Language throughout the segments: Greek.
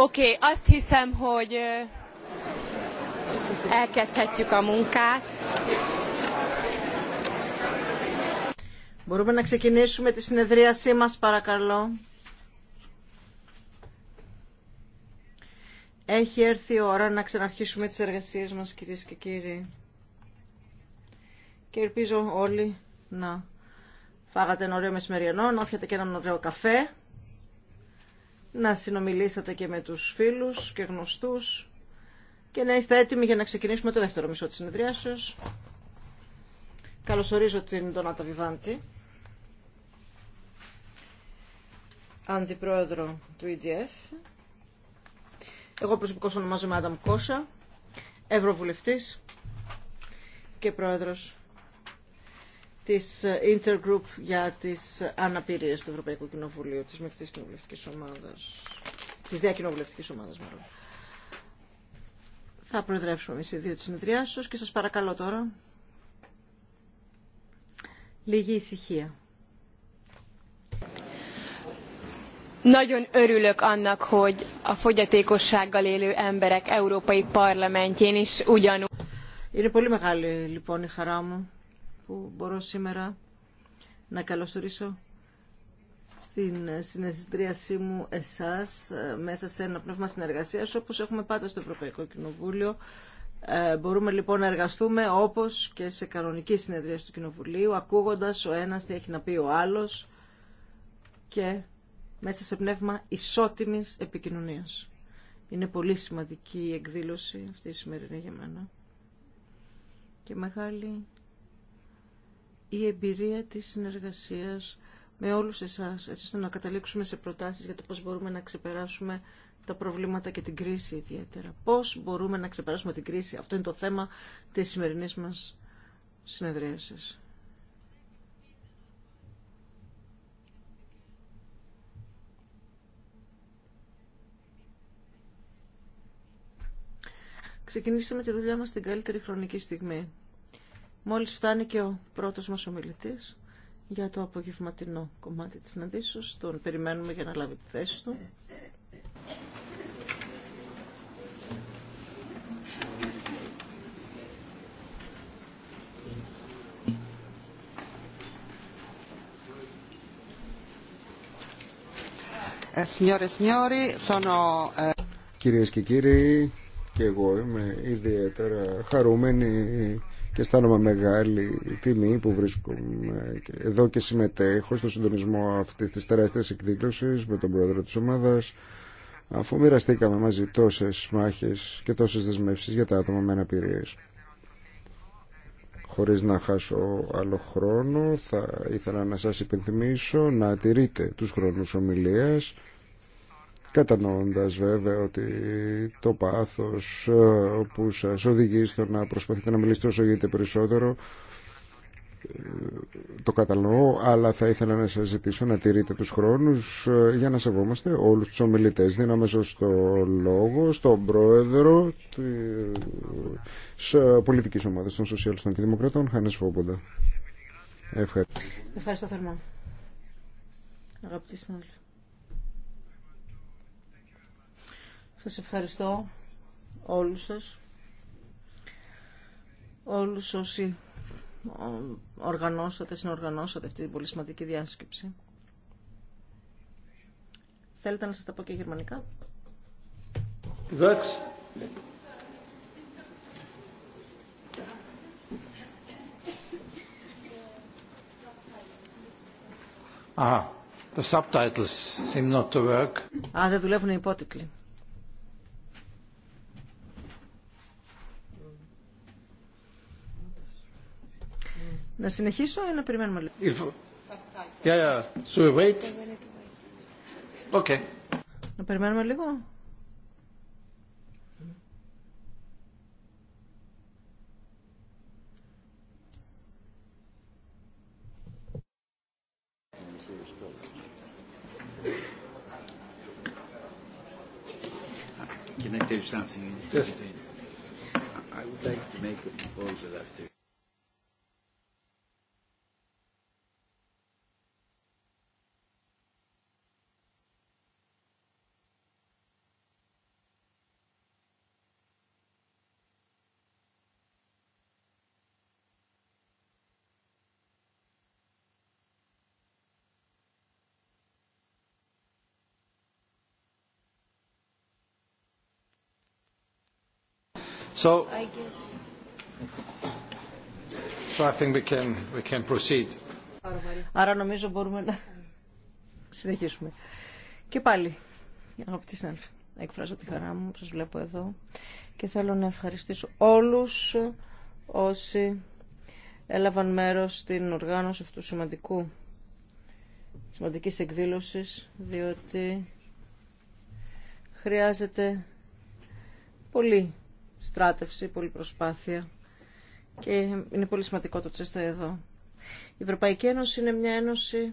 Oké, azt hiszem, hogy elkezdhetjük a munkát. Μπορούμε να ξεκινήσουμε τη συνεδρίασή μας, παρακαλώ. Έχει έρθει η ώρα να ξαναρχίσουμε τις εργασίες μας, κυρίες και κύριοι. Και ελπίζω όλοι να φάγατε ένα ωραίο μεσημεριανό, να πιάτε και έναν ωραίο καφέ να συνομιλήσετε και με τους φίλους και γνωστούς και να είστε έτοιμοι για να ξεκινήσουμε το δεύτερο μισό της συνεδριάσεως. Καλωσορίζω την Ντονάτα Βιβάντη, αντιπρόεδρο του EDF. Εγώ προσωπικώς ονομάζομαι Άνταμ Κόσα, ευρωβουλευτής και πρόεδρος της ε, Intergroup για τις ε, αναπηρίες του Ευρωπαϊκού Κοινοβουλίου, της μεικτής κοινοβουλευτικής ομάδας, της διακοινοβουλευτικής ομάδας μάλλον. Θα προεδρεύσουμε εμείς οι δύο της συνεδριάσεως και σας παρακαλώ τώρα λίγη ησυχία. Nagyon örülök annak, hogy a fogyatékossággal élő emberek Európai Parlamentjén is ugyanúgy. Είναι πολύ μεγάλη λοιπόν η χαρά μου που μπορώ σήμερα να καλωσορίσω στην συνεδρίασή μου εσάς ε, μέσα σε ένα πνεύμα συνεργασίας όπως έχουμε πάντα στο Ευρωπαϊκό Κοινοβούλιο. Ε, μπορούμε λοιπόν να εργαστούμε όπως και σε κανονική συνεδρία του Κοινοβουλίου ακούγοντας ο ένας τι έχει να πει ο άλλος και μέσα σε πνεύμα ισότιμης επικοινωνίας. Είναι πολύ σημαντική η εκδήλωση αυτή η σημερινή για μένα και μεγάλη η εμπειρία της συνεργασίας με όλους εσάς, έτσι ώστε να καταλήξουμε σε προτάσεις για το πώς μπορούμε να ξεπεράσουμε τα προβλήματα και την κρίση ιδιαίτερα. Πώς μπορούμε να ξεπεράσουμε την κρίση. Αυτό είναι το θέμα της σημερινής μας συνεδρίασης. Ξεκινήσαμε τη δουλειά μας την καλύτερη χρονική στιγμή. Μόλις φτάνει και ο πρώτος μας ομιλητής για το απογευματινό κομμάτι της συναντήσεως. Τον περιμένουμε για να λάβει τη θέση του. Ε, ε, Κυρίες και κύριοι, και εγώ είμαι ιδιαίτερα χαρούμενη και αισθάνομαι μεγάλη τιμή που βρίσκομαι εδώ και συμμετέχω στο συντονισμό αυτή της τεράστιας εκδήλωση με τον πρόεδρο τη ομάδα, αφού μοιραστήκαμε μαζί τόσε μάχε και τόσε δεσμεύσει για τα άτομα με αναπηρίε. Χωρίς να χάσω άλλο χρόνο θα ήθελα να σας υπενθυμίσω να τηρείτε τους χρόνους ομιλία κατανοώντας βέβαια ότι το πάθος ε, που σας οδηγεί στο να προσπαθείτε να μιλήσετε όσο γίνεται περισσότερο ε, το κατανοώ, αλλά θα ήθελα να σας ζητήσω να τηρείτε τους χρόνους ε, για να σεβόμαστε όλους τους ομιλητές. Δίνω στο στο λόγο στον πρόεδρο της πολιτικής ομάδας των Σοσιαλιστών και Δημοκρατών, Χάνες Φόμποντα. Ευχαριστώ. Ευχαριστώ θερμά. Αγαπητοί συνάδελφοι. Σας ευχαριστώ όλους σας, όλους όσοι οργανώσατε, συνοργανώσατε αυτή την πολύ σημαντική διάσκεψη. Θέλετε να σας τα πω και γερμανικά. Works. the subtitles seem not to work. Α, δεν δουλεύουν οι υπότιτλοι. Να συνεχίσω ή να περιμένουμε λίγο. Yeah, yeah. So we wait. Okay. Να περιμένουμε λίγο. Can I do something? Yes. I would like to make a proposal after. So I think we can proceed. Άρα νομίζω μπορούμε να συνεχίσουμε. Και πάλι, αγαπητοί συνάδελφοι, εκφράζω τη χαρά μου που βλέπω εδώ και θέλω να ευχαριστήσω όλους όσοι έλαβαν μέρος στην οργάνωση αυτού του σημαντικού σημαντικής εκδήλωσης διότι χρειάζεται πολύ στράτευση, πολλή προσπάθεια και είναι πολύ σημαντικό το τσέστα εδώ. Η Ευρωπαϊκή Ένωση είναι μια ένωση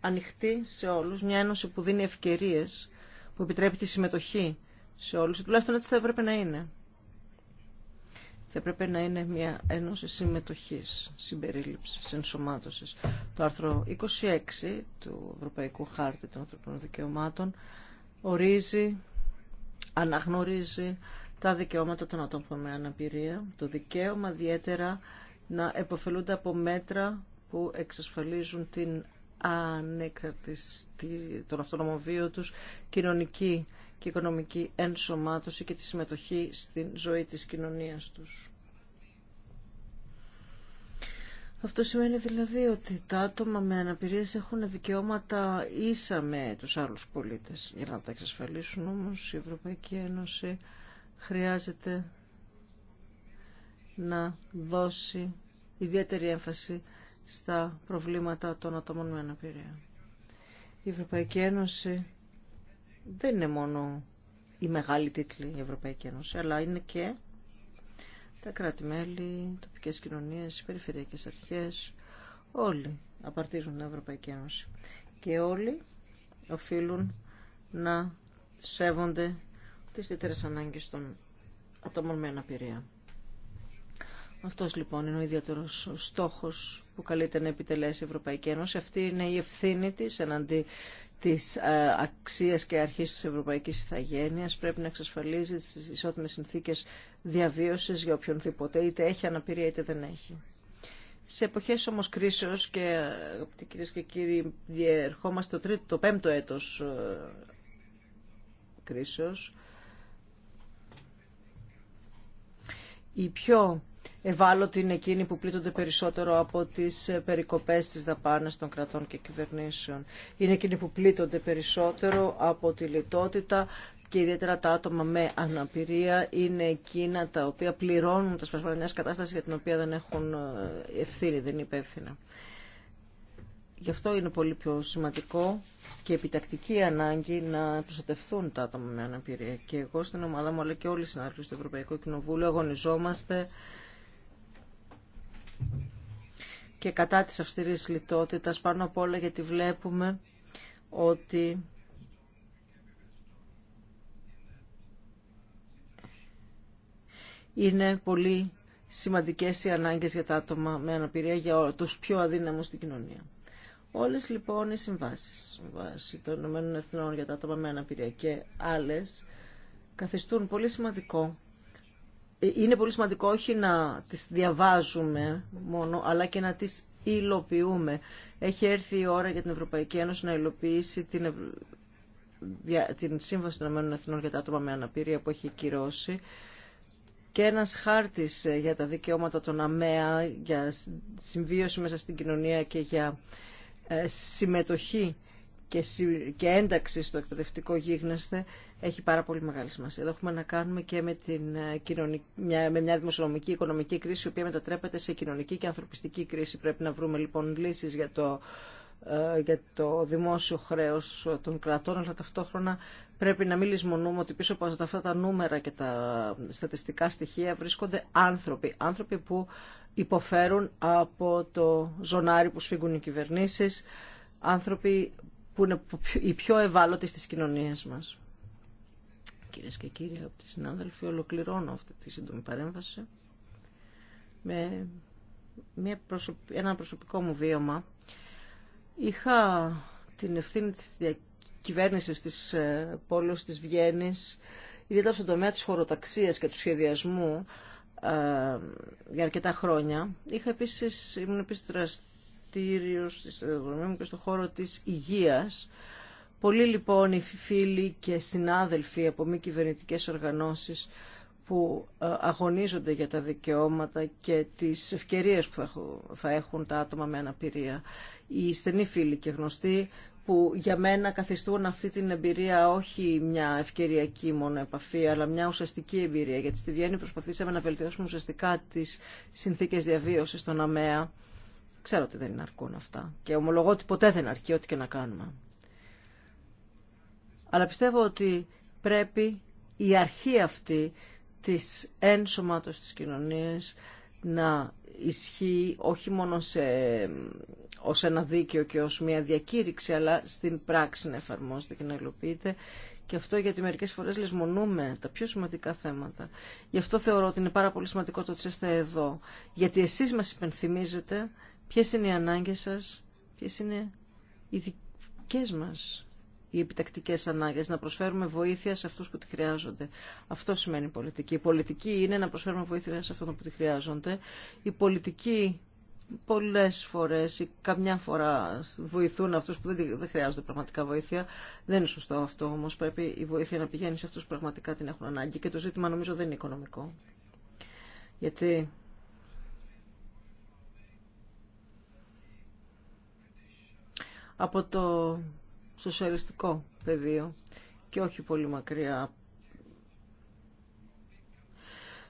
ανοιχτή σε όλους, μια ένωση που δίνει ευκαιρίες, που επιτρέπει τη συμμετοχή σε όλους, τουλάχιστον έτσι θα έπρεπε να είναι. Θα έπρεπε να είναι μια ένωση συμμετοχής, συμπερίληψης, ενσωμάτωσης. Το άρθρο 26 του Ευρωπαϊκού Χάρτη των Ανθρωπίνων Δικαιωμάτων ορίζει, αναγνωρίζει τα δικαιώματα των ατόμων με αναπηρία, το δικαίωμα ιδιαίτερα να επωφελούνται από μέτρα που εξασφαλίζουν την ανέκτατη τον αυτόνομο βίο τους, κοινωνική και οικονομική ενσωμάτωση και τη συμμετοχή στην ζωή της κοινωνίας τους. Αυτό σημαίνει δηλαδή ότι τα άτομα με αναπηρίες έχουν δικαιώματα ίσα με τους άλλους πολίτες. Για να τα εξασφαλίσουν όμως η Ευρωπαϊκή Ένωση χρειάζεται να δώσει ιδιαίτερη έμφαση στα προβλήματα των ατόμων με αναπηρία. Η Ευρωπαϊκή Ένωση δεν είναι μόνο η μεγάλη τίτλη η Ευρωπαϊκή Ένωση, αλλά είναι και τα κράτη-μέλη, τοπικές κοινωνίες, περιφερειακές αρχές, όλοι απαρτίζουν την Ευρωπαϊκή Ένωση. Και όλοι οφείλουν να σέβονται τις ιδιαίτερες ανάγκες των ατόμων με αναπηρία. Αυτός λοιπόν είναι ο ιδιαίτερος στόχος που καλείται να επιτελέσει η Ευρωπαϊκή Ένωση. Αυτή είναι η ευθύνη της εναντί της ε, αξίας και αρχής της Ευρωπαϊκής Ιθαγένειας. Πρέπει να εξασφαλίζει τις ισότιμες συνθήκες διαβίωσης για οποιονδήποτε, είτε έχει αναπηρία είτε δεν έχει. Σε εποχές όμως κρίσεως και αγαπητοί κυρίες και κύριοι διερχόμαστε το, τρίτο, το πέμπτο έτος ε, κρίσεως οι πιο ευάλωτοι είναι εκείνοι που πλήττονται περισσότερο από τις περικοπές της δαπάνης των κρατών και κυβερνήσεων. Είναι εκείνοι που πλήττονται περισσότερο από τη λιτότητα και ιδιαίτερα τα άτομα με αναπηρία είναι εκείνα τα οποία πληρώνουν τα σπασμένα κατάσταση για την οποία δεν έχουν ε, ευθύνη, δεν είναι υπεύθυνα. Γι' αυτό είναι πολύ πιο σημαντικό και επιτακτική ανάγκη να προστατευτούν τα άτομα με αναπηρία. Και εγώ στην ομάδα μου, αλλά και όλοι οι συνάδελφοι στο Ευρωπαϊκό Κοινοβούλιο, αγωνιζόμαστε και κατά της αυστηρής λιτότητας, πάνω απ' όλα γιατί βλέπουμε ότι είναι πολύ σημαντικές οι ανάγκες για τα άτομα με αναπηρία για τους πιο αδύναμους στην κοινωνία. Όλες λοιπόν οι συμβάσεις, συμβάσει των Ηνωμένων για τα άτομα με αναπηρία και άλλες, καθιστούν πολύ σημαντικό. Ε, είναι πολύ σημαντικό όχι να τις διαβάζουμε μόνο, αλλά και να τις υλοποιούμε. Έχει έρθει η ώρα για την Ευρωπαϊκή Ένωση να υλοποιήσει την, την Σύμβαση των Ηνωμένων Εθνών για τα άτομα με αναπηρία που έχει κυρώσει και ένας χάρτης ε, για τα δικαιώματα των ΑΜΕΑ, για συμβίωση μέσα στην κοινωνία και για ε, συμμετοχή και ένταξη στο εκπαιδευτικό γίγνεσθε έχει πάρα πολύ μεγάλη σημασία. Εδώ έχουμε να κάνουμε και με, την ε, με μια δημοσιονομική οικονομική κρίση, η οποία μετατρέπεται σε κοινωνική και ανθρωπιστική κρίση. Πρέπει να βρούμε λοιπόν λύσεις για το ε, για το δημόσιο χρέος των κρατών, αλλά ταυτόχρονα πρέπει να μην λησμονούμε ότι πίσω από αυτά τα νούμερα και τα στατιστικά στοιχεία βρίσκονται άνθρωποι. Άνθρωποι που υποφέρουν από το ζωνάρι που σφίγγουν οι κυβερνήσεις, άνθρωποι που είναι οι πιο ευάλωτοι στις κοινωνίες μας. Κυρίε και κύριοι, αγαπητοί συνάδελφοι, ολοκληρώνω αυτή τη σύντομη παρέμβαση με ένα προσωπικό μου βίωμα Είχα την ευθύνη της κυβέρνησης της ε, πόλης της Βιέννης, ιδιαίτερα στον τομέα της χωροταξίας και του σχεδιασμού ε, για αρκετά χρόνια. Είχα επίσης, ήμουν επίσης δραστήριος της μου και στον χώρο της υγείας. Πολλοί λοιπόν οι φίλοι και συνάδελφοι από μη κυβερνητικέ οργανώσεις που ε, αγωνίζονται για τα δικαιώματα και τις ευκαιρίες που θα έχουν τα άτομα με αναπηρία. Οι στενοί φίλοι και γνωστοί που για μένα καθιστούν αυτή την εμπειρία όχι μια ευκαιριακή μόνο επαφή, αλλά μια ουσιαστική εμπειρία. Γιατί στη Βιέννη προσπαθήσαμε να βελτιώσουμε ουσιαστικά τις συνθήκες διαβίωσης των ΑΜΕΑ. Ξέρω ότι δεν είναι αρκούν αυτά. Και ομολογώ ότι ποτέ δεν αρκεί ό,τι και να κάνουμε. Αλλά πιστεύω ότι πρέπει η αρχή αυτή της ενσωμάτωσης της κοινωνίας να ισχύει όχι μόνο σε, ως ένα δίκαιο και ως μια διακήρυξη, αλλά στην πράξη να εφαρμόζεται και να υλοποιείται. Και αυτό γιατί μερικές φορές λεσμονούμε τα πιο σημαντικά θέματα. Γι' αυτό θεωρώ ότι είναι πάρα πολύ σημαντικό το ότι είστε εδώ. Γιατί εσείς μας υπενθυμίζετε ποιες είναι οι ανάγκες σας, ποιες είναι οι δικές μας οι επιτακτικές ανάγκες, να προσφέρουμε βοήθεια σε αυτούς που τη χρειάζονται. Αυτό σημαίνει πολιτική. Η πολιτική είναι να προσφέρουμε βοήθεια σε αυτούς που τη χρειάζονται. Η πολιτική πολλές φορές ή καμιά φορά βοηθούν αυτούς που δεν χρειάζονται πραγματικά βοήθεια. Δεν είναι σωστό αυτό όμως. Πρέπει η βοήθεια να πηγαίνει σε αυτούς που πραγματικά την έχουν ανάγκη και το ζήτημα νομίζω δεν είναι οικονομικό. Γιατί από το σοσιαλιστικό πεδίο και όχι πολύ μακριά.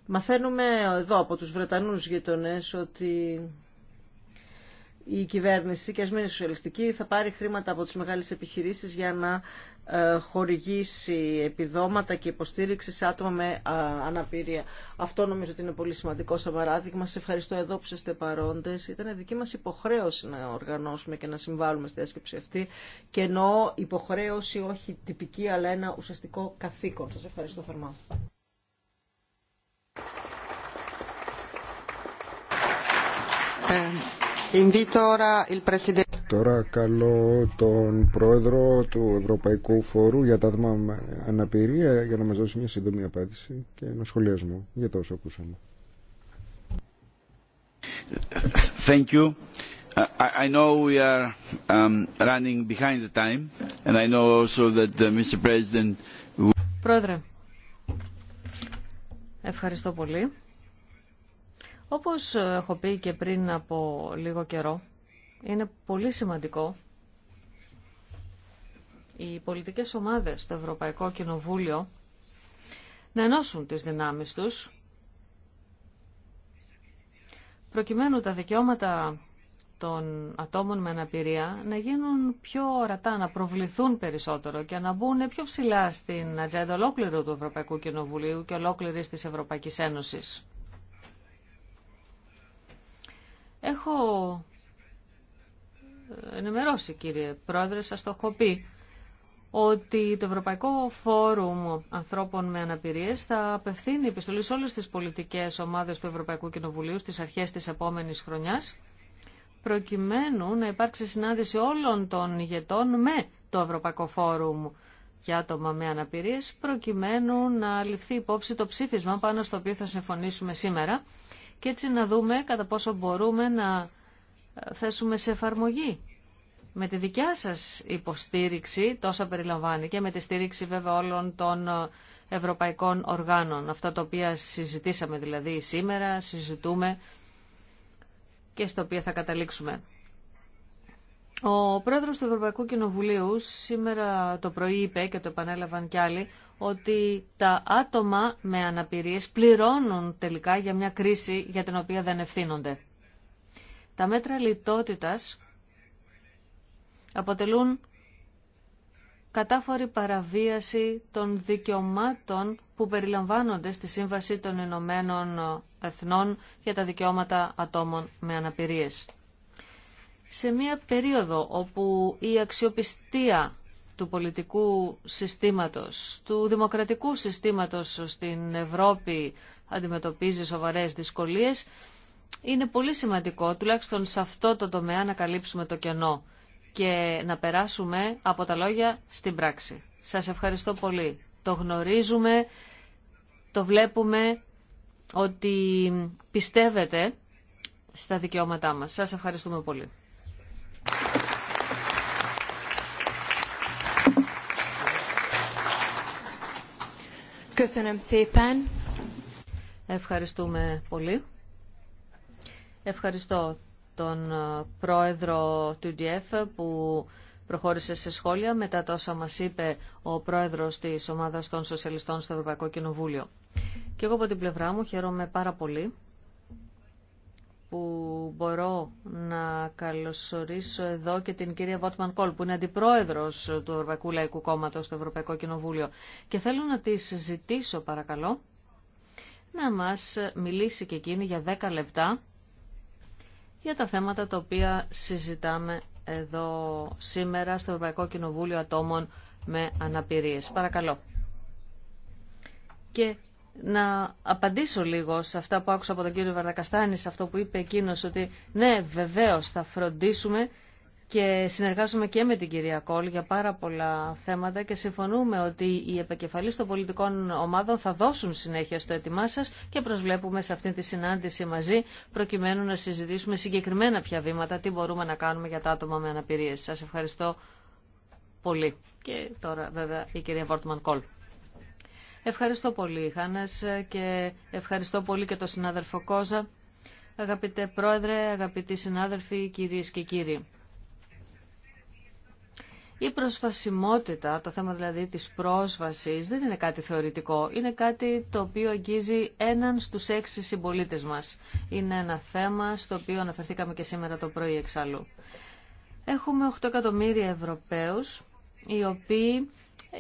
Μαθαίνουμε εδώ από τους Βρετανούς γειτονές ότι η κυβέρνηση, και ας μην είναι σοσιαλιστική, θα πάρει χρήματα από τις μεγάλες επιχειρήσεις για να ε, χορηγήσει επιδόματα και υποστήριξη σε άτομα με αναπηρία. Αυτό νομίζω ότι είναι πολύ σημαντικό σαν παράδειγμα. Σα ευχαριστώ εδώ που είστε παρόντες. Ήταν δική μας υποχρέωση να οργανώσουμε και να συμβάλλουμε στη διάσκεψη αυτή και ενώ υποχρέωση όχι τυπική αλλά ένα ουσιαστικό καθήκον. Σας ευχαριστώ θερμά. Ε, Τώρα καλώ τον πρόεδρο του Ευρωπαϊκού Φόρου για τα άτομα με αναπηρία για να μας δώσει μια σύντομη απάντηση και ένα σχολιασμό για το όσο ακούσαμε. Thank you. I know we are um, running behind the time and I know also that uh, Mr. President... Πρόεδρε, ευχαριστώ πολύ. Όπως έχω πει και πριν από λίγο καιρό, είναι πολύ σημαντικό οι πολιτικές ομάδες στο Ευρωπαϊκό Κοινοβούλιο να ενώσουν τις δυνάμεις τους προκειμένου τα δικαιώματα των ατόμων με αναπηρία να γίνουν πιο ορατά, να προβληθούν περισσότερο και να μπουν πιο ψηλά στην ατζέντα ολόκληρου του Ευρωπαϊκού Κοινοβουλίου και ολόκληρη της Ευρωπαϊκής Ένωσης. Έχω ενημερώσει κύριε Πρόεδρε, σας το έχω πει, ότι το Ευρωπαϊκό Φόρουμ Ανθρώπων με Αναπηρίες θα απευθύνει επιστολή σε όλες τις πολιτικές ομάδες του Ευρωπαϊκού Κοινοβουλίου στις αρχές της επόμενης χρονιάς, προκειμένου να υπάρξει συνάντηση όλων των ηγετών με το Ευρωπαϊκό Φόρουμ για άτομα με αναπηρίες, προκειμένου να ληφθεί υπόψη το ψήφισμα πάνω στο οποίο θα συμφωνήσουμε σήμερα και έτσι να δούμε κατά πόσο μπορούμε να θέσουμε σε εφαρμογή. Με τη δικιά σας υποστήριξη, τόσα περιλαμβάνει και με τη στήριξη βέβαια όλων των ευρωπαϊκών οργάνων, αυτά τα οποία συζητήσαμε δηλαδή σήμερα, συζητούμε και στα οποία θα καταλήξουμε. Ο πρόεδρος του Ευρωπαϊκού Κοινοβουλίου σήμερα το πρωί είπε και το επανέλαβαν κι άλλοι ότι τα άτομα με αναπηρίες πληρώνουν τελικά για μια κρίση για την οποία δεν ευθύνονται. Τα μέτρα λιτότητας αποτελούν κατάφορη παραβίαση των δικαιωμάτων που περιλαμβάνονται στη Σύμβαση των Ηνωμένων Εθνών για τα δικαιώματα ατόμων με αναπηρίες σε μια περίοδο όπου η αξιοπιστία του πολιτικού συστήματος, του δημοκρατικού συστήματος στην Ευρώπη αντιμετωπίζει σοβαρές δυσκολίες, είναι πολύ σημαντικό, τουλάχιστον σε αυτό το τομέα, να καλύψουμε το κενό και να περάσουμε από τα λόγια στην πράξη. Σας ευχαριστώ πολύ. Το γνωρίζουμε, το βλέπουμε ότι πιστεύετε στα δικαιώματά μας. Σας ευχαριστούμε πολύ. Ευχαριστούμε πολύ. Ευχαριστώ τον ε, πρόεδρο του ΔΕΦ που προχώρησε σε σχόλια μετά τόσα μας είπε ο πρόεδρος της ομάδας των σοσιαλιστών στο Ευρωπαϊκό Κοινοβούλιο. Και εγώ από την πλευρά μου χαίρομαι πάρα πολύ που μπορώ να καλωσορίσω εδώ και την κυρία Βότμαν Κόλ, που είναι αντιπρόεδρος του Ευρωπαϊκού Λαϊκού Κόμματος στο Ευρωπαϊκό Κοινοβούλιο. Και θέλω να τη ζητήσω, παρακαλώ, να μας μιλήσει και εκείνη για 10 λεπτά για τα θέματα τα οποία συζητάμε εδώ σήμερα στο Ευρωπαϊκό Κοινοβούλιο Ατόμων με Αναπηρίες. Παρακαλώ. Και να απαντήσω λίγο σε αυτά που άκουσα από τον κύριο Βαρδακαστάνη, σε αυτό που είπε εκείνο, ότι ναι, βεβαίω θα φροντίσουμε και συνεργάζομαι και με την κυρία Κόλ για πάρα πολλά θέματα και συμφωνούμε ότι οι επικεφαλεί των πολιτικών ομάδων θα δώσουν συνέχεια στο έτοιμά σα και προσβλέπουμε σε αυτή τη συνάντηση μαζί προκειμένου να συζητήσουμε συγκεκριμένα ποια βήματα, τι μπορούμε να κάνουμε για τα άτομα με αναπηρίες. Σα ευχαριστώ πολύ. Και τώρα βέβαια η κυρία Βόρτμαν Κόλ. Ευχαριστώ πολύ, Χάνες, και ευχαριστώ πολύ και τον συνάδελφο Κόζα. Αγαπητέ Πρόεδρε, αγαπητοί συνάδελφοι, κυρίες και κύριοι. Η προσβασιμότητα, το θέμα δηλαδή της πρόσβασης, δεν είναι κάτι θεωρητικό. Είναι κάτι το οποίο αγγίζει έναν στους έξι συμπολίτες μας. Είναι ένα θέμα στο οποίο αναφερθήκαμε και σήμερα το πρωί εξάλλου. Έχουμε 8 εκατομμύρια Ευρωπαίους, οι οποίοι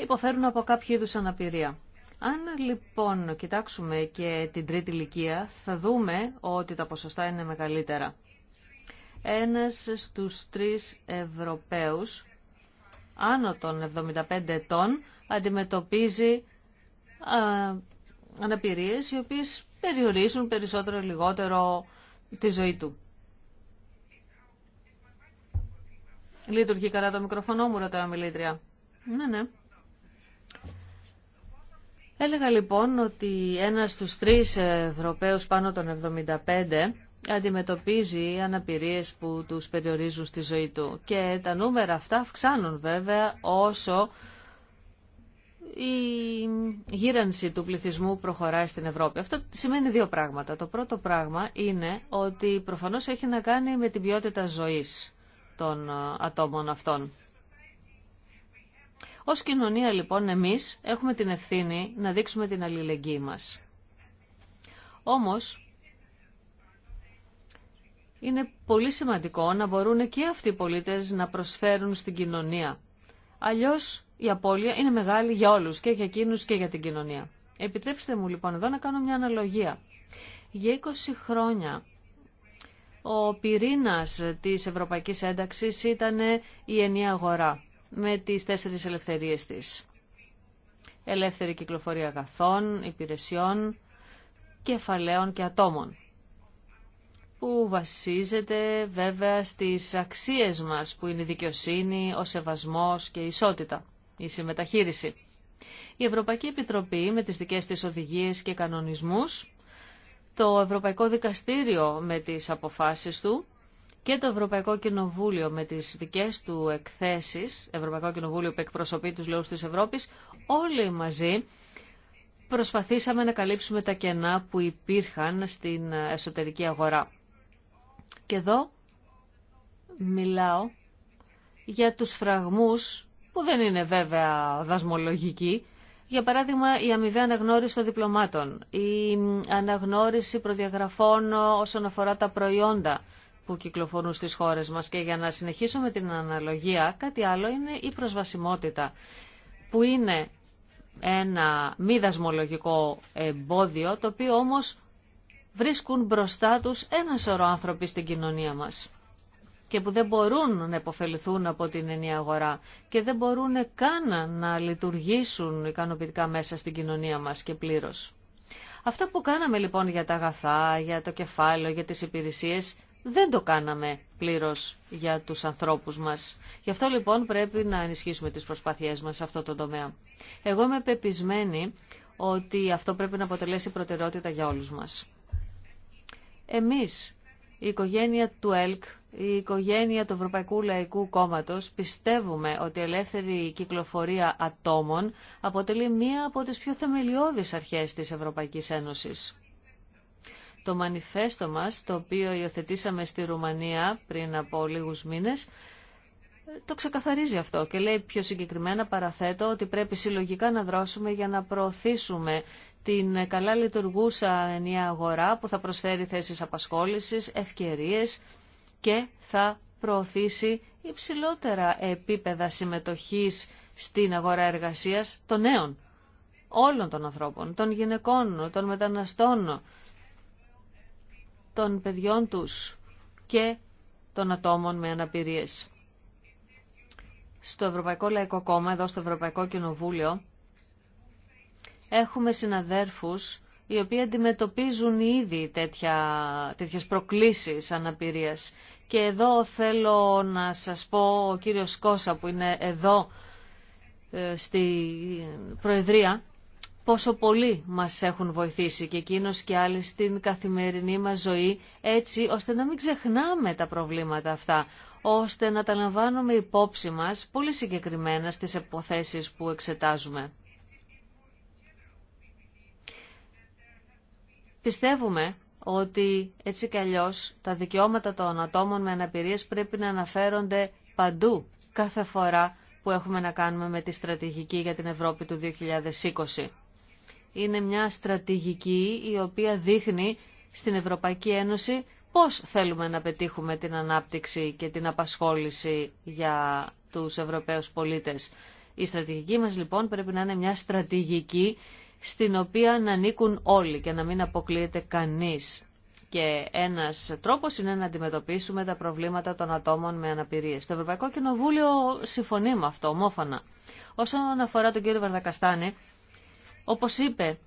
υποφέρουν από κάποιο είδους αναπηρία. Αν λοιπόν κοιτάξουμε και την τρίτη ηλικία, θα δούμε ότι τα ποσοστά είναι μεγαλύτερα. Ένας στους τρεις Ευρωπαίους άνω των 75 ετών αντιμετωπίζει α, αναπηρίες οι οποίες περιορίζουν περισσότερο ή λιγότερο τη ζωή του. Λειτουργεί καλά το μικροφωνό μου, ρωτάω μιλήτρια. Ναι, ναι. Έλεγα λοιπόν ότι ένας στους τρεις Ευρωπαίους πάνω των 75 αντιμετωπίζει αναπηρίες που τους περιορίζουν στη ζωή του. Και τα νούμερα αυτά αυξάνουν βέβαια όσο η γύρανση του πληθυσμού προχωράει στην Ευρώπη. Αυτό σημαίνει δύο πράγματα. Το πρώτο πράγμα είναι ότι προφανώς έχει να κάνει με την ποιότητα ζωής των ατόμων αυτών. Ως κοινωνία λοιπόν εμείς έχουμε την ευθύνη να δείξουμε την αλληλεγγύη μας. Όμως, είναι πολύ σημαντικό να μπορούν και αυτοί οι πολίτες να προσφέρουν στην κοινωνία. Αλλιώς η απώλεια είναι μεγάλη για όλους, και για εκείνους και για την κοινωνία. Επιτρέψτε μου λοιπόν εδώ να κάνω μια αναλογία. Για 20 χρόνια ο πυρήνας της ευρωπαϊκής ένταξης ήταν η ενιαία αγορά με τις τέσσερις ελευθερίες της. Ελεύθερη κυκλοφορία αγαθών, υπηρεσιών, κεφαλαίων και ατόμων που βασίζεται βέβαια στις αξίες μας που είναι η δικαιοσύνη, ο σεβασμός και η ισότητα, η συμμεταχείριση. Η Ευρωπαϊκή Επιτροπή με τις δικές της οδηγίες και κανονισμούς, το Ευρωπαϊκό Δικαστήριο με τις αποφάσεις του και το Ευρωπαϊκό Κοινοβούλιο με τις δικές του εκθέσεις, Ευρωπαϊκό Κοινοβούλιο που εκπροσωπεί τους λόγους της Ευρώπης, όλοι μαζί προσπαθήσαμε να καλύψουμε τα κενά που υπήρχαν στην εσωτερική αγορά. Και εδώ μιλάω για τους φραγμούς που δεν είναι βέβαια δασμολογικοί, για παράδειγμα, η αμοιβή αναγνώριση των διπλωμάτων, η αναγνώριση προδιαγραφών όσον αφορά τα προϊόντα, που κυκλοφορούν στις χώρες μας. Και για να συνεχίσουμε την αναλογία, κάτι άλλο είναι η προσβασιμότητα, που είναι ένα μη δασμολογικό εμπόδιο, το οποίο όμως βρίσκουν μπροστά τους ένα σωρό άνθρωποι στην κοινωνία μας και που δεν μπορούν να υποφεληθούν από την ενία αγορά και δεν μπορούν καν να λειτουργήσουν ικανοποιητικά μέσα στην κοινωνία μας και πλήρως. Αυτό που κάναμε λοιπόν για τα αγαθά, για το κεφάλαιο, για τις υπηρεσίες δεν το κάναμε πλήρως για τους ανθρώπους μας. Γι' αυτό λοιπόν πρέπει να ενισχύσουμε τις προσπάθειές μας σε αυτό το τομέα. Εγώ είμαι πεπισμένη ότι αυτό πρέπει να αποτελέσει προτεραιότητα για όλους μας. Εμείς, η οικογένεια του ΕΛΚ, η οικογένεια του Ευρωπαϊκού Λαϊκού Κόμματος, πιστεύουμε ότι η ελεύθερη κυκλοφορία ατόμων αποτελεί μία από τις πιο θεμελιώδεις αρχές της Ευρωπαϊκής Ένωσης το μανιφέστο μας, το οποίο υιοθετήσαμε στη Ρουμανία πριν από λίγους μήνες, το ξεκαθαρίζει αυτό και λέει πιο συγκεκριμένα παραθέτω ότι πρέπει συλλογικά να δρώσουμε για να προωθήσουμε την καλά λειτουργούσα ενιαία αγορά που θα προσφέρει θέσεις απασχόλησης, ευκαιρίες και θα προωθήσει υψηλότερα επίπεδα συμμετοχής στην αγορά εργασίας των νέων, όλων των ανθρώπων, των γυναικών, των μεταναστών, των παιδιών τους και των ατόμων με αναπηρίες. Στο Ευρωπαϊκό Λαϊκό Κόμμα, εδώ στο Ευρωπαϊκό Κοινοβούλιο, έχουμε συναδέρφους οι οποίοι αντιμετωπίζουν ήδη τέτοια, τέτοιες προκλήσεις αναπηρίας. Και εδώ θέλω να σας πω, ο κύριος Κώσα που είναι εδώ ε, στη Προεδρία, πόσο πολύ μας έχουν βοηθήσει και εκείνος και άλλοι στην καθημερινή μας ζωή έτσι ώστε να μην ξεχνάμε τα προβλήματα αυτά, ώστε να τα λαμβάνουμε υπόψη μας πολύ συγκεκριμένα στις υποθέσεις που εξετάζουμε. Πιστεύουμε ότι έτσι κι αλλιώς τα δικαιώματα των ατόμων με αναπηρίες πρέπει να αναφέρονται παντού κάθε φορά που έχουμε να κάνουμε με τη στρατηγική για την Ευρώπη του 2020 είναι μια στρατηγική η οποία δείχνει στην Ευρωπαϊκή Ένωση πώς θέλουμε να πετύχουμε την ανάπτυξη και την απασχόληση για τους Ευρωπαίους πολίτες. Η στρατηγική μας λοιπόν πρέπει να είναι μια στρατηγική στην οποία να ανήκουν όλοι και να μην αποκλείεται κανείς. Και ένας τρόπος είναι να αντιμετωπίσουμε τα προβλήματα των ατόμων με αναπηρίες. Το Ευρωπαϊκό Κοινοβούλιο συμφωνεί με αυτό ομόφωνα. Όσον αφορά τον κύριο Βαρδακαστάνη, όπως είπε,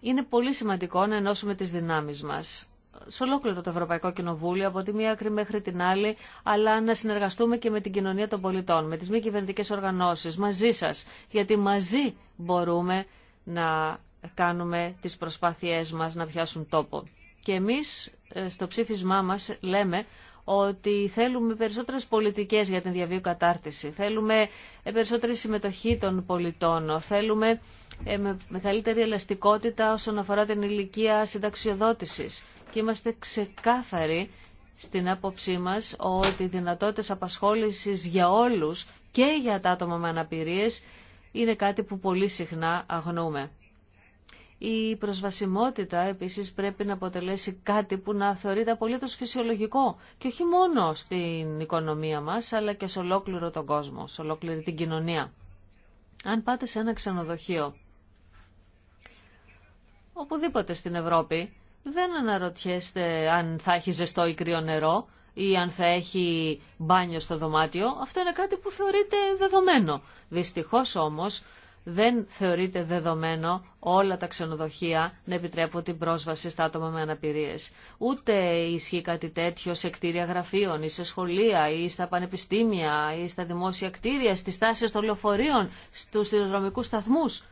είναι πολύ σημαντικό να ενώσουμε τις δυνάμεις μας σε ολόκληρο το Ευρωπαϊκό Κοινοβούλιο, από τη μία άκρη μέχρι την άλλη, αλλά να συνεργαστούμε και με την κοινωνία των πολιτών, με τις μη κυβερνητικέ οργανώσεις, μαζί σας, γιατί μαζί μπορούμε να κάνουμε τις προσπάθειές μας να πιάσουν τόπο. Και εμείς ε, στο ψήφισμά μας λέμε ότι θέλουμε περισσότερες πολιτικές για την διαβίου κατάρτιση, θέλουμε ε, περισσότερη συμμετοχή των πολιτών, θέλουμε ε, με μεγαλύτερη ελαστικότητα όσον αφορά την ηλικία συνταξιοδότησης. Και είμαστε ξεκάθαροι στην άποψή μας ότι οι δυνατότητες απασχόλησης για όλους και για τα άτομα με αναπηρίες είναι κάτι που πολύ συχνά αγνοούμε. Η προσβασιμότητα επίσης πρέπει να αποτελέσει κάτι που να θεωρείται απολύτως φυσιολογικό και όχι μόνο στην οικονομία μας αλλά και σε ολόκληρο τον κόσμο, σε ολόκληρη την κοινωνία. Αν πάτε σε ένα ξενοδοχείο οπουδήποτε στην Ευρώπη, δεν αναρωτιέστε αν θα έχει ζεστό ή κρύο νερό ή αν θα έχει μπάνιο στο δωμάτιο. Αυτό είναι κάτι που θεωρείται δεδομένο. Δυστυχώς όμως δεν θεωρείται δεδομένο όλα τα ξενοδοχεία να επιτρέπουν την πρόσβαση στα άτομα με αναπηρίες. Ούτε ισχύει κάτι τέτοιο σε κτίρια γραφείων ή σε σχολεία ή στα πανεπιστήμια ή στα δημόσια κτίρια, στις τάσεις των λεωφορείων, στους συνδρομικούς σταθμούς.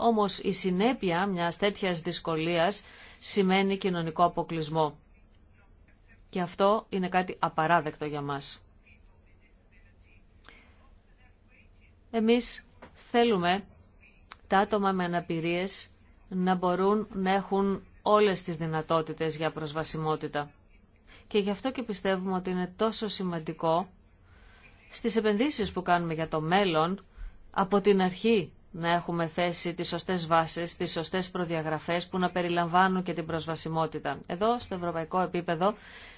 Όμως η συνέπεια μιας τέτοιας δυσκολίας σημαίνει κοινωνικό αποκλεισμό. Και αυτό είναι κάτι απαράδεκτο για μας. Εμείς θέλουμε τα άτομα με αναπηρίες να μπορούν να έχουν όλες τις δυνατότητες για προσβασιμότητα. Και γι' αυτό και πιστεύουμε ότι είναι τόσο σημαντικό στις επενδύσεις που κάνουμε για το μέλλον, από την αρχή να έχουμε θέσει τις σωστές βάσεις, τις σωστές προδιαγραφές που να περιλαμβάνουν και την προσβασιμότητα. Εδώ, στο ευρωπαϊκό επίπεδο,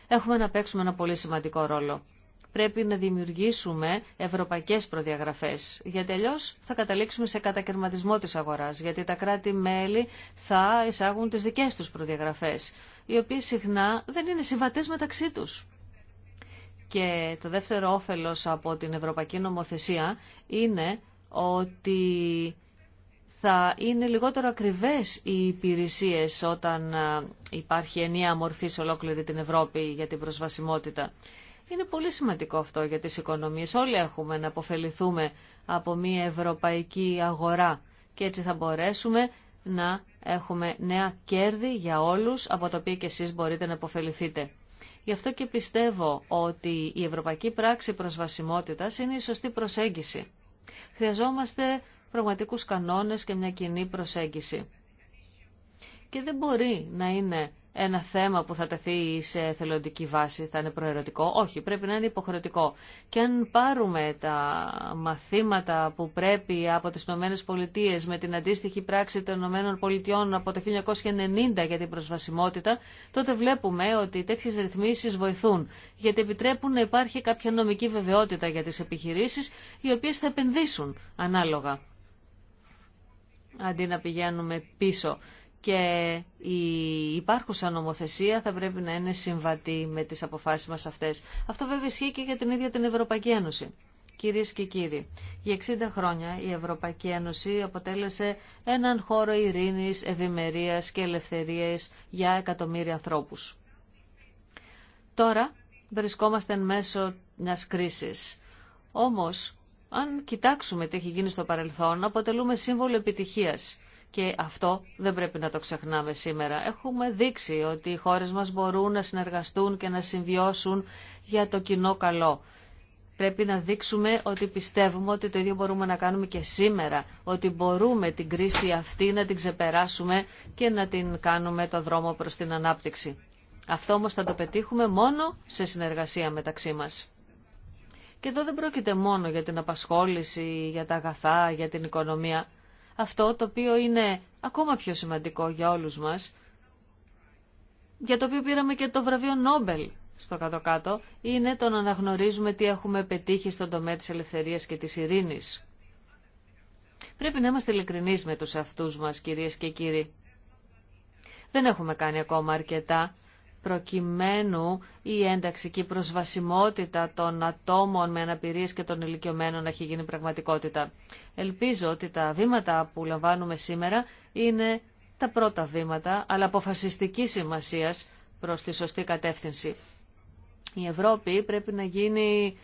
έχουμε να παίξουμε ένα πολύ σημαντικό ρόλο. Πρέπει να δημιουργήσουμε ευρωπαϊκές προδιαγραφές, γιατί αλλιώ θα καταλήξουμε σε κατακαιρματισμό της αγοράς, γιατί τα κράτη-μέλη θα εισάγουν τις δικές τους προδιαγραφές, οι οποίες συχνά δεν είναι συμβατές μεταξύ τους. Και το δεύτερο όφελος από την Ευρωπαϊκή Νομοθεσία είναι ότι θα είναι λιγότερο ακριβές οι υπηρεσίες όταν ε, υπάρχει ενία μορφή σε ολόκληρη την Ευρώπη για την προσβασιμότητα. Είναι πολύ σημαντικό αυτό για τις οικονομίες. Όλοι έχουμε να αποφεληθούμε από μια ευρωπαϊκή αγορά και έτσι θα μπορέσουμε να έχουμε νέα κέρδη για όλους από τα οποία και εσείς μπορείτε να αποφεληθείτε. Γι' αυτό και πιστεύω ότι η ευρωπαϊκή πράξη προσβασιμότητας είναι η σωστή προσέγγιση. Χρειαζόμαστε πραγματικούς κανόνες και μια κοινή προσέγγιση. Και δεν μπορεί να είναι ένα θέμα που θα τεθεί σε θελοντική βάση, θα είναι προαιρετικό. Όχι, πρέπει να είναι υποχρεωτικό. Και αν πάρουμε τα μαθήματα που πρέπει από τις Ηνωμένες Πολιτείες με την αντίστοιχη πράξη των Ηνωμένων Πολιτειών από το 1990 για την προσβασιμότητα, τότε βλέπουμε ότι τέτοιες ρυθμίσεις βοηθούν, γιατί επιτρέπουν να υπάρχει κάποια νομική βεβαιότητα για τις επιχειρήσεις, οι οποίες θα επενδύσουν ανάλογα αντί να πηγαίνουμε πίσω και η υπάρχουσα νομοθεσία θα πρέπει να είναι συμβατή με τις αποφάσεις μας αυτές. Αυτό βέβαια ισχύει και για την ίδια την Ευρωπαϊκή Ένωση. Κυρίες και κύριοι, για 60 χρόνια η Ευρωπαϊκή Ένωση αποτέλεσε έναν χώρο ειρήνης, ευημερίας και ελευθερίας για εκατομμύρια ανθρώπους. Τώρα βρισκόμαστε εν μέσω μιας κρίσης. Όμως, αν κοιτάξουμε τι έχει γίνει στο παρελθόν, αποτελούμε σύμβολο επιτυχίας και αυτό δεν πρέπει να το ξεχνάμε σήμερα. Έχουμε δείξει ότι οι χώρες μας μπορούν να συνεργαστούν και να συμβιώσουν για το κοινό καλό. Πρέπει να δείξουμε ότι πιστεύουμε ότι το ίδιο μπορούμε να κάνουμε και σήμερα, ότι μπορούμε την κρίση αυτή να την ξεπεράσουμε και να την κάνουμε το δρόμο προς την ανάπτυξη. Αυτό όμως θα το πετύχουμε μόνο σε συνεργασία μεταξύ μας. Και εδώ δεν πρόκειται μόνο για την απασχόληση, για τα αγαθά, για την οικονομία αυτό το οποίο είναι ακόμα πιο σημαντικό για όλους μας, για το οποίο πήραμε και το βραβείο Νόμπελ στο κάτω-κάτω, είναι το να αναγνωρίζουμε τι έχουμε πετύχει στον τομέα της ελευθερίας και της ειρήνης. Πρέπει να είμαστε ειλικρινεί με τους αυτούς μας, κυρίες και κύριοι. Δεν έχουμε κάνει ακόμα αρκετά προκειμένου η ένταξη και η προσβασιμότητα των ατόμων με αναπηρίες και των ηλικιωμένων να έχει γίνει πραγματικότητα. Ελπίζω ότι τα βήματα που λαμβάνουμε σήμερα είναι τα πρώτα βήματα, αλλά αποφασιστική σημασίας προς τη σωστή κατεύθυνση. Η Ευρώπη πρέπει να γίνει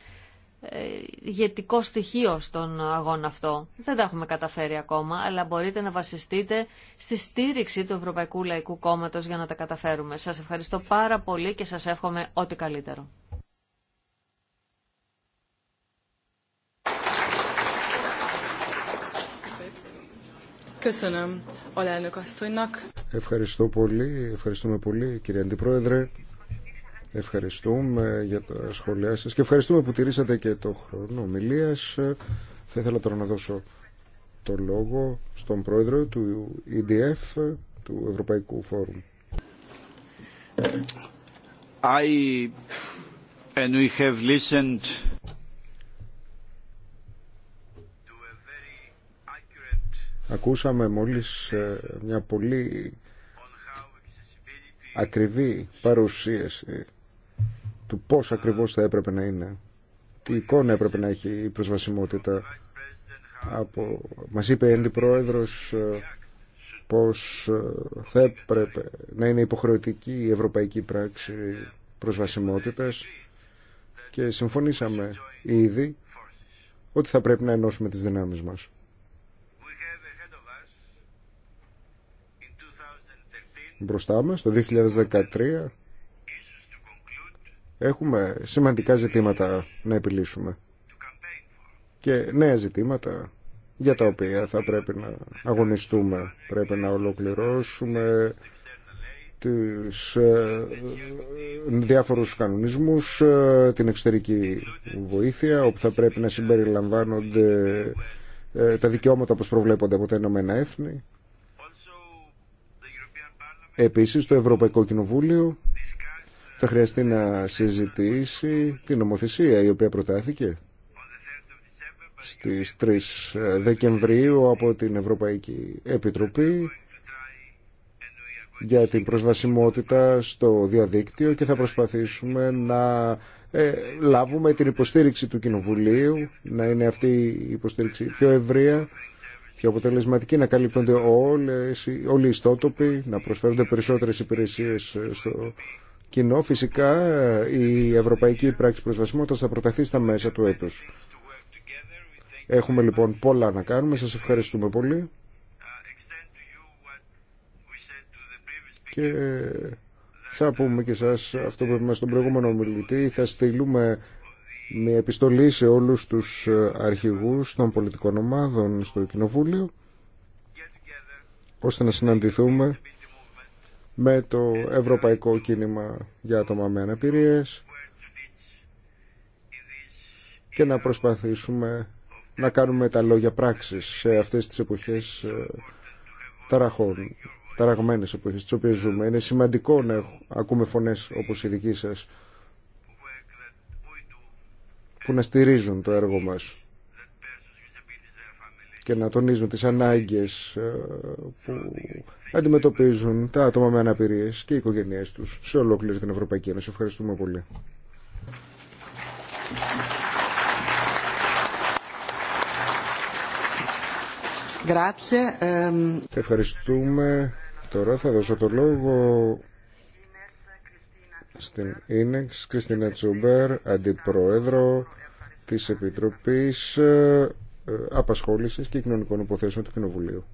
ε, ηγετικό στοιχείο στον αγώνα αυτό. Δεν τα έχουμε καταφέρει ακόμα, αλλά μπορείτε να βασιστείτε στη στήριξη του Ευρωπαϊκού Λαϊκού Κόμματος για να τα καταφέρουμε. Σας ευχαριστώ πάρα πολύ και σας εύχομαι ό,τι καλύτερο. Ευχαριστώ πολύ, ευχαριστούμε πολύ κύριε Αντιπρόεδρε. Ευχαριστούμε για τα σχόλιά σας και ευχαριστούμε που τηρήσατε και το χρόνο ομιλίας. Θα ήθελα τώρα να δώσω το λόγο στον πρόεδρο του EDF, του Ευρωπαϊκού Φόρουμ. I and we have listened Ακούσαμε μόλις ε, μια πολύ ακριβή παρουσίαση του πώ ακριβώ θα έπρεπε να είναι, τι εικόνα έπρεπε να έχει η προσβασιμότητα. Από... Μας είπε η Αντιπρόεδρος ε, πως ε, θα έπρεπε να είναι υποχρεωτική η ευρωπαϊκή πράξη προσβασιμότητας και συμφωνήσαμε ήδη ότι θα πρέπει να ενώσουμε τις δυνάμεις μας. Μπροστά μας, το 2013, Έχουμε σημαντικά ζητήματα να επιλύσουμε και νέα ζητήματα για τα οποία θα πρέπει να αγωνιστούμε. Πρέπει να ολοκληρώσουμε του ε, διάφορους κανονισμούς, ε, την εξωτερική βοήθεια, όπου θα πρέπει να συμπεριλαμβάνονται ε, τα δικαιώματα όπως προβλέπονται από τα Ηνωμένα Έθνη. Επίσης, το Ευρωπαϊκό Κοινοβούλιο θα χρειαστεί να συζητήσει την νομοθεσία η οποία προτάθηκε στις 3 Δεκεμβρίου από την Ευρωπαϊκή Επιτροπή για την προσβασιμότητα στο διαδίκτυο και θα προσπαθήσουμε να ε, λάβουμε την υποστήριξη του Κοινοβουλίου, να είναι αυτή η υποστήριξη πιο ευρεία, πιο αποτελεσματική, να καλύπτονται όλες, όλοι οι ιστότοποι, να προσφέρονται περισσότερες υπηρεσίες στο κοινό. Φυσικά η ευρωπαϊκή πράξη προσβασιμότητας θα προταθεί στα μέσα του έτους. Έχουμε λοιπόν πολλά να κάνουμε. Σας ευχαριστούμε πολύ. Και θα πούμε και σας αυτό που είπαμε στον προηγούμενο μιλητή. Θα στείλουμε μια επιστολή σε όλους τους αρχηγούς των πολιτικών ομάδων στο Κοινοβούλιο ώστε να συναντηθούμε με το Ευρωπαϊκό Κίνημα για Άτομα με Αναπηρίες και να προσπαθήσουμε να κάνουμε τα λόγια πράξης σε αυτές τις εποχές ε, ταραχών, ταραγμένες εποχές τις οποίες ζούμε. Είναι σημαντικό να ακούμε φωνές όπως η δική σας που να στηρίζουν το έργο μας και να τονίζουν τις ανάγκες ε, που αντιμετωπίζουν τα άτομα με αναπηρίε και οι οικογένειε του σε ολόκληρη την Ευρωπαϊκή Ένωση. Ευχαριστούμε πολύ. Ehm. Ευχαριστούμε. Τώρα θα δώσω το λόγο στην Ίνεξ Κριστίνα Τσούμπερ, Αντιπρόεδρο της Επιτροπής ε, Απασχόλησης και Κοινωνικών Υποθέσεων του Κοινοβουλίου.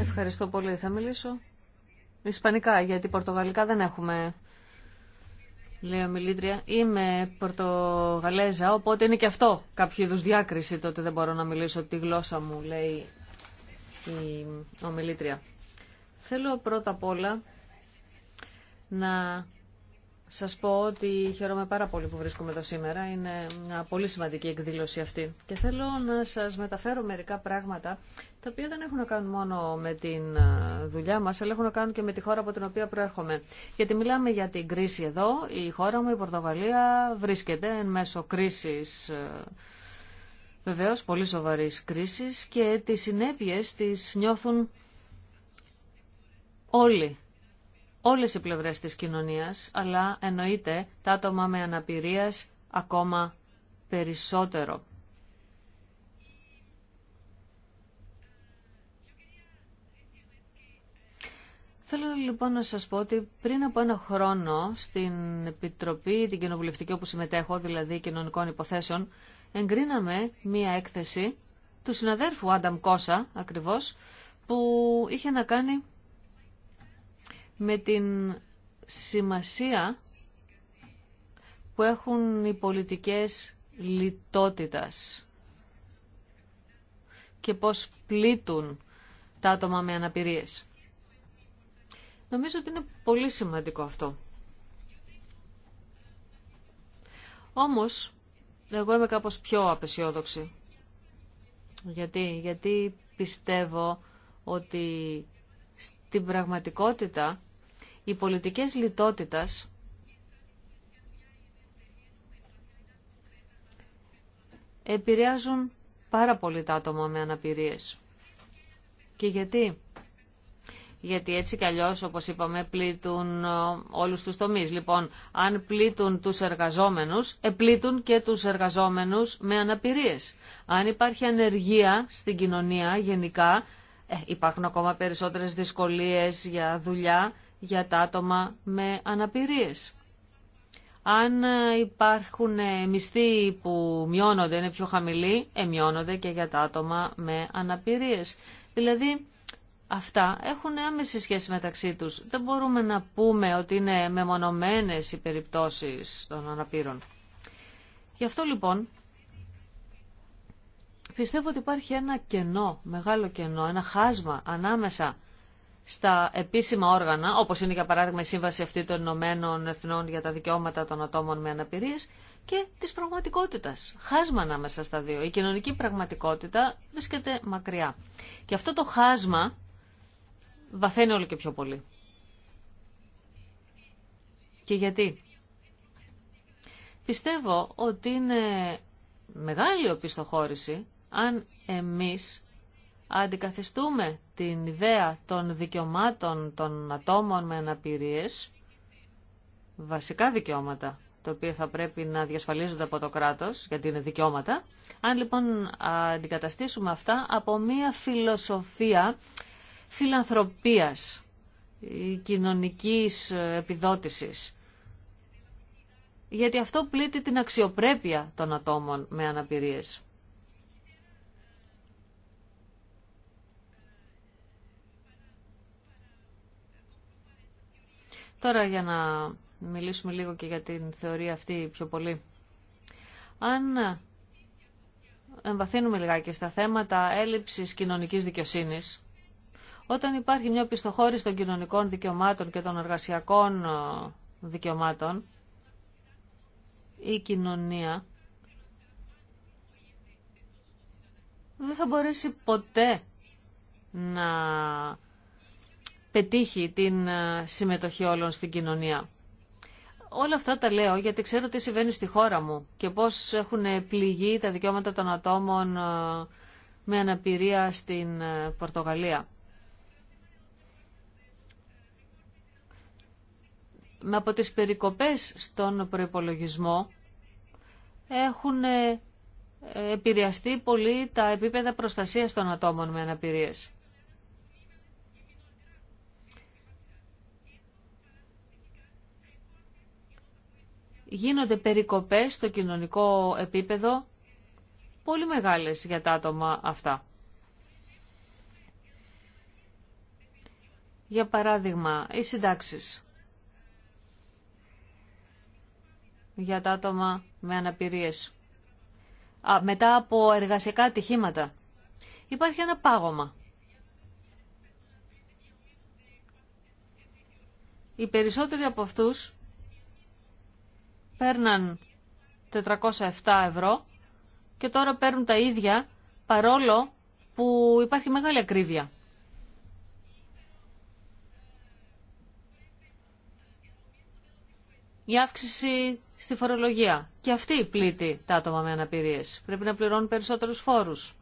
Ευχαριστώ πολύ. Θα μιλήσω ισπανικά, γιατί πορτογαλικά δεν έχουμε, λέει μπορώ να μιλήσω τη γλώσσα μου, λέει Είμαι πορτογαλέζα, οπότε είναι και αυτό κάποιο είδου διάκριση, τότε δεν μπορώ να μιλήσω τη γλώσσα μου, λέει η ομιλήτρια. Θέλω πρώτα απ' όλα να σας πω ότι χαίρομαι πάρα πολύ που βρίσκομαι εδώ σήμερα. Είναι μια πολύ σημαντική εκδήλωση αυτή. Και θέλω να σας μεταφέρω μερικά πράγματα, τα οποία δεν έχουν να κάνουν μόνο με την ε, δουλειά μας, αλλά έχουν να κάνουν και με τη χώρα από την οποία προέρχομαι. Γιατί μιλάμε για την κρίση εδώ. Η χώρα μου, η Πορτογαλία, βρίσκεται εν μέσω κρίσης ε, βεβαίως πολύ σοβαρή κρίσης και τις συνέπειες τις νιώθουν όλοι όλες οι πλευρές της κοινωνίας, αλλά εννοείται τα άτομα με αναπηρίας ακόμα περισσότερο. Θέλω λοιπόν να σας πω ότι πριν από ένα χρόνο στην Επιτροπή, την κοινοβουλευτική όπου συμμετέχω, δηλαδή κοινωνικών υποθέσεων, εγκρίναμε μία έκθεση του συναδέρφου Άνταμ Κόσα ακριβώς, που είχε να κάνει με την σημασία που έχουν οι πολιτικές λιτότητας και πώς πλήττουν τα άτομα με αναπηρίες. Νομίζω ότι είναι πολύ σημαντικό αυτό. Όμως, εγώ είμαι κάπως πιο απεσιόδοξη. Γιατί, γιατί πιστεύω ότι στην πραγματικότητα οι πολιτικές λιτότητας επηρεάζουν πάρα πολύ τα άτομα με αναπηρίες. Και γιατί? Γιατί έτσι κι αλλιώς, όπως είπαμε, πλήττουν ε, όλους τους τομείς. Λοιπόν, αν πλήττουν τους εργαζόμενους, επλήττουν και τους εργαζόμενους με αναπηρίες. Αν υπάρχει ανεργία στην κοινωνία γενικά, ε, υπάρχουν ακόμα περισσότερες δυσκολίες για δουλειά για τα άτομα με αναπηρίες. Αν υπάρχουν μισθοί που μειώνονται, είναι πιο χαμηλοί, εμειώνονται και για τα άτομα με αναπηρίες. Δηλαδή, αυτά έχουν άμεση σχέση μεταξύ τους. Δεν μπορούμε να πούμε ότι είναι μεμονωμένες οι περιπτώσεις των αναπήρων. Γι' αυτό λοιπόν πιστεύω ότι υπάρχει ένα κενό, μεγάλο κενό, ένα χάσμα ανάμεσα στα επίσημα όργανα, όπως είναι για παράδειγμα η Σύμβαση αυτή των Ηνωμένων Εθνών για τα Δικαιώματα των Ατόμων με Αναπηρίες και της πραγματικότητας. Χάσμα ανάμεσα στα δύο. Η κοινωνική πραγματικότητα βρίσκεται μακριά. Και αυτό το χάσμα βαθαίνει όλο και πιο πολύ. Και γιατί. Πιστεύω ότι είναι μεγάλη οπισθοχώρηση αν εμείς αντικαθιστούμε την ιδέα των δικαιωμάτων των ατόμων με αναπηρίες, βασικά δικαιώματα, τα οποία θα πρέπει να διασφαλίζονται από το κράτος, γιατί είναι δικαιώματα, αν λοιπόν αντικαταστήσουμε αυτά από μία φιλοσοφία φιλανθρωπίας, κοινωνικής επιδότησης. Γιατί αυτό πλήττει την αξιοπρέπεια των ατόμων με αναπηρίες. Τώρα για να μιλήσουμε λίγο και για την θεωρία αυτή πιο πολύ. Αν εμβαθύνουμε λιγάκι στα θέματα έλλειψης κοινωνικής δικαιοσύνης, όταν υπάρχει μια πιστοχώρηση των κοινωνικών δικαιωμάτων και των εργασιακών ε, δικαιωμάτων, η κοινωνία δεν θα μπορέσει ποτέ να πετύχει την ε, συμμετοχή όλων στην κοινωνία. Όλα αυτά τα λέω γιατί ξέρω τι συμβαίνει στη χώρα μου και πώς έχουν πληγεί τα δικαιώματα των ατόμων ε, με αναπηρία στην ε, Πορτογαλία. Με από τις περικοπές στον προϋπολογισμό έχουν επηρεαστεί πολύ τα επίπεδα προστασίας των ατόμων με αναπηρίες. γίνονται περικοπές στο κοινωνικό επίπεδο πολύ μεγάλες για τα άτομα αυτά. Για παράδειγμα, οι συντάξεις για τα άτομα με αναπηρίες. μετά από εργασιακά ατυχήματα. Υπάρχει ένα πάγωμα. Οι περισσότεροι από αυτούς παίρναν 407 ευρώ και τώρα παίρνουν τα ίδια παρόλο που υπάρχει μεγάλη ακρίβεια. Η αύξηση στη φορολογία. Και αυτή πλήττει τα άτομα με αναπηρίες. Πρέπει να πληρώνουν περισσότερους φόρους.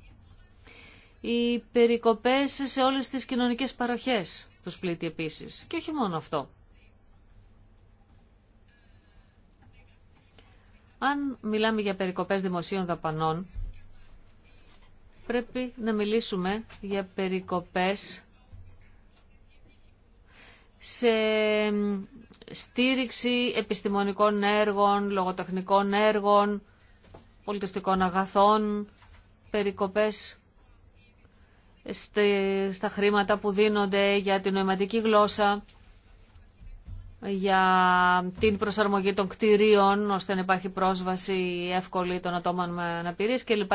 Οι περικοπές σε όλες τις κοινωνικές παροχές τους πλήττει επίσης. Και όχι μόνο αυτό. Αν μιλάμε για περικοπές δημοσίων δαπανών, πρέπει να μιλήσουμε για περικοπές σε στήριξη επιστημονικών έργων, λογοτεχνικών έργων, πολιτιστικών αγαθών, περικοπές στα χρήματα που δίνονται για την νοηματική γλώσσα για την προσαρμογή των κτηρίων ώστε να υπάρχει πρόσβαση εύκολη των ατόμων με αναπηρίες κλπ.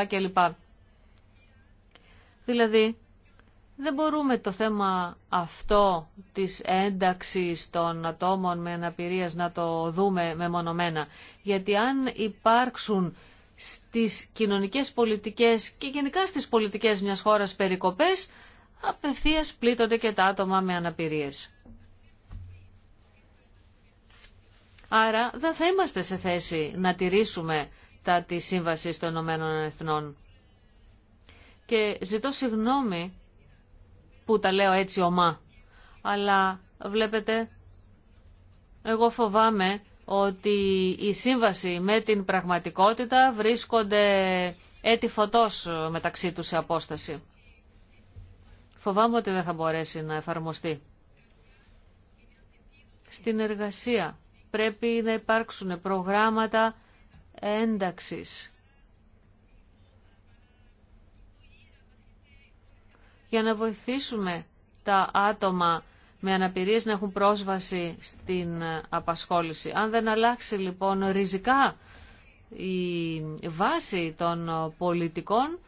Δηλαδή, δεν μπορούμε το θέμα αυτό της ένταξης των ατόμων με αναπηρίες να το δούμε μεμονωμένα. Γιατί αν υπάρξουν στις κοινωνικές πολιτικές και γενικά στις πολιτικές μιας χώρας περικοπές, απευθείας πλήττονται και τα άτομα με αναπηρίες. Άρα δεν θα είμαστε σε θέση να τηρήσουμε τα τη σύμβαση των Ηνωμένων Εθνών. Και ζητώ συγγνώμη που τα λέω έτσι ομά, αλλά βλέπετε, εγώ φοβάμαι ότι η σύμβαση με την πραγματικότητα βρίσκονται έτη φωτός μεταξύ τους σε απόσταση. Φοβάμαι ότι δεν θα μπορέσει να εφαρμοστεί. Στην εργασία πρέπει να υπάρξουν προγράμματα ένταξης. Για να βοηθήσουμε τα άτομα με αναπηρίες να έχουν πρόσβαση στην απασχόληση. Αν δεν αλλάξει λοιπόν ριζικά η βάση των πολιτικών,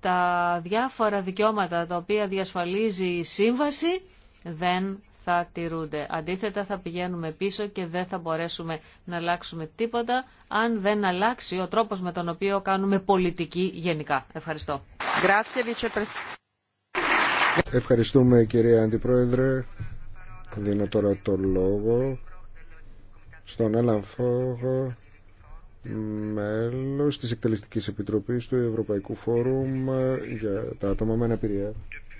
τα διάφορα δικαιώματα τα οποία διασφαλίζει η σύμβαση δεν θα τηρούνται. Αντίθετα θα πηγαίνουμε πίσω και δεν θα μπορέσουμε να αλλάξουμε τίποτα αν δεν αλλάξει ο τρόπος με τον οποίο κάνουμε πολιτική γενικά. Ευχαριστώ. Ευχαριστούμε κυρία Αντιπρόεδρε. Δίνω τώρα το λόγο στον Άλλαν Φόγο, μέλος της Εκτελεστικής Επιτροπής του Ευρωπαϊκού Φόρουμ για τα άτομα με αναπηρία.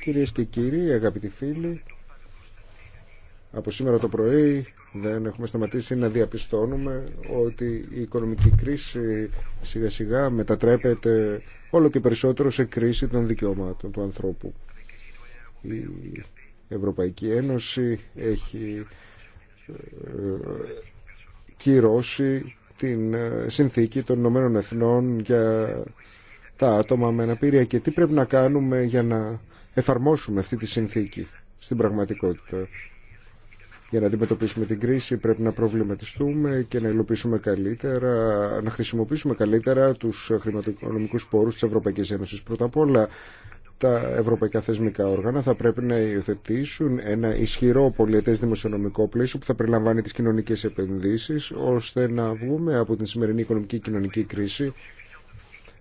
Κυρίες και κύριοι, αγαπητοί φίλοι, από σήμερα το πρωί δεν έχουμε σταματήσει να διαπιστώνουμε ότι η οικονομική κρίση σιγά σιγά μετατρέπεται όλο και περισσότερο σε κρίση των δικαιωμάτων του ανθρώπου. Η Ευρωπαϊκή Ένωση έχει ε, κυρώσει την ε, συνθήκη των Ηνωμένων Εθνών για τα άτομα με αναπηρία και τι πρέπει να κάνουμε για να εφαρμόσουμε αυτή τη συνθήκη στην πραγματικότητα. Για να αντιμετωπίσουμε την κρίση πρέπει να προβληματιστούμε και να υλοποιήσουμε καλύτερα, να χρησιμοποιήσουμε καλύτερα τους χρηματοοικονομικούς πόρους της Ευρωπαϊκής Ένωσης. Πρώτα απ' όλα τα ευρωπαϊκά θεσμικά όργανα θα πρέπει να υιοθετήσουν ένα ισχυρό πολιετέ δημοσιονομικό πλαίσιο που θα περιλαμβάνει τι κοινωνικέ επενδύσει, ώστε να βγούμε από την σημερινή οικονομική και κοινωνική κρίση,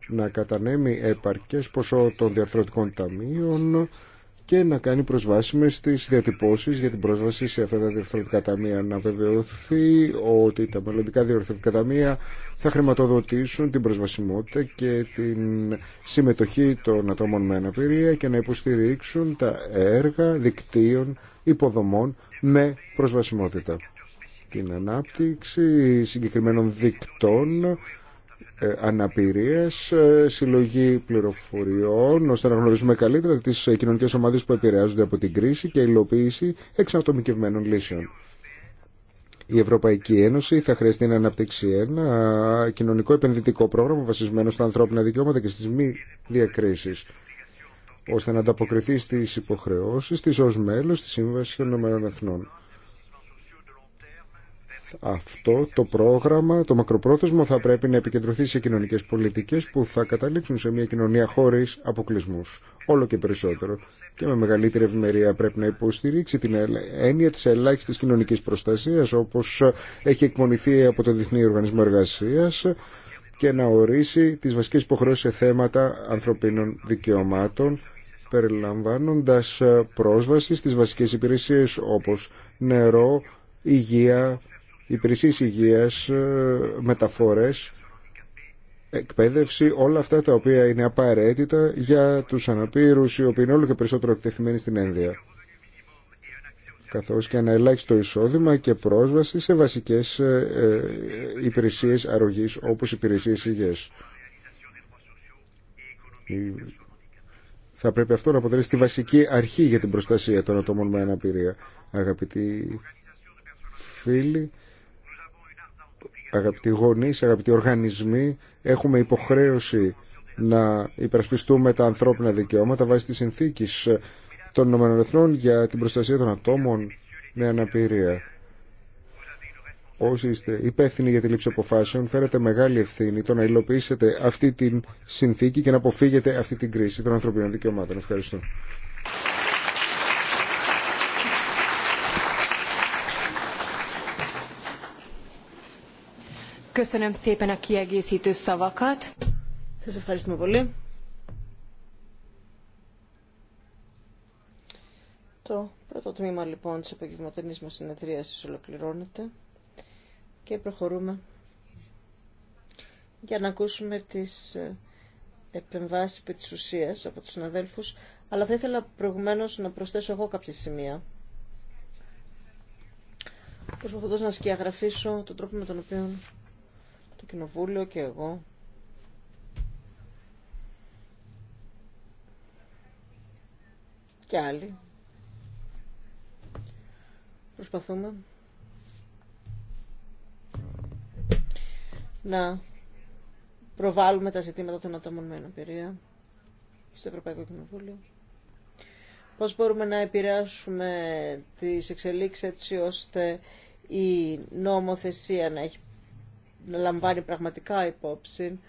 να κατανέμει επαρκές ποσό των διαρθρωτικών ταμείων, και να κάνει προσβάσιμες στις διατυπώσεις για την πρόσβαση σε αυτά τα διορθωτικά ταμεία. Να βεβαιωθεί ότι τα μελλοντικά διορθωτικά ταμεία θα χρηματοδοτήσουν την προσβασιμότητα και την συμμετοχή των ατόμων με αναπηρία και να υποστηρίξουν τα έργα δικτύων υποδομών με προσβασιμότητα. Την ανάπτυξη συγκεκριμένων δικτών ε, αναπηρίες, ε, συλλογή πληροφοριών, ώστε να γνωρίζουμε καλύτερα τις ε, κοινωνικές ομάδες που επηρεάζονται από την κρίση και υλοποίηση εξατομικευμένων λύσεων. Η Ευρωπαϊκή Ένωση θα χρειαστεί να αναπτύξει ένα κοινωνικό επενδυτικό πρόγραμμα βασισμένο στα ανθρώπινα δικαιώματα και στις μη διακρίσεις ώστε να ανταποκριθεί στις υποχρεώσεις της ως μέλος της Σύμβασης των Ηνωμένων Εθνών. Αυτό το πρόγραμμα, το μακροπρόθεσμο θα πρέπει να επικεντρωθεί σε κοινωνικές πολιτικές που θα καταλήξουν σε μια κοινωνία χωρίς αποκλεισμού. όλο και περισσότερο. Και με μεγαλύτερη ευημερία πρέπει να υποστηρίξει την έννοια της ελάχιστης κοινωνικής προστασίας όπως έχει εκμονηθεί από το Διεθνή Οργανισμό Εργασίας και να ορίσει τις βασικές υποχρεώσεις σε θέματα ανθρωπίνων δικαιωμάτων περιλαμβάνοντας πρόσβαση στις βασικές υπηρεσίες όπως νερό, υγεία, υπηρεσίες υγεία, ε, μεταφορές, εκπαίδευση, όλα αυτά τα οποία είναι απαραίτητα για τους αναπήρους οι οποίοι είναι όλο και περισσότερο εκτεθειμένοι στην ένδυα καθώς και ένα ελάχιστο εισόδημα και πρόσβαση σε βασικές ε, ε, υπηρεσίες αρρωγής όπως υπηρεσίες υγείας. Θα πρέπει αυτό να αποτελέσει τη βασική αρχή για την προστασία των ατόμων με αναπηρία. Αγαπητοί φίλοι, Αγαπητοί γονείς, αγαπητοί οργανισμοί, έχουμε υποχρέωση να υπερασπιστούμε τα ανθρώπινα δικαιώματα βάσει της συνθήκης των Ηνωμένων για την προστασία των ατόμων με αναπηρία. Όσοι είστε υπεύθυνοι για τη λήψη αποφάσεων, φέρετε μεγάλη ευθύνη το να υλοποιήσετε αυτή την συνθήκη και να αποφύγετε αυτή την κρίση των ανθρωπίνων δικαιωμάτων. Ευχαριστώ. Köszönöm szépen Σας ευχαριστούμε πολύ. Το πρώτο τμήμα λοιπόν της απογευματινής μας συνεδρίασης ολοκληρώνεται και προχωρούμε για να ακούσουμε τις ε, επεμβάσεις επί της ουσίας από τους συναδέλφους αλλά θα ήθελα προηγουμένως να προσθέσω εγώ κάποια σημεία προσπαθώντας να σκιαγραφίσω τον τρόπο με τον οποίο Κοινοβούλιο και εγώ και άλλοι προσπαθούμε να προβάλλουμε τα ζητήματα των ατόμων με αναπηρία στο Ευρωπαϊκό Κοινοβούλιο. Πώς μπορούμε να επηρεάσουμε τις εξελίξεις έτσι ώστε η νομοθεσία να έχει να λαμβάνει πραγματικά υπόψη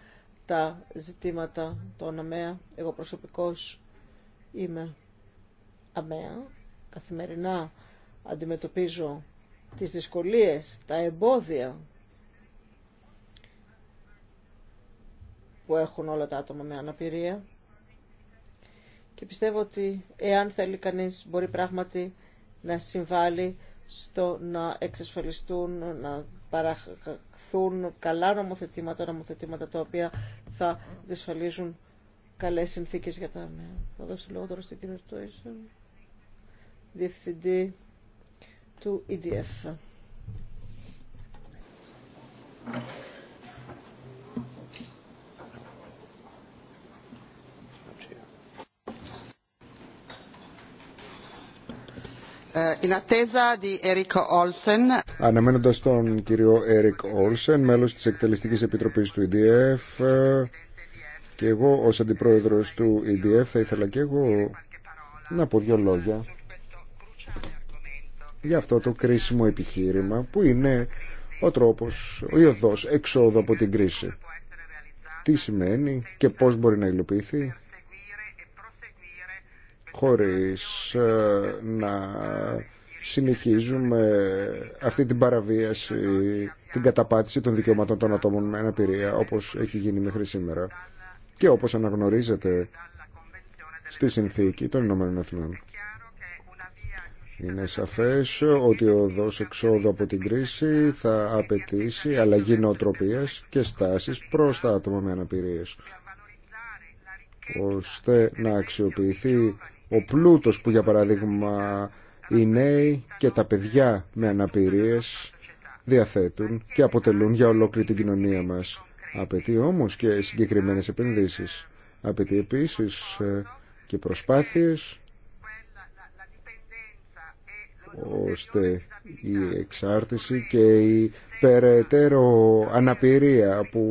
τα ζητήματα των ΑΜΕΑ. Εγώ προσωπικώς είμαι ΑΜΕΑ. Καθημερινά αντιμετωπίζω τις δυσκολίες, τα εμπόδια που έχουν όλα τα άτομα με αναπηρία. Και πιστεύω ότι εάν θέλει κανείς μπορεί πράγματι να συμβάλλει στο να εξασφαλιστούν, να παραχ ληφθούν καλά νομοθετήματα, νομοθετήματα τα οποία θα δυσφαλίζουν καλέ συνθήκε. για τα νέα. Θα δώσω λόγο τώρα στον κύριο Τόισεν, διευθυντή του EDF. Ε, Αναμένοντα τον κύριο Έρικ Όλσεν, μέλο τη εκτελεστική επιτροπή του EDF ε, και εγώ ω αντιπρόεδρο του EDF θα ήθελα και εγώ να πω δύο λόγια για αυτό το κρίσιμο επιχείρημα που είναι ο τρόπος, ο οδός εξόδου από την κρίση. Τι σημαίνει και πώς μπορεί να υλοποιηθεί χωρίς ε, να συνεχίζουμε αυτή την παραβίαση, την καταπάτηση των δικαιωμάτων των ατόμων με αναπηρία όπως έχει γίνει μέχρι σήμερα και όπως αναγνωρίζεται στη συνθήκη των Ηνωμένων Εθνών. Είναι σαφές ότι ο οδός εξόδου από την κρίση θα απαιτήσει αλλαγή νοοτροπίας και στάσεις προς τα άτομα με αναπηρίες ώστε να αξιοποιηθεί ο πλούτος που για παράδειγμα οι νέοι και τα παιδιά με αναπηρίες διαθέτουν και αποτελούν για ολόκληρη την κοινωνία μας. Απαιτεί όμως και συγκεκριμένες επενδύσεις. Απαιτεί επίσης ε, και προσπάθειες ώστε η εξάρτηση και η περαιτέρω αναπηρία που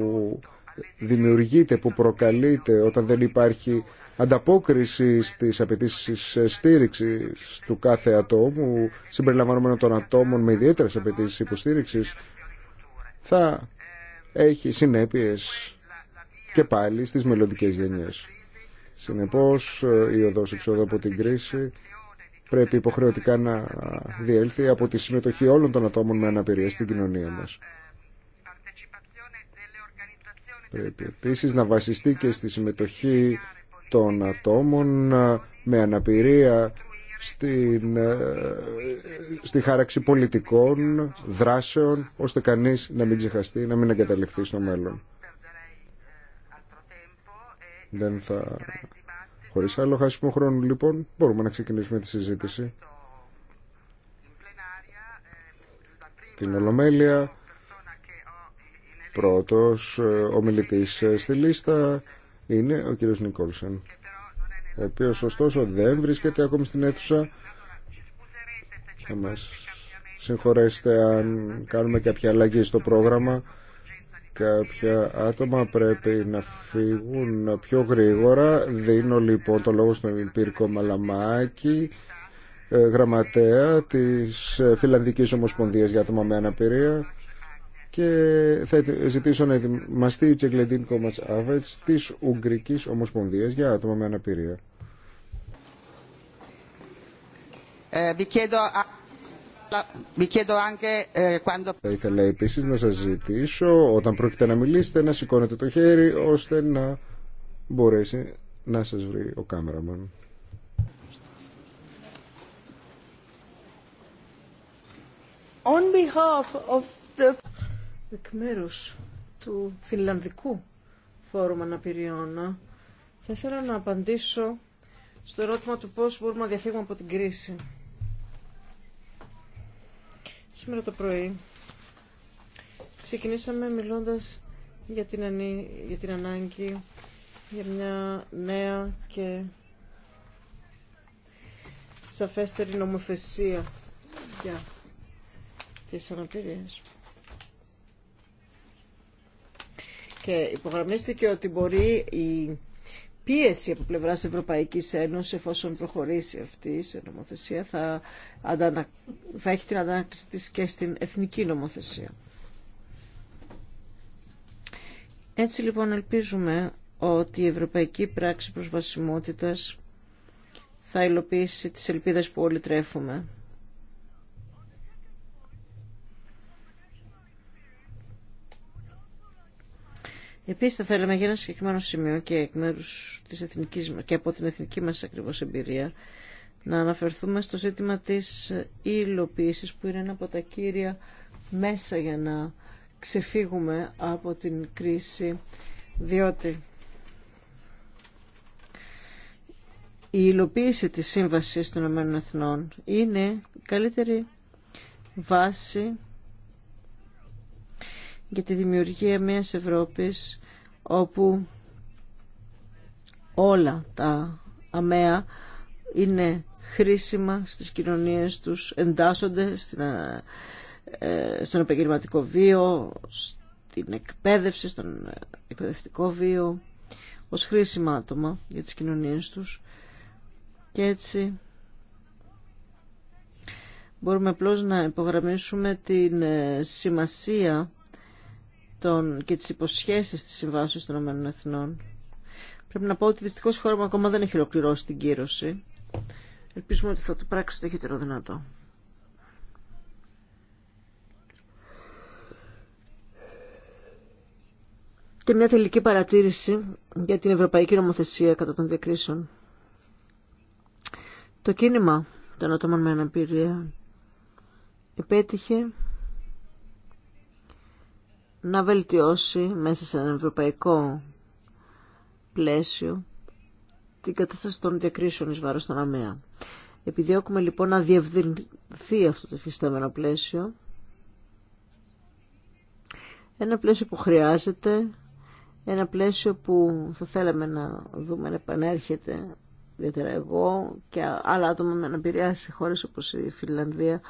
δημιουργείται, που προκαλείται όταν δεν υπάρχει ανταπόκριση στις απαιτήσει στήριξης του κάθε ατόμου, συμπεριλαμβανομένων των ατόμων με ιδιαίτερες απαιτήσει υποστήριξης, θα έχει συνέπειες και πάλι στις μελλοντικές γενιές. Συνεπώς, η οδός εξόδου από την κρίση πρέπει υποχρεωτικά να διέλθει από τη συμμετοχή όλων των ατόμων με αναπηρία στην κοινωνία μας. Πρέπει επίσης να βασιστεί και στη συμμετοχή των ατόμων ε, με αναπηρία στην, ε, στη χάραξη πολιτικών δράσεων ώστε κανείς να μην ξεχαστεί, να μην εγκαταλειφθεί στο μέλλον. Δεν θα... Χωρίς άλλο χάσιμο χρόνο λοιπόν μπορούμε να ξεκινήσουμε τη συζήτηση. Την Ολομέλεια, πρώτος ε, ομιλητής στη λίστα είναι ο κύριος Νικόλσεν ο οποίος ωστόσο δεν βρίσκεται ακόμη στην αίθουσα θα μας συγχωρέσετε αν κάνουμε κάποια αλλαγή στο πρόγραμμα κάποια άτομα πρέπει να φύγουν πιο γρήγορα δίνω λοιπόν το λόγο στον Πύρκο Μαλαμάκη ε, γραμματέα της Φιλανδικής Ομοσπονδίας για άτομα με αναπηρία και θα ζητήσω να ετοιμαστεί η Τσεκλεντίν Κόμματς Άβετς της Ουγγρικής Ομοσπονδίας για άτομα με αναπηρία. Ε, ε, θα ήθελα επίσης να σας ζητήσω όταν πρόκειται να μιλήσετε να σηκώνετε το χέρι ώστε να μπορέσει να σας βρει ο κάμεραμαν. On behalf of the εκ μέρου του Φιλανδικού Φόρουμ Αναπηριών θα ήθελα να απαντήσω στο ερώτημα του πώς μπορούμε να διαφύγουμε από την κρίση. Σήμερα το πρωί ξεκινήσαμε μιλώντας για την, για την ανάγκη για μια νέα και σαφέστερη νομοθεσία για τις αναπηρίες. και υπογραμμίστηκε ότι μπορεί η πίεση από πλευρά Ευρωπαϊκή Ένωση, εφόσον προχωρήσει αυτή σε νομοθεσία, θα, αντανα... θα έχει την ανάκριση και στην εθνική νομοθεσία. Έτσι λοιπόν ελπίζουμε ότι η Ευρωπαϊκή Πράξη Προσβασιμότητας θα υλοποιήσει τις ελπίδες που όλοι τρέφουμε. Επίση, θα θέλαμε για ένα συγκεκριμένο σημείο και, εκ της εθνικής, και από την εθνική μας ακριβώς εμπειρία να αναφερθούμε στο ζήτημα τη υλοποίηση, που είναι ένα από τα κύρια μέσα για να ξεφύγουμε από την κρίση διότι η υλοποίηση της Σύμβασης των Ηνωμένων Εθνών είναι η καλύτερη βάση για τη δημιουργία μιας Ευρώπης όπου όλα τα αμαία είναι χρήσιμα στις κοινωνίες τους, εντάσσονται στην, ε, στον επαγγελματικό βίο, στην εκπαίδευση, στον εκπαιδευτικό βίο, ως χρήσιμα άτομα για τις κοινωνίες τους. Και έτσι μπορούμε απλώ να υπογραμμίσουμε την ε, σημασία των, και τις υποσχέσεις της Συμβάσεως των Ηνωμένων Εθνών. Πρέπει να πω ότι δυστυχώς η χώρα μου ακόμα δεν έχει ολοκληρώσει την κύρωση. Ελπίζουμε ότι θα το πράξει το χειτερό δυνατό. Και μια τελική παρατήρηση για την Ευρωπαϊκή Νομοθεσία κατά των διακρίσεων. Το κίνημα των ατόμων με αναπηρία επέτυχε να βελτιώσει μέσα σε ένα ευρωπαϊκό πλαίσιο την κατάσταση των διακρίσεων εις βάρος των ΑΜΕΑ. Επιδιώκουμε λοιπόν να διευδυνθεί αυτό το φυστάμενο πλαίσιο. Ένα πλαίσιο που χρειάζεται, ένα πλαίσιο που θα θέλαμε να δούμε να επανέρχεται, ιδιαίτερα εγώ και άλλα άτομα με αναπηρία σε χώρες όπως η Φιλανδία,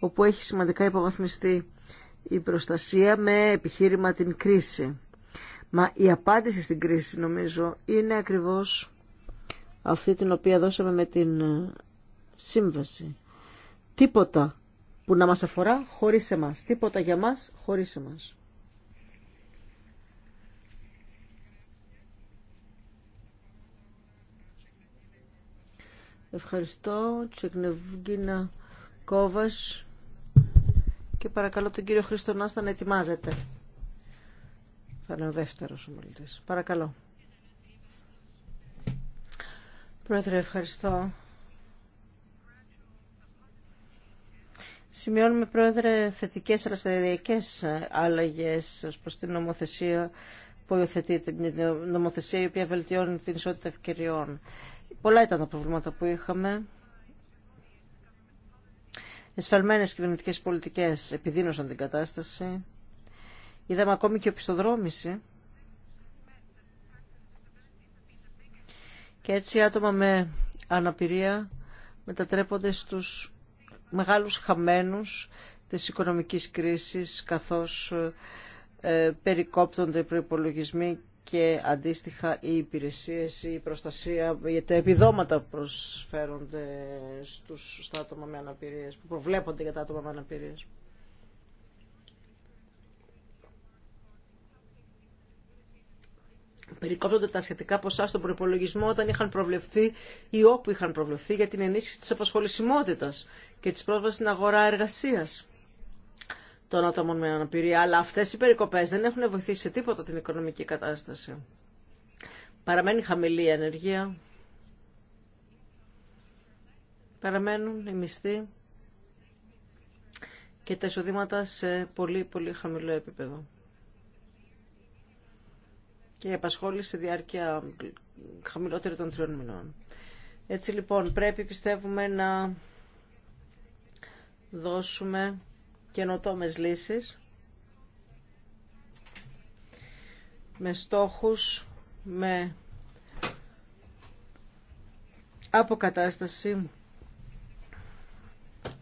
όπου έχει σημαντικά υποβαθμιστεί η προστασία με επιχείρημα την κρίση. Μα η απάντηση στην κρίση νομίζω είναι ακριβώς αυτή την οποία δώσαμε με την ε, σύμβαση. Τίποτα που να μας αφορά χωρίς εμάς. Τίποτα για μας χωρίς εμάς. Ευχαριστώ. Κόβας και παρακαλώ τον κύριο Χριστονάστα να ετοιμάζεται. Θα είναι ο δεύτερος ομιλητή. Παρακαλώ. Πρόεδρε, ευχαριστώ. Σημειώνουμε, Πρόεδρε, θετικές ραστηριακές αλλαγές ως προς την νομοθεσία που υιοθετείται, μια νομοθεσία η οποία βελτιώνει την ισότητα ευκαιριών. Πολλά ήταν τα προβλήματα που είχαμε Εσφαλμένες κυβερνητικές πολιτικές επιδίνωσαν την κατάσταση. Είδαμε ακόμη και οπισθοδρόμηση. Και έτσι άτομα με αναπηρία μετατρέπονται στους μεγάλους χαμένους της οικονομικής κρίσης καθώς ε, περικόπτονται οι προϋπολογισμοί και αντίστοιχα οι υπηρεσίες, η προστασία, τα επιδόματα που προσφέρονται στους, στα άτομα με αναπηρίες, που προβλέπονται για τα άτομα με αναπηρίες. Περικόπτονται τα σχετικά ποσά στον προπολογισμό όταν είχαν προβλεφθεί ή όπου είχαν προβλεφθεί για την ενίσχυση της απασχολησιμότητας και της πρόσβασης στην αγορά εργασίας των ατόμων με αναπηρία, αλλά αυτέ οι περικοπέ δεν έχουν βοηθήσει σε τίποτα την οικονομική κατάσταση. Παραμένει χαμηλή η ανεργία, παραμένουν οι μισθοί και τα εισοδήματα σε πολύ πολύ χαμηλό επίπεδο. Και η απασχόληση σε διάρκεια χαμηλότερη των τριών μηνών. Έτσι λοιπόν πρέπει πιστεύουμε να δώσουμε καινοτόμες λύσεις με στόχους, με αποκατάσταση,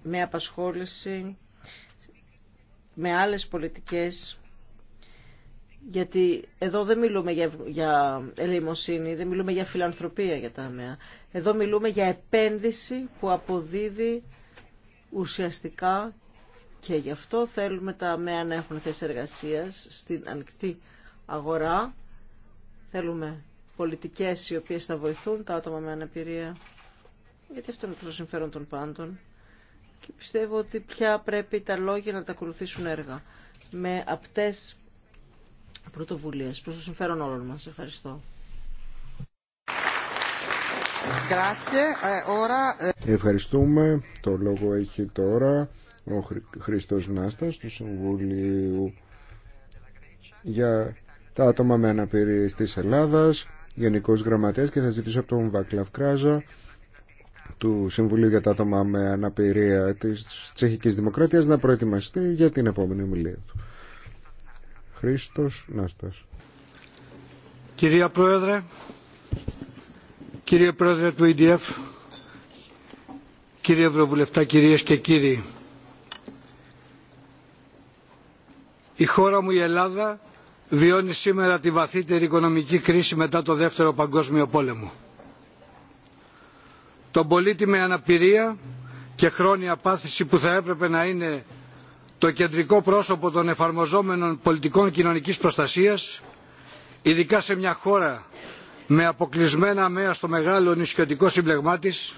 με απασχόληση, με άλλες πολιτικές, γιατί εδώ δεν μιλούμε για, για ελεημοσύνη, δεν μιλούμε για φιλανθρωπία για τα αμαία. Εδώ μιλούμε για επένδυση που αποδίδει ουσιαστικά και γι' αυτό θέλουμε τα ΑΜΕΑ να έχουν θέσει εργασίας στην ανοιχτή αγορά. Θέλουμε πολιτικές οι οποίες θα βοηθούν τα άτομα με αναπηρία, γιατί αυτό είναι το συμφέρον των πάντων. Και πιστεύω ότι πια πρέπει τα λόγια να τα ακολουθήσουν έργα. Με απτές πρωτοβουλίες, προς το συμφέρον όλων μας. Ευχαριστώ. Ε, ε, Ευχαριστούμε. Το λόγο έχει τώρα ο Χρήστος Νάστας του Συμβουλίου για τα άτομα με αναπηρία τη Ελλάδα, Γενικός Γραμματέας και θα ζητήσω από τον Βακλαβ Κράζα του Συμβουλίου για τα άτομα με αναπηρία της Τσεχικής Δημοκρατίας να προετοιμαστεί για την επόμενη ομιλία του. Χρήστος Νάστας. Κυρία Πρόεδρε, κύριε Πρόεδρε του EDF, κύριε Ευρωβουλευτά, κυρίες και κύριοι, Η χώρα μου η Ελλάδα βιώνει σήμερα τη βαθύτερη οικονομική κρίση μετά το Δεύτερο Παγκόσμιο Πόλεμο. Τον πολίτη αναπηρία και χρόνια πάθηση που θα έπρεπε να είναι το κεντρικό πρόσωπο των εφαρμοζόμενων πολιτικών κοινωνικής προστασίας, ειδικά σε μια χώρα με αποκλεισμένα μέσα στο μεγάλο νησιωτικό σύμπλεγμά της,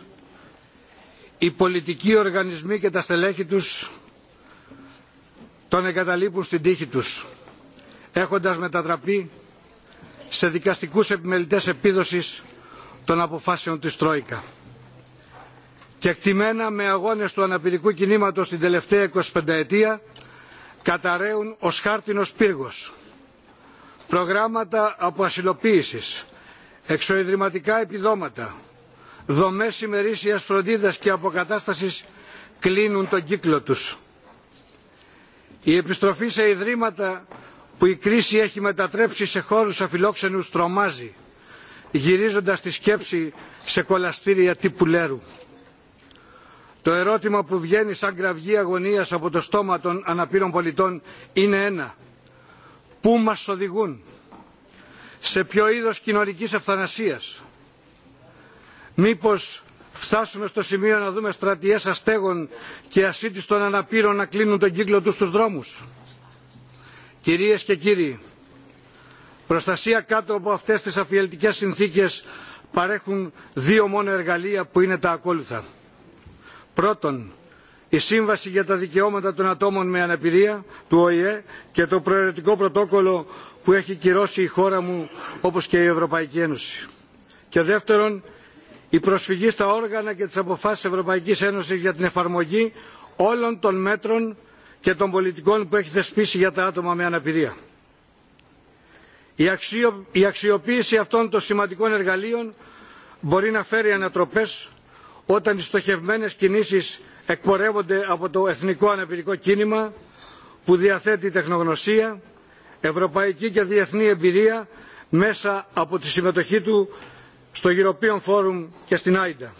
οι πολιτικοί οργανισμοί και τα στελέχη τους τον εγκαταλείπουν στην τύχη τους, έχοντας μετατραπεί σε δικαστικούς επιμελητές επίδοσης των αποφάσεων της Τρόικα. Και εκτιμένα με αγώνες του αναπηρικού κινήματος την τελευταία 25 ετία, καταραίουν ως χάρτινος πύργος. Προγράμματα από ασυλοποίησης, επιδόματα, δομές ημερήσιας φροντίδας και αποκατάστασης κλείνουν τον κύκλο τους η επιστροφή σε ιδρύματα που η κρίση έχει μετατρέψει σε χώρους αφιλόξενους τρομάζει, γυρίζοντας τη σκέψη σε κολαστήρια τύπου Λέρου. Το ερώτημα που βγαίνει σαν κραυγή αγωνίας από το στόμα των αναπήρων πολιτών είναι ένα. Πού μας οδηγούν, σε ποιο είδος κοινωνικής ευθανασίας. Μήπως φτάσουμε στο σημείο να δούμε στρατιές αστέγων και των αναπήρων να κλείνουν τον κύκλο τους στους δρόμους. Κυρίες και κύριοι, προστασία κάτω από αυτές τις αφιελτικές συνθήκες παρέχουν δύο μόνο εργαλεία που είναι τα ακόλουθα. Πρώτον, η Σύμβαση για τα Δικαιώματα των Ατόμων με Αναπηρία του ΟΗΕ και το προαιρετικό πρωτόκολλο που έχει κυρώσει η χώρα μου όπως και η Ευρωπαϊκή Ένωση. Και δεύτερον, η προσφυγή στα όργανα και τις αποφάσεις Ευρωπαϊκής Ένωσης για την εφαρμογή όλων των μέτρων και των πολιτικών που έχει θεσπίσει για τα άτομα με αναπηρία. Η, αξιοποίηση αυτών των σημαντικών εργαλείων μπορεί να φέρει ανατροπές όταν οι στοχευμένες κινήσεις εκπορεύονται από το Εθνικό Αναπηρικό Κίνημα που διαθέτει τεχνογνωσία, ευρωπαϊκή και διεθνή εμπειρία μέσα από τη συμμετοχή του στο European Forum και στην Άιντα.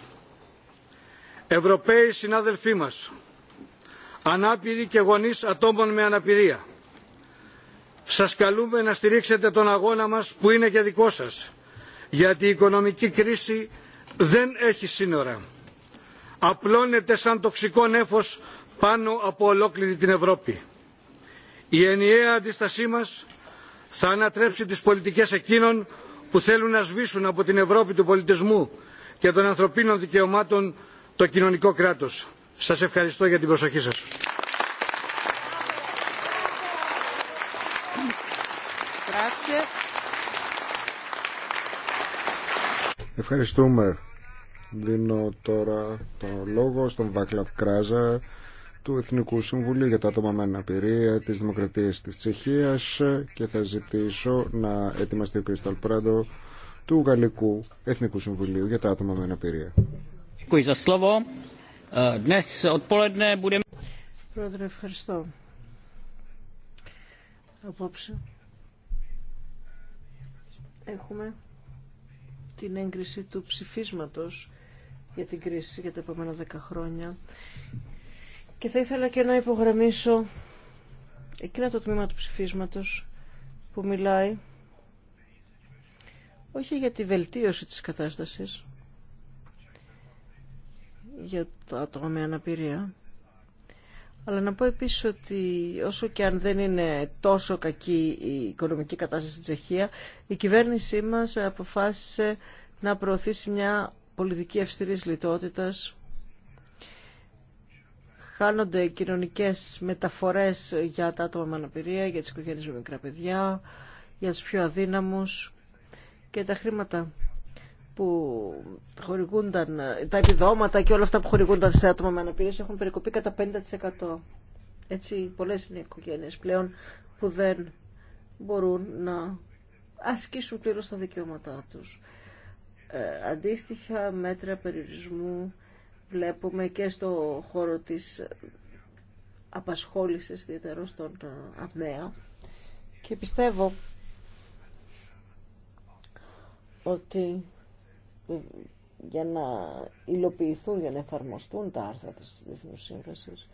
Ευρωπαίοι συνάδελφοί μας, ανάπηροι και γονείς ατόμων με αναπηρία, σας καλούμε να στηρίξετε τον αγώνα μας που είναι και δικό σας, γιατί η οικονομική κρίση δεν έχει σύνορα. Απλώνεται σαν τοξικό νέφος πάνω από ολόκληρη την Ευρώπη. Η ενιαία αντίστασή μας θα ανατρέψει τις πολιτικές εκείνων που θέλουν να σβήσουν από την Ευρώπη του πολιτισμού και των ανθρωπίνων δικαιωμάτων το κοινωνικό κράτος. Σας ευχαριστώ για την προσοχή σας. Ευχαριστούμε. Δίνω τώρα το λόγο στον Βάκλαβ Κράζα, του Εθνικού Συμβουλίου για τα άτομα με αναπηρία της Δημοκρατίας της Τσεχίας και θα ζητήσω να ετοιμαστεί ο Κρίσταλ Πράντο του Γαλλικού Εθνικού Συμβουλίου για τα άτομα με αναπηρία. Πρόεδρε, ευχαριστώ. Απόψε έχουμε την έγκριση του ψηφίσματος για την κρίση για τα επόμενα δέκα χρόνια και θα ήθελα και να υπογραμμίσω εκείνο το τμήμα του ψηφίσματος που μιλάει όχι για τη βελτίωση της κατάστασης για τα άτομα με αναπηρία αλλά να πω επίσης ότι όσο και αν δεν είναι τόσο κακή η οικονομική κατάσταση στην Τσεχία η κυβέρνησή μας αποφάσισε να προωθήσει μια πολιτική αυστηρής λιτότητας χάνονται κοινωνικές μεταφορές για τα άτομα με αναπηρία, για τις οικογένειες με μικρά παιδιά, για τους πιο αδύναμους και τα χρήματα που χορηγούνταν, τα επιδόματα και όλα αυτά που χορηγούνταν σε άτομα με αναπηρία έχουν περικοπεί κατά 50%. Έτσι, πολλές είναι οι οικογένειες πλέον που δεν μπορούν να ασκήσουν πλήρως τα δικαιώματά τους. Ε, αντίστοιχα μέτρα περιορισμού βλέπουμε και στο χώρο της απασχόλησης ιδιαίτερα στον ε, ΑΜΕΑ και πιστεύω ότι ε, για να υλοποιηθούν, για να εφαρμοστούν τα άρθρα της Διεθνούς Σύμβασης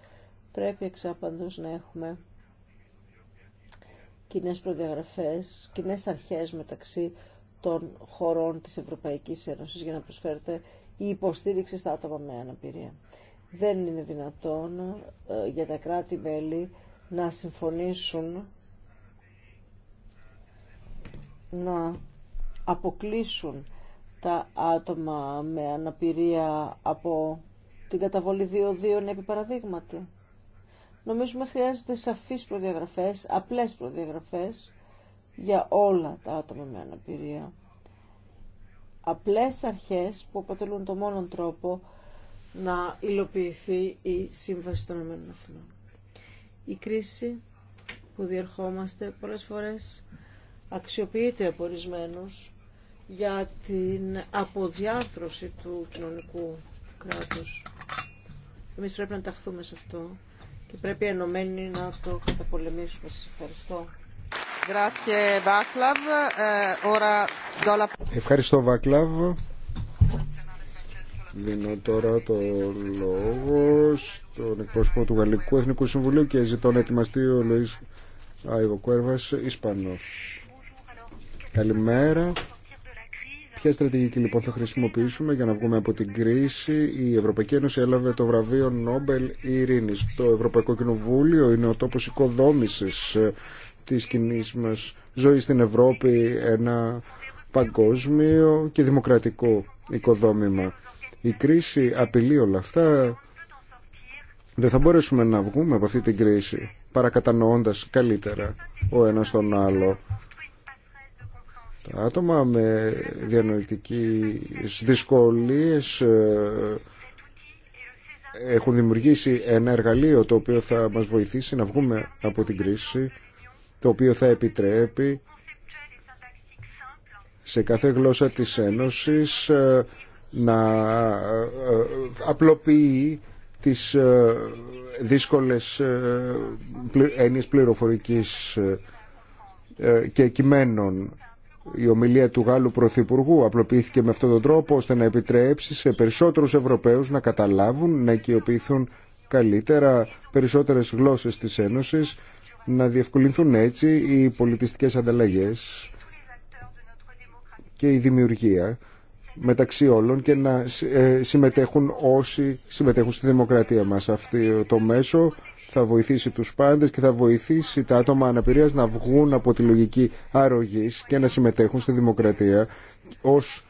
πρέπει εξάπαντος να έχουμε κοινέ προδιαγραφές, κοινέ αρχές μεταξύ των χωρών της Ευρωπαϊκής Ένωσης για να προσφέρεται η υποστήριξη στα άτομα με αναπηρία. Δεν είναι δυνατόν ε, για τα κράτη-μέλη να συμφωνήσουν να αποκλείσουν τα άτομα με αναπηρία από την καταβολή δύο-δύο επί παραδείγματι. Νομίζουμε χρειάζεται σαφείς προδιαγραφές, απλές προδιαγραφές για όλα τα άτομα με αναπηρία απλές αρχές που αποτελούν το μόνον τρόπο να υλοποιηθεί η Σύμβαση των Η κρίση που διερχόμαστε πολλές φορές αξιοποιείται από ορισμένου για την αποδιάρθρωση του κοινωνικού κράτους. Εμείς πρέπει να ταχθούμε σε αυτό και πρέπει ενωμένοι να το καταπολεμήσουμε. Σας ευχαριστώ. Eh, Ευχαριστώ Βάκλαβ. Δίνω τώρα το λόγο στον εκπρόσωπο του Γαλλικού Εθνικού Συμβουλίου και ζητώ να ετοιμαστεί ο Λουίς Άιγο Κουέρβας, Ισπανός. Καλημέρα. Ποια στρατηγική λοιπόν θα χρησιμοποιήσουμε για να βγούμε από την κρίση. Η Ευρωπαϊκή Ένωση έλαβε το βραβείο Νόμπελ Ειρήνη. Το Ευρωπαϊκό Κοινοβούλιο είναι ο τόπο οικοδόμηση της κοινή μας ζωή στην Ευρώπη ένα παγκόσμιο και δημοκρατικό οικοδόμημα. Η κρίση απειλεί όλα αυτά. Δεν θα μπορέσουμε να βγούμε από αυτή την κρίση παρακατανοώντας καλύτερα ο ένας τον άλλο. Τα άτομα με διανοητικές δυσκολίες ε, έχουν δημιουργήσει ένα εργαλείο το οποίο θα μας βοηθήσει να βγούμε από την κρίση το οποίο θα επιτρέπει σε κάθε γλώσσα της Ένωσης ε, να ε, ε, απλοποιεί τις δύσκολες έννοιες πληροφορικής και κειμένων. Η ομιλία του Γάλλου Πρωθυπουργού απλοποιήθηκε με αυτόν τον τρόπο ώστε να επιτρέψει σε περισσότερους Ευρωπαίους να καταλάβουν, να οικειοποιηθούν καλύτερα περισσότερες γλώσσες της Ένωσης να διευκολυνθούν έτσι οι πολιτιστικές ανταλλαγές και η δημιουργία μεταξύ όλων και να ε, συμμετέχουν όσοι συμμετέχουν στη δημοκρατία μας. Αυτό ε, το μέσο θα βοηθήσει τους πάντες και θα βοηθήσει τα άτομα αναπηρίας να βγουν από τη λογική αρρωγής και να συμμετέχουν στη δημοκρατία ως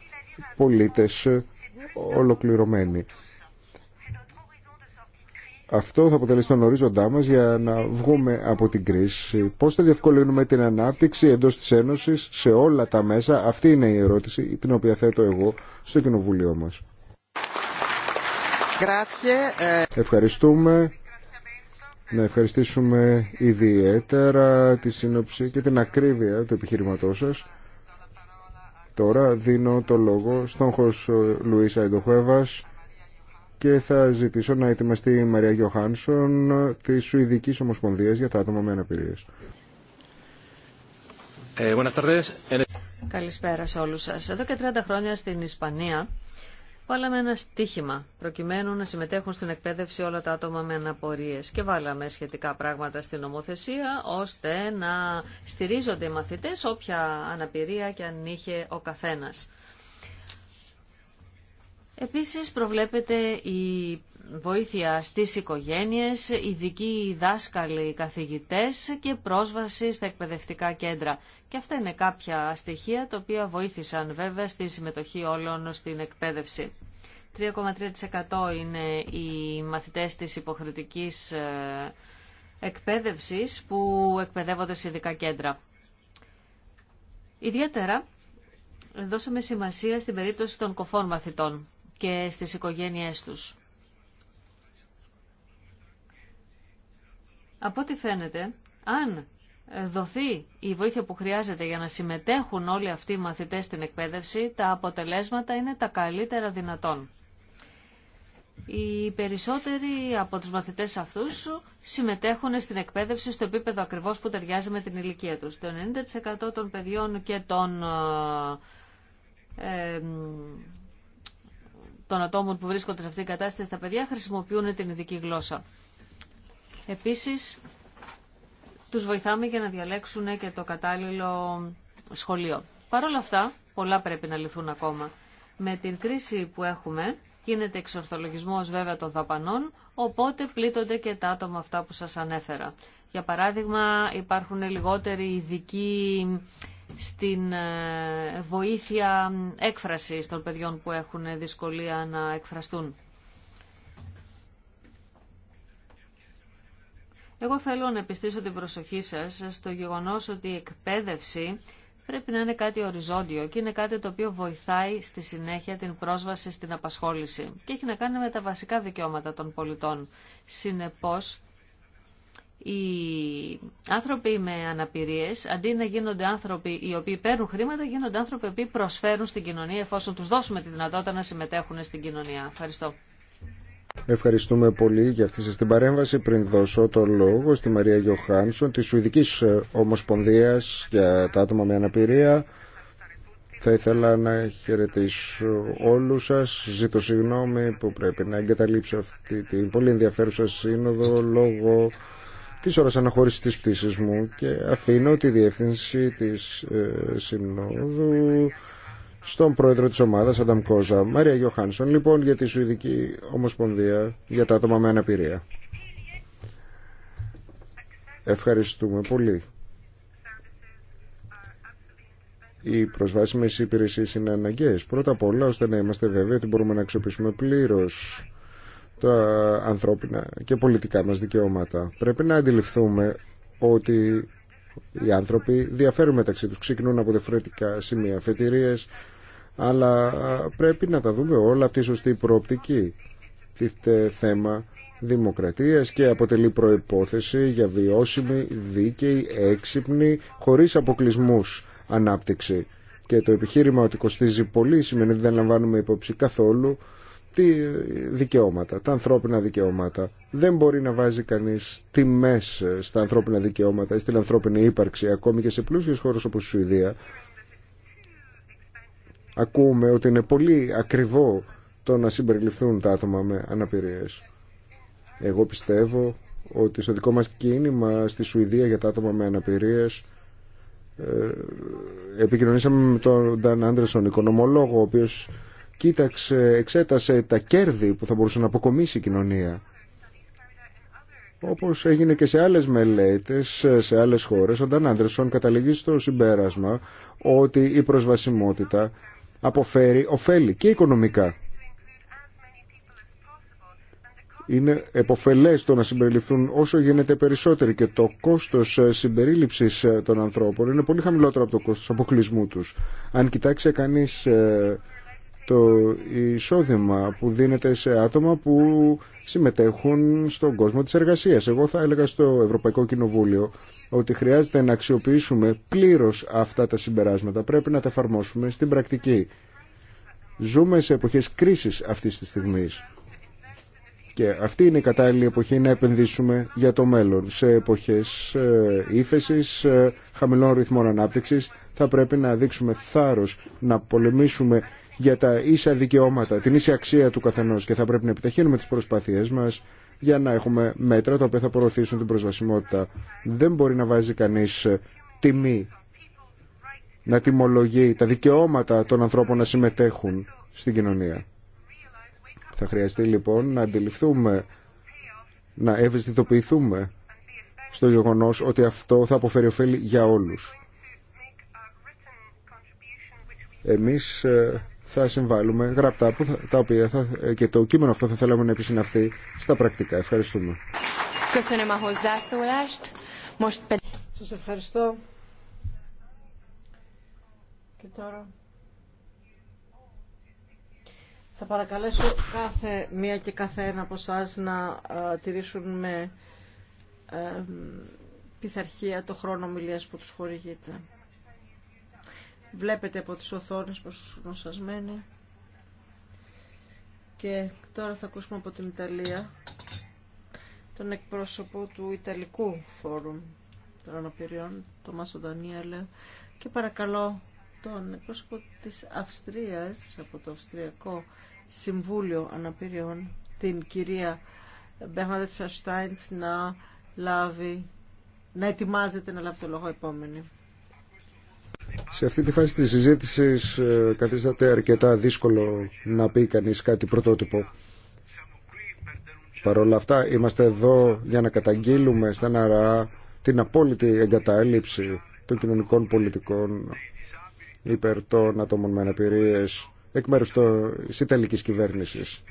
πολίτες ε, ολοκληρωμένοι. Αυτό θα αποτελέσει τον ορίζοντά μας για να βγούμε από την κρίση. Πώς θα διευκολύνουμε την ανάπτυξη εντός της Ένωσης σε όλα τα μέσα. Αυτή είναι η ερώτηση την οποία θέτω εγώ στο Κοινοβούλιο μας. Ε. Ευχαριστούμε. Να ευχαριστήσουμε ιδιαίτερα τη σύνοψη και την ακρίβεια του επιχειρηματός σας. Τώρα δίνω το λόγο στον Χωσ Λουίς και θα ζητήσω να ετοιμαστεί η Μαρία Γιωχάνσον τη Σουηδική ομοσπονδία για τα άτομα με αναπηρίες. Ε, Καλησπέρα σε όλους σας. Εδώ και 30 χρόνια στην Ισπανία βάλαμε ένα στίχημα προκειμένου να συμμετέχουν στην εκπαίδευση όλα τα άτομα με αναπορίες και βάλαμε σχετικά πράγματα στην νομοθεσία ώστε να στηρίζονται οι μαθητές όποια αναπηρία και αν είχε ο καθένας. Επίσης προβλέπεται η βοήθεια στις οικογένειες, ειδικοί δάσκαλοι, καθηγητές και πρόσβαση στα εκπαιδευτικά κέντρα. Και αυτά είναι κάποια στοιχεία τα οποία βοήθησαν βέβαια στη συμμετοχή όλων στην εκπαίδευση. 3,3% είναι οι μαθητές της υποχρεωτικής ε, εκπαίδευσης που εκπαιδεύονται σε ειδικά κέντρα. Ιδιαίτερα δώσαμε σημασία στην περίπτωση των κοφών μαθητών και στις οικογένειές τους. Από ό,τι φαίνεται, αν δοθεί η βοήθεια που χρειάζεται για να συμμετέχουν όλοι αυτοί οι μαθητές στην εκπαίδευση, τα αποτελέσματα είναι τα καλύτερα δυνατόν. Οι περισσότεροι από τους μαθητές αυτούς συμμετέχουν στην εκπαίδευση στο επίπεδο ακριβώς που ταιριάζει με την ηλικία τους. Το 90% των παιδιών και των ε, ε, των ατόμων που βρίσκονται σε αυτήν την κατάσταση, τα παιδιά χρησιμοποιούν την ειδική γλώσσα. Επίσης, τους βοηθάμε για να διαλέξουν και το κατάλληλο σχολείο. Παρ' όλα αυτά, πολλά πρέπει να λυθούν ακόμα. Με την κρίση που έχουμε, γίνεται εξορθολογισμός βέβαια των δαπανών, οπότε πλήττονται και τα άτομα αυτά που σας ανέφερα. Για παράδειγμα, υπάρχουν λιγότεροι ειδικοί στην ε, βοήθεια έκφρασης των παιδιών που έχουν δυσκολία να εκφραστούν. Εγώ θέλω να επιστήσω την προσοχή σας στο γεγονός ότι η εκπαίδευση πρέπει να είναι κάτι οριζόντιο και είναι κάτι το οποίο βοηθάει στη συνέχεια την πρόσβαση στην απασχόληση και έχει να κάνει με τα βασικά δικαιώματα των πολιτών. Συνεπώς, οι άνθρωποι με αναπηρίες, αντί να γίνονται άνθρωποι οι οποίοι παίρνουν χρήματα, γίνονται άνθρωποι οι οποίοι προσφέρουν στην κοινωνία εφόσον τους δώσουμε τη δυνατότητα να συμμετέχουν στην κοινωνία. Ευχαριστώ. Ευχαριστούμε πολύ για αυτή σας την παρέμβαση. Πριν δώσω το λόγο στη Μαρία Γιωχάνσον της Σουηδικής ε, Ομοσπονδίας για τα άτομα με αναπηρία. Θα ήθελα να χαιρετήσω όλους σας. Ζήτω συγγνώμη που πρέπει να εγκαταλείψω αυτή την πολύ ενδιαφέρουσα σύνοδο λόγω τις ώρες αναχώρησης της πτήσης μου και αφήνω τη διεύθυνση της ε, συνόδου στον πρόεδρο της ομάδας, Ανταμ Κόζα, Μαρία Γιωχάνσον, λοιπόν για τη Σουηδική Ομοσπονδία για τα άτομα με αναπηρία. Ευχαριστούμε πολύ. Οι προσβάσιμες υπηρεσίες είναι αναγκαίες. Πρώτα απ' όλα, ώστε να είμαστε βέβαιοι ότι μπορούμε να αξιοποιήσουμε πλήρως τα ανθρώπινα και πολιτικά μας δικαιώματα. Πρέπει να αντιληφθούμε ότι οι άνθρωποι διαφέρουν μεταξύ τους, ξεκινούν από διαφορετικά σημεία αφετηρίες, αλλά πρέπει να τα δούμε όλα από τη σωστή προοπτική. Τίθεται θέμα δημοκρατίας και αποτελεί προϋπόθεση για βιώσιμη, δίκαιη, έξυπνη, χωρίς αποκλεισμούς ανάπτυξη. Και το επιχείρημα ότι κοστίζει πολύ σημαίνει ότι δεν λαμβάνουμε υπόψη καθόλου τι δικαιώματα, τα ανθρώπινα δικαιώματα. Δεν μπορεί να βάζει κανείς τιμές στα ανθρώπινα δικαιώματα ή στην ανθρώπινη ύπαρξη, ακόμη και σε πλούσιες χώρες όπως η Σουηδία. Ακούμε ότι είναι πολύ ακριβό το να συμπεριληφθούν τα άτομα με αναπηρίες. Εγώ πιστεύω ότι στο δικό μας κίνημα στη Σουηδία για τα άτομα με αναπηρίες ε, επικοινωνήσαμε με τον Νταν Άντρεσον, οικονομολόγο, ο οποίος κοίταξε, εξέτασε τα κέρδη που θα μπορούσε να αποκομίσει η κοινωνία. Όπως έγινε και σε άλλες μελέτες, σε άλλες χώρες, ο Νταν Άντερσον καταλήγει στο συμπέρασμα ότι η προσβασιμότητα αποφέρει ωφέλη και οικονομικά. Είναι εποφελές το να συμπεριληφθούν όσο γίνεται περισσότεροι και το κόστος συμπερίληψης των ανθρώπων είναι πολύ χαμηλότερο από το κόστος αποκλεισμού τους. Αν κοιτάξει κανείς ε, το εισόδημα που δίνεται σε άτομα που συμμετέχουν στον κόσμο της εργασίας. Εγώ θα έλεγα στο Ευρωπαϊκό Κοινοβούλιο ότι χρειάζεται να αξιοποιήσουμε πλήρως αυτά τα συμπεράσματα. Πρέπει να τα εφαρμόσουμε στην πρακτική. Ζούμε σε εποχές κρίσης αυτής της στιγμής. Και αυτή είναι η κατάλληλη εποχή να επενδύσουμε για το μέλλον. Σε εποχές ε, ύφεσης, ε, χαμηλών ρυθμών ανάπτυξης, θα πρέπει να δείξουμε θάρρος, να πολεμήσουμε για τα ίσα δικαιώματα, την ίση αξία του καθενός και θα πρέπει να επιταχύνουμε τι προσπάθειές μας για να έχουμε μέτρα τα οποία θα προωθήσουν την προσβασιμότητα. Δεν μπορεί να βάζει κανείς ε, τιμή να τιμολογεί τα δικαιώματα των ανθρώπων να συμμετέχουν στην κοινωνία. Θα χρειαστεί λοιπόν να αντιληφθούμε, να ευαισθητοποιηθούμε στο γεγονός ότι αυτό θα αποφέρει ωφέλη για όλους. Εμείς ε, θα συμβάλλουμε γραπτά που τα οποία θα, και το κείμενο αυτό θα θέλαμε να επισυναυθεί στα πρακτικά. Ευχαριστούμε. Σας ευχαριστώ. Και τώρα θα παρακαλέσω κάθε μία και κάθε ένα από εσά να ε, τηρήσουν με ε, πειθαρχία το χρόνο ομιλίας που τους χορηγείται βλέπετε από τις οθόνες πως γνωσασμένοι. Και τώρα θα ακούσουμε από την Ιταλία τον εκπρόσωπο του Ιταλικού Φόρουμ των Αναπηριών, τον Μάσο Ντανίελε, και παρακαλώ τον εκπρόσωπο της Αυστρίας, από το Αυστριακό Συμβούλιο Αναπηριών, την κυρία Μπέρναντετ Φερστάιντ να λάβει, να ετοιμάζεται να λάβει το λόγο επόμενη. Σε αυτή τη φάση της συζήτησης ε, καθίσταται αρκετά δύσκολο να πει κανείς κάτι πρωτότυπο. Παρ' όλα αυτά είμαστε εδώ για να καταγγείλουμε στεναρά την απόλυτη εγκατάλειψη των κοινωνικών πολιτικών υπέρ των ατόμων με αναπηρίες εκ μέρους της Ιταλικής κυβέρνησης.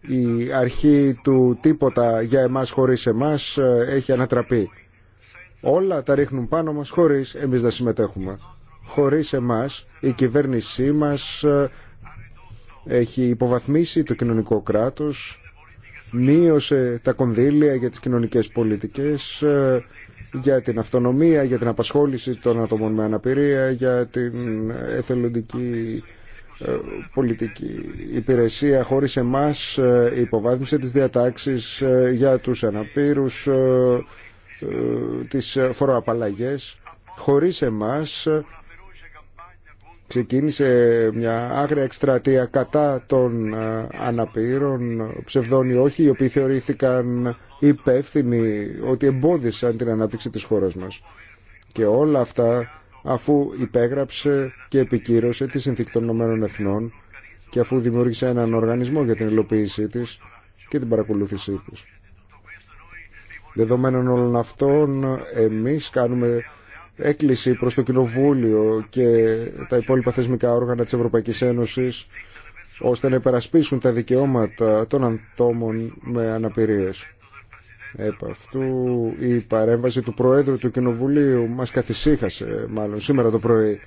Η αρχή του τίποτα για εμάς χωρίς εμάς ε, έχει ανατραπεί. Όλα τα ρίχνουν πάνω μας χωρίς εμείς να συμμετέχουμε. Χωρίς εμάς η κυβέρνησή μας ε, έχει υποβαθμίσει το κοινωνικό κράτος, μείωσε τα κονδύλια για τις κοινωνικές πολιτικές, ε, για την αυτονομία, για την απασχόληση των ατομών με αναπηρία, για την εθελοντική ε, πολιτική υπηρεσία χωρίς εμάς υποβάθμισε τις διατάξεις για τους αναπήρους ε, τις φοροαπαλλαγές. Χωρίς εμάς ξεκίνησε μια άγρια εκστρατεία κατά των ε, αναπήρων ψευδών ή όχι, οι οποίοι θεωρήθηκαν υπεύθυνοι ότι εμπόδισαν την ανάπτυξη της χώρας μας. Και όλα αυτά αφού υπέγραψε και επικύρωσε τη Συνθήκη των Ηνωμένων Εθνών και αφού δημιούργησε έναν οργανισμό για την υλοποίησή της και την παρακολούθησή της. Δεδομένων όλων αυτών, εμείς κάνουμε έκκληση προς το Κοινοβούλιο και τα υπόλοιπα θεσμικά όργανα της Ευρωπαϊκής Ένωσης ώστε να υπερασπίσουν τα δικαιώματα των αντόμων με αναπηρίες. Επ' αυτού η παρέμβαση του Προέδρου του Κοινοβουλίου μας καθησύχασε μάλλον σήμερα το πρωί.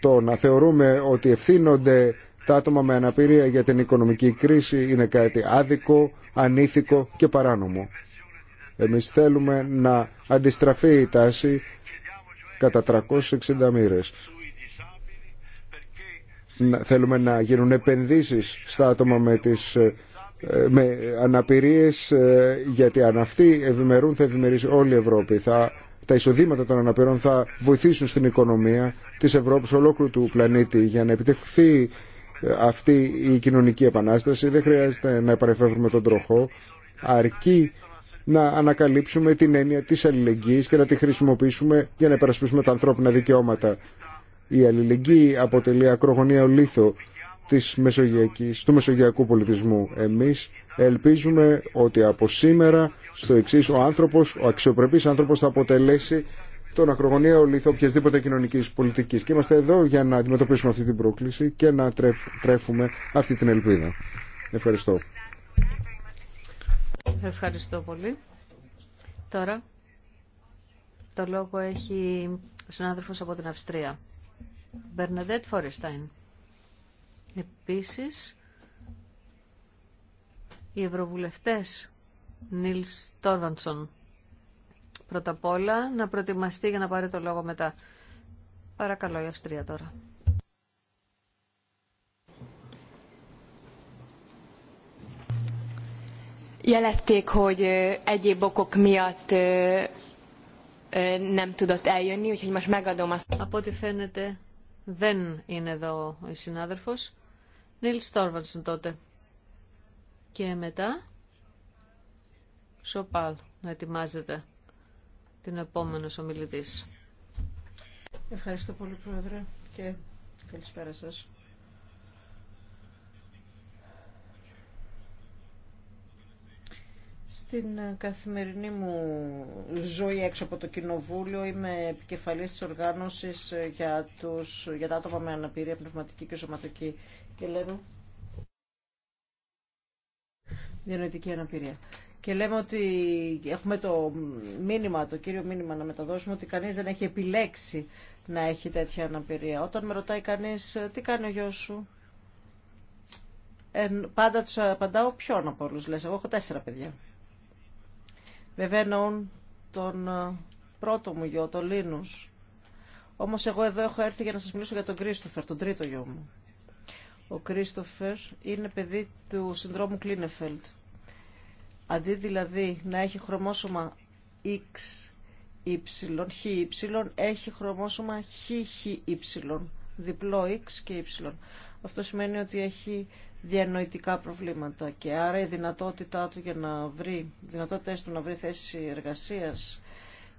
Το να θεωρούμε ότι ευθύνονται τα άτομα με αναπηρία για την οικονομική κρίση είναι κάτι άδικο, ανήθικο και παράνομο. Εμείς θέλουμε να αντιστραφεί η τάση κατά 360 μοίρες. Θέλουμε να γίνουν επενδύσεις στα άτομα με τις ε, με αναπηρίες ε, γιατί αν αυτοί ευημερούν θα ευημερήσει όλη η Ευρώπη θα, τα εισοδήματα των αναπηρών θα βοηθήσουν στην οικονομία της Ευρώπης ολόκληρου του πλανήτη για να επιτευχθεί αυτή η κοινωνική επανάσταση. Δεν χρειάζεται να επανεφεύρουμε τον τροχό. Αρκεί να ανακαλύψουμε την έννοια της αλληλεγγύης και να τη χρησιμοποιήσουμε για να υπερασπίσουμε τα ανθρώπινα δικαιώματα. Η αλληλεγγύη αποτελεί ακρογωνία ολίθο της μεσογειακής, του μεσογειακού πολιτισμού. Εμείς ελπίζουμε ότι από σήμερα στο εξή ο άνθρωπος, ο αξιοπρεπής άνθρωπος θα αποτελέσει τον ακρογωνίων, ολίθο οποιασδήποτε κοινωνική πολιτική. Και είμαστε εδώ για να αντιμετωπίσουμε αυτή την πρόκληση και να τρέφουμε αυτή την ελπίδα. Ευχαριστώ. Ευχαριστώ πολύ. Τώρα το λόγο έχει ο συνάδελφος από την Αυστρία. Bernadette Φορεστάιν. Επίσης, οι ευρωβουλευτές Νίλς Τόρβανσον πρώτα απ' όλα να προετοιμαστεί για να πάρει το λόγο μετά. Παρακαλώ η Αυστρία τώρα. Jelezték, Από ό,τι φαίνεται δεν είναι εδώ ο συνάδελφος. Νίλ Στόρβανσον τότε. Και μετά Σοπάλ να ετοιμάζεται την επόμενο ομιλητή. Ευχαριστώ πολύ, Πρόεδρε, και καλησπέρα σας. Στην καθημερινή μου ζωή έξω από το Κοινοβούλιο είμαι επικεφαλής της οργάνωσης για, τους, για τα άτομα με αναπηρία πνευματική και σωματική και λέω διανοητική αναπηρία και λέμε ότι έχουμε το μήνυμα, το κύριο μήνυμα να μεταδώσουμε ότι κανείς δεν έχει επιλέξει να έχει τέτοια αναπηρία. Όταν με ρωτάει κανείς τι κάνει ο γιος σου, ε, πάντα τους απαντάω ποιον από όλους. Λες, εγώ έχω τέσσερα παιδιά. Βέβαια εννοούν τον ε, πρώτο μου γιο, τον Λίνους. Όμως εγώ εδώ έχω έρθει για να σας μιλήσω για τον Κρίστοφερ, τον τρίτο γιο μου. Ο Κρίστοφερ είναι παιδί του συνδρόμου Κλίνεφελτ Αντί δηλαδή να έχει χρωμόσωμα X, Χ, Y, έχει χρωμόσωμα Χ, Χ, Y, διπλό X και Y. Αυτό σημαίνει ότι έχει διανοητικά προβλήματα και άρα η δυνατότητά του για να βρει, δυνατότητες του να βρει θέση εργασίας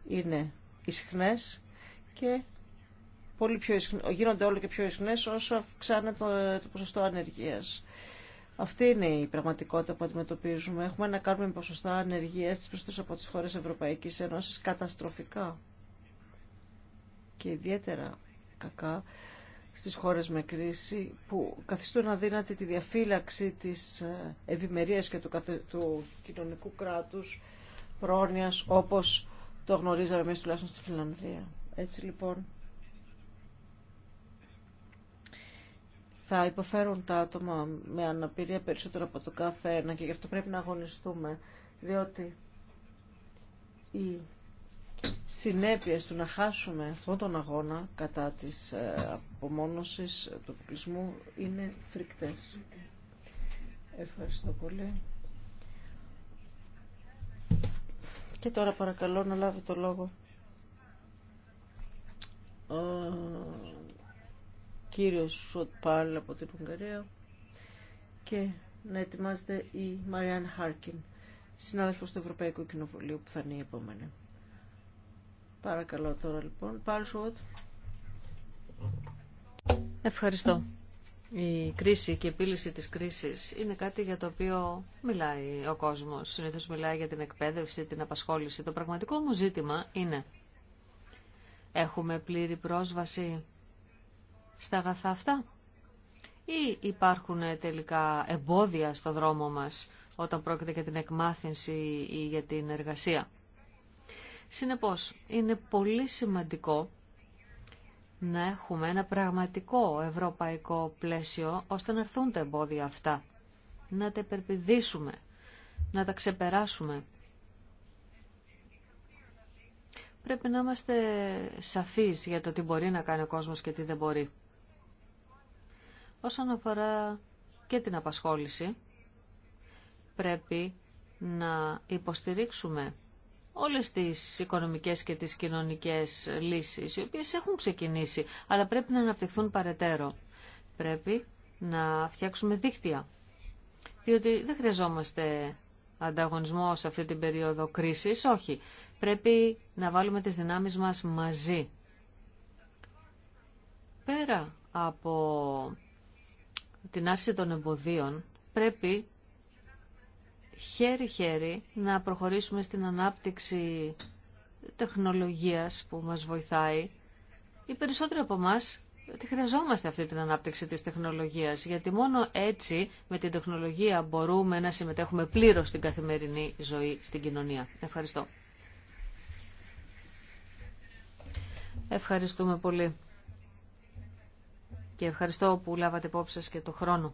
είναι ισχνές και πολύ πιο ισχνές, γίνονται όλο και πιο ισχνές όσο αυξάνεται το ποσοστό ανεργίας. Αυτή είναι η πραγματικότητα που αντιμετωπίζουμε. Έχουμε να κάνουμε ποσοστά ανεργία στις περισσότερες από τις χώρες Ευρωπαϊκής Ένωσης καταστροφικά και ιδιαίτερα κακά στις χώρες με κρίση που καθιστούν αδύνατη τη διαφύλαξη της ε, ευημερία και του, καθε... του κοινωνικού κράτους πρόνοιας όπως το γνωρίζαμε εμείς τουλάχιστον στη Φιλανδία. Έτσι λοιπόν θα υποφέρουν τα άτομα με αναπηρία περισσότερο από το κάθε ένα και γι' αυτό πρέπει να αγωνιστούμε, διότι οι συνέπειες του να χάσουμε αυτόν τον αγώνα κατά της ε, απομόνωσης του αποκλεισμού είναι φρικτές. Ευχαριστώ πολύ. Και τώρα παρακαλώ να λάβει το λόγο ο κύριος Σουτ Πάλ από την Ουγγαρία και να ετοιμάζεται η Μαριάν Χάρκιν, συνάδελφος του Ευρωπαϊκού Κοινοβουλίου που θα είναι η επόμενη. Παρακαλώ τώρα λοιπόν. Πάλ Σουτ. Ευχαριστώ. Η κρίση και η επίλυση της κρίσης είναι κάτι για το οποίο μιλάει ο κόσμος. Συνήθως μιλάει για την εκπαίδευση, την απασχόληση. Το πραγματικό μου ζήτημα είναι έχουμε πλήρη πρόσβαση στα αγαθά αυτά ή υπάρχουν τελικά εμπόδια στο δρόμο μας όταν πρόκειται για την εκμάθηση ή για την εργασία. Συνεπώς, είναι πολύ σημαντικό να έχουμε ένα πραγματικό ευρωπαϊκό πλαίσιο ώστε να έρθουν τα εμπόδια αυτά, να τα υπερπηδήσουμε, να τα ξεπεράσουμε. Πρέπει να είμαστε σαφείς για το τι μπορεί να κάνει ο κόσμος και τι δεν μπορεί. Όσον αφορά και την απασχόληση, πρέπει να υποστηρίξουμε όλες τις οικονομικές και τις κοινωνικές λύσεις, οι οποίες έχουν ξεκινήσει, αλλά πρέπει να αναπτυχθούν παρετέρω. Πρέπει να φτιάξουμε δίκτυα, διότι δεν χρειαζόμαστε ανταγωνισμό σε αυτή την περίοδο κρίσης, όχι. Πρέπει να βάλουμε τις δυνάμεις μας μαζί. Πέρα από την άρση των εμποδίων πρέπει χέρι-χέρι να προχωρήσουμε στην ανάπτυξη τεχνολογίας που μας βοηθάει. Οι περισσότεροι από εμά τη χρειαζόμαστε αυτή την ανάπτυξη της τεχνολογίας, γιατί μόνο έτσι με την τεχνολογία μπορούμε να συμμετέχουμε πλήρως στην καθημερινή ζωή στην κοινωνία. Ευχαριστώ. Ευχαριστούμε πολύ και ευχαριστώ που λάβατε υπόψη σας και το χρόνο.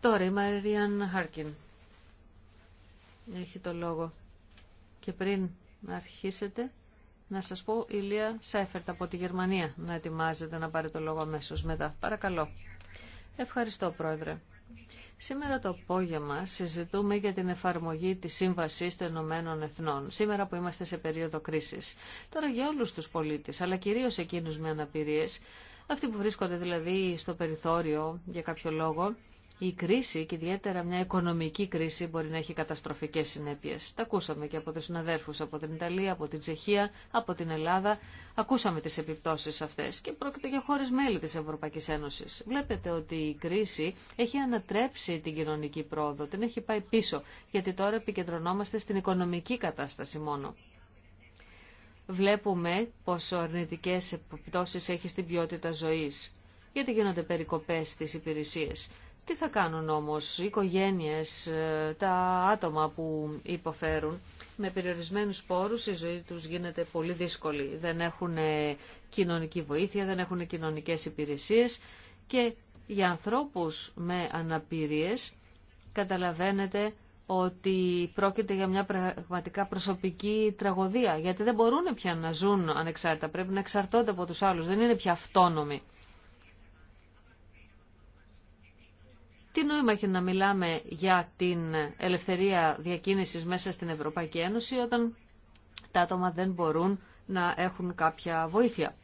Τώρα η Μαριάν Χάρκιν έχει το λόγο. Και πριν να αρχίσετε, να σας πω η Λία Σέφερτ από τη Γερμανία να ετοιμάζεται να πάρει το λόγο αμέσω μετά. Παρακαλώ. Ευχαριστώ, Πρόεδρε. Σήμερα το απόγευμα συζητούμε για την εφαρμογή της Σύμβασης των Ηνωμένων Εθνών, σήμερα που είμαστε σε περίοδο κρίσης. Τώρα για όλους τους πολίτες, αλλά κυρίως εκείνους με αναπηρίες, αυτοί που βρίσκονται δηλαδή στο περιθώριο για κάποιο λόγο, η κρίση και ιδιαίτερα μια οικονομική κρίση μπορεί να έχει καταστροφικές συνέπειες. Τα ακούσαμε και από τους συναδέρφους από την Ιταλία, από την Τσεχία, από την Ελλάδα. Ακούσαμε τις επιπτώσεις αυτές και πρόκειται για χώρες μέλη της Ευρωπαϊκής Ένωσης. Βλέπετε ότι η κρίση έχει ανατρέψει την κοινωνική πρόοδο, την έχει πάει πίσω, γιατί τώρα επικεντρωνόμαστε στην οικονομική κατάσταση μόνο βλέπουμε πόσο αρνητικές επιπτώσεις έχει στην ποιότητα ζωής, γιατί γίνονται περικοπές στις υπηρεσίες. Τι θα κάνουν όμως οι οικογένειες, ε, τα άτομα που υποφέρουν. Με περιορισμένους πόρους η ζωή τους γίνεται πολύ δύσκολη. Δεν έχουν ε, κοινωνική βοήθεια, δεν έχουν κοινωνικές υπηρεσίες και για ανθρώπους με αναπηρίες καταλαβαίνετε ότι πρόκειται για μια πραγματικά προσωπική τραγωδία, γιατί δεν μπορούν πια να ζουν ανεξάρτητα, πρέπει να εξαρτώνται από τους άλλους, δεν είναι πια αυτόνομοι. τι νόημα έχει να μιλάμε για την ελευθερία διακίνησης μέσα στην Ευρωπαϊκή Ένωση όταν τα άτομα δεν μπορούν να έχουν κάποια βοήθεια.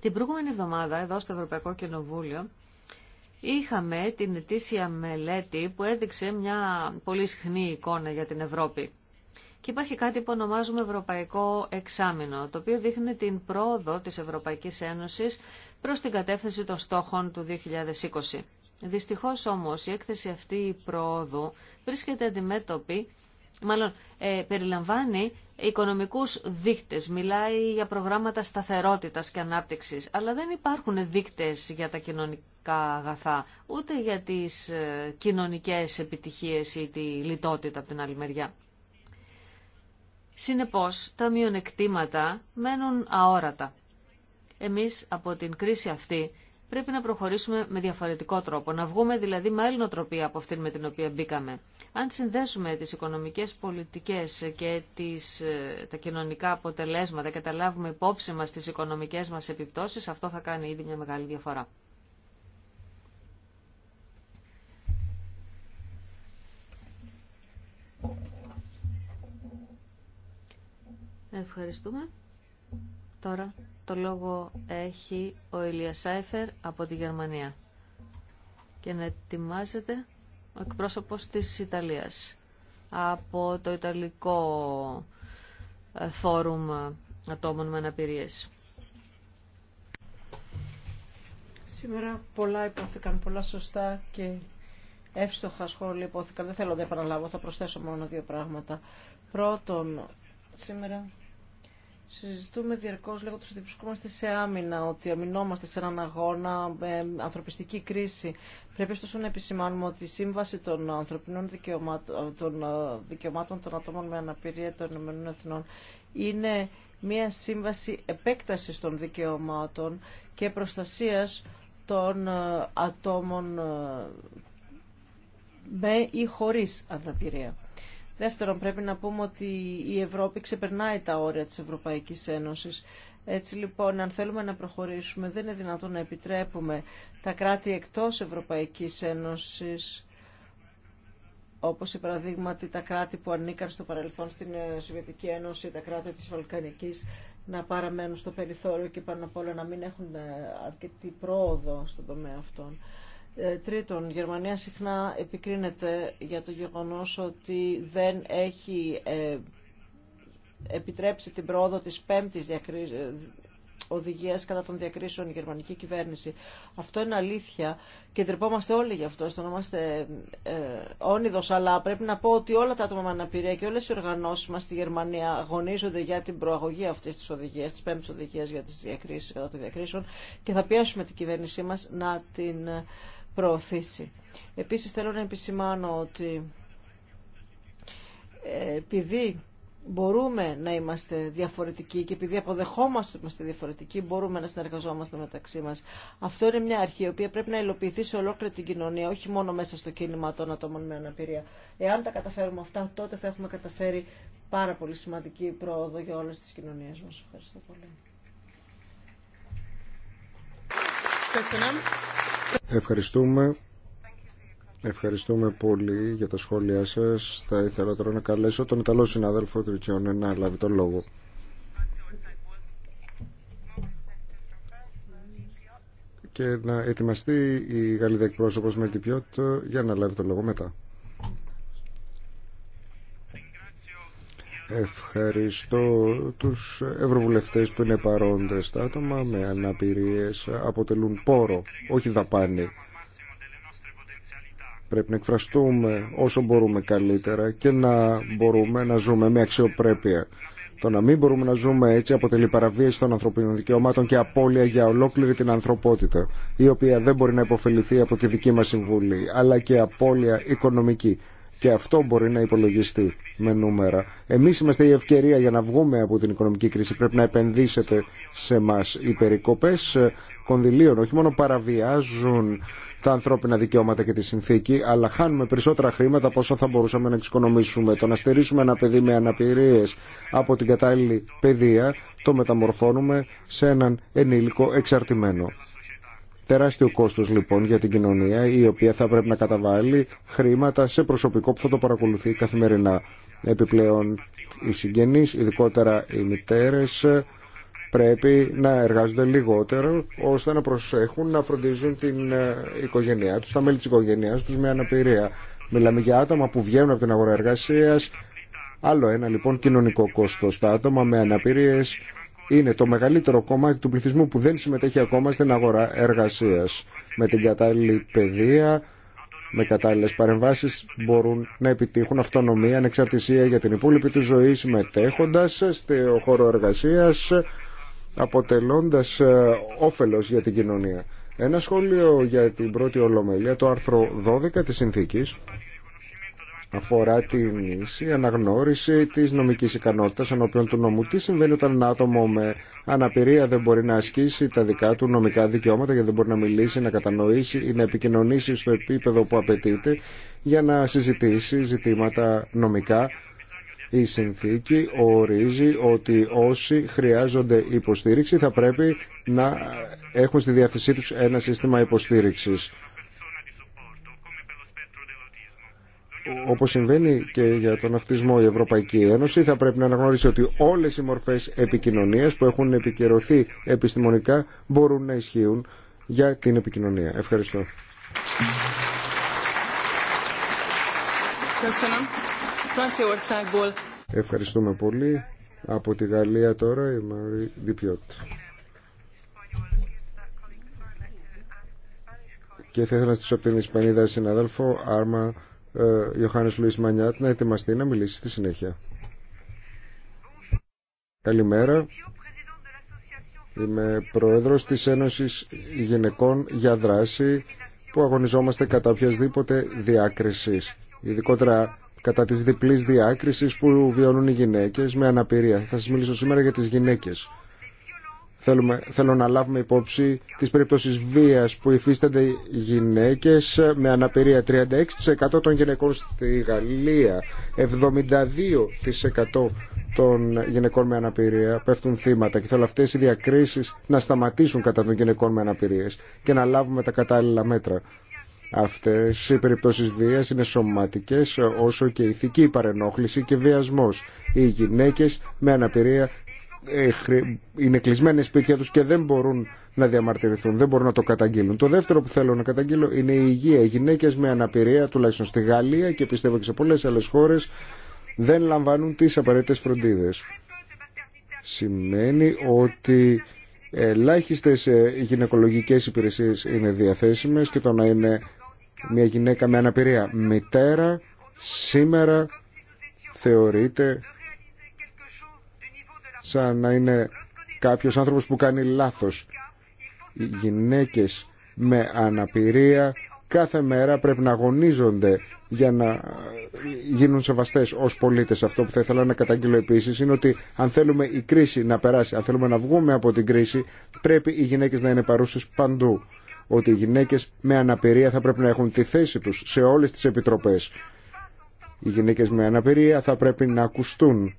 Την προηγούμενη εβδομάδα εδώ στο Ευρωπαϊκό Κοινοβούλιο είχαμε την ετήσια μελέτη που έδειξε μια πολύ συχνή εικόνα για την Ευρώπη. Και υπάρχει κάτι που ονομάζουμε Ευρωπαϊκό Εξάμεινο, το οποίο δείχνει την πρόοδο της Ευρωπαϊκής Ένωσης προς την κατεύθυνση των στόχων του 2020. Δυστυχώς όμως η έκθεση αυτή η πρόοδου βρίσκεται αντιμέτωπη, μάλλον ε, περιλαμβάνει οικονομικούς δείκτες, μιλάει για προγράμματα σταθερότητας και ανάπτυξης, αλλά δεν υπάρχουν δείκτες για τα κοινωνικά αγαθά, ούτε για τις ε, κοινωνικές επιτυχίες ή τη λιτότητα από την άλλη μεριά. Συνεπώς, τα μειονεκτήματα μένουν αόρατα. Εμείς από την κρίση αυτή πρέπει να προχωρήσουμε με διαφορετικό τρόπο, να βγούμε δηλαδή με άλλη νοτροπία από αυτήν με την οποία μπήκαμε. Αν συνδέσουμε τις οικονομικές πολιτικές και τις, ε, τα κοινωνικά αποτελέσματα και τα λάβουμε υπόψη μας τις οικονομικές μας επιπτώσεις, αυτό θα κάνει ήδη μια μεγάλη διαφορά. Ευχαριστούμε. Τώρα το λόγο έχει ο Ηλία Σάιφερ από τη Γερμανία και να ετοιμάζεται ο εκπρόσωπος της Ιταλίας από το Ιταλικό ε, Φόρουμ Ατόμων με Αναπηρίες. Σήμερα πολλά υπόθηκαν, πολλά σωστά και εύστοχα σχόλια υπόθηκαν. Δεν θέλω να επαναλάβω, θα προσθέσω μόνο δύο πράγματα. Πρώτον, σήμερα Συζητούμε διαρκώ λέγοντα ότι βρισκόμαστε σε άμυνα, ότι αμυνόμαστε σε έναν αγώνα με ανθρωπιστική κρίση. Πρέπει ωστόσο να επισημάνουμε ότι η Σύμβαση των Ανθρωπινών Δικαιωμάτων των, ε, δικαιωμάτων των Ατόμων με Αναπηρία των Ηνωμένων Εθνών είναι μια σύμβαση επέκταση των δικαιωμάτων και προστασία των ε, ατόμων ε, με ή χωρί αναπηρία. Δεύτερον, πρέπει να πούμε ότι η Ευρώπη ξεπερνάει τα όρια της Ευρωπαϊκής Ένωσης. Έτσι λοιπόν, αν θέλουμε να προχωρήσουμε, δεν είναι δυνατόν να επιτρέπουμε τα κράτη εκτός Ευρωπαϊκής Ένωσης, όπως οι παραδείγματι τα κράτη που ανήκαν στο παρελθόν στην ε, Σοβιετική Ένωση, τα κράτη της Βαλκανικής, να παραμένουν στο περιθώριο και πάνω απ' όλα να μην έχουν ε, αρκετή πρόοδο στον τομέα αυτών. Ε, τρίτον, η Γερμανία συχνά επικρίνεται για το γεγονός ότι δεν έχει ε, επιτρέψει την πρόοδο της πέμπτης διακρί... Ε, οδηγίας κατά των διακρίσεων η γερμανική κυβέρνηση. Αυτό είναι αλήθεια και ντρεπόμαστε όλοι γι' αυτό, αισθανόμαστε ε, όνειδος, αλλά πρέπει να πω ότι όλα τα άτομα με αναπηρία και όλες οι οργανώσεις μας στη Γερμανία αγωνίζονται για την προαγωγή αυτής της οδηγίας, της πέμπτης οδηγίας για τις διακρίσεις κατά των διακρίσεων και θα πιέσουμε την κυβέρνησή μας να την προωθήσει. Επίσης θέλω να επισημάνω ότι ε, επειδή μπορούμε να είμαστε διαφορετικοί και επειδή αποδεχόμαστε ότι είμαστε διαφορετικοί, μπορούμε να συνεργαζόμαστε μεταξύ μας. Αυτό είναι μια αρχή η οποία πρέπει να υλοποιηθεί σε ολόκληρη την κοινωνία, όχι μόνο μέσα στο κίνημα των ατόμων με αναπηρία. Εάν τα καταφέρουμε αυτά, τότε θα έχουμε καταφέρει πάρα πολύ σημαντική πρόοδο για όλε τι κοινωνίε μα. Ευχαριστώ πολύ. Ευχαριστούμε. Ευχαριστούμε πολύ για τα σχόλιά σας. Θα ήθελα τώρα να καλέσω τον Ιταλό συνάδελφο Τριτσιόνε να λάβει τον λόγο. και να ετοιμαστεί η Γαλλίδα εκπρόσωπος με την ποιότητα για να λάβει τον λόγο μετά. Ευχαριστώ τους ευρωβουλευτές που είναι παρόντες. Τα άτομα με αναπηρίες αποτελούν πόρο, όχι δαπάνη. Πρέπει να εκφραστούμε όσο μπορούμε καλύτερα και να μπορούμε να ζούμε με αξιοπρέπεια. Το να μην μπορούμε να ζούμε έτσι αποτελεί παραβίαση των ανθρωπίνων δικαιωμάτων και απώλεια για ολόκληρη την ανθρωπότητα, η οποία δεν μπορεί να υποφεληθεί από τη δική μας συμβουλή, αλλά και απώλεια οικονομική. Και αυτό μπορεί να υπολογιστεί με νούμερα. Εμεί είμαστε η ευκαιρία για να βγούμε από την οικονομική κρίση. Πρέπει να επενδύσετε σε εμά. Οι περικοπέ ε, κονδυλίων όχι μόνο παραβιάζουν τα ανθρώπινα δικαιώματα και τη συνθήκη, αλλά χάνουμε περισσότερα χρήματα από όσα θα μπορούσαμε να εξοικονομήσουμε. Το να στηρίσουμε ένα παιδί με αναπηρίε από την κατάλληλη παιδεία, το μεταμορφώνουμε σε έναν ενήλικο εξαρτημένο. Τεράστιο κόστος λοιπόν για την κοινωνία η οποία θα πρέπει να καταβάλει χρήματα σε προσωπικό που θα το παρακολουθεί καθημερινά. Επιπλέον οι συγγενείς, ειδικότερα οι μητέρες, πρέπει να εργάζονται λιγότερο ώστε να προσέχουν να φροντίζουν την ε, οικογένειά τους, τα μέλη της οικογένειάς τους με αναπηρία. Μιλάμε για άτομα που βγαίνουν από την αγορά εργασίας. Άλλο ένα λοιπόν κοινωνικό κόστος. Τα άτομα με αναπηρίες είναι το μεγαλύτερο κομμάτι του πληθυσμού που δεν συμμετέχει ακόμα στην αγορά εργασίας. Με την κατάλληλη παιδεία, με κατάλληλες παρεμβάσεις μπορούν να επιτύχουν αυτονομία, ανεξαρτησία για την υπόλοιπη του ζωή συμμετέχοντας στο χώρο εργασίας, αποτελώντας ε, όφελος για την κοινωνία. Ένα σχόλιο για την πρώτη ολομέλεια, το άρθρο 12 της συνθήκης αφορά την ίση αναγνώριση της νομικής ικανότητας ενώπιον του νομού. Τι συμβαίνει όταν ένα άτομο με αναπηρία δεν μπορεί να ασκήσει τα δικά του νομικά δικαιώματα γιατί δεν μπορεί να μιλήσει, να κατανοήσει ή να επικοινωνήσει στο επίπεδο που απαιτείται για να συζητήσει ζητήματα νομικά. Η συνθήκη ορίζει ότι όσοι χρειάζονται υποστήριξη θα πρέπει να έχουν στη διάθεσή τους ένα σύστημα υποστήριξης Όπω συμβαίνει και για τον αυτισμό, η Ευρωπαϊκή Ένωση θα πρέπει να αναγνωρίσει ότι όλε οι μορφέ επικοινωνία που έχουν επικαιρωθεί επιστημονικά μπορούν να ισχύουν για την επικοινωνία. Ευχαριστώ. Ευχαριστούμε πολύ. Από τη Γαλλία τώρα η Μαρή Διπιότ. Και θα ήθελα να στήσω από την Ισπανίδα συναδέλφο Άρμα Ιωάννης ε, Λουίς Μανιάτ να ετοιμαστεί να μιλήσει στη συνέχεια. Καλημέρα. Είμαι πρόεδρος της Ένωσης Γυναικών για Δράση που αγωνιζόμαστε κατά οποιασδήποτε διάκρισης, ειδικότερα κατά της διπλής διάκρισης που βιώνουν οι γυναίκες με αναπηρία. Θα σας μιλήσω σήμερα για τις γυναίκες. Θέλουμε, θέλω να λάβουμε υπόψη τις περιπτώσεις βίας που υφίστανται γυναίκες με αναπηρία 36% των γυναικών στη Γαλλία, 72% των γυναικών με αναπηρία πέφτουν θύματα και θέλω αυτές οι διακρίσεις να σταματήσουν κατά των γυναικών με αναπηρίες και να λάβουμε τα κατάλληλα μέτρα. Αυτές οι περιπτώσεις βίας είναι σωματικές όσο και ηθική παρενόχληση και βιασμός. Οι γυναίκες με αναπηρία ε, είναι κλεισμένοι σπίτια τους και δεν μπορούν να διαμαρτυρηθούν, δεν μπορούν να το καταγγείλουν. Το δεύτερο που θέλω να καταγγείλω είναι η υγεία. Οι γυναίκες με αναπηρία, τουλάχιστον στη Γαλλία και πιστεύω και σε πολλές άλλες χώρες, δεν λαμβάνουν τις απαραίτητες φροντίδες. Σημαίνει ότι ελάχιστες ε, γυναικολογικές υπηρεσίες είναι διαθέσιμες και το να είναι μια γυναίκα με αναπηρία μητέρα σήμερα θεωρείται σαν να είναι κάποιος άνθρωπος που κάνει λάθος. Οι γυναίκες με αναπηρία κάθε μέρα πρέπει να αγωνίζονται για να γίνουν σεβαστές ως πολίτες. Αυτό που θα ήθελα να καταγγείλω επίσης είναι ότι αν θέλουμε η κρίση να περάσει, αν θέλουμε να βγούμε από την κρίση, πρέπει οι γυναίκες να είναι παρούσες παντού. Ότι οι γυναίκες με αναπηρία θα πρέπει να έχουν τη θέση τους σε όλες τις επιτροπές. Οι γυναίκες με αναπηρία θα πρέπει να ακουστούν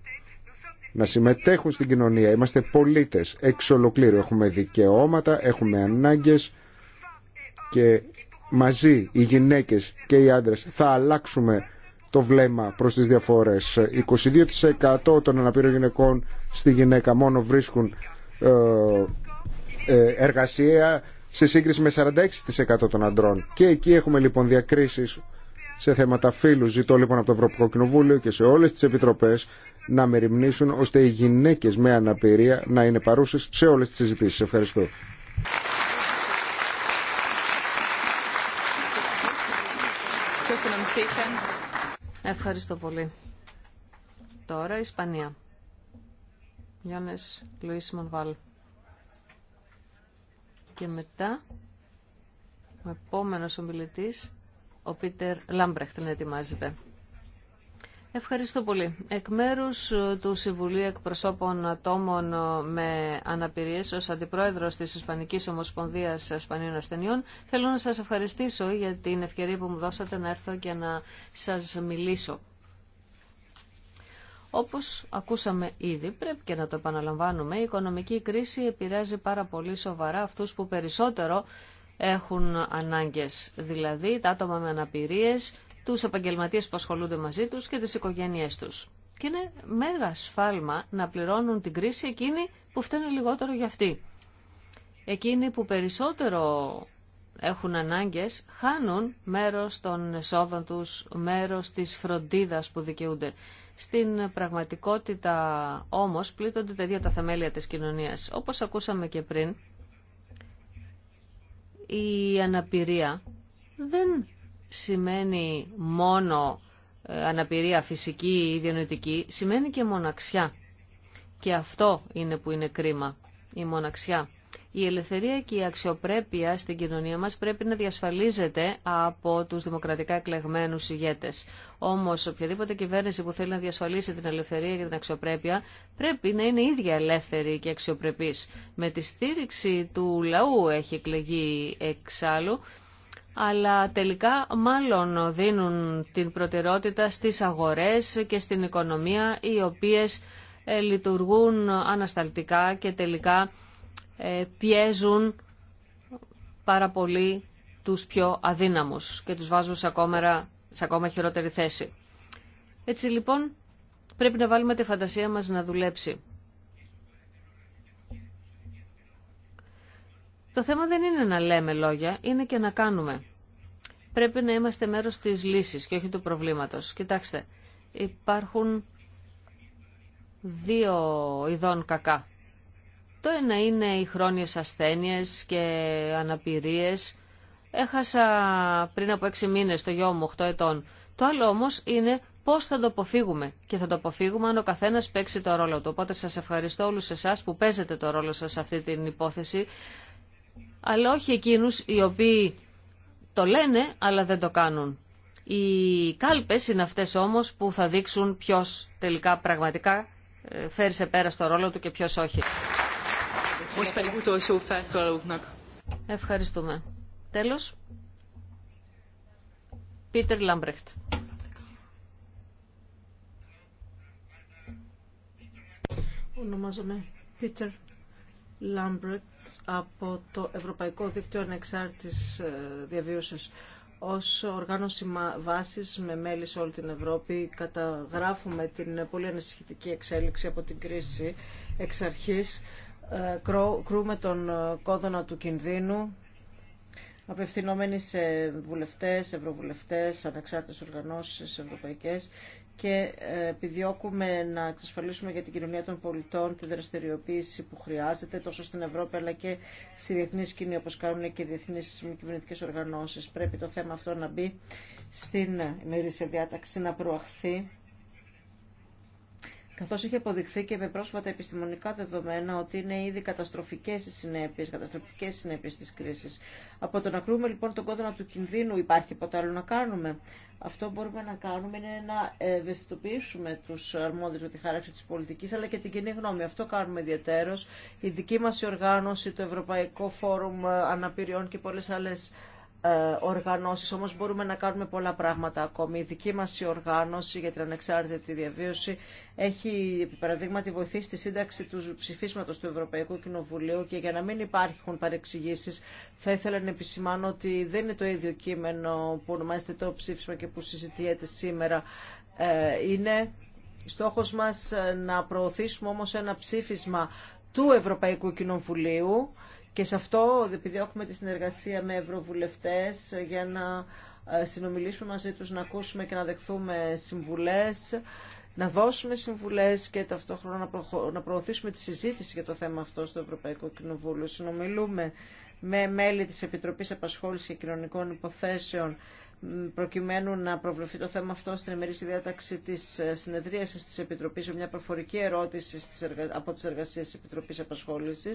να συμμετέχουν στην κοινωνία. Είμαστε πολίτες εξ ολοκλήρου. Έχουμε δικαιώματα, έχουμε ανάγκες και μαζί οι γυναίκες και οι άντρες θα αλλάξουμε το βλέμμα προς τις διαφορές. 22% των αναπήρων γυναικών στη γυναίκα μόνο βρίσκουν ε, ε, εργασία σε σύγκριση με 46% των αντρών. Και εκεί έχουμε λοιπόν διακρίσεις σε θέματα φύλου. Ζητώ λοιπόν από το Ευρωπαϊκό Κοινοβούλιο και σε όλες τις επιτροπές να μεριμνήσουν ώστε οι γυναίκες με αναπηρία να είναι παρούσες σε όλες τις συζητήσεις. Ευχαριστώ. Ευχαριστώ πολύ. Τώρα Ισπανία. Γιάννης Λουίς Μονβάλ. Και μετά ο επόμενος ομιλητής, ο Πίτερ Λάμπρεχτ, να ετοιμάζεται. Ευχαριστώ πολύ. Εκ μέρου ε, του Συμβουλίου Εκπροσώπων Ατόμων ε, με Αναπηρίες ω Αντιπρόεδρο τη Ισπανική Ομοσπονδία Ασπανίων Ασθενειών, θέλω να σα ευχαριστήσω για την ευκαιρία που μου δώσατε να έρθω και να σα μιλήσω. Όπως ακούσαμε ήδη, πρέπει και να το επαναλαμβάνουμε, η οικονομική κρίση επηρεάζει πάρα πολύ σοβαρά αυτούς που περισσότερο έχουν ανάγκες, δηλαδή τα άτομα με αναπηρίες, τους επαγγελματίε που ασχολούνται μαζί του και τις οικογένειε τους. Και είναι μέγα σφάλμα να πληρώνουν την κρίση εκείνοι που φταίνουν λιγότερο για αυτή. Εκείνοι που περισσότερο έχουν ανάγκες χάνουν μέρος των εσόδων τους, μέρος της φροντίδας που δικαιούνται. Στην πραγματικότητα όμως πλήττονται τα ίδια τα θεμέλια της κοινωνίας. Όπως ακούσαμε και πριν, η αναπηρία δεν σημαίνει μόνο ε, αναπηρία φυσική ή διανοητική, σημαίνει και μοναξιά. Και αυτό είναι που είναι κρίμα, η μοναξιά. Η ελευθερία και η αξιοπρέπεια στην κοινωνία μας πρέπει να διασφαλίζεται από τους δημοκρατικά εκλεγμένους ηγέτες. Όμως οποιαδήποτε κυβέρνηση που θέλει να διασφαλίσει την ελευθερία και την αξιοπρέπεια πρέπει να είναι ίδια ελεύθερη και αξιοπρεπής. Με τη στήριξη του λαού έχει εκλεγεί εξάλλου αλλά τελικά μάλλον δίνουν την προτεραιότητα στις αγορές και στην οικονομία οι οποίες ε, λειτουργούν ανασταλτικά και τελικά ε, πιέζουν πάρα πολύ τους πιο αδύναμους και τους βάζουν σε ακόμα, χειρότερη θέση. Έτσι λοιπόν πρέπει να βάλουμε τη φαντασία μας να δουλέψει. Το θέμα δεν είναι να λέμε λόγια, είναι και να κάνουμε. Πρέπει να είμαστε μέρος της λύσης και όχι του προβλήματος. Κοιτάξτε, υπάρχουν δύο ειδών κακά. Το ένα είναι οι χρόνιες ασθένειες και αναπηρίες. Έχασα πριν από έξι μήνες το γιο μου 8 ετών. Το άλλο όμως είναι πώς θα το αποφύγουμε. Και θα το αποφύγουμε αν ο καθένας παίξει το ρόλο του. Οπότε σας ευχαριστώ όλους εσάς που παίζετε το ρόλο σας σε αυτή την υπόθεση αλλά όχι εκείνους οι οποίοι το λένε αλλά δεν το κάνουν. Οι κάλπες είναι αυτές όμως που θα δείξουν ποιος τελικά πραγματικά ε, φέρει σε πέρα στο ρόλο του και ποιος όχι. Ευχαριστούμε. Τέλος. Πίτερ Λάμπρεχτ. Ονομάζομαι Πίτερ Λάμπρετς από το Ευρωπαϊκό Δίκτυο Ανεξάρτητης ε, Διαβίωσης. Ως οργάνωση βάσης με μέλη σε όλη την Ευρώπη καταγράφουμε την πολύ ανησυχητική εξέλιξη από την κρίση εξ αρχής. Ε, κρούμε τον ε, κόδωνα του κινδύνου απευθυνόμενοι σε βουλευτές, ευρωβουλευτές, ανεξάρτητες οργανώσεις ευρωπαϊκές και ε, επιδιώκουμε να εξασφαλίσουμε για την κοινωνία των πολιτών τη δραστηριοποίηση που χρειάζεται τόσο στην Ευρώπη αλλά και στη διεθνή σκηνή όπως κάνουν και οι διεθνείς μη κυβερνητικέ οργανώσεις. Πρέπει το θέμα αυτό να μπει στην ημερήσια διάταξη, να προαχθεί καθώς έχει αποδειχθεί και με πρόσφατα επιστημονικά δεδομένα ότι είναι ήδη καταστροφικές οι συνέπειες, καταστροφικές οι συνέπειες της κρίσης. Από το να κρούμε λοιπόν τον κόδωνα του κινδύνου υπάρχει τίποτα άλλο να κάνουμε. Αυτό που μπορούμε να κάνουμε είναι να ευαισθητοποιήσουμε του αρμόδιους για τη χάραξη τη πολιτική, αλλά και την κοινή γνώμη. Αυτό κάνουμε ιδιαιτέρω. Η δική μα οργάνωση, το Ευρωπαϊκό Φόρουμ Αναπηριών και πολλέ άλλε. Ε, οργανώσεις, όμως μπορούμε να κάνουμε πολλά πράγματα ακόμη. Η δική μας η οργάνωση για την ανεξάρτητη διαβίωση έχει, επί παραδείγματι, βοηθήσει στη σύνταξη του ψηφίσματος του Ευρωπαϊκού Κοινοβουλίου και για να μην υπάρχουν παρεξηγήσεις θα ήθελα να επισημάνω ότι δεν είναι το ίδιο κείμενο που ονομάζεται το ψήφισμα και που συζητιέται σήμερα. Ε, είναι στόχος μας να προωθήσουμε όμως ένα ψήφισμα του Ευρωπαϊκού Κοινοβουλίου και σε αυτό επιδιώκουμε τη συνεργασία με ευρωβουλευτές για να ε, συνομιλήσουμε μαζί τους, να ακούσουμε και να δεχθούμε συμβουλές, να δώσουμε συμβουλές και ταυτόχρονα να προωθήσουμε τη συζήτηση για το θέμα αυτό στο Ευρωπαϊκό Κοινοβούλιο. Συνομιλούμε με μέλη της Επιτροπής Απασχόλησης και Κοινωνικών Υποθέσεων προκειμένου να προβλεφθεί το θέμα αυτό στην ημερήσια διάταξη τη ε, συνεδρίασης τη Επιτροπή, με μια προφορική ερώτηση από τι εργασίε τη Επιτροπή Απασχόληση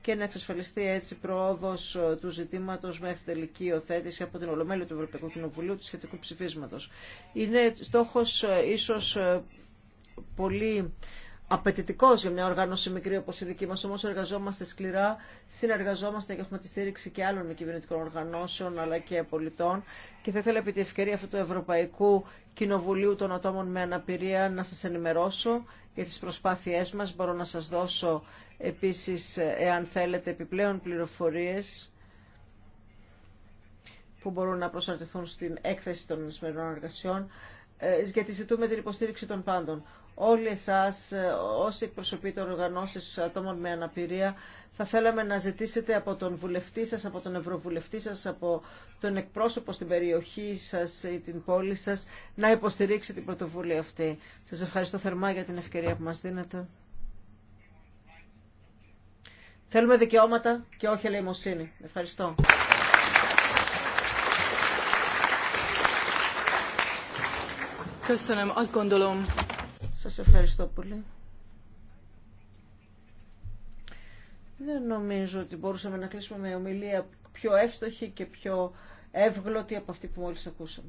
και να εξασφαλιστεί έτσι πρόοδο ε, του ζητήματο μέχρι τελική υιοθέτηση από την Ολομέλεια του Ευρωπαϊκού Κοινοβουλίου του σχετικού ψηφίσματο. Είναι στόχο ε, ίσω πολύ απαιτητικό για μια οργάνωση μικρή όπω η δική μα, όμω εργαζόμαστε σκληρά, συνεργαζόμαστε και έχουμε τη στήριξη και άλλων κυβερνητικών οργανώσεων αλλά και πολιτών. Και θα ήθελα επί τη ευκαιρία αυτού του Ευρωπαϊκού Κοινοβουλίου των Ατόμων με Αναπηρία να σα ενημερώσω για τι προσπάθειέ μα. Μπορώ να σα δώσω επίση, εάν θέλετε, επιπλέον πληροφορίε που μπορούν να προσαρτηθούν στην έκθεση των σημερινών εργασιών, ε, γιατί ζητούμε την υποστήριξη των πάντων όλοι εσάς όσοι εκπροσωπείτε οργανώσεις ατόμων με αναπηρία θα θέλαμε να ζητήσετε από τον βουλευτή σας, από τον ευρωβουλευτή σας, από τον εκπρόσωπο στην περιοχή σας ή την πόλη σας να υποστηρίξει την πρωτοβουλία αυτή. Σας ευχαριστώ θερμά για την ευκαιρία που μας δίνετε. Θέλουμε δικαιώματα και όχι ελεημοσύνη. Ευχαριστώ. Köszönöm, gondolom, σας ευχαριστώ πολύ. Δεν νομίζω ότι μπορούσαμε να κλείσουμε με ομιλία πιο εύστοχη και πιο εύγλωτη από αυτή που μόλις ακούσαμε.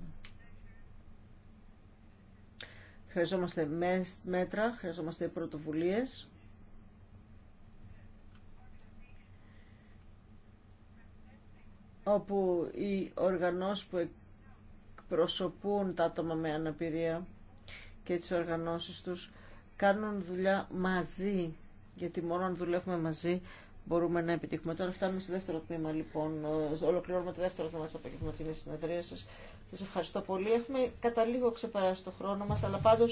Χρειαζόμαστε μέτρα, χρειαζόμαστε πρωτοβουλίες. όπου οι οργανώσεις που εκπροσωπούν τα άτομα με αναπηρία και τις οργανώσεις τους κάνουν δουλειά μαζί, γιατί μόνο αν δουλεύουμε μαζί μπορούμε να επιτύχουμε. Τώρα φτάνουμε στο δεύτερο τμήμα, λοιπόν. Ε, ολοκληρώνουμε το δεύτερο τμήμα τη απογευματινή συνεδρία σα. Σα ευχαριστώ πολύ. Έχουμε κατά λίγο ξεπεράσει το χρόνο μα, αλλά πάντω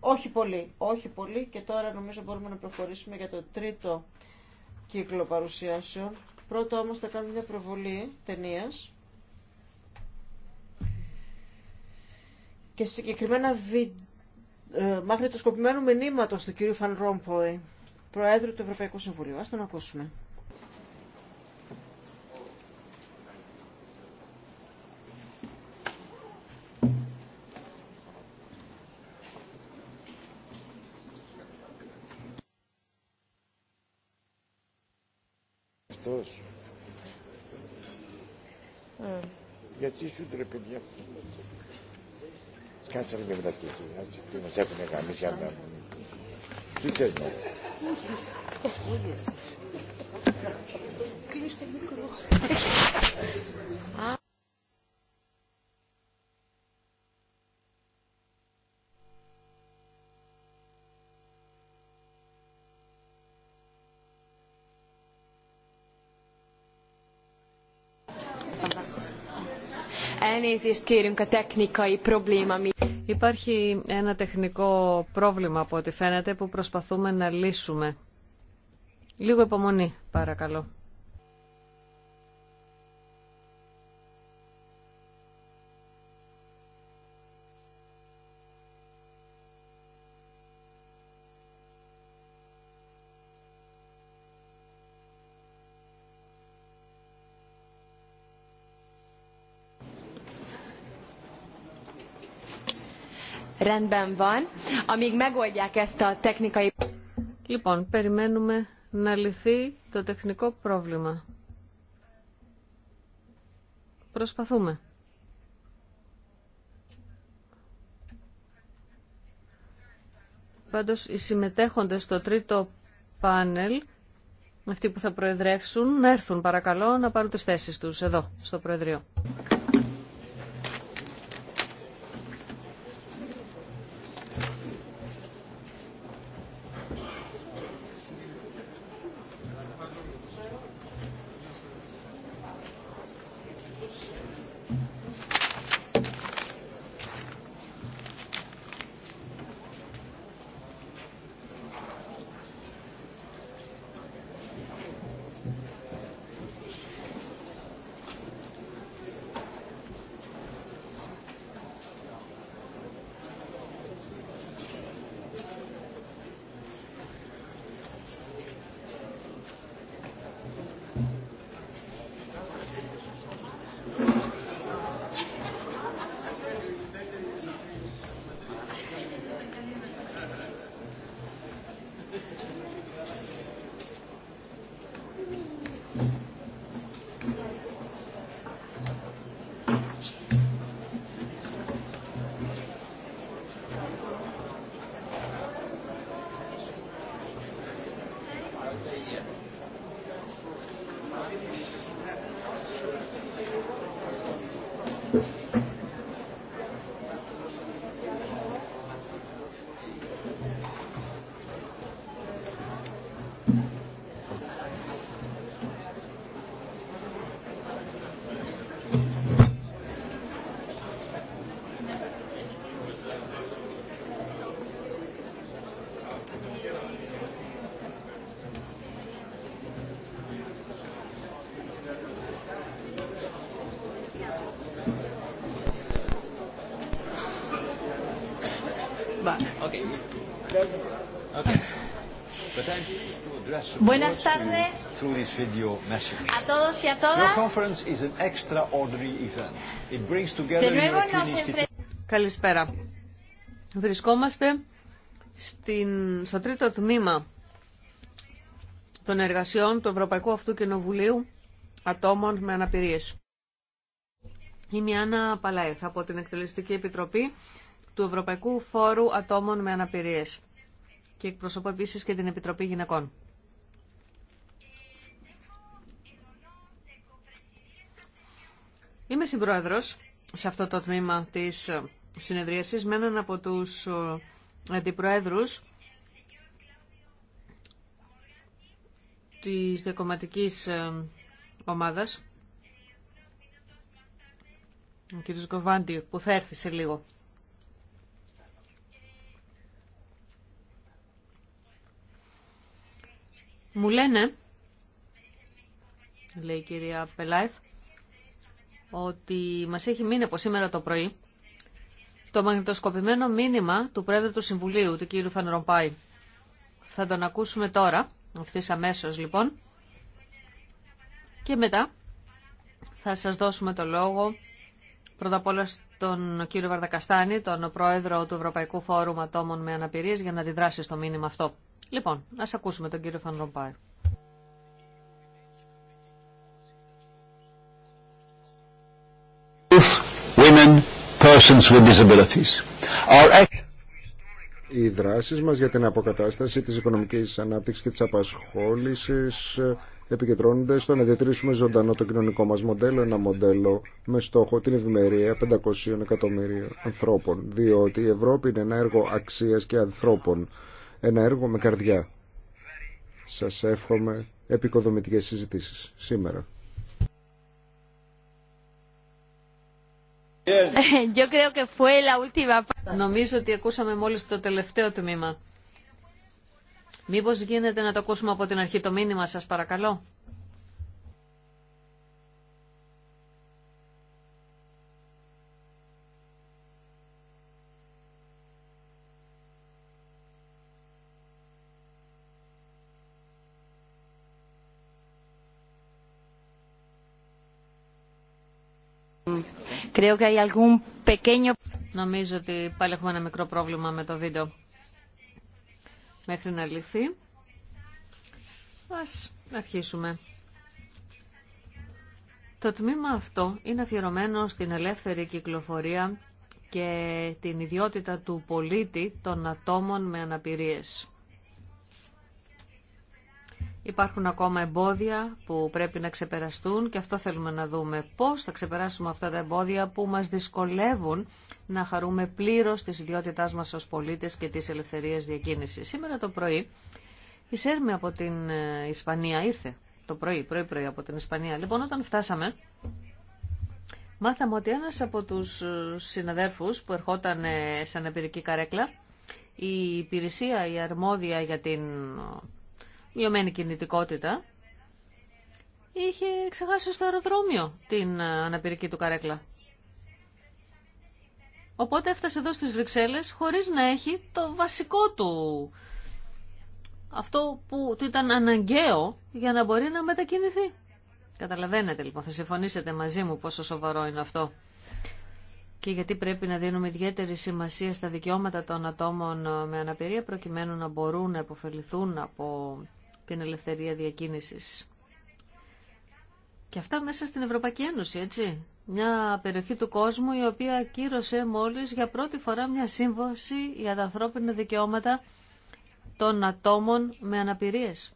όχι πολύ. Όχι πολύ και τώρα νομίζω μπορούμε να προχωρήσουμε για το τρίτο κύκλο παρουσιάσεων. Πρώτο όμω θα κάνουμε μια προβολή ταινία. Και συγκεκριμένα βίντεο ε, μαγνητοσκοπημένου μηνύματος του κύριου Φαν Ρόμποη, Προέδρου του Ευρωπαϊκού Συμβουλίου. Ας τον ακούσουμε. Ε. Γιατί σου κάτσε κάνεις με βλακική. Τι μας έχουν γαμίσει μην. Τι θες να Κλείστε μικρό. Elnézést kérünk a technikai probléma miatt. Υπάρχει ένα τεχνικό πρόβλημα από ό,τι φαίνεται που προσπαθούμε να λύσουμε. Λίγο υπομονή παρακαλώ. Λοιπόν, περιμένουμε να λυθεί το τεχνικό πρόβλημα. Προσπαθούμε. Πάντως, οι συμμετέχοντες στο τρίτο πάνελ, αυτοί που θα προεδρεύσουν, να έρθουν παρακαλώ να πάρουν τις θέσεις τους εδώ, στο Προεδρείο. Buenas tardes A todos y a todas. Καλησπέρα. Βρισκόμαστε στην, στο τρίτο τμήμα των εργασιών του Ευρωπαϊκού Αυτού Κοινοβουλίου Ατόμων με Αναπηρίες. Είμαι η Άννα Παλαέθ από την Εκτελεστική Επιτροπή του Ευρωπαϊκού Φόρου Ατόμων με Αναπηρίες και εκπροσωπώ επίσης και την Επιτροπή Γυναικών. Είμαι συμπρόεδρος σε αυτό το τμήμα της συνεδρίασης με έναν από τους ε, αντιπροέδρους της διακομματικής ε, ομάδας, ο κ. Γκοβάντι που θα έρθει σε λίγο. Μου λένε, λέει η κυρία Πελάιφ, ότι μας έχει μείνει από σήμερα το πρωί το μαγνητοσκοπημένο μήνυμα του Πρόεδρου του Συμβουλίου, του κ. Φανρομπάη. Θα τον ακούσουμε τώρα, ευθύς αμέσω λοιπόν. Και μετά θα σας δώσουμε το λόγο πρώτα απ' όλα στον κ. Βαρδακαστάνη, τον πρόεδρο του Ευρωπαϊκού Φόρουμ Ατόμων με Αναπηρίες, για να αντιδράσει στο μήνυμα αυτό. Λοιπόν, ας ακούσουμε τον κύριο Φανρομπάη. persons with disabilities. Our... Οι δράσεις μας για την αποκατάσταση της οικονομικής ανάπτυξης και της απασχόλησης ε, επικεντρώνονται στο να διατηρήσουμε ζωντανό το κοινωνικό μας μοντέλο, ένα μοντέλο με στόχο την ευημερία 500 εκατομμυρίων ανθρώπων, διότι η Ευρώπη είναι ένα έργο αξίας και ανθρώπων, ένα έργο με καρδιά. Σας εύχομαι επικοδομητικές συζητήσεις σήμερα. Νομίζω ότι ακούσαμε μόλις το τελευταίο τμήμα. Μήπως γίνεται να το ακούσουμε από την αρχή το μήνυμα σας παρακαλώ. Νομίζω ότι πάλι έχουμε ένα μικρό πρόβλημα με το βίντεο. Μέχρι να λυθεί. Ας αρχίσουμε. Το τμήμα αυτό είναι αφιερωμένο στην ελεύθερη κυκλοφορία και την ιδιότητα του πολίτη των ατόμων με αναπηρίες. Υπάρχουν ακόμα εμπόδια που πρέπει να ξεπεραστούν και αυτό θέλουμε να δούμε. Πώς θα ξεπεράσουμε αυτά τα εμπόδια που μας δυσκολεύουν να χαρούμε πλήρως τις ιδιότητάς μας ως πολίτες και τις ελευθερίες διακίνησης. Σήμερα το πρωί η Σέρμη από την ε, Ισπανία ήρθε. Το πρωί, πρωί-πρωί από την Ισπανία. Λοιπόν, όταν φτάσαμε, μάθαμε ότι ένας από τους ε, συναδέρφους που ερχόταν ε, σαν εμπειρική καρέκλα, η υπηρεσία, η αρμόδια για την μειωμένη κινητικότητα, είχε ξεχάσει στο αεροδρόμιο την ε, αναπηρική του καρέκλα. Οπότε έφτασε εδώ στις Βρυξέλλες χωρίς να έχει το βασικό του, αυτό που του ήταν αναγκαίο για να μπορεί να μετακινηθεί. Καταλαβαίνετε λοιπόν, θα συμφωνήσετε μαζί μου πόσο σοβαρό είναι αυτό. Και γιατί πρέπει να δίνουμε ιδιαίτερη σημασία στα δικαιώματα των ατόμων με αναπηρία προκειμένου να μπορούν να επωφεληθούν από την ελευθερία διακίνησης. Και αυτά μέσα στην Ευρωπαϊκή Ένωση, έτσι. Μια περιοχή του κόσμου η οποία κύρωσε μόλις για πρώτη φορά μια σύμβαση για τα ανθρώπινα δικαιώματα των ατόμων με αναπηρίες.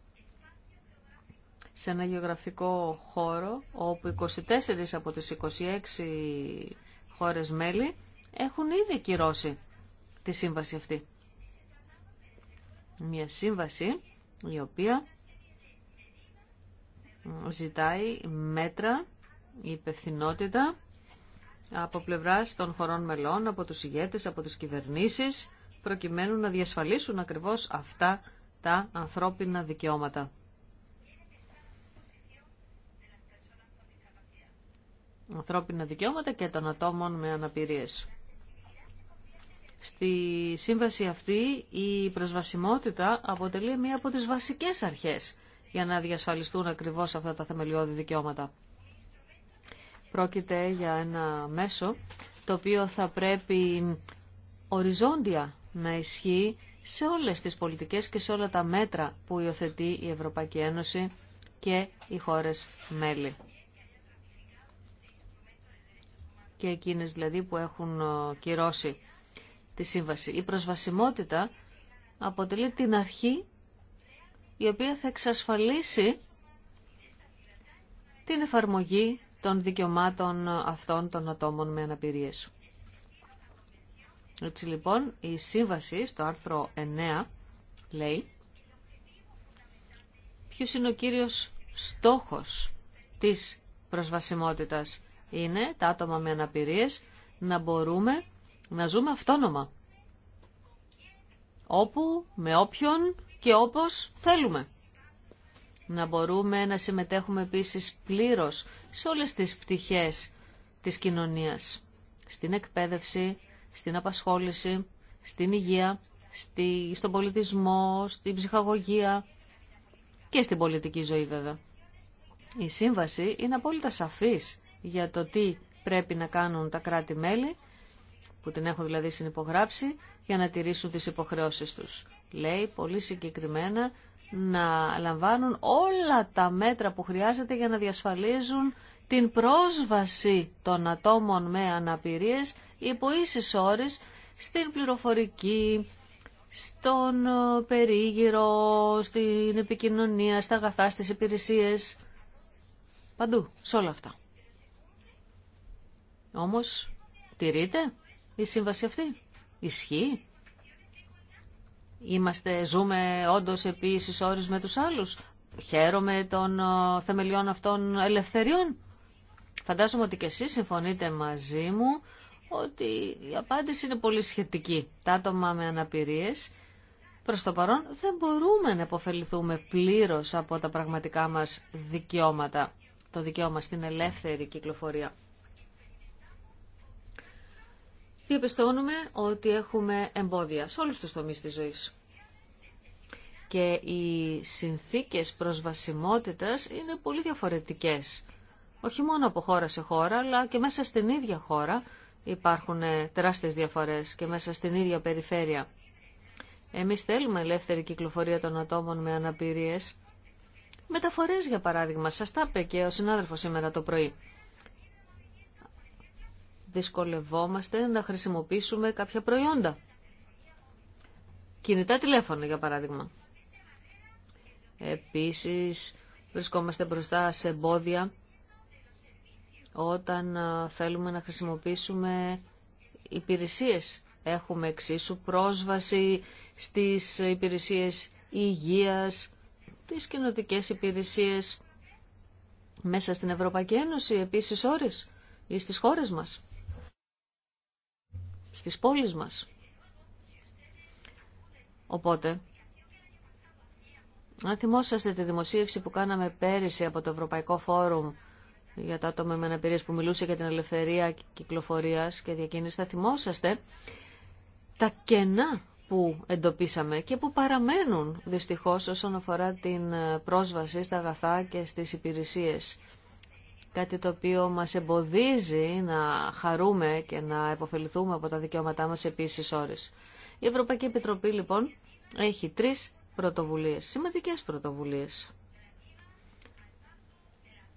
Σε ένα γεωγραφικό χώρο όπου 24 από τις 26 χώρες μέλη έχουν ήδη κυρώσει τη σύμβαση αυτή. Μια σύμβαση η οποία ζητάει μέτρα, υπευθυνότητα από πλευράς των χωρών μελών, από τους ηγέτες, από τις κυβερνήσεις, προκειμένου να διασφαλίσουν ακριβώς αυτά τα ανθρώπινα δικαιώματα. Ανθρώπινα δικαιώματα και των ατόμων με αναπηρίες. Στη σύμβαση αυτή η προσβασιμότητα αποτελεί μία από τις βασικές αρχές για να διασφαλιστούν ακριβώς αυτά τα θεμελιώδη δικαιώματα. Πρόκειται για ένα μέσο το οποίο θα πρέπει οριζόντια να ισχύει σε όλες τις πολιτικές και σε όλα τα μέτρα που υιοθετεί η Ευρωπαϊκή Ένωση και οι χώρες μέλη. Και εκείνες δηλαδή που έχουν ε, κυρώσει τη σύμβαση. Η προσβασιμότητα αποτελεί την αρχή η οποία θα εξασφαλίσει την εφαρμογή των δικαιωμάτων αυτών των ατόμων με αναπηρίες. Έτσι λοιπόν η σύμβαση στο άρθρο 9 λέει ποιος είναι ο κύριος στόχος της προσβασιμότητας είναι τα άτομα με αναπηρίες να μπορούμε να ζούμε αυτόνομα. Όπου, με όποιον και όπως θέλουμε. Να μπορούμε να συμμετέχουμε επίσης πλήρως σε όλες τις πτυχές της κοινωνίας. Στην εκπαίδευση, στην απασχόληση, στην υγεία, στη, στον πολιτισμό, στην ψυχαγωγία και στην πολιτική ζωή βέβαια. Η σύμβαση είναι απόλυτα σαφής για το τι πρέπει να κάνουν τα κράτη-μέλη που την έχω δηλαδή συνυπογράψει για να τηρήσουν τις υποχρεώσεις τους. Λέει πολύ συγκεκριμένα να λαμβάνουν όλα τα μέτρα που χρειάζεται για να διασφαλίζουν την πρόσβαση των ατόμων με αναπηρίες υπό ίσες όρες στην πληροφορική, στον ε, περίγυρο, στην επικοινωνία, στα αγαθά, στις υπηρεσίες, παντού, σε όλα αυτά. Όμως, τηρείται η σύμβαση αυτή. Ισχύει. Είμαστε, ζούμε όντως επίσης ώρες με τους άλλους. Χαίρομαι των ε, θεμελιών αυτών ελευθεριών. Φαντάζομαι ότι και εσείς συμφωνείτε μαζί μου ότι η απάντηση είναι πολύ σχετική. Τα άτομα με αναπηρίες προς το παρόν δεν μπορούμε να υποφεληθούμε πλήρως από τα πραγματικά μας δικαιώματα. Το δικαίωμα στην ελεύθερη κυκλοφορία διαπιστώνουμε ότι έχουμε εμπόδια σε όλους τους τομείς της ζωής. Και οι συνθήκες προσβασιμότητας είναι πολύ διαφορετικές. Όχι μόνο από χώρα σε χώρα, αλλά και μέσα στην ίδια χώρα υπάρχουν τεράστιες διαφορές και μέσα στην ίδια περιφέρεια. Εμείς θέλουμε ελεύθερη κυκλοφορία των ατόμων με αναπηρίες. Μεταφορές, για παράδειγμα, σας τα είπε και ο συνάδελφος σήμερα το πρωί δυσκολευόμαστε να χρησιμοποιήσουμε κάποια προϊόντα. Κινητά τηλέφωνα, για παράδειγμα. Επίσης, βρισκόμαστε μπροστά σε εμπόδια όταν θέλουμε να χρησιμοποιήσουμε υπηρεσίες. Έχουμε εξίσου πρόσβαση στις υπηρεσίες υγείας, τις κοινωτικές υπηρεσίες μέσα στην Ευρωπαϊκή Ένωση επίσης όρες ή στις χώρες μας στις πόλεις μας. Οπότε, αν θυμόσαστε τη δημοσίευση που κάναμε πέρυσι από το Ευρωπαϊκό Φόρουμ για τα άτομα με αναπηρίες που μιλούσε για την ελευθερία κυκλοφορίας και διακίνησης, θα θυμόσαστε τα κενά που εντοπίσαμε και που παραμένουν δυστυχώς όσον αφορά την πρόσβαση στα αγαθά και στις υπηρεσίες κάτι το οποίο μας εμποδίζει να χαρούμε και να επωφεληθούμε από τα δικαιώματά μας επίσης ώρες. Η Ευρωπαϊκή Επιτροπή λοιπόν έχει τρεις πρωτοβουλίες, σημαντικές πρωτοβουλίες.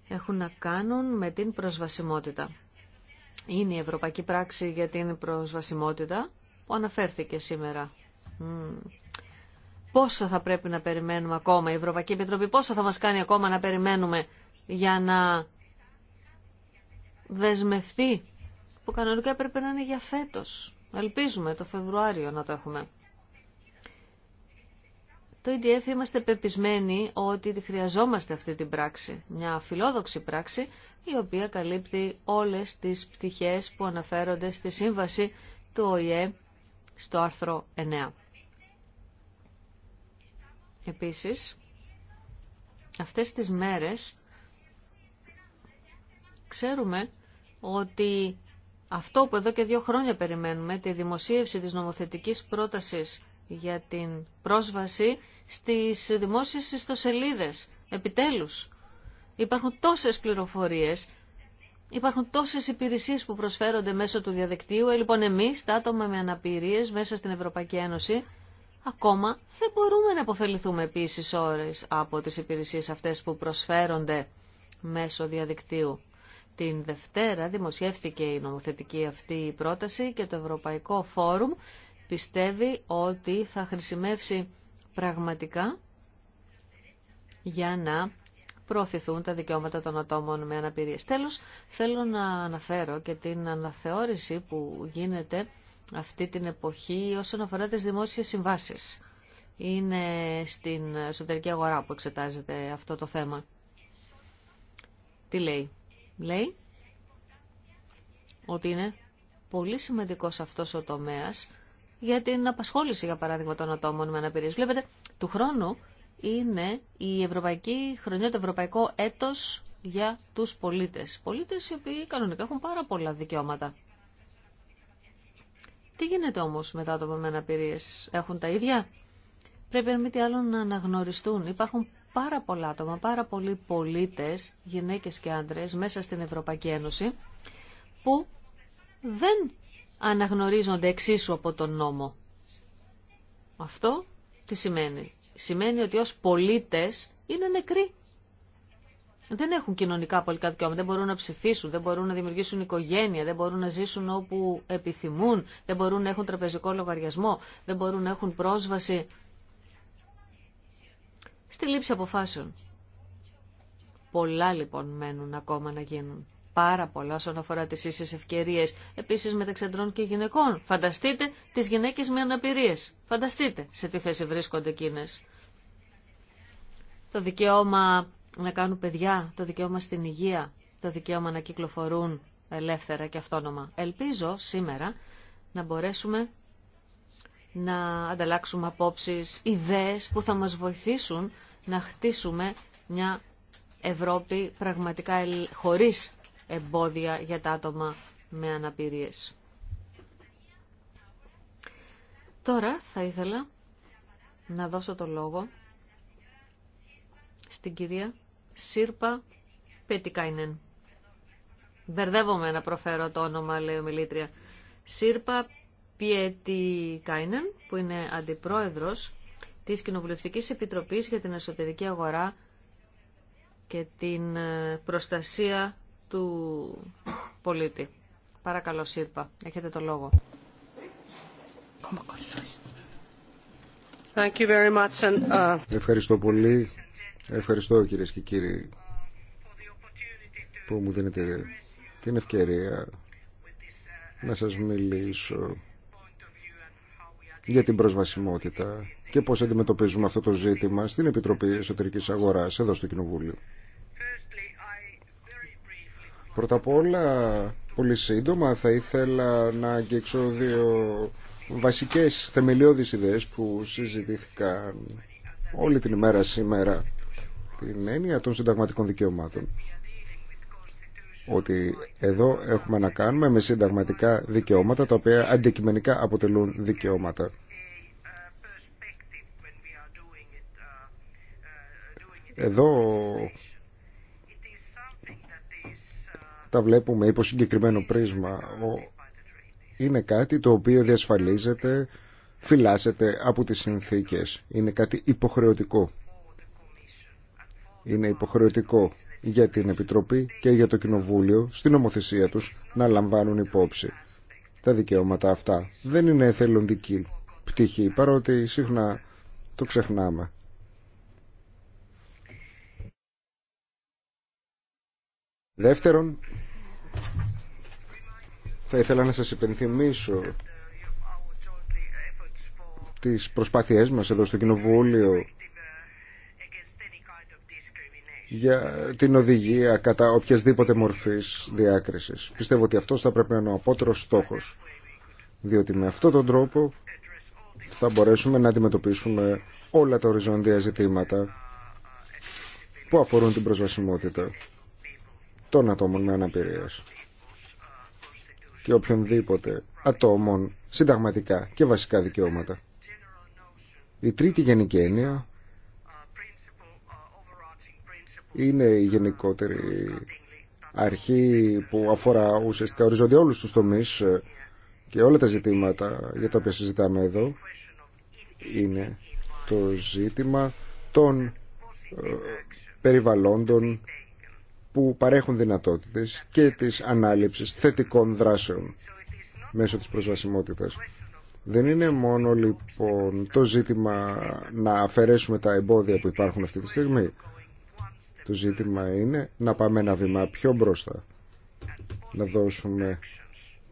Έχουν να κάνουν με την προσβασιμότητα. Είναι η Ευρωπαϊκή Πράξη για την Προσβασιμότητα που αναφέρθηκε σήμερα. Πόσο θα πρέπει να περιμένουμε ακόμα η Ευρωπαϊκή Επιτροπή, πόσο θα μας κάνει ακόμα να περιμένουμε για να δεσμευτεί, που κανονικά έπρεπε να είναι για φέτος. Ελπίζουμε το Φεβρουάριο να το έχουμε. Το EDF είμαστε πεπισμένοι ότι χρειαζόμαστε αυτή την πράξη, μια φιλόδοξη πράξη, η οποία καλύπτει όλες τις πτυχές που αναφέρονται στη σύμβαση του ΟΗΕ στο άρθρο 9. Επίσης, αυτές τις μέρες Ξέρουμε ότι αυτό που εδώ και δύο χρόνια περιμένουμε, τη δημοσίευση της νομοθετικής πρότασης για την πρόσβαση στις δημόσιες ιστοσελίδες. Επιτέλους, υπάρχουν τόσες πληροφορίες, υπάρχουν τόσες υπηρεσίες που προσφέρονται μέσω του διαδικτύου. Ε, λοιπόν, εμείς, τα άτομα με αναπηρίες μέσα στην Ευρωπαϊκή Ένωση, ακόμα δεν μπορούμε να αποφεληθούμε επίσης ώρες από τις υπηρεσίες αυτές που προσφέρονται μέσω διαδικτύου. Την Δευτέρα δημοσιεύθηκε η νομοθετική αυτή πρόταση και το Ευρωπαϊκό Φόρουμ πιστεύει ότι θα χρησιμεύσει πραγματικά για να προωθηθούν τα δικαιώματα των ατόμων με αναπηρίες. Τέλος, θέλω να αναφέρω και την αναθεώρηση που γίνεται αυτή την εποχή όσον αφορά τις δημόσιες συμβάσεις. Είναι στην εσωτερική αγορά που εξετάζεται αυτό το θέμα. Τι λέει λέει ότι είναι πολύ σημαντικός αυτός ο τομέας για την απασχόληση, για παράδειγμα, των ατόμων με αναπηρίες. Βλέπετε, του χρόνου είναι η Ευρωπαϊκή Χρονιά, το Ευρωπαϊκό Έτος για τους πολίτες. Πολίτες οι οποίοι κανονικά έχουν πάρα πολλά δικαιώματα. Τι γίνεται όμως με τα άτομα με αναπηρίες, έχουν τα ίδια. Πρέπει αν μη τι άλλο να αναγνωριστούν. Υπάρχουν πάρα πολλά άτομα, πάρα πολλοί πολίτες, γυναίκες και άντρες μέσα στην Ευρωπαϊκή Ένωση που δεν αναγνωρίζονται εξίσου από τον νόμο. Αυτό τι σημαίνει. Σημαίνει ότι ως πολίτες είναι νεκροί. Δεν έχουν κοινωνικά πολιτικά δικαιώματα, δεν μπορούν να ψηφίσουν, δεν μπορούν να δημιουργήσουν οικογένεια, δεν μπορούν να ζήσουν όπου επιθυμούν, δεν μπορούν να έχουν τραπεζικό λογαριασμό, δεν μπορούν να έχουν πρόσβαση στη λήψη αποφάσεων. Πολλά λοιπόν μένουν ακόμα να γίνουν. Πάρα πολλά όσον αφορά τις ίσες ευκαιρίες, επίσης μεταξύ και γυναικών. Φανταστείτε τις γυναίκες με αναπηρίες. Φανταστείτε σε τι θέση βρίσκονται εκείνες. Το δικαίωμα να κάνουν παιδιά, το δικαίωμα στην υγεία, το δικαίωμα να κυκλοφορούν ελεύθερα και αυτόνομα. Ελπίζω σήμερα να μπορέσουμε να ανταλλάξουμε απόψεις, ιδέες που θα μας βοηθήσουν να χτίσουμε μια Ευρώπη πραγματικά χωρίς εμπόδια για τα άτομα με αναπηρίες. Τώρα θα ήθελα να δώσω το λόγο στην κυρία Σύρπα Πετικάινεν. Μπερδεύομαι να προφέρω το όνομα, λέει ο Μιλήτρια. Σύρπα Πιέτη Κάινεν, που είναι αντιπρόεδρος της Κοινοβουλευτικής Επιτροπής για την Εσωτερική Αγορά και την ε, Προστασία του Πολίτη. Παρακαλώ, Σύρπα, έχετε το λόγο. Uh, Ευχαριστώ πολύ. Ευχαριστώ κυρίες και κύριοι που μου δίνετε την ευκαιρία να σας μιλήσω για την προσβασιμότητα και πώς αντιμετωπίζουμε αυτό το ζήτημα στην Επιτροπή Εσωτερικής Αγοράς εδώ στο Κοινοβούλιο. Πρώτα απ' όλα, πολύ σύντομα, θα ήθελα να αγγίξω δύο βασικές θεμελιώδεις ιδέες που συζητήθηκαν όλη την ημέρα σήμερα. Την έννοια των συνταγματικών δικαιωμάτων ότι εδώ έχουμε να κάνουμε με συνταγματικά δικαιώματα τα οποία αντικειμενικά αποτελούν δικαιώματα. Εδώ τα βλέπουμε υπό συγκεκριμένο πρίσμα. Είναι κάτι το οποίο διασφαλίζεται, φυλάσσεται από τις συνθήκες. Είναι κάτι υποχρεωτικό. Είναι υποχρεωτικό για την Επιτροπή και για το Κοινοβούλιο στην νομοθεσία τους να λαμβάνουν υπόψη. Τα δικαιώματα αυτά δεν είναι εθελοντική πτυχή παρότι συχνά το ξεχνάμε. Δεύτερον, θα ήθελα να σας υπενθυμίσω τις προσπάθειές μας εδώ στο Κοινοβούλιο για την οδηγία κατά οποιασδήποτε μορφής διάκρισης. Πιστεύω ότι αυτός θα πρέπει να είναι ο απότερος στόχος, διότι με αυτόν τον τρόπο θα μπορέσουμε να αντιμετωπίσουμε όλα τα οριζόντια ζητήματα που αφορούν την προσβασιμότητα των ατόμων με αναπηρία. και οποιονδήποτε ατόμων συνταγματικά και βασικά δικαιώματα. Η τρίτη γενική έννοια είναι η γενικότερη αρχή που αφορά ουσιαστικά οριζόντια όλους τους τομείς ε, και όλα τα ζητήματα για τα οποία συζητάμε εδώ είναι το ζήτημα των ε, περιβαλλόντων που παρέχουν δυνατότητες και της ανάληψης θετικών δράσεων μέσω της προσβασιμότητας. Δεν είναι μόνο λοιπόν το ζήτημα να αφαιρέσουμε τα εμπόδια που υπάρχουν αυτή τη στιγμή. Το ζήτημα είναι να πάμε ένα βήμα πιο μπροστά. Να δώσουμε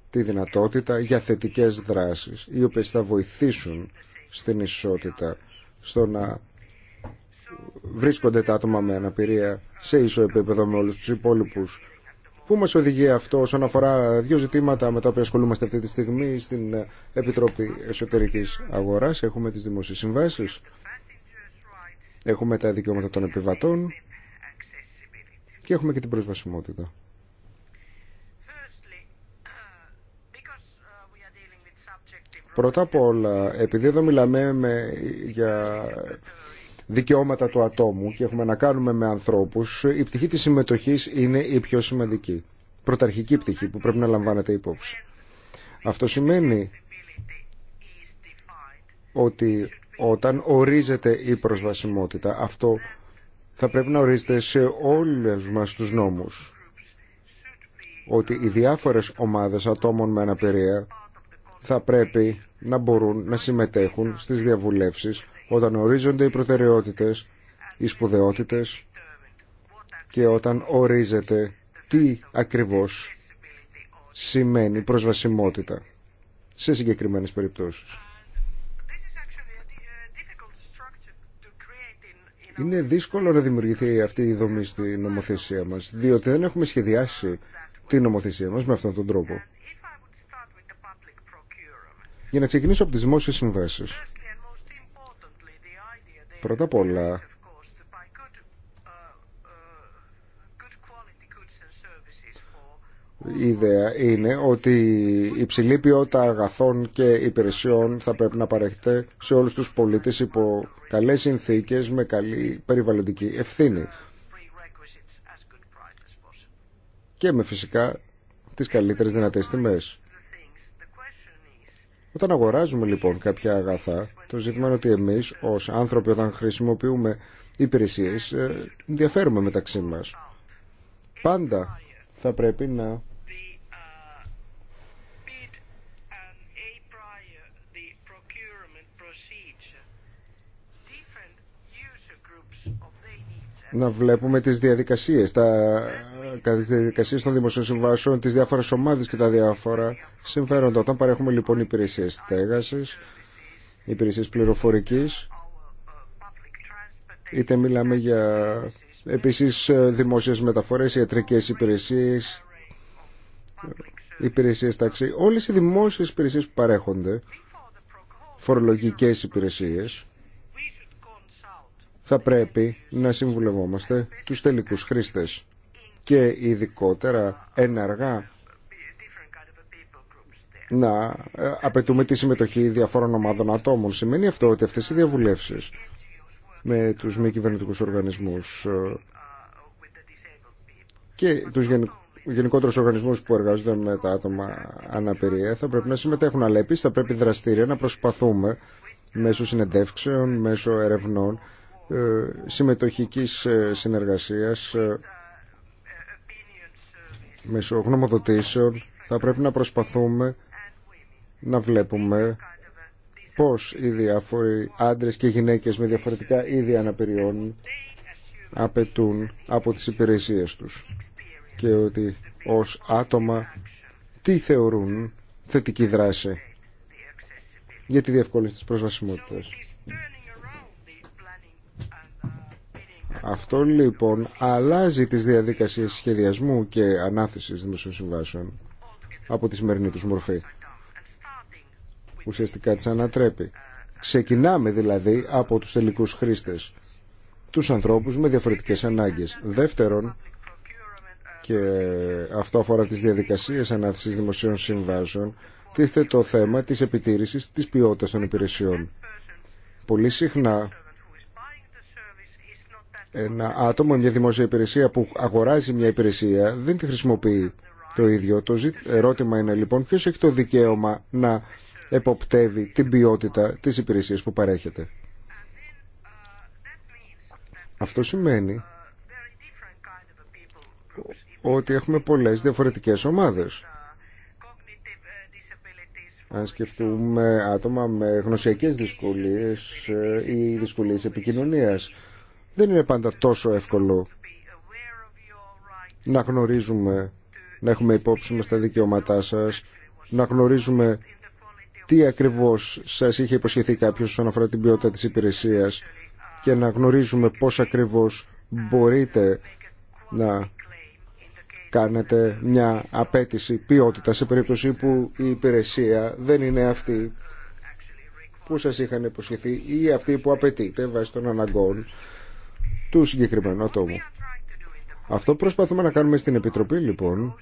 τη δυνατότητα για θετικές δράσεις, οι οποίες θα βοηθήσουν στην ισότητα, στο να βρίσκονται τα άτομα με αναπηρία σε ίσο επίπεδο με όλους τους υπόλοιπους. Πού μας οδηγεί αυτό όσον αφορά δύο ζητήματα με τα οποία ασχολούμαστε αυτή τη στιγμή στην Επιτροπή Εσωτερικής Αγοράς. Έχουμε τις δημόσιες συμβάσεις, έχουμε τα δικαιώματα των επιβατών και έχουμε και την προσβασιμότητα. Uh, uh, Πρώτα απ' όλα, επειδή εδώ μιλάμε με, για δικαιώματα του ατόμου και έχουμε να κάνουμε με ανθρώπους, η πτυχή της συμμετοχής είναι η πιο σημαντική. Πρωταρχική πτυχή που πρέπει να λαμβάνετε υπόψη. Αυτό σημαίνει ότι όταν ορίζεται η προσβασιμότητα, αυτό θα πρέπει να ορίζεται σε όλους μας τους νόμους ότι οι διάφορες ομάδες ατόμων με αναπηρία θα πρέπει να μπορούν να συμμετέχουν στις διαβουλεύσεις όταν ορίζονται οι προτεραιότητες, οι σπουδαιότητες και όταν ορίζεται τι ακριβώς σημαίνει προσβασιμότητα σε συγκεκριμένες περιπτώσεις. Είναι δύσκολο να δημιουργηθεί αυτή η δομή στη νομοθεσία μας, διότι δεν έχουμε σχεδιάσει τη νομοθεσία μας με αυτόν τον τρόπο. Για να ξεκινήσω από τις δημόσιες συμβάσεις. Πρώτα απ' όλα, Η ιδέα είναι ότι η υψηλή ποιότητα αγαθών και υπηρεσιών θα πρέπει να παρέχεται σε όλους τους πολίτες υπό καλές συνθήκες με καλή περιβαλλοντική ευθύνη και με φυσικά τις καλύτερες δυνατές τιμές. Όταν αγοράζουμε λοιπόν κάποια αγαθά, το ζήτημα είναι ότι εμείς ως άνθρωποι όταν χρησιμοποιούμε υπηρεσίες ε, διαφέρουμε μεταξύ μας. Πάντα θα πρέπει να να βλέπουμε τις διαδικασίες, τα, κατά τις διαδικασίες των δημοσίων συμβάσεων, τις διάφορες ομάδες και τα διάφορα συμφέροντα. Όταν παρέχουμε λοιπόν υπηρεσίες στέγασης, υπηρεσίες πληροφορικής, είτε μιλάμε για επίσης δημόσιες μεταφορές, ιατρικές υπηρεσίες, υπηρεσίες ταξί. Όλες οι δημόσιες υπηρεσίες που παρέχονται, φορολογικές υπηρεσίες, θα πρέπει να συμβουλευόμαστε τους τελικούς χρήστες και ειδικότερα ενεργά να ε, απαιτούμε τη συμμετοχή διαφόρων ομάδων ατόμων. Σημαίνει αυτό ότι αυτές οι διαβουλεύσεις με τους μη κυβερνητικούς οργανισμούς ε, και τους γενικότερους οργανισμούς που εργάζονται με τα άτομα αναπηρία θα πρέπει να συμμετέχουν, αλλά επίσης θα πρέπει δραστήρια να προσπαθούμε μέσω συνεντεύξεων, μέσω ερευνών ε, συμμετοχικής ε, συνεργασίας ε, μέσω γνωμοδοτήσεων θα πρέπει να προσπαθούμε να βλέπουμε πώς οι διάφοροι άντρες και γυναίκες με διαφορετικά είδη αναπηριών απαιτούν από τις υπηρεσίες τους και ότι ως άτομα τι θεωρούν θετική δράση για τη διευκόλυνση της προσβασιμότητας. Αυτό λοιπόν αλλάζει τις διαδικασίες σχεδιασμού και ανάθεσης δημοσίων συμβάσεων από τη σημερινή τους μορφή. Ουσιαστικά τις ανατρέπει. Ξεκινάμε δηλαδή από τους τελικούς χρήστες, τους ανθρώπους με διαφορετικές ανάγκες. Δεύτερον, και αυτό αφορά τις διαδικασίες ανάθεσης δημοσίων συμβάσεων, τίθε το θέμα της επιτήρησης της ποιότητας των υπηρεσιών. Πολύ συχνά ένα άτομο, μια δημόσια υπηρεσία που αγοράζει μια υπηρεσία δεν τη χρησιμοποιεί το ίδιο. Το ερώτημα είναι λοιπόν ποιος έχει το δικαίωμα να εποπτεύει την ποιότητα της υπηρεσίας που παρέχεται. Αυτό σημαίνει ότι έχουμε πολλές διαφορετικές ομάδες. Αν σκεφτούμε άτομα με γνωσιακές δυσκολίες ε, ή δυσκολίες επικοινωνίας, δεν είναι πάντα τόσο εύκολο να γνωρίζουμε, να έχουμε υπόψη μας τα δικαιώματά σας, να γνωρίζουμε τι ακριβώς σας είχε υποσχεθεί κάποιος όσον αφορά την ποιότητα της υπηρεσίας και να γνωρίζουμε πώς ακριβώς μπορείτε να κάνετε μια απέτηση ποιότητα σε περίπτωση που η υπηρεσία δεν είναι αυτή που σας είχαν υποσχεθεί ή αυτή που απαιτείται βάσει των αναγκών του συγκεκριμένου ατόμου. Αυτό προσπαθούμε να κάνουμε στην Επιτροπή λοιπόν.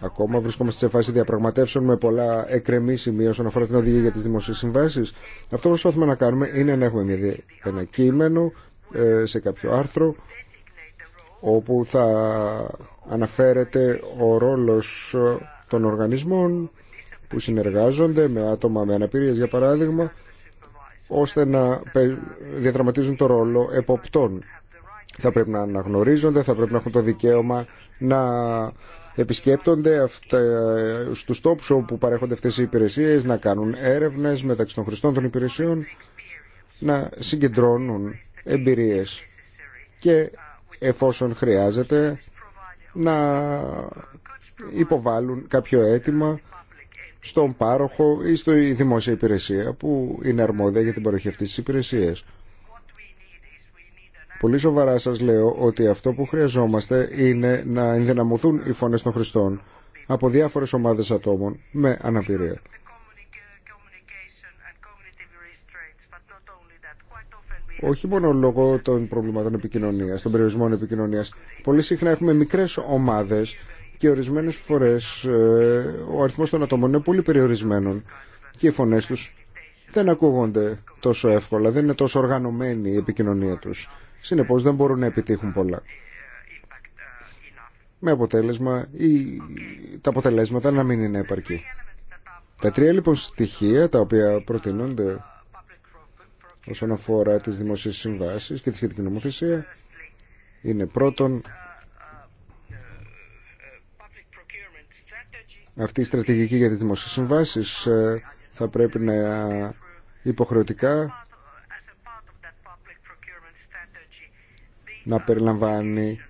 Ακόμα βρισκόμαστε σε φάση διαπραγματεύσεων με πολλά εκρεμή σημεία όσον αφορά την οδηγία για τι δημοσίε συμβάσει. Αυτό που προσπαθούμε να κάνουμε είναι να έχουμε ένα κείμενο ε, σε κάποιο άρθρο όπου θα αναφέρεται ο ρόλος των οργανισμών που συνεργάζονται με άτομα με αναπηρίες για παράδειγμα ώστε να διαδραματίζουν το ρόλο εποπτών. Θα πρέπει να αναγνωρίζονται, θα πρέπει να έχουν το δικαίωμα να επισκέπτονται στους τόπους όπου παρέχονται αυτές οι υπηρεσίες, να κάνουν έρευνες μεταξύ των χρηστών των υπηρεσιών, να συγκεντρώνουν εμπειρίες και εφόσον χρειάζεται να υποβάλουν κάποιο αίτημα στον πάροχο ή στη δημόσια υπηρεσία που είναι αρμόδια για την παροχή αυτής της υπηρεσίας. Πολύ σοβαρά σας λέω ότι αυτό που χρειαζόμαστε είναι να ενδυναμωθούν οι φωνές των χρηστών από διάφορες ομάδες ατόμων με αναπηρία. όχι μόνο λόγω των προβλημάτων επικοινωνίας, των περιορισμών επικοινωνίας. Πολύ συχνά έχουμε μικρές ομάδες και ορισμένες φορές ε, ο αριθμός των ατόμων είναι πολύ περιορισμένων και οι φωνές τους δεν ακούγονται τόσο εύκολα, δεν είναι τόσο οργανωμένη η επικοινωνία τους. Συνεπώς δεν μπορούν να επιτύχουν πολλά. Με αποτέλεσμα ή τα αποτελέσματα να μην είναι επαρκή. Τα τρία λοιπόν στοιχεία τα οποία προτείνονται όσον αφορά τις δημοσίες συμβάσεις και τη σχετική νομοθεσία είναι πρώτον Αυτή η στρατηγική για τις δημοσίες συμβάσεις ε, θα πρέπει να υποχρεωτικά να περιλαμβάνει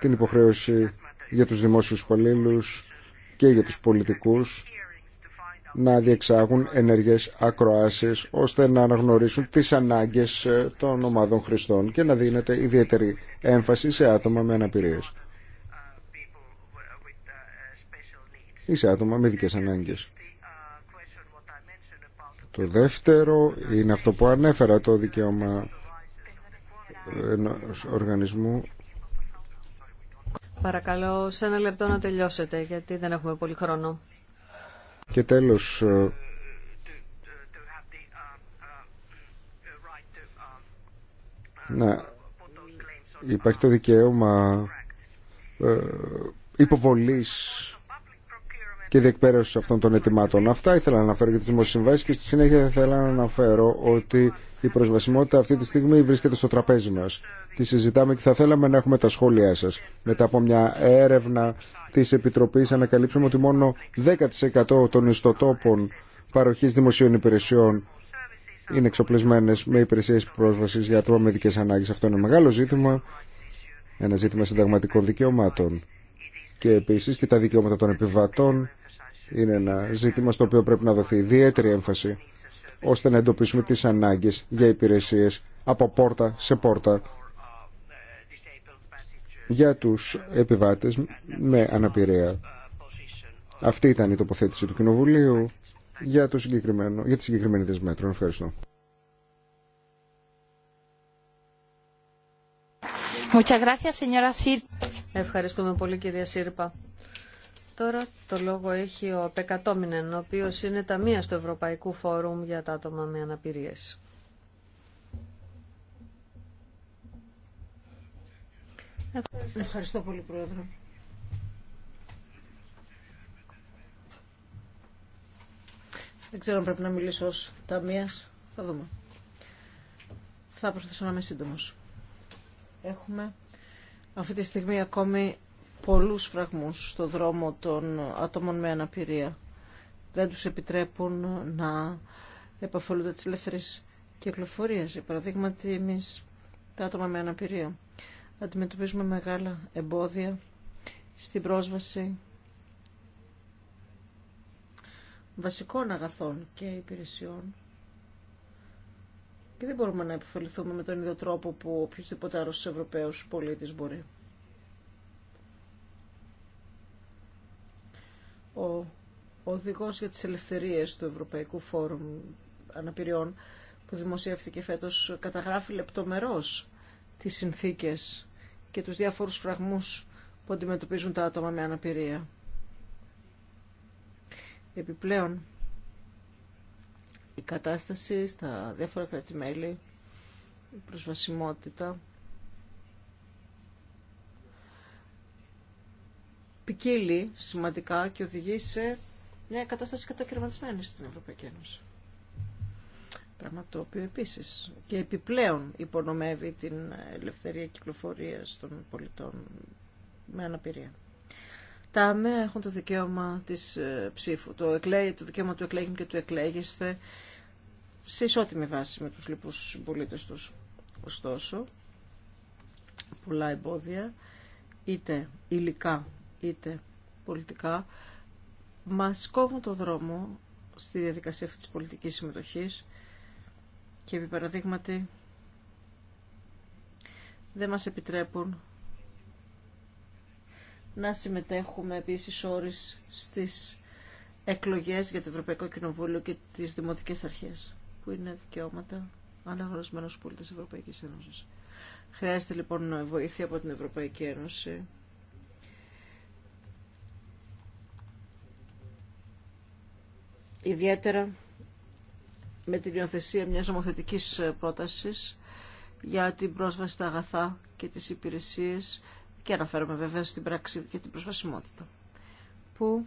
την υποχρέωση για τους δημόσιους υπαλλήλους και για τους πολιτικούς να διεξάγουν ενεργές ακροάσεις ώστε να αναγνωρίσουν τις ανάγκες ε, των ομάδων χρηστών και να δίνεται ιδιαίτερη έμφαση σε άτομα με αναπηρίες. ή σε άτομα με δικές ανάγκες. Το δεύτερο είναι αυτό που ανέφερα το δικαίωμα ενός οργανισμού. Παρακαλώ σε ένα λεπτό να τελειώσετε γιατί δεν έχουμε πολύ χρόνο. Και τέλος, ε, να υπάρχει το δικαίωμα ε, υποβολής και διεκπέρευση αυτών των ετοιμάτων. Αυτά ήθελα να αναφέρω για τι δημοσιοσυμβάσει και στη συνέχεια θα ήθελα να αναφέρω ότι η προσβασιμότητα αυτή τη στιγμή βρίσκεται στο τραπέζι μα. Τη συζητάμε και θα θέλαμε να έχουμε τα σχόλιά σα. Μετά από μια έρευνα τη Επιτροπή, ανακαλύψαμε ότι μόνο 10% των ιστοτόπων παροχή δημοσίων υπηρεσιών είναι εξοπλισμένε με υπηρεσίε πρόσβαση για άτομα με ειδικέ ανάγκε. Αυτό είναι μεγάλο ζήτημα. Ένα ζήτημα συνταγματικών δικαιωμάτων και επίσης και τα δικαιώματα των επιβατών είναι ένα ζήτημα στο οποίο πρέπει να δοθεί ιδιαίτερη έμφαση ώστε να εντοπίσουμε τις ανάγκες για υπηρεσίες από πόρτα σε πόρτα για τους επιβάτες με αναπηρία. Αυτή ήταν η τοποθέτηση του Κοινοβουλίου για, το συγκεκριμένο, για τη συγκεκριμένη Ευχαριστώ. Ευχαριστούμε πολύ κυρία Σύρπα. Τώρα το λόγο έχει ο Πεκατόμινεν, ο οποίος είναι ταμεία του Ευρωπαϊκού Φόρουμ για τα άτομα με αναπηρίες. Ευχαριστώ, πολύ, Πρόεδρε. Δεν ξέρω αν πρέπει να μιλήσω ως ταμείας. Θα δούμε. Θα προσπαθήσω να είμαι σύντομο. Έχουμε αυτή τη στιγμή ακόμη πολλούς φραγμούς στο δρόμο των ατόμων με αναπηρία. Δεν τους επιτρέπουν να επαφολούνται τις ελεύθερες κυκλοφορίες. Για παραδείγμα, εμείς τα άτομα με αναπηρία αντιμετωπίζουμε μεγάλα εμπόδια στην πρόσβαση βασικών αγαθών και υπηρεσιών και δεν μπορούμε να επιφεληθούμε με τον ίδιο τρόπο που οποιοδήποτε άλλος Ευρωπαίος πολίτης μπορεί. ο οδηγός για τις ελευθερίες του Ευρωπαϊκού Φόρουμ Αναπηριών που δημοσιεύθηκε φέτος καταγράφει λεπτομερώς τις συνθήκες και τους διάφορους φραγμούς που αντιμετωπίζουν τα άτομα με αναπηρία. Επιπλέον, η κατάσταση στα διάφορα κράτη-μέλη, η προσβασιμότητα ποικίλει σημαντικά και οδηγεί σε μια κατάσταση κατακαιρματισμένη στην Ευρωπαϊκή Ένωση. Πράγμα το οποίο επίσης και επιπλέον υπονομεύει την ελευθερία κυκλοφορίας των πολιτών με αναπηρία. Τα ΑΜΕ έχουν το δικαίωμα της ε, ψήφου, το, εκλέγει, το δικαίωμα του εκλέγην και του εκλέγεστε σε ισότιμη βάση με τους λοιπού συμπολίτε του. Ωστόσο, πολλά εμπόδια, είτε υλικά είτε πολιτικά, μας κόβουν το δρόμο στη διαδικασία αυτή της πολιτικής συμμετοχής και επί παραδείγματι δεν μας επιτρέπουν να συμμετέχουμε επίσης όρις στις εκλογές για το Ευρωπαϊκό Κοινοβούλιο και τις δημοτικές αρχές, που είναι δικαιώματα αναγνωρισμένων στους πολίτες της Ευρωπαϊκής Χρειάζεται λοιπόν βοήθεια από την Ευρωπαϊκή Ένωση ιδιαίτερα με την υιοθεσία μιας νομοθετικής πρότασης για την πρόσβαση στα αγαθά και τις υπηρεσίες και αναφέρομαι βέβαια στην πράξη και την προσβασιμότητα που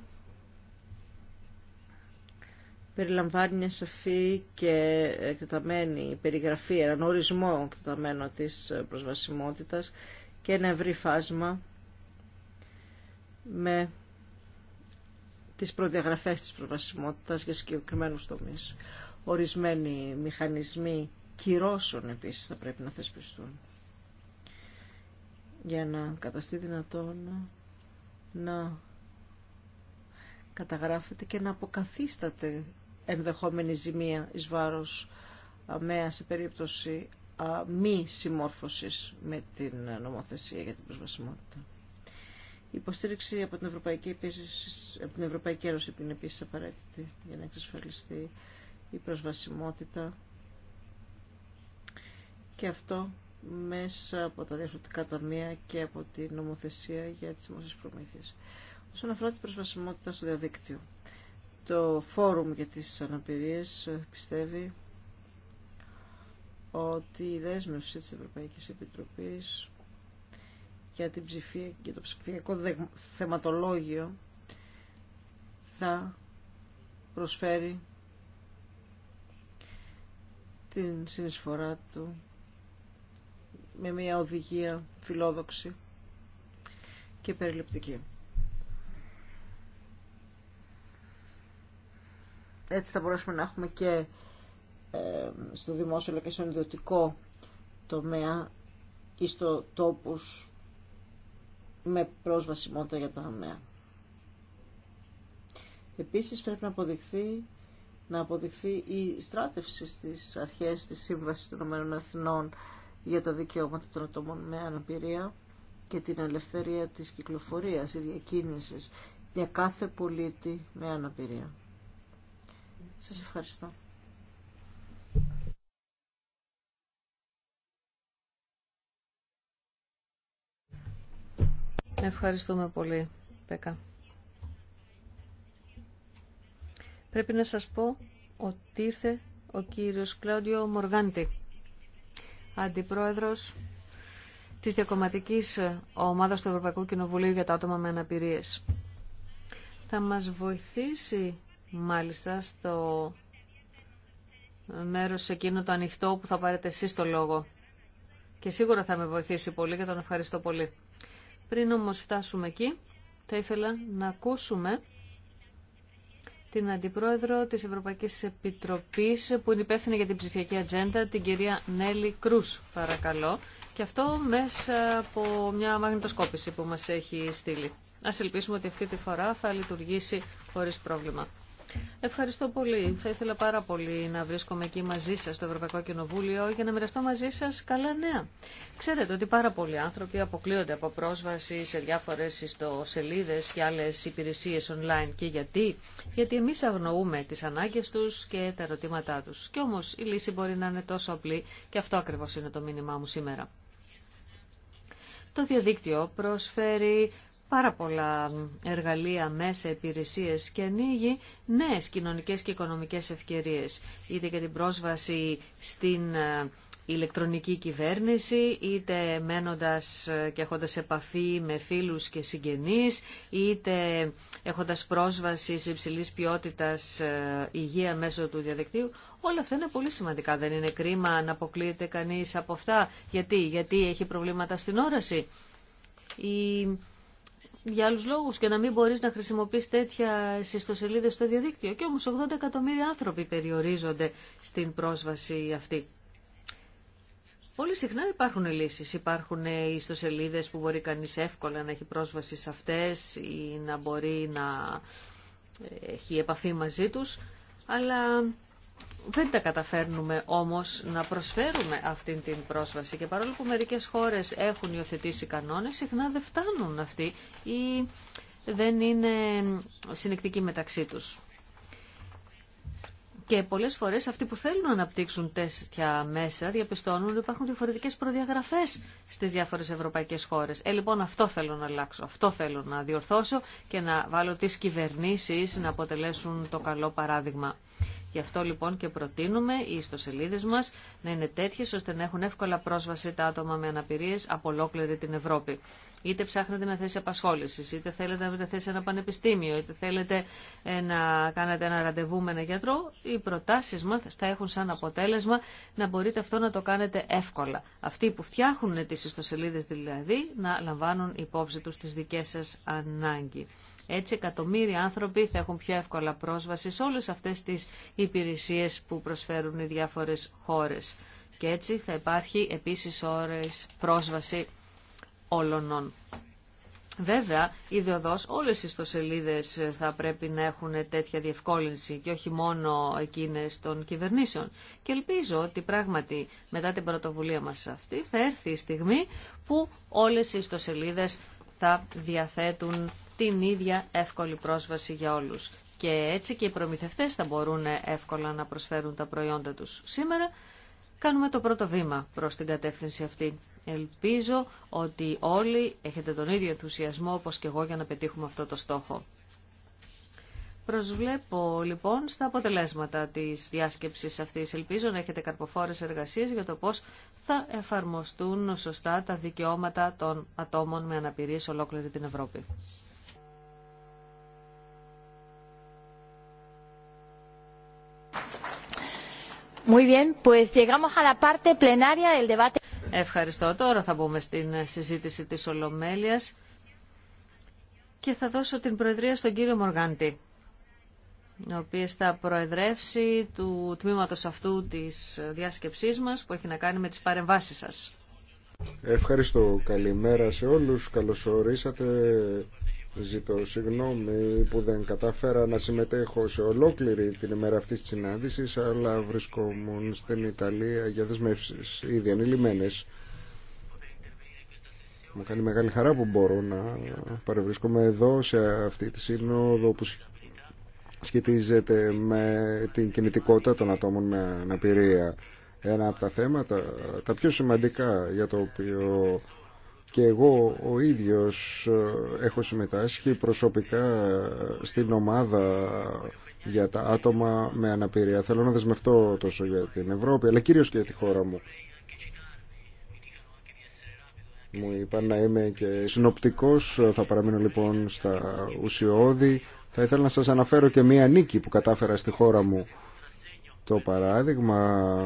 περιλαμβάνει μια σαφή και εκτεταμένη περιγραφή, έναν ορισμό εκτεταμένο της προσβασιμότητας και ένα ευρύ φάσμα με τις προδιαγραφές της προβασιμότητας για συγκεκριμένους τομείς. Ορισμένοι μηχανισμοί κυρώσεων επίσης θα πρέπει να θεσπιστούν για να καταστεί δυνατόν να καταγράφεται και να αποκαθίσταται ενδεχόμενη ζημία εις βάρος αμαία σε περίπτωση μη συμμόρφωσης με την νομοθεσία για την προσβασιμότητα. Η υποστήριξη από την Ευρωπαϊκή, επίσης, από την Ευρωπαϊκή Ένωση που είναι επίση απαραίτητη για να εξασφαλιστεί η προσβασιμότητα και αυτό μέσα από τα διαφορετικά ταμεία και από την νομοθεσία για τις δημόσιες προμήθειες. Όσον αφορά την προσβασιμότητα στο διαδίκτυο, το Φόρουμ για τις Αναπηρίες πιστεύει ότι η δέσμευση της Ευρωπαϊκής Επιτροπής για, την ψηφία, για το ψηφιακό θεματολόγιο θα προσφέρει την συνεισφορά του με μια οδηγία φιλόδοξη και περιληπτική. Έτσι θα μπορέσουμε να έχουμε και στο δημόσιο αλλά και στον ιδιωτικό τομέα ή στο τόπους με πρόσβασιμότητα για τα αμαία. Επίσης πρέπει να αποδειχθεί, να αποδειχθεί η στράτευση στις αρχές της Σύμβασης των Ηνωμένων Εθνών για τα δικαιώματα των ατόμων με αναπηρία και την ελευθερία της κυκλοφορίας, η διακίνησης για κάθε πολίτη με αναπηρία. Σας ευχαριστώ. Ευχαριστούμε πολύ, Πέκα. Πρέπει να σας πω ότι ήρθε ο κύριος Κλάουδιο Μοργάντη, αντιπρόεδρος της διακομματικής ομάδας του Ευρωπαϊκού Κοινοβουλίου για τα άτομα με αναπηρίες. Θα μας βοηθήσει μάλιστα στο μέρος εκείνο το ανοιχτό που θα πάρετε εσείς το λόγο. Και σίγουρα θα με βοηθήσει πολύ και τον ευχαριστώ πολύ. Πριν όμως φτάσουμε εκεί, θα ήθελα να ακούσουμε την Αντιπρόεδρο της Ευρωπαϊκής Επιτροπής που είναι υπεύθυνη για την ψηφιακή ατζέντα, την κυρία Νέλη Κρούς, παρακαλώ. Και αυτό μέσα από μια μαγνητοσκόπηση που μας έχει στείλει. Ας ελπίσουμε ότι αυτή τη φορά θα λειτουργήσει χωρίς πρόβλημα. Ευχαριστώ πολύ. Θα ήθελα πάρα πολύ να βρίσκομαι εκεί μαζί σας στο Ευρωπαϊκό Κοινοβούλιο για να μοιραστώ μαζί σας καλά νέα. Ξέρετε ότι πάρα πολλοί άνθρωποι αποκλείονται από πρόσβαση σε διάφορες ιστοσελίδες και άλλες υπηρεσίες online. Και γιατί? Γιατί εμείς αγνοούμε τις ανάγκες τους και τα ερωτήματά τους. Και όμως η λύση μπορεί να είναι τόσο απλή και αυτό ακριβώς είναι το μήνυμά μου σήμερα. Το διαδίκτυο προσφέρει πάρα πολλά εργαλεία, μέσα, υπηρεσίε και ανοίγει νέες κοινωνικές και οικονομικές ευκαιρίες. Είτε για την πρόσβαση στην ε, ηλεκτρονική κυβέρνηση, είτε μένοντας ε, και έχοντας επαφή με φίλους και συγγενείς, είτε έχοντας πρόσβαση σε υψηλής ποιότητας ε, υγεία μέσω του διαδικτύου. Όλα αυτά είναι πολύ σημαντικά. Δεν είναι κρίμα να αποκλείεται κανείς από αυτά. Γιατί, έχει προβλήματα στην όραση για άλλου λόγου και να μην μπορείς να χρησιμοποιείς τέτοια ιστοσελίδε στο διαδίκτυο. Και όμως 80 εκατομμύρια άνθρωποι περιορίζονται στην πρόσβαση αυτή. Πολύ συχνά υπάρχουν λύσεις. Υπάρχουν ιστοσελίδες που μπορεί κανείς εύκολα να έχει πρόσβαση σε αυτές ή να μπορεί να έχει επαφή μαζί τους. Αλλά δεν τα καταφέρνουμε όμως να προσφέρουμε αυτή την πρόσβαση και παρόλο που μερικές χώρες έχουν υιοθετήσει κανόνες, συχνά δεν φτάνουν αυτοί ή δεν είναι συνεκτικοί μεταξύ τους. Και πολλές φορές αυτοί που θέλουν να αναπτύξουν τέτοια μέσα διαπιστώνουν ότι υπάρχουν διαφορετικές προδιαγραφές στις διάφορες ευρωπαϊκές χώρες. Ε, λοιπόν, αυτό θέλω να αλλάξω, αυτό θέλω να διορθώσω και να βάλω τις κυβερνήσεις να αποτελέσουν το καλό παράδειγμα. Γι' αυτό λοιπόν και προτείνουμε οι ιστοσελίδε μα να είναι τέτοιε ώστε να έχουν εύκολα πρόσβαση τα άτομα με αναπηρίε από ολόκληρη την Ευρώπη. Είτε ψάχνετε με θέση απασχόληση, είτε θέλετε να βρείτε θέση σε ένα πανεπιστήμιο, είτε θέλετε ε, να κάνετε ένα ραντεβού με ένα γιατρό, οι προτάσει μα θα έχουν σαν αποτέλεσμα να μπορείτε αυτό να το κάνετε εύκολα. Αυτοί που φτιάχνουν τι ιστοσελίδε δηλαδή να λαμβάνουν υπόψη του τι δικέ σα ανάγκη. Έτσι εκατομμύρια άνθρωποι θα έχουν πιο εύκολα πρόσβαση σε όλες αυτές τις υπηρεσίες που προσφέρουν οι διάφορες χώρες. Και έτσι θα υπάρχει επίσης ώρες πρόσβαση όλων. Βέβαια, ιδεοδός όλες οι ιστοσελίδες θα πρέπει να έχουν τέτοια διευκόλυνση και όχι μόνο εκείνες των κυβερνήσεων. Και ελπίζω ότι πράγματι μετά την πρωτοβουλία μας αυτή θα έρθει η στιγμή που όλες οι ιστοσελίδες θα διαθέτουν την ίδια εύκολη πρόσβαση για όλους. Και έτσι και οι προμηθευτές θα μπορούν εύκολα να προσφέρουν τα προϊόντα τους. Σήμερα κάνουμε το πρώτο βήμα προς την κατεύθυνση αυτή. Ελπίζω ότι όλοι έχετε τον ίδιο ενθουσιασμό όπως και εγώ για να πετύχουμε αυτό το στόχο. Προσβλέπω λοιπόν στα αποτελέσματα της διάσκεψης αυτής. Ελπίζω να έχετε καρποφόρες εργασίες για το πώς θα εφαρμοστούν σωστά τα δικαιώματα των ατόμων με αναπηρίες ολόκληρη την Ευρώπη. Ευχαριστώ. Τώρα θα μπούμε στην συζήτηση της Ολομέλειας και θα δώσω την προεδρία στον κύριο Μοργάντη, ο οποίος θα προεδρεύσει του τμήματος αυτού της διάσκεψής μας που έχει να κάνει με τις παρεμβάσεις σας. Ευχαριστώ. Καλημέρα σε όλους. Καλώς ορίσατε Ζητώ συγγνώμη που δεν κατάφερα να συμμετέχω σε ολόκληρη την ημέρα αυτή τη συνάντηση, αλλά βρισκόμουν στην Ιταλία για δεσμεύσει ήδη ανηλυμένε. Μου κάνει μεγάλη χαρά που μπορώ να παρευρίσκομαι εδώ σε αυτή τη σύνοδο που σχετίζεται με την κινητικότητα των ατόμων με αναπηρία. Ένα από τα θέματα, τα πιο σημαντικά για το οποίο και εγώ ο ίδιος ε, έχω συμμετάσχει προσωπικά στην ομάδα για τα άτομα με αναπηρία. Θέλω να δεσμευτώ τόσο για την Ευρώπη, αλλά κυρίως και για τη χώρα μου. Μου είπαν να είμαι και συνοπτικός, θα παραμείνω λοιπόν στα ουσιώδη. Θα ήθελα να σας αναφέρω και μία νίκη που κατάφερα στη χώρα μου. Το παράδειγμα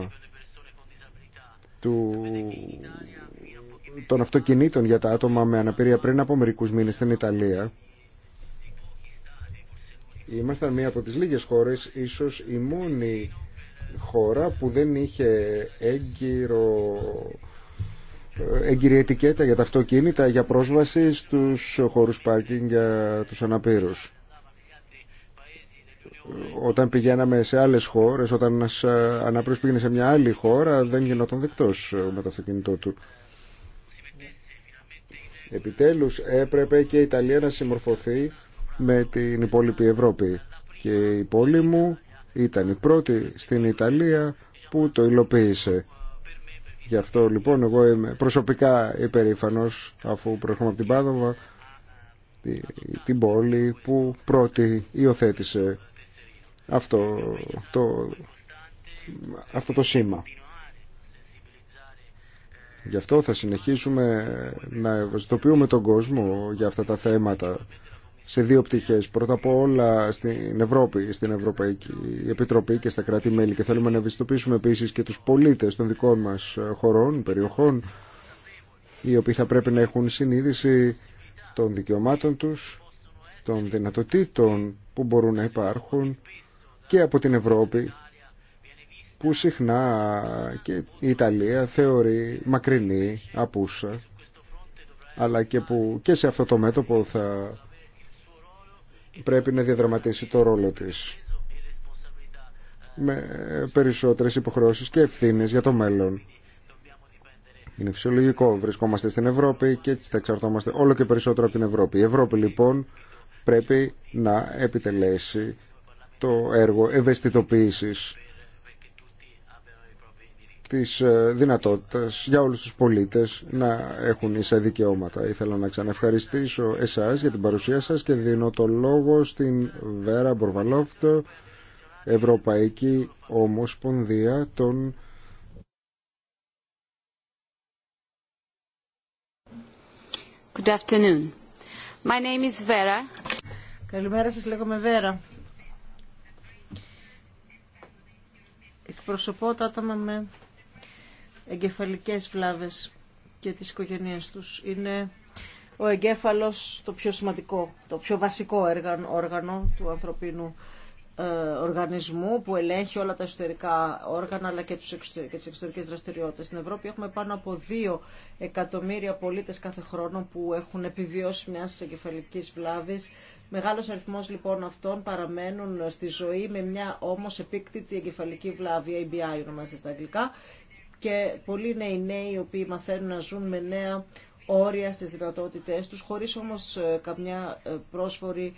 του των αυτοκινήτων για τα άτομα με αναπηρία πριν από μερικούς μήνες στην Ιταλία. Ήμασταν μία από τις λίγες χώρες, ίσως η μόνη χώρα που δεν είχε έγκυρο ε, έγκυρη ετικέτα για τα αυτοκίνητα για πρόσβαση στους χώρους πάρκινγκ για τους αναπήρους. Όταν πηγαίναμε σε άλλες χώρες, όταν ένας ε, αναπήρος πήγαινε σε μια άλλη χώρα δεν γινόταν δεκτός ε, με το αυτοκίνητό του. Επιτέλους έπρεπε και η Ιταλία να συμμορφωθεί με την υπόλοιπη Ευρώπη. Και η πόλη μου ήταν η πρώτη στην Ιταλία που το υλοποίησε. Γι' αυτό λοιπόν εγώ είμαι προσωπικά υπερήφανος αφού προέρχομαι από την Πάδοβα την πόλη που πρώτη υιοθέτησε αυτό το, αυτό το σήμα. Γι' αυτό θα συνεχίσουμε να ευαισθητοποιούμε τον κόσμο για αυτά τα θέματα σε δύο πτυχές. Πρώτα απ' όλα στην Ευρώπη, στην Ευρωπαϊκή Επιτροπή και στα κράτη-μέλη και θέλουμε να ευαισθητοποιήσουμε επίσης και τους πολίτες των δικών μας χωρών, περιοχών οι οποίοι θα πρέπει να έχουν συνείδηση των δικαιωμάτων τους, των δυνατοτήτων που μπορούν να υπάρχουν και από την Ευρώπη που συχνά και η Ιταλία θεωρεί μακρινή, απούσα, αλλά και που και σε αυτό το μέτωπο θα πρέπει να διαδραματίσει το ρόλο της με περισσότερες υποχρεώσεις και ευθύνες για το μέλλον. Είναι φυσιολογικό. Βρισκόμαστε στην Ευρώπη και έτσι θα εξαρτώμαστε όλο και περισσότερο από την Ευρώπη. Η Ευρώπη λοιπόν πρέπει να επιτελέσει το έργο ευαισθητοποίησης της ε, δυνατότητας για όλους τους πολίτες να έχουν ίσα δικαιώματα. Ήθελα να ξαναευχαριστήσω εσάς για την παρουσία σας και δίνω το λόγο στην Βέρα Μπορβαλόφτ, Ευρωπαϊκή Ομοσπονδία των Good afternoon. My name is Vera. Καλημέρα σας, λέγομαι Βέρα. Εκπροσωπώ τα άτομα με εγκεφαλικές βλάβες και τις οικογένειές τους. Είναι ο εγκέφαλος το πιο σημαντικό, το πιο βασικό όργανο του ανθρωπίνου ε, οργανισμού που ελέγχει όλα τα εσωτερικά όργανα αλλά και, τους εξωτερ... και τις εξωτερικές δραστηριότητες. Στην Ευρώπη έχουμε πάνω από 2 εκατομμύρια πολίτες κάθε χρόνο που έχουν επιβιώσει μιας εγκεφαλικής βλάβης. Μεγάλος αριθμός λοιπόν αυτών παραμένουν στη ζωή με μια όμως επίκτητη εγκεφαλική βλάβη, ABI ονομάζεται στα αγγλικά, και πολλοί είναι οι νέοι οι οποίοι μαθαίνουν να ζουν με νέα όρια στις δυνατότητές τους, χωρίς όμως ε, καμιά ε, πρόσφορη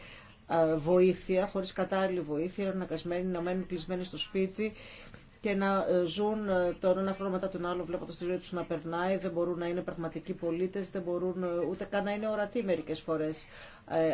ε, βοήθεια, χωρίς κατάλληλη βοήθεια, αναγκασμένοι να μένουν κλεισμένοι στο σπίτι και να ε, ζουν ε, τον ένα χρόνο μετά τον άλλο βλέποντα τη ζωή του να περνάει. Δεν μπορούν να είναι πραγματικοί πολίτε, δεν μπορούν ε, ούτε καν να είναι ορατοί μερικέ φορέ.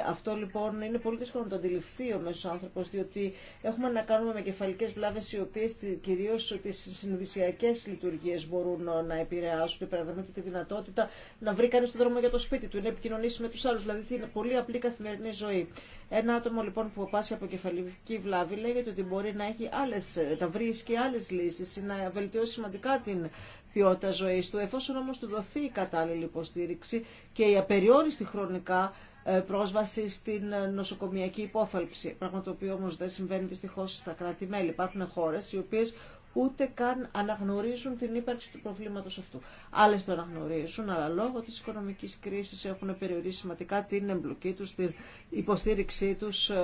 αυτό λοιπόν είναι πολύ δύσκολο να το αντιληφθεί ο μέσο άνθρωπο, διότι έχουμε να κάνουμε με κεφαλικέ βλάβε οι οποίε κυρίω τι συνειδησιακέ λειτουργίε μπορούν να επηρεάσουν. Παραδείγματο τη δυνατότητα να βρει κανεί τον δρόμο για το σπίτι του, να επικοινωνήσει με του άλλου, δηλαδή την πολύ απλή καθημερινή ζωή. Ένα άτομο λοιπόν που πάσει από κεφαλική βλάβη λέγεται ότι μπορεί να, έχει άλλες, να βρίσκει άλλε τις λύσεις ή να βελτιώσει σημαντικά την ποιότητα ζωής του, εφόσον όμως του δοθεί η κατάλληλη υποστήριξη και η απεριόριστη χρονικά ε, πρόσβαση στην ε, νοσοκομιακή υπόθαλψη, πράγμα το οποίο όμως δεν συμβαίνει δυστυχώς στα κράτη-μέλη. Υπάρχουν χώρες οι οποίες ούτε καν αναγνωρίζουν την ύπαρξη του προβλήματος αυτού. Άλλες το αναγνωρίζουν, αλλά λόγω της οικονομικής κρίσης έχουν περιορίσει σημαντικά την εμπλοκή τους, την υποστήριξή τους ε,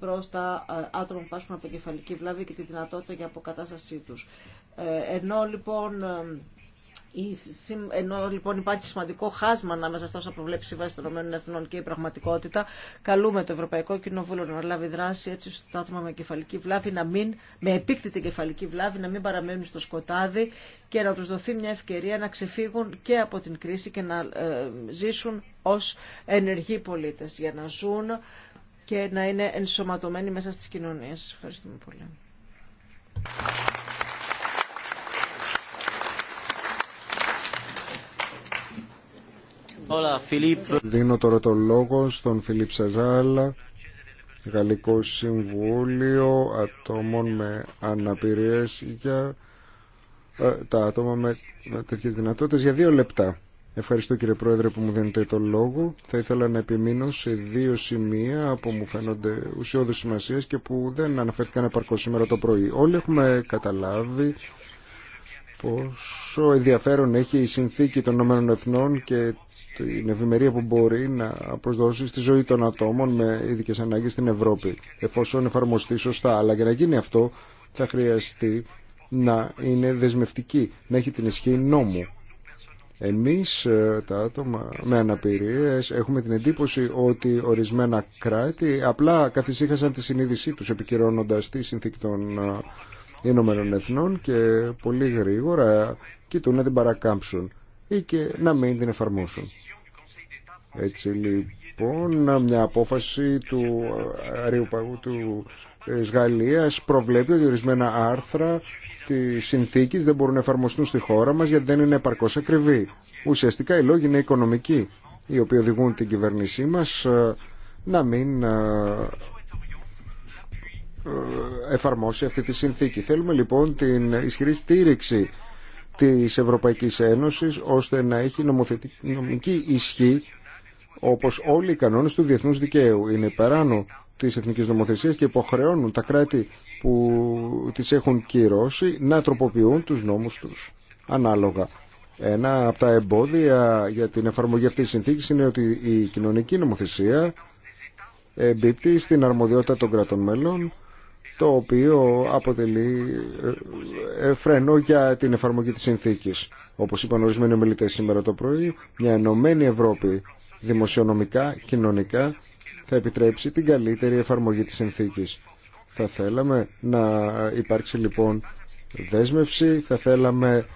προς τα ε, άτομα που πάσχουν από κεφαλική βλάβη και τη δυνατότητα για αποκατάστασή τους. Ε, ενώ λοιπόν ενώ λοιπόν υπάρχει σημαντικό χάσμα ανάμεσα στα όσα προβλέπει η Σύμβαση των Εθνών και η πραγματικότητα, καλούμε το Ευρωπαϊκό Κοινοβούλιο να λάβει δράση έτσι ώστε τα άτομα με κεφαλική βλάβη να μην, με επίκτητη κεφαλική βλάβη, να μην παραμένουν στο σκοτάδι και να του δοθεί μια ευκαιρία να ξεφύγουν και από την κρίση και να ε, ζήσουν ω ενεργοί πολίτε για να ζουν και να είναι ενσωματωμένοι μέσα στι κοινωνίε. Ευχαριστούμε πολύ. Δίνω τώρα το λόγο στον Φιλίπ Σαζάλα, Γαλλικό Συμβούλιο Ατόμων με Αναπηρίες για ε, τα άτομα με, τέτοιε τέτοιες δυνατότητες για δύο λεπτά. Ευχαριστώ κύριε Πρόεδρε που μου δίνετε το λόγο. Θα ήθελα να επιμείνω σε δύο σημεία που μου φαίνονται ουσιώδης σημασία και που δεν αναφέρθηκαν επαρκώς σήμερα το πρωί. Όλοι έχουμε καταλάβει πόσο ενδιαφέρον έχει η συνθήκη των ΗΠΑ και την ευημερία που μπορεί να προσδώσει στη ζωή των ατόμων με ειδικέ ανάγκε στην Ευρώπη, εφόσον εφαρμοστεί σωστά. Αλλά για να γίνει αυτό θα χρειαστεί να είναι δεσμευτική, να έχει την ισχύ νόμου. Εμείς ε, τα άτομα με αναπηρίες έχουμε την εντύπωση ότι ορισμένα κράτη απλά καθησύχασαν τη συνείδησή τους επικυρώνοντας τη συνθήκη των ε, Ηνωμένων Εθνών και πολύ γρήγορα κοιτούν να την παρακάμψουν ή και να μην την εφαρμόσουν. Έτσι λοιπόν μια απόφαση του Αρίου του της ε, προβλέπει ότι ορισμένα άρθρα τη συνθήκης δεν μπορούν να εφαρμοστούν στη χώρα μας γιατί δεν είναι επαρκώς ακριβή. Ουσιαστικά οι λόγοι είναι οικονομικοί οι οποίοι οδηγούν την κυβέρνησή μας ε, να μην ε, εφαρμόσει αυτή τη συνθήκη. Θέλουμε λοιπόν την ισχυρή στήριξη της Ευρωπαϊκής Ένωσης ώστε να έχει νομοθετική, νομική ισχύ όπως όλοι οι κανόνες του διεθνούς δικαίου. Είναι υπεράνω τη εθνική νομοθεσία και υποχρεώνουν τα κράτη που τις έχουν κυρώσει να τροποποιούν τους νόμους τους ανάλογα. Ένα από τα εμπόδια για την εφαρμογή αυτής της συνθήκη είναι ότι η κοινωνική νομοθεσία εμπίπτει στην αρμοδιότητα των κρατών μέλων το οποίο αποτελεί ε, ε, φρένο για την εφαρμογή της συνθήκης. Όπως είπαν ορισμένοι ομιλητές σήμερα το πρωί, μια ενωμένη Ευρώπη δημοσιονομικά, κοινωνικά, θα επιτρέψει την καλύτερη εφαρμογή της συνθήκης. Θα θέλαμε να υπάρξει λοιπόν δέσμευση, θα θέλαμε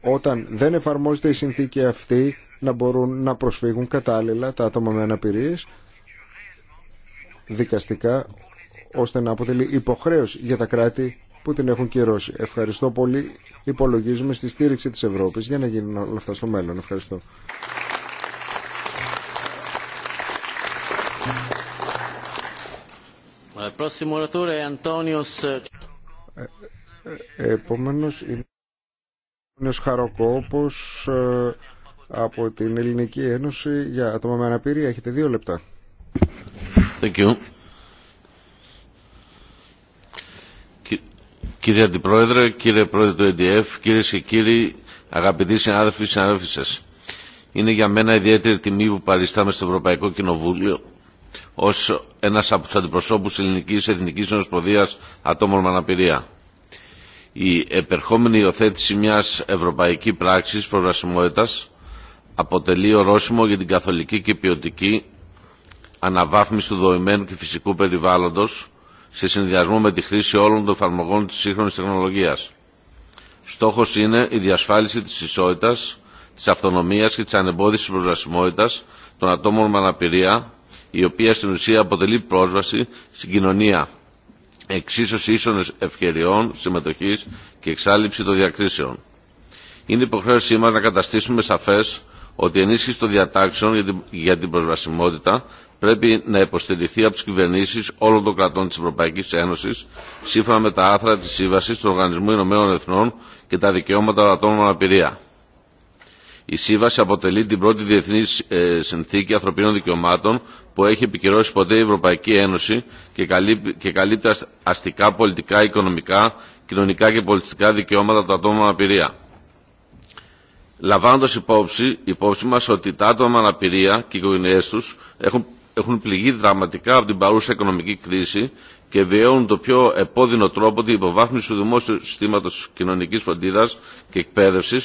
όταν δεν εφαρμόζεται η συνθήκη αυτή να μπορούν να προσφύγουν κατάλληλα τα άτομα με αναπηρίες δικαστικά ώστε να αποτελεί υποχρέωση για τα κράτη που την έχουν κυρώσει. Ευχαριστώ πολύ. Υπολογίζουμε στη στήριξη της Ευρώπης για να γίνουν όλα αυτά στο μέλλον. Ευχαριστώ. Επόμενος είναι ο Χαροκόπο από την Ελληνική Ένωση για άτομα με αναπηρία. Έχετε δύο λεπτά. Thank you. Κύριε Αντιπρόεδρε, κύριε Πρόεδρε του EDF, κύριε και κύριοι, αγαπητοί συνάδελφοι, συνάδελφοι σα. Είναι για μένα ιδιαίτερη τιμή που παριστάμε στο Ευρωπαϊκό Κοινοβούλιο ω ένα από του αντιπροσώπους ελληνική εθνική ομοσπονδία ατόμων με αναπηρία. Η επερχόμενη υιοθέτηση μια ευρωπαϊκή πράξη προβρασιμότητα αποτελεί ορόσημο για την καθολική και ποιοτική αναβάθμιση του δοημένου και φυσικού περιβάλλοντο σε συνδυασμό με τη χρήση όλων των εφαρμογών τη σύγχρονη τεχνολογία. Στοχό είναι η διασφάλιση τη ισότητα, τη αυτονομία και τη ανεμπόδιση προσβασιμότητα των ατόμων με αναπηρία η οποία στην ουσία αποτελεί πρόσβαση στην κοινωνία, εξίσωση ίσων ευκαιριών, συμμετοχή και εξάλληψη των διακρίσεων. Είναι υποχρέωσή μα να καταστήσουμε σαφέ ότι η ενίσχυση των διατάξεων για την προσβασιμότητα πρέπει να υποστηριχθεί από τι κυβερνήσει όλων των κρατών τη Ευρωπαϊκή Ένωση, σύμφωνα με τα άθρα τη Σύμβαση του Οργανισμού Ηνωμένων Εθνών και τα δικαιώματα των ατόμων αναπηρία. Η Σύμβαση αποτελεί την πρώτη διεθνή ε, συνθήκη ανθρωπίνων δικαιωμάτων που έχει επικυρώσει ποτέ η Ευρωπαϊκή Ένωση και καλύπτει αστικά, πολιτικά, οικονομικά, κοινωνικά και πολιτιστικά δικαιώματα των ατόμων αναπηρία. Λαμβάνοντα υπόψη, υπόψη μα ότι τα άτομα αναπηρία και οι οικογένειέ του έχουν, έχουν πληγεί δραματικά από την παρούσα οικονομική κρίση και βιώνουν το πιο επώδυνο τρόπο την υποβάθμιση του δημόσιου συστήματο κοινωνική φροντίδα και εκπαίδευση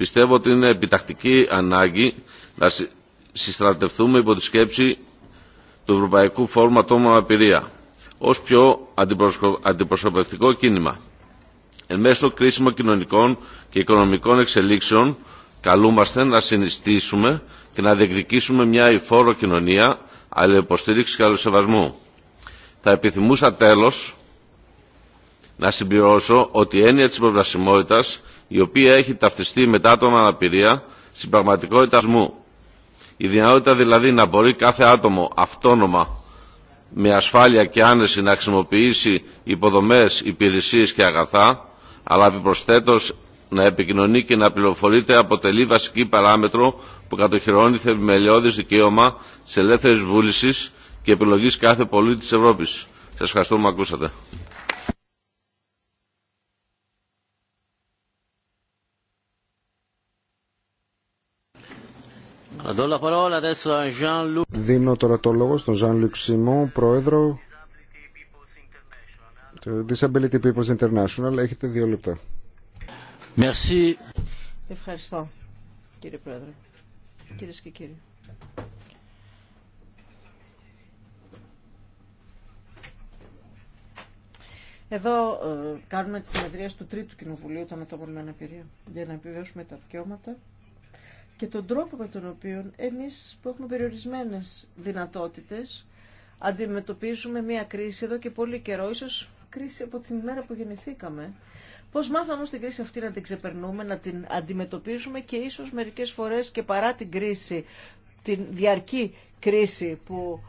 πιστεύω ότι είναι επιτακτική ανάγκη να συστρατευτούμε υπό τη σκέψη του Ευρωπαϊκού Φόρουμ Ατόμων Απειρία ως πιο αντιπροσωπευτικό κίνημα. Εν μέσω κρίσιμων κοινωνικών και οικονομικών εξελίξεων καλούμαστε να συνιστήσουμε και να διεκδικήσουμε μια υφόρο κοινωνία αλλά και αλληλοσεβασμού. Θα επιθυμούσα τέλος να συμπληρώσω ότι η έννοια της η οποία έχει ταυτιστεί με τα άτομα αναπηρία στην πραγματικότητα μου. Η δυνατότητα δηλαδή να μπορεί κάθε άτομο αυτόνομα με ασφάλεια και άνεση να χρησιμοποιήσει υποδομές, υπηρεσίες και αγαθά, αλλά επιπροσθέτως να επικοινωνεί και να πληροφορείται αποτελεί βασική παράμετρο που κατοχυρώνει θεμελιώδης δικαίωμα της ελεύθερης βούλησης και επιλογής κάθε πολίτη της Ευρώπης. Σας ευχαριστώ που με ακούσατε. Δίνω τώρα το λόγο στον Ζαν Λουξιμό, πρόεδρο του Disability People's International. Έχετε δύο λεπτά. Merci. Ευχαριστώ, κύριε πρόεδρε. Κυρίε και κύριοι. Εδώ ε, κάνουμε τις συνεδρίες του Τρίτου Κοινοβουλίου των Ατόμων με Αναπηρία για να επιβεβαιώσουμε τα δικαιώματα και τον τρόπο με τον οποίο εμείς που έχουμε περιορισμένες δυνατότητες αντιμετωπίζουμε μια κρίση εδώ και πολύ καιρό, ίσως κρίση από την ημέρα που γεννηθήκαμε. Πώς μάθαμε όμως την κρίση αυτή να την ξεπερνούμε, να την αντιμετωπίζουμε και ίσως μερικές φορές και παρά την κρίση, την διαρκή κρίση που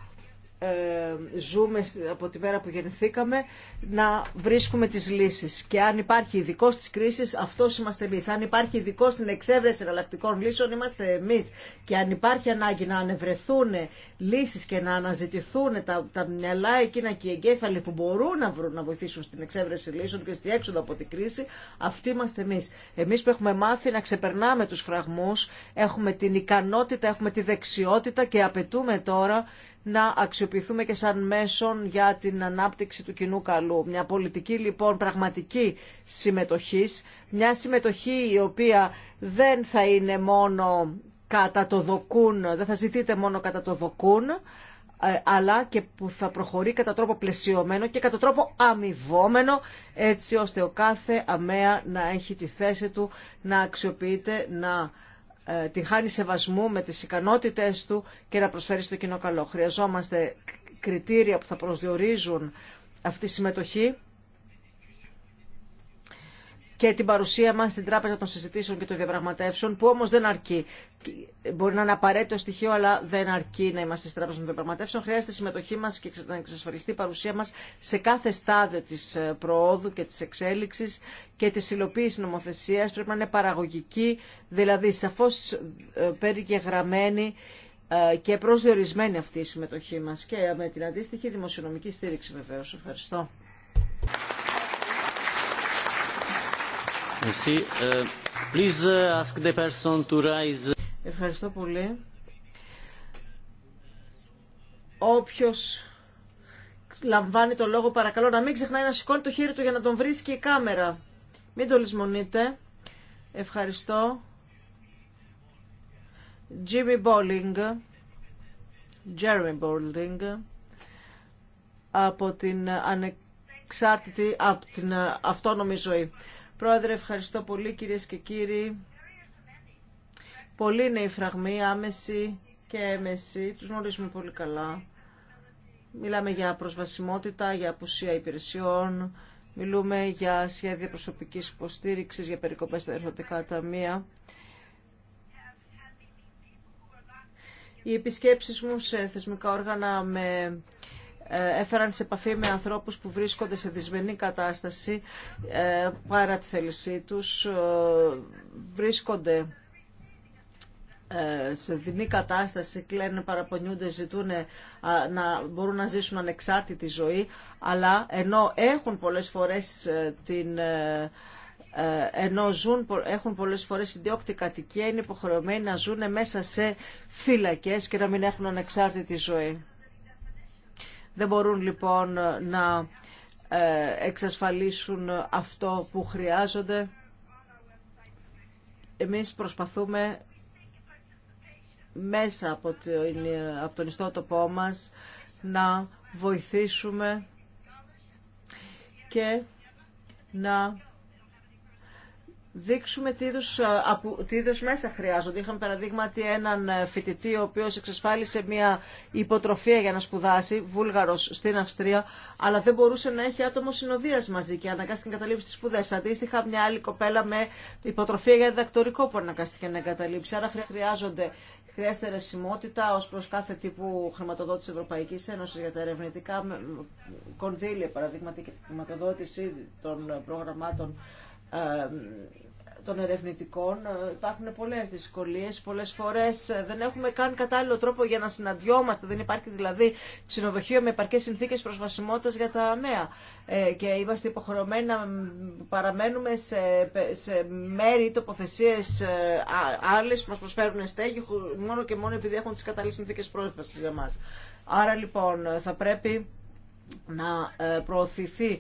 ε, ζούμε από τη μέρα που γεννηθήκαμε να βρίσκουμε τις λύσεις. Και αν υπάρχει ειδικό στις κρίσεις, αυτό είμαστε εμείς. Αν υπάρχει ειδικό στην εξέβρεση εναλλακτικών λύσεων, είμαστε εμείς. Και αν υπάρχει ανάγκη να ανεβρεθούν λύσεις και να αναζητηθούν τα, τα μυαλά εκείνα και οι εγκέφαλοι που μπορούν να, βρουν, να βοηθήσουν στην εξέβρεση λύσεων και στη έξοδο από την κρίση, αυτοί είμαστε εμείς. Εμείς που έχουμε μάθει να ξεπερνάμε τους φραγμούς, έχουμε την ικανότητα, έχουμε τη δεξιότητα και απαιτούμε τώρα να αξιοποιηθούμε και σαν μέσον για την ανάπτυξη του κοινού καλού. Μια πολιτική λοιπόν πραγματική συμμετοχής, μια συμμετοχή η οποία δεν θα είναι μόνο κατά το δοκούν, δεν θα ζητείτε μόνο κατά το δοκούν, ε, αλλά και που θα προχωρεί κατά τρόπο πλαισιωμένο και κατά τρόπο αμοιβόμενο, έτσι ώστε ο κάθε αμαία να έχει τη θέση του, να αξιοποιείται, να ε, την χάρη σεβασμού με τις ικανότητες του και να προσφέρει στο κοινό καλό. Χρειαζόμαστε κριτήρια που θα προσδιορίζουν αυτή τη συμμετοχή και την παρουσία μα στην Τράπεζα των Συζητήσεων και των Διαπραγματεύσεων, που όμω δεν αρκεί. Μπορεί να είναι απαραίτητο στοιχείο, αλλά δεν αρκεί να είμαστε στην Τράπεζα των Διαπραγματεύσεων. Χρειάζεται η συμμετοχή μα και να εξασφαλιστεί η παρουσία μα σε κάθε στάδιο τη ε, προόδου και τη εξέλιξη και της υλοποίηση νομοθεσία Πρέπει να είναι παραγωγική, δηλαδή σαφώ ε, περιγεγραμμένη ε, και προσδιορισμένη αυτή η συμμετοχή μας και με την αντίστοιχη δημοσιονομική στήριξη βεβαίω. Ευχαριστώ. Euh, euh, Ευχαριστώ πολύ. Όποιος λαμβάνει το λόγο παρακαλώ να μην ξεχνάει να σηκώνει το χέρι του για να τον βρίσκει η κάμερα. Μην το λησμονείτε. Ευχαριστώ. Jimmy Bowling. Jeremy Bolling, από την ανεξάρτητη, από την αυτόνομη ζωή. Πρόεδρε, ευχαριστώ πολύ κυρίες και κύριοι. Πολλοί είναι οι φραγμοί, άμεση και έμεση. Τους γνωρίζουμε πολύ καλά. Μιλάμε για προσβασιμότητα, για απουσία υπηρεσιών. Μιλούμε για σχέδια προσωπικής υποστήριξης, για περικοπές στα ερωτικά ταμεία. Οι επισκέψεις μου σε θεσμικά όργανα με έφεραν σε επαφή με ανθρώπους που βρίσκονται σε δυσμενή κατάσταση ε, παρά τη θέλησή τους, ε, βρίσκονται ε, σε δεινή κατάσταση, κλαίνουν, παραπονιούνται, ζητούν να μπορούν να ζήσουν ανεξάρτητη ζωή, αλλά ενώ έχουν πολλές φορές την ενώ ζουν, έχουν πολλές φορές συνδιώκτη κατοικία, είναι υποχρεωμένοι να ζουν μέσα σε φύλακες και να μην έχουν ανεξάρτητη ζωή. Δεν μπορούν λοιπόν να ε, εξασφαλίσουν αυτό που χρειάζονται. Εμείς προσπαθούμε μέσα από, από τον ιστότοπό μας να βοηθήσουμε και να δείξουμε τι είδους, τι είδους μέσα χρειάζονται. Είχαμε παραδείγματι έναν ε, φοιτητή ο οποίος εξασφάλισε μια υποτροφία για να σπουδάσει, βούλγαρος στην Αυστρία, αλλά δεν μπορούσε να έχει άτομο συνοδείας μαζί και αναγκάστηκε να καταλήψει τις σπουδές. Αντίστοιχα μια άλλη κοπέλα με υποτροφία για διδακτορικό που αναγκάστηκε να καταλήψει. Άρα χρειάζονται Χρειάζεται ρεσιμότητα ω προ κάθε τύπου χρηματοδότηση Ευρωπαϊκή Ένωση για τα ερευνητικά κονδύλια, παραδείγματι και χρηματοδότηση των προγραμμάτων των ερευνητικών ε, υπάρχουν πολλές δυσκολίες, πολλές φορές ε, δεν έχουμε καν κατάλληλο τρόπο για να συναντιόμαστε, δεν υπάρχει δηλαδή ξενοδοχείο με επαρκές συνθήκες προσβασιμότητας για τα αμαία ε, και είμαστε υποχρεωμένοι να παραμένουμε σε, σε μέρη τοποθεσίες άλλες που μας προσφέρουν στέγη μόνο και μόνο επειδή έχουν τις κατάλληλες συνθήκες πρόσβασης για μας. Άρα λοιπόν θα πρέπει να ε, προωθηθεί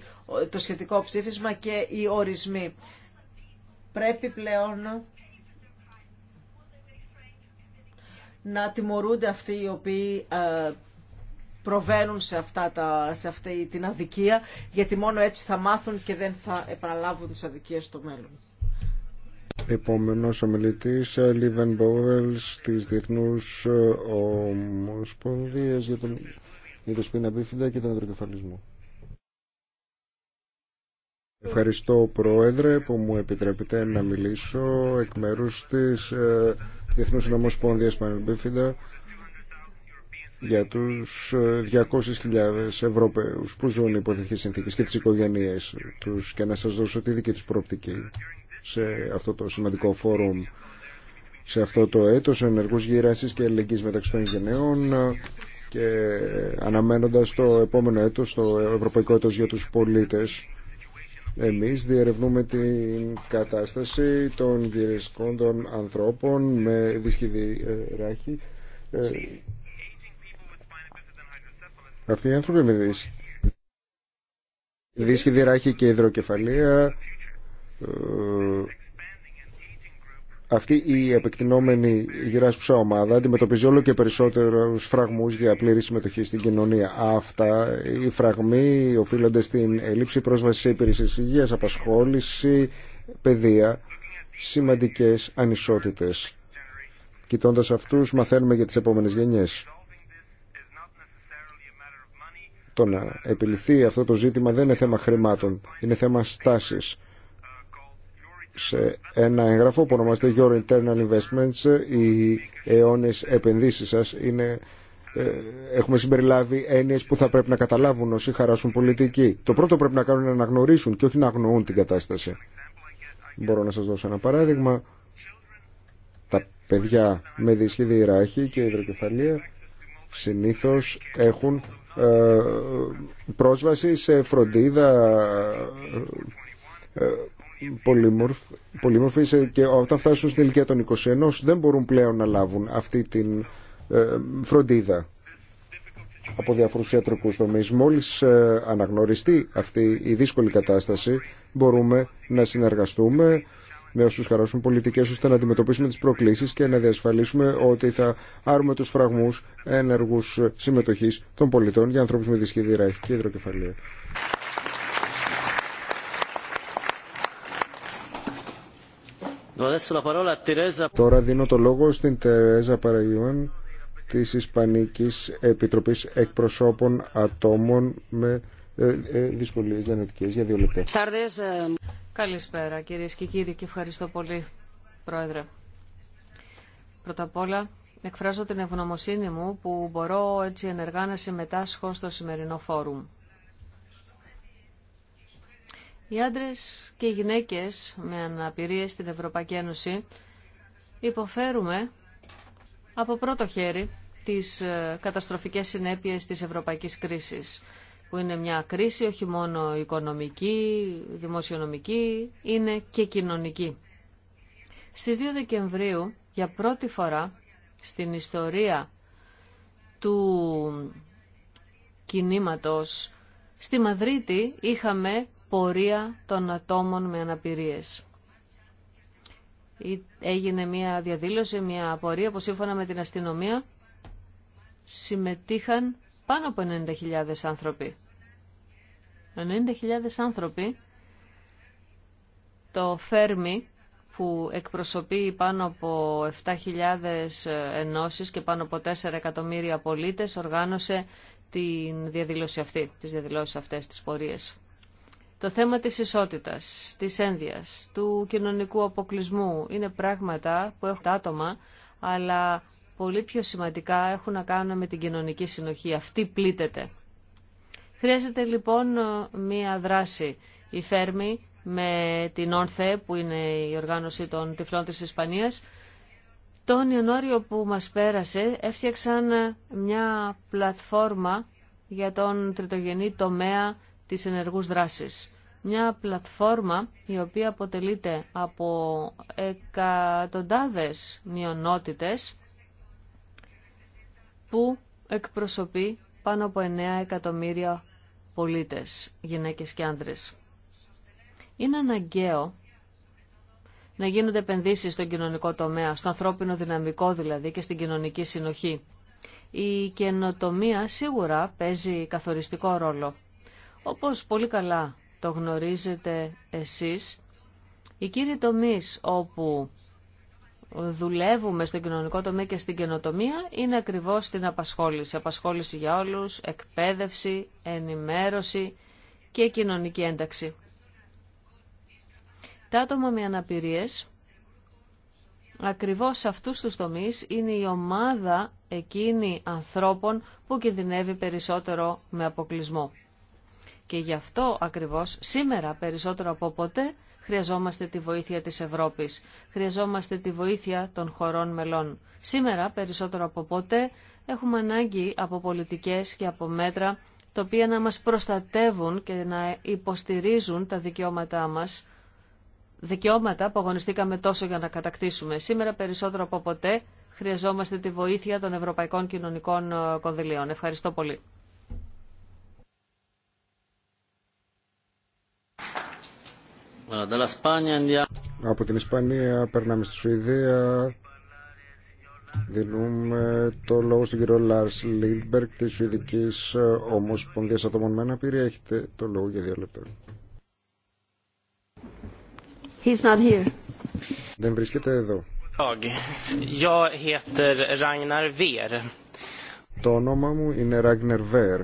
το σχετικό ψήφισμα και οι ορισμοί. Πρέπει πλέον να τιμωρούνται αυτοί οι οποίοι ε, προβαίνουν σε, αυτά τα, σε αυτή την αδικία, γιατί μόνο έτσι θα μάθουν και δεν θα επαναλάβουν τις αδικίες στο μέλλον. Επόμενος ε, Λίβεν της Διεθνούς Ομοσπονδίας για τον για το σπίνα μπίφιντα και τον αντροκεφαλισμό. Ευχαριστώ Πρόεδρε που μου επιτρέπετε να μιλήσω εκ μέρους της ε, Διεθνούς Νομοσπονδίας για τους 200.000 ε, Ευρωπαίους που ζουν υπό τέτοιε συνθήκες και τις οικογένειές τους και να σας δώσω τη δική τους προοπτική σε αυτό το σημαντικό φόρουμ σε αυτό το έτος ενεργούς γύρασης και ελεγγύης μεταξύ των γενναίων και αναμένοντας το επόμενο έτος, το ευρωπαϊκό έτος για τους πολίτες, εμείς διερευνούμε την κατάσταση των των ανθρώπων με δυσχυδή ε, ράχη. Ε, αυτοί οι άνθρωποι με δύσκολη ράχη και υδροκεφαλία ε, αυτή η επεκτηνόμενη γυράσκουσα ομάδα αντιμετωπίζει όλο και περισσότερους φραγμούς για πλήρη συμμετοχή στην κοινωνία. Αυτά οι φραγμοί οφείλονται στην έλλειψη πρόσβαση σε υπηρεσίες υγείας, απασχόληση, παιδεία, σημαντικές ανισότητες. Κοιτώντας αυτούς μαθαίνουμε για τις επόμενες γενιές. Το να επιληθεί αυτό το ζήτημα δεν είναι θέμα χρημάτων, είναι θέμα στάσης σε ένα εγγραφό που ονομάζεται Your Internal Investments οι αιώνες επενδύσεις σας είναι ε, έχουμε συμπεριλάβει έννοιε που θα πρέπει να καταλάβουν όσοι χαράσουν πολιτική. Το πρώτο πρέπει να κάνουν είναι να γνωρίσουν και όχι να αγνοούν την κατάσταση. Μπορώ να σας δώσω ένα παράδειγμα. Τα παιδιά με δυσχύδη ράχη και υδροκεφαλία συνήθως έχουν ε, πρόσβαση σε φροντίδα ε, πολυμορφείς και όταν φτάσουν στην ηλικία των 21 δεν μπορούν πλέον να λάβουν αυτή την ε, φροντίδα από διάφορους ιατρικούς τομείς. Μόλις ε, αναγνωριστεί αυτή η δύσκολη κατάσταση μπορούμε να συνεργαστούμε με όσου χαράσουν πολιτικέ ώστε να αντιμετωπίσουμε τι προκλήσει και να διασφαλίσουμε ότι θα άρουμε του φραγμούς ενεργού συμμετοχή των πολιτών για ανθρώπου με δυσχεδία και υδροκεφαλία. Τώρα δίνω το λόγο στην Τερέζα Παραγιών, της Ισπανικής Επιτροπής Εκπροσώπων Ατόμων με ε, ε, δυσκολίες δανειτικές για δύο λεπτά. Ε, Καλησπέρα κυρίες και κύριοι και ευχαριστώ πολύ Πρόεδρε. Πρώτα απ' όλα εκφράζω την ευγνωμοσύνη μου που μπορώ έτσι ενεργά να συμμετάσχω στο σημερινό φόρουμ. Οι άντρες και οι γυναίκες με αναπηρίες στην Ευρωπαϊκή Ένωση υποφέρουμε από πρώτο χέρι τις ε, καταστροφικές συνέπειες της ευρωπαϊκής κρίσης που είναι μια κρίση όχι μόνο οικονομική, δημοσιονομική, είναι και κοινωνική. Στις 2 Δεκεμβρίου, για πρώτη φορά στην ιστορία του κινήματος, στη Μαδρίτη είχαμε πορεία των ατόμων με αναπηρίες. Έγινε μια διαδήλωση, μια πορεία που σύμφωνα με την αστυνομία συμμετείχαν πάνω από 90.000 άνθρωποι. 90.000 άνθρωποι το Φέρμι που εκπροσωπεί πάνω από 7.000 ενώσεις και πάνω από 4 εκατομμύρια πολίτες οργάνωσε την διαδήλωση αυτή, τις διαδηλώσεις αυτές, τις πορείες. Το θέμα της ισότητας, της ένδυας, του κοινωνικού αποκλεισμού είναι πράγματα που έχουν τα άτομα, αλλά πολύ πιο σημαντικά έχουν να κάνουν με την κοινωνική συνοχή. Αυτή πλήττεται. Χρειάζεται λοιπόν μία δράση. Η Φέρμη με την ΟΝΘΕ που είναι η οργάνωση των τυφλών της Ισπανίας τον Ιανουάριο που μας πέρασε έφτιαξαν μια πλατφόρμα για τον τριτογενή τομέα της ενεργούς δράσης. Μια πλατφόρμα η οποία αποτελείται από εκατοντάδες μειονότητες που εκπροσωπεί πάνω από 9 εκατομμύρια πολίτες, γυναίκες και άντρες. Είναι αναγκαίο να γίνονται επενδύσεις στον κοινωνικό τομέα, στο ανθρώπινο δυναμικό δηλαδή και στην κοινωνική συνοχή. Η καινοτομία σίγουρα παίζει καθοριστικό ρόλο. Όπως πολύ καλά το γνωρίζετε εσείς, οι κύριοι τομείς όπου δουλεύουμε στον κοινωνικό τομέα και στην καινοτομία είναι ακριβώς την απασχόληση. Απασχόληση για όλους, εκπαίδευση, ενημέρωση και κοινωνική ένταξη. Τα άτομα με αναπηρίες, ακριβώς σε αυτούς τους τομείς είναι η ομάδα εκείνη ανθρώπων που κινδυνεύει περισσότερο με αποκλεισμό. Και γι' αυτό ακριβώς σήμερα περισσότερο από ποτέ χρειαζόμαστε τη βοήθεια της Ευρώπης. Χρειαζόμαστε τη βοήθεια των χωρών μελών. Σήμερα περισσότερο από ποτέ έχουμε ανάγκη από πολιτικές και από μέτρα τα οποία να μας προστατεύουν και να υποστηρίζουν τα δικαιώματά μας δικαιώματα που αγωνιστήκαμε τόσο για να κατακτήσουμε. Σήμερα περισσότερο από ποτέ χρειαζόμαστε τη βοήθεια των Ευρωπαϊκών Κοινωνικών ε, Κονδυλίων. Ευχαριστώ πολύ. Από την Ισπανία περνάμε στη Σουηδία. Δίνουμε το λόγο στον κύριο Λάρς Λίντμπεργκ της Σουηδικής Ομοσπονδίας Ατομών με Αναπηρία. Έχετε το λόγο για δύο λεπτά. He's not here. Δεν βρίσκεται εδώ. Το όνομα μου είναι Ράγνερ Βέρ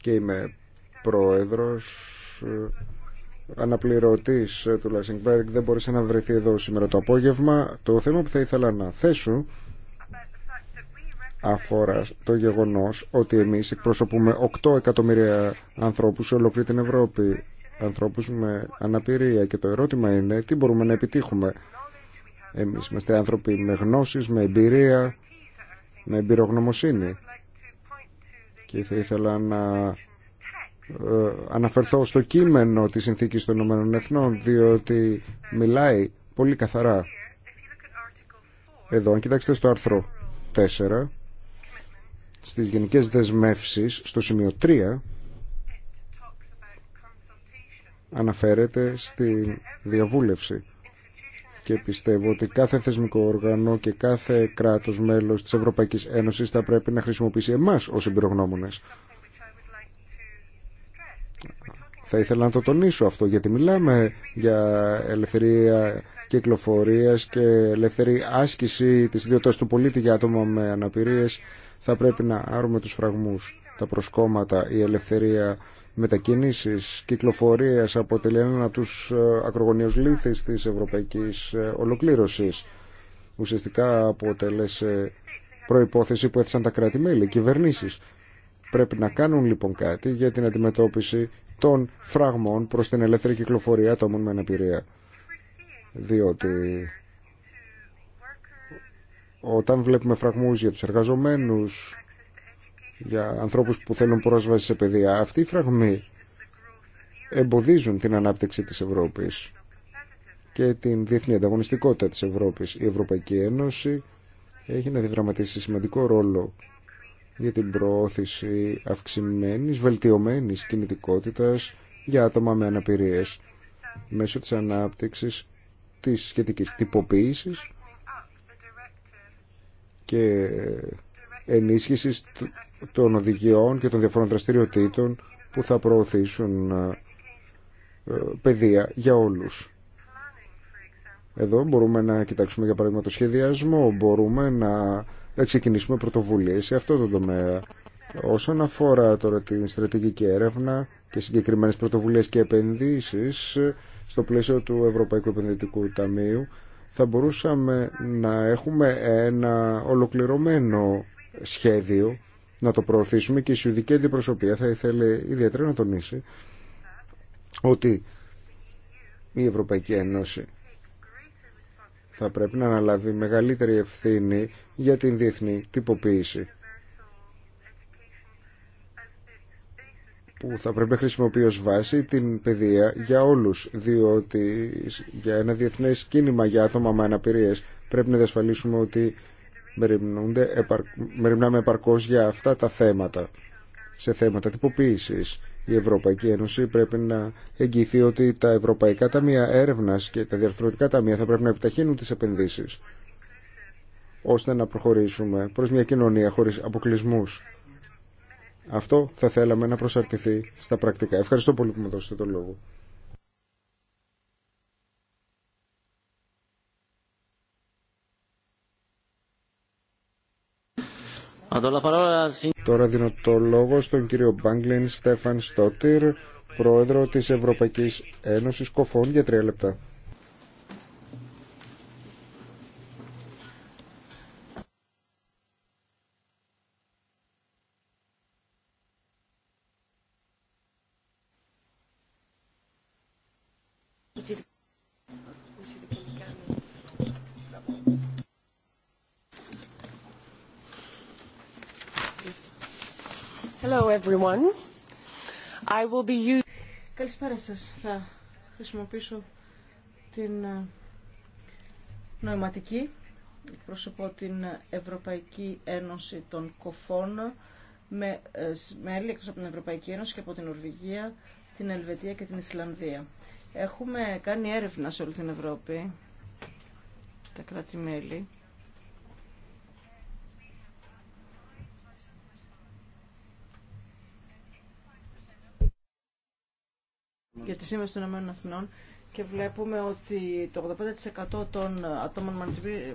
και είμαι πρόεδρος ε, αναπληρωτής ε, του Λασινγκμπέργκ δεν μπορούσε να βρεθεί εδώ σήμερα το απόγευμα. Το θέμα που θα ήθελα να θέσω αφορά το γεγονός ότι εμείς εκπροσωπούμε 8 εκατομμύρια ανθρώπους σε ολόκληρη την Ευρώπη, ανθρώπους με αναπηρία και το ερώτημα είναι τι μπορούμε να επιτύχουμε. Εμείς είμαστε άνθρωποι με γνώσεις, με εμπειρία, με εμπειρογνωμοσύνη και θα ήθελα να ε, αναφερθώ στο κείμενο της Συνθήκης των Ηνωμένων Εθνών διότι μιλάει πολύ καθαρά εδώ αν κοιτάξετε στο άρθρο 4 στις γενικές δεσμεύσεις στο σημείο 3 αναφέρεται στη διαβούλευση και πιστεύω ότι κάθε θεσμικό όργανο και κάθε κράτος μέλος της Ευρωπαϊκής Ένωσης θα πρέπει να χρησιμοποιήσει εμάς ως εμπειρογνώμονες θα ήθελα να το τονίσω αυτό γιατί μιλάμε για ελευθερία κυκλοφορίας και ελευθερή άσκηση της ιδιότητας του πολίτη για άτομα με αναπηρίες. Θα πρέπει να άρουμε τους φραγμούς, τα προσκόμματα, η ελευθερία μετακινήσεις, κυκλοφορίας αποτελεί έναν από τους ε, ακρογωνίους λήθης της ευρωπαϊκής ε, ολοκλήρωσης. Ουσιαστικά αποτέλεσε προϋπόθεση που έθεσαν τα κράτη-μέλη, κυβερνήσεις. Πρέπει να κάνουν λοιπόν κάτι για την αντιμετώπιση των φραγμών προς την ελεύθερη κυκλοφορία ατόμων με αναπηρία. Διότι όταν βλέπουμε φραγμούς για τους εργαζομένους, για ανθρώπους που θέλουν πρόσβαση σε παιδεία, αυτοί οι φραγμοί εμποδίζουν την ανάπτυξη της Ευρώπης και την διεθνή ανταγωνιστικότητα της Ευρώπης. Η Ευρωπαϊκή Ένωση έχει να διδραματίσει σημαντικό ρόλο για την προώθηση αυξημένης, βελτιωμένης κινητικότητας για άτομα με αναπηρίες μέσω της ανάπτυξης της σχετικής τυποποίησης και ενίσχυσης των οδηγιών και των διαφορών δραστηριοτήτων που θα προωθήσουν ε, παιδεία για όλους. Εδώ μπορούμε να κοιτάξουμε για παράδειγμα το σχεδιασμό, μπορούμε να να ξεκινήσουμε πρωτοβουλίες σε αυτό το τομέα. Όσον αφορά τώρα την στρατηγική έρευνα και συγκεκριμένες πρωτοβουλίες και επενδύσεις στο πλαίσιο του Ευρωπαϊκού Επενδυτικού Ταμείου θα μπορούσαμε να έχουμε ένα ολοκληρωμένο σχέδιο να το προωθήσουμε και η Σιουδική Αντιπροσωπεία θα ήθελε ιδιαίτερα να τονίσει ότι η Ευρωπαϊκή Ένωση θα πρέπει να αναλάβει μεγαλύτερη ευθύνη για την διεθνή τυποποίηση που θα πρέπει να χρησιμοποιεί ως βάση την παιδεία για όλους διότι για ένα διεθνές κίνημα για άτομα με αναπηρίες πρέπει να διασφαλίσουμε ότι μεριμνάμε επαρκώς για αυτά τα θέματα σε θέματα τυποποίησης η Ευρωπαϊκή Ένωση πρέπει να εγγυηθεί ότι τα ευρωπαϊκά ταμεία έρευνα και τα διαρθρωτικά ταμεία θα πρέπει να επιταχύνουν τι επενδύσει ώστε να προχωρήσουμε προ μια κοινωνία χωρί αποκλεισμού. Αυτό θα θέλαμε να προσαρτηθεί στα πρακτικά. Ευχαριστώ πολύ που μου δώσετε τον λόγο. Τώρα δίνω το λόγο στον κύριο Μπάνγκλιν Στέφαν Στότυρ, πρόεδρο της Ευρωπαϊκής Ένωσης Κοφών για τρία λεπτά. Καλησπέρα σας. Θα χρησιμοποιήσω την ε, νοηματική. Εκπροσωπώ την Ευρωπαϊκή Ένωση των Κοφών με ε, μέλη εκτός από την Ευρωπαϊκή Ένωση και από την Ορβηγία, την Ελβετία και την Ισλανδία. Έχουμε κάνει έρευνα σε όλη την Ευρώπη, τα κράτη-μέλη, για τη Σύμβαση των Ηνωμένων Εθνών και βλέπουμε ότι το 85% των ατόμων με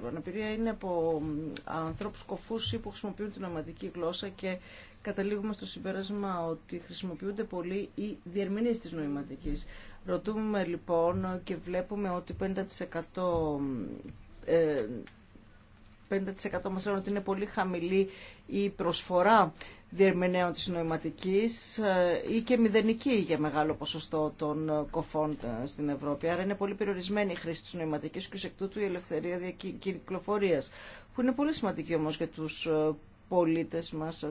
αναπηρία είναι από ανθρώπους κοφούς ή που χρησιμοποιούν την ομαδική γλώσσα και καταλήγουμε στο συμπέρασμα ότι χρησιμοποιούνται πολύ οι διερμηνείς της νοηματικής. Ρωτούμε λοιπόν και βλέπουμε ότι 50% 50% ε, μας λένε ότι είναι πολύ χαμηλή η προσφορά διερμηνέων της νοηματικής ε, ή και μηδενική για μεγάλο ποσοστό των ε, κοφών ε, στην Ευρώπη. Άρα είναι πολύ περιορισμένη η χρήση της νοηματικής και ως εκ τούτου η ελευθερία διακυκλοφοριας που είναι πολύ σημαντική όμως για τους πολίτες μας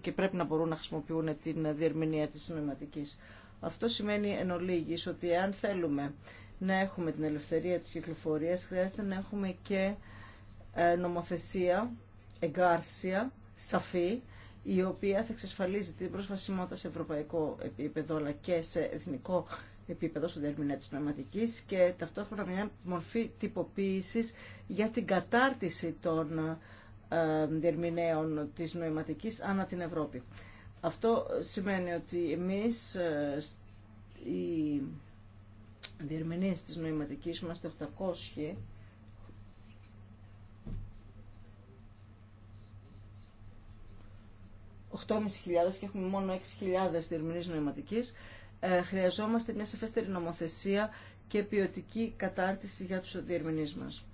και πρέπει να μπορούν να χρησιμοποιούν την διερμηνία της νοηματικής. Αυτό σημαίνει εν ολίγης ότι αν θέλουμε να έχουμε την ελευθερία της κυκλοφορίας χρειάζεται να έχουμε και νομοθεσία εγκάρσια, σαφή, η οποία θα εξασφαλίζει την προσβασιμότητα σε ευρωπαϊκό επίπεδο αλλά και σε εθνικό επίπεδο στον τερμινέ της πνευματικής και ταυτόχρονα μια μορφή τυποποίησης για την κατάρτιση των ε, διερμηνέων της νοηματικής ανά την Ευρώπη. Αυτό σημαίνει ότι εμείς ε, οι διερμηνείς της νοηματικής είμαστε 800 8.500 και έχουμε μόνο 6.000 διερμηνείς νοηματικής, ε, χρειαζόμαστε μια σεφέστερη νομοθεσία και ποιοτική κατάρτιση για τους διερμηνείς μας.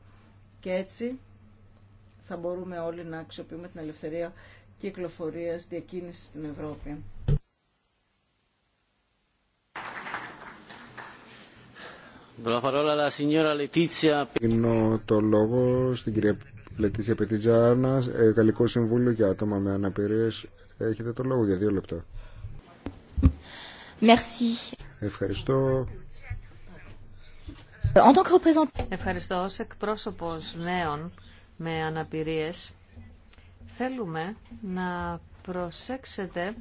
Και έτσι θα μπορούμε όλοι να αξιοποιούμε την ελευθερία κυκλοφορίας, διακίνησης στην Ευρώπη. Δίνω το λόγο στην κυρία Λετήσια Πετιτζάνα, Γαλλικό ε, Συμβούλιο για άτομα με αναπηρίε. Έχετε το λόγο για δύο λεπτά. Merci. Ευχαριστώ. Ευχαριστώ. Ως εκπρόσωπος νέων με αναπηρίες, θέλουμε να προσέξετε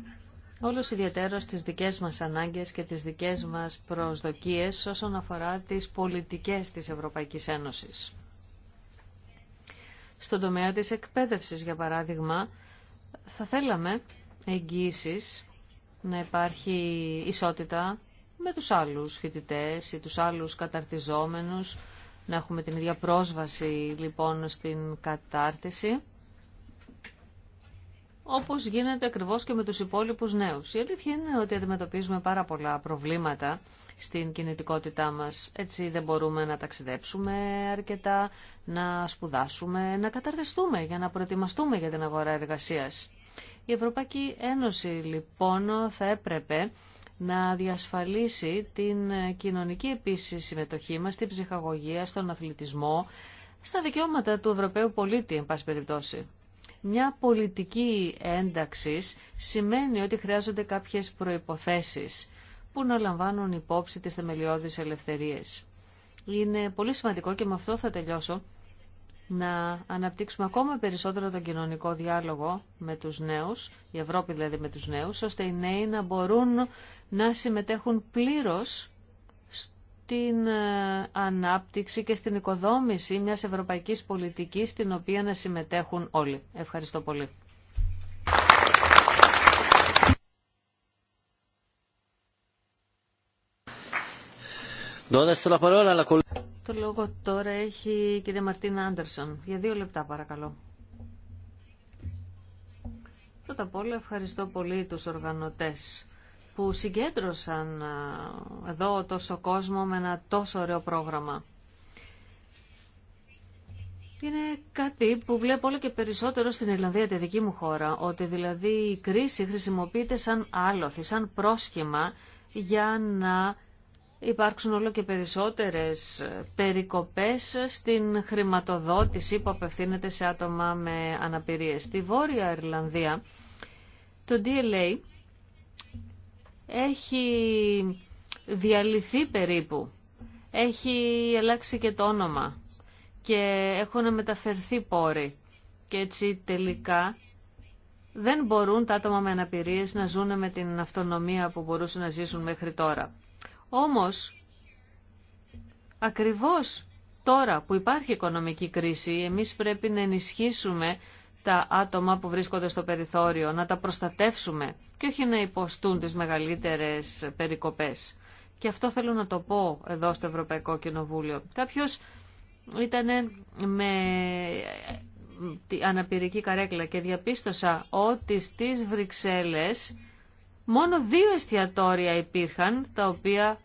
όλους ιδιαίτερα τις δικές μας ανάγκες και τις δικές μας προσδοκίες όσον αφορά τις πολιτικές της Ευρωπαϊκής Ένωσης. Στον τομέα της εκπαίδευσης, για παράδειγμα, θα θέλαμε εγγύησεις να υπάρχει ισότητα με τους άλλους φοιτητές ή τους άλλους καταρτιζόμενους, να έχουμε την ίδια πρόσβαση λοιπόν στην κατάρτιση όπως γίνεται ακριβώς και με τους υπόλοιπους νέους. Η αλήθεια είναι ότι αντιμετωπίζουμε πάρα πολλά προβλήματα στην κινητικότητά μας. Έτσι δεν μπορούμε να ταξιδέψουμε αρκετά, να σπουδάσουμε, να καταρτιστούμε για να προετοιμαστούμε για την αγορά εργασίας. Η Ευρωπαϊκή Ένωση λοιπόν θα έπρεπε να διασφαλίσει την κοινωνική επίση συμμετοχή μας στην ψυχαγωγία, στον αθλητισμό, στα δικαιώματα του Ευρωπαίου πολίτη, εν πάση περιπτώσει. Μια πολιτική ένταξης σημαίνει ότι χρειάζονται κάποιες προϋποθέσεις που να λαμβάνουν υπόψη τις θεμελιώδεις ελευθερίες. Είναι πολύ σημαντικό και με αυτό θα τελειώσω να αναπτύξουμε ακόμα περισσότερο τον κοινωνικό διάλογο με τους νέους, η Ευρώπη δηλαδή με τους νέους, ώστε οι νέοι να μπορούν να συμμετέχουν πλήρως την ε, ανάπτυξη και στην οικοδόμηση μιας ευρωπαϊκής πολιτικής στην οποία να συμμετέχουν όλοι. Ευχαριστώ πολύ. Το λόγο τώρα έχει η κυρία Μαρτίνα Άντερσον. Για δύο λεπτά παρακαλώ. Πρώτα απ' όλα ευχαριστώ πολύ τους οργανωτές που συγκέντρωσαν εδώ τόσο κόσμο με ένα τόσο ωραίο πρόγραμμα. Είναι κάτι που βλέπω όλο και περισσότερο στην Ιρλανδία, τη δική μου χώρα, ότι δηλαδή η κρίση χρησιμοποιείται σαν άλοθη, σαν πρόσχημα για να υπάρξουν όλο και περισσότερες περικοπές στην χρηματοδότηση που απευθύνεται σε άτομα με αναπηρίες. Στη Βόρεια Ιρλανδία το DLA έχει διαλυθεί περίπου. Έχει αλλάξει και το όνομα και έχουν μεταφερθεί πόροι. Και έτσι τελικά δεν μπορούν τα άτομα με αναπηρίες να ζουν με την αυτονομία που μπορούσαν να ζήσουν μέχρι τώρα. Όμως, ακριβώς τώρα που υπάρχει οικονομική κρίση, εμείς πρέπει να ενισχύσουμε τα άτομα που βρίσκονται στο περιθώριο, να τα προστατεύσουμε και όχι να υποστούν τις μεγαλύτερες περικοπές. Και αυτό θέλω να το πω εδώ στο Ευρωπαϊκό Κοινοβούλιο. Κάποιος ήταν με αναπηρική καρέκλα και διαπίστωσα ότι στις Βρυξέλλες μόνο δύο εστιατόρια υπήρχαν τα οποία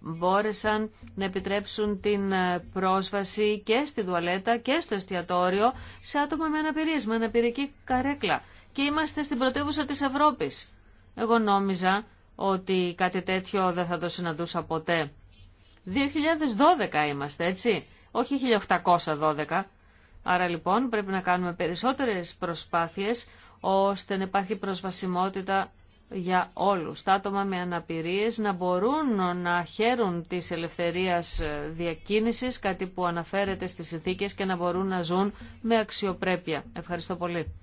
μπόρεσαν να επιτρέψουν την ε, πρόσβαση και στη τουαλέτα και στο εστιατόριο σε άτομα με αναπηρία με αναπηρική καρέκλα. Και είμαστε στην πρωτεύουσα της Ευρώπης. Εγώ νόμιζα ότι κάτι τέτοιο δεν θα το συναντούσα ποτέ. 2012 είμαστε, έτσι, όχι 1812. Άρα λοιπόν πρέπει να κάνουμε περισσότερες προσπάθειες ώστε να υπάρχει προσβασιμότητα για όλους. Τα άτομα με αναπηρίες να μπορούν να χαίρουν της ελευθερίας διακίνησης, κάτι που αναφέρεται στις συνθήκε και να μπορούν να ζουν με αξιοπρέπεια. Ευχαριστώ πολύ.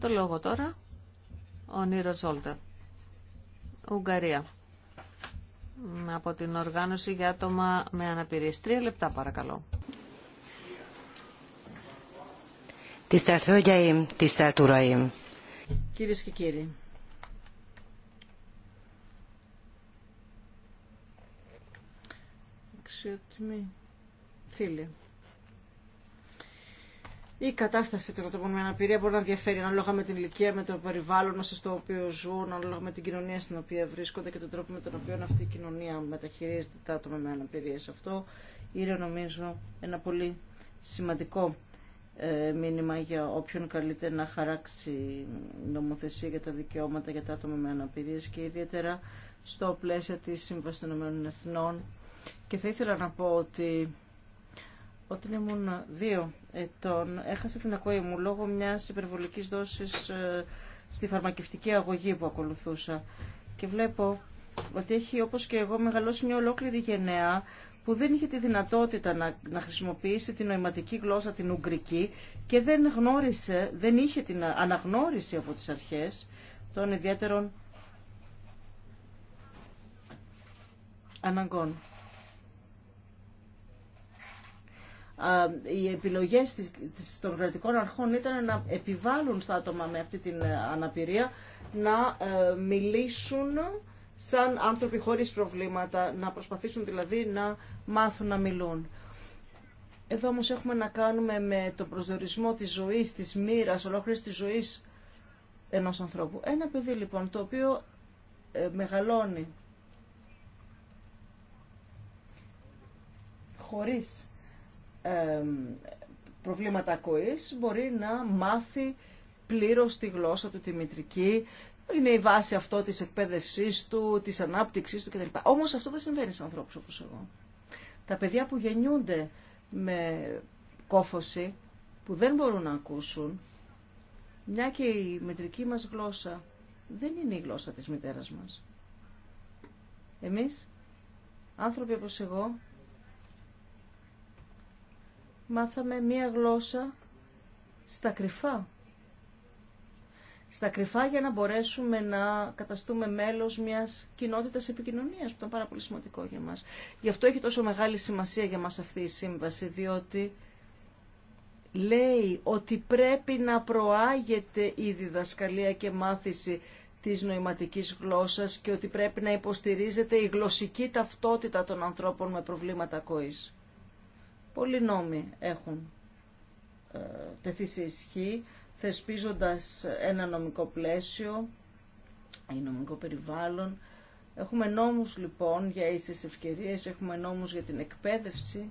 Το λόγο τώρα, ο Νίρο Ζόλτα, Ουγγαρία από την Οργάνωση για Άτομα με Αναπηρίες. Τρία λεπτά παρακαλώ. Κυρίες και κύριοι, φίλοι, η κατάσταση των ατόμων με αναπηρία μπορεί να διαφέρει ανάλογα με την ηλικία, με το περιβάλλον μέσα στο οποίο ζουν, ανάλογα με την κοινωνία στην οποία βρίσκονται και τον τρόπο με τον οποίο αυτή η κοινωνία μεταχειρίζεται τα άτομα με σε Αυτό είναι νομίζω ένα πολύ σημαντικό ε, μήνυμα για όποιον καλείται να χαράξει νομοθεσία για τα δικαιώματα για τα άτομα με αναπηρία και ιδιαίτερα στο πλαίσιο της Σύμβασης των Εθνών. Και θα ήθελα να πω ότι όταν ήμουν δύο ετών έχασα την ακοή μου λόγω μιας υπερβολικής δόσης ε, στη φαρμακευτική αγωγή που ακολουθούσα. Και βλέπω ότι έχει όπως και εγώ μεγαλώσει μια ολόκληρη γενναία που δεν είχε τη δυνατότητα να, χρησιμοποιήσει την νοηματική γλώσσα την ουγγρική και δεν γνώρισε, δεν είχε την αναγνώριση από τις αρχές των ιδιαίτερων αναγκών. οι επιλογές των κρατικών αρχών ήταν να επιβάλλουν στα άτομα με αυτή την ε, αναπηρία να ε, μιλήσουν σαν άνθρωποι χωρίς προβλήματα, να προσπαθήσουν δηλαδή να μάθουν να μιλούν. Εδώ όμως έχουμε να κάνουμε με το προσδιορισμό της ζωής, της μοίρα, ολόκληρης της ζωής ενός ανθρώπου. Ένα παιδί λοιπόν το οποίο ε, μεγαλώνει χωρίς προβλήματα ακοής μπορεί να μάθει πλήρως τη γλώσσα του, τη μητρική. Είναι η βάση αυτό της εκπαίδευσής του, της ανάπτυξής του κτλ. Όμως αυτό δεν συμβαίνει σε ανθρώπους όπως εγώ. Τα παιδιά που γεννιούνται με κόφωση, που δεν μπορούν να ακούσουν, μια και η μητρική μας γλώσσα δεν είναι η γλώσσα της μητέρας μας. Εμείς, άνθρωποι όπως εγώ, μάθαμε μία γλώσσα στα κρυφά. Στα κρυφά για να μπορέσουμε να καταστούμε μέλος μιας κοινότητας επικοινωνίας που ήταν πάρα πολύ σημαντικό για μας. Γι' αυτό έχει τόσο μεγάλη σημασία για μας αυτή η σύμβαση, διότι λέει ότι πρέπει να προάγεται η διδασκαλία και μάθηση της νοηματικής γλώσσας και ότι πρέπει να υποστηρίζεται η γλωσσική ταυτότητα των ανθρώπων με προβλήματα ακοής. Πολλοί νόμοι έχουν ε, τεθεί σε ισχύ, θεσπίζοντας ένα νομικό πλαίσιο ή νομικό περιβάλλον. Έχουμε νόμους λοιπόν για ίσες ευκαιρίες, έχουμε νόμους για την εκπαίδευση.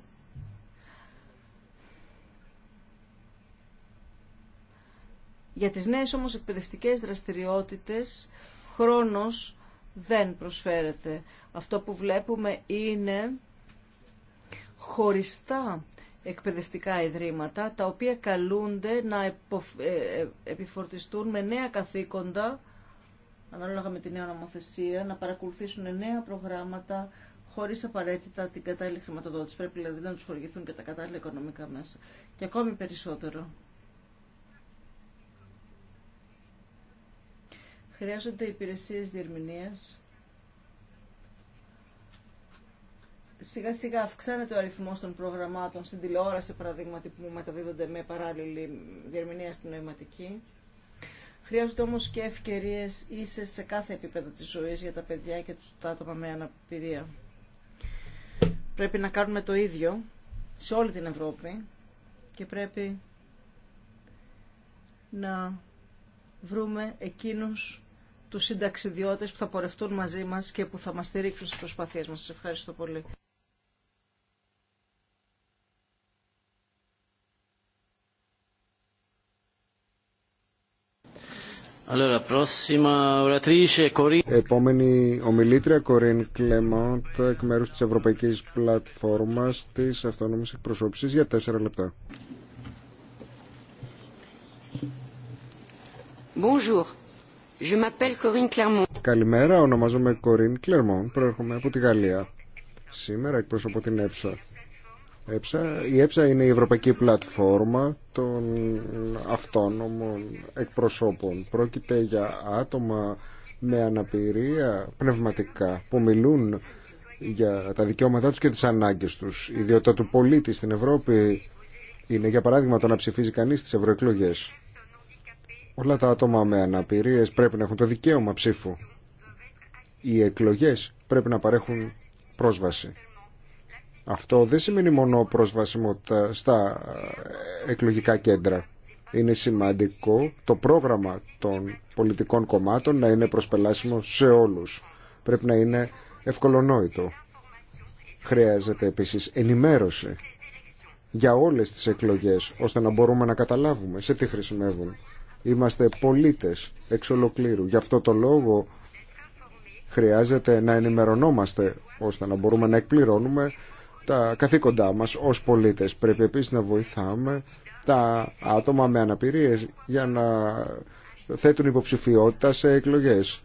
Για τις νέες όμως εκπαιδευτικές δραστηριότητες χρόνος δεν προσφέρεται. Αυτό που βλέπουμε είναι χωριστά εκπαιδευτικά ιδρύματα, τα οποία καλούνται να ε, ε, επιφορτιστούν με νέα καθήκοντα, ανάλογα με τη νέα νομοθεσία, να παρακολουθήσουν νέα προγράμματα χωρί απαραίτητα την κατάλληλη χρηματοδότηση. Πρέπει δηλαδή να του χορηγηθούν και τα κατάλληλα οικονομικά μέσα. Και ακόμη περισσότερο. Χρειάζονται υπηρεσίε διερμηνίας σιγά σιγά αυξάνεται ο αριθμό των προγραμμάτων στην τηλεόραση παραδείγματι που μεταδίδονται με παράλληλη διερμηνία στην νοηματική. Χρειάζονται όμω και ευκαιρίε ίσες σε κάθε επίπεδο τη ζωή για τα παιδιά και του άτομα με αναπηρία. Πρέπει να κάνουμε το ίδιο σε όλη την Ευρώπη και πρέπει να βρούμε εκείνους τους συνταξιδιώτες που θα πορευτούν μαζί μας και που θα μας στηρίξουν στις προσπαθίες μας. Σας ευχαριστώ πολύ. Επόμενη ομιλήτρια, Κορίν Κλέμοντ, εκ μέρους της Ευρωπαϊκής Πλατφόρμας της Αυτόνομης Εκπροσώπησης, για τέσσερα λεπτά. Bonjour. Je Καλημέρα, ονομάζομαι Κορίν Κλερμόν, προέρχομαι από τη Γαλλία. Σήμερα εκπροσωπώ την Εύσοδο. Η ΕΠΣΑ είναι η Ευρωπαϊκή Πλατφόρμα των Αυτόνομων Εκπροσώπων. Πρόκειται για άτομα με αναπηρία πνευματικά που μιλούν για τα δικαιώματά τους και τις ανάγκες τους. Η ιδιότητα του πολίτη στην Ευρώπη είναι για παράδειγμα το να ψηφίζει κανείς στις ευρωεκλογέ. Όλα τα άτομα με αναπηρίες πρέπει να έχουν το δικαίωμα ψήφου. Οι εκλογές πρέπει να παρέχουν πρόσβαση. Αυτό δεν σημαίνει μόνο προσβασιμότητα στα ε, εκλογικά κέντρα. Είναι σημαντικό το πρόγραμμα των πολιτικών κομμάτων να είναι προσπελάσιμο σε όλους. Πρέπει να είναι ευκολονόητο. Χρειάζεται επίσης ενημέρωση για όλες τις εκλογές, ώστε να μπορούμε να καταλάβουμε σε τι χρησιμεύουν. Είμαστε πολίτες εξ ολοκλήρου. Γι' αυτό το λόγο χρειάζεται να ενημερωνόμαστε, ώστε να μπορούμε να εκπληρώνουμε τα καθήκοντά μας ως πολίτες. Πρέπει επίσης να βοηθάμε τα άτομα με αναπηρίες για να θέτουν υποψηφιότητα σε εκλογές.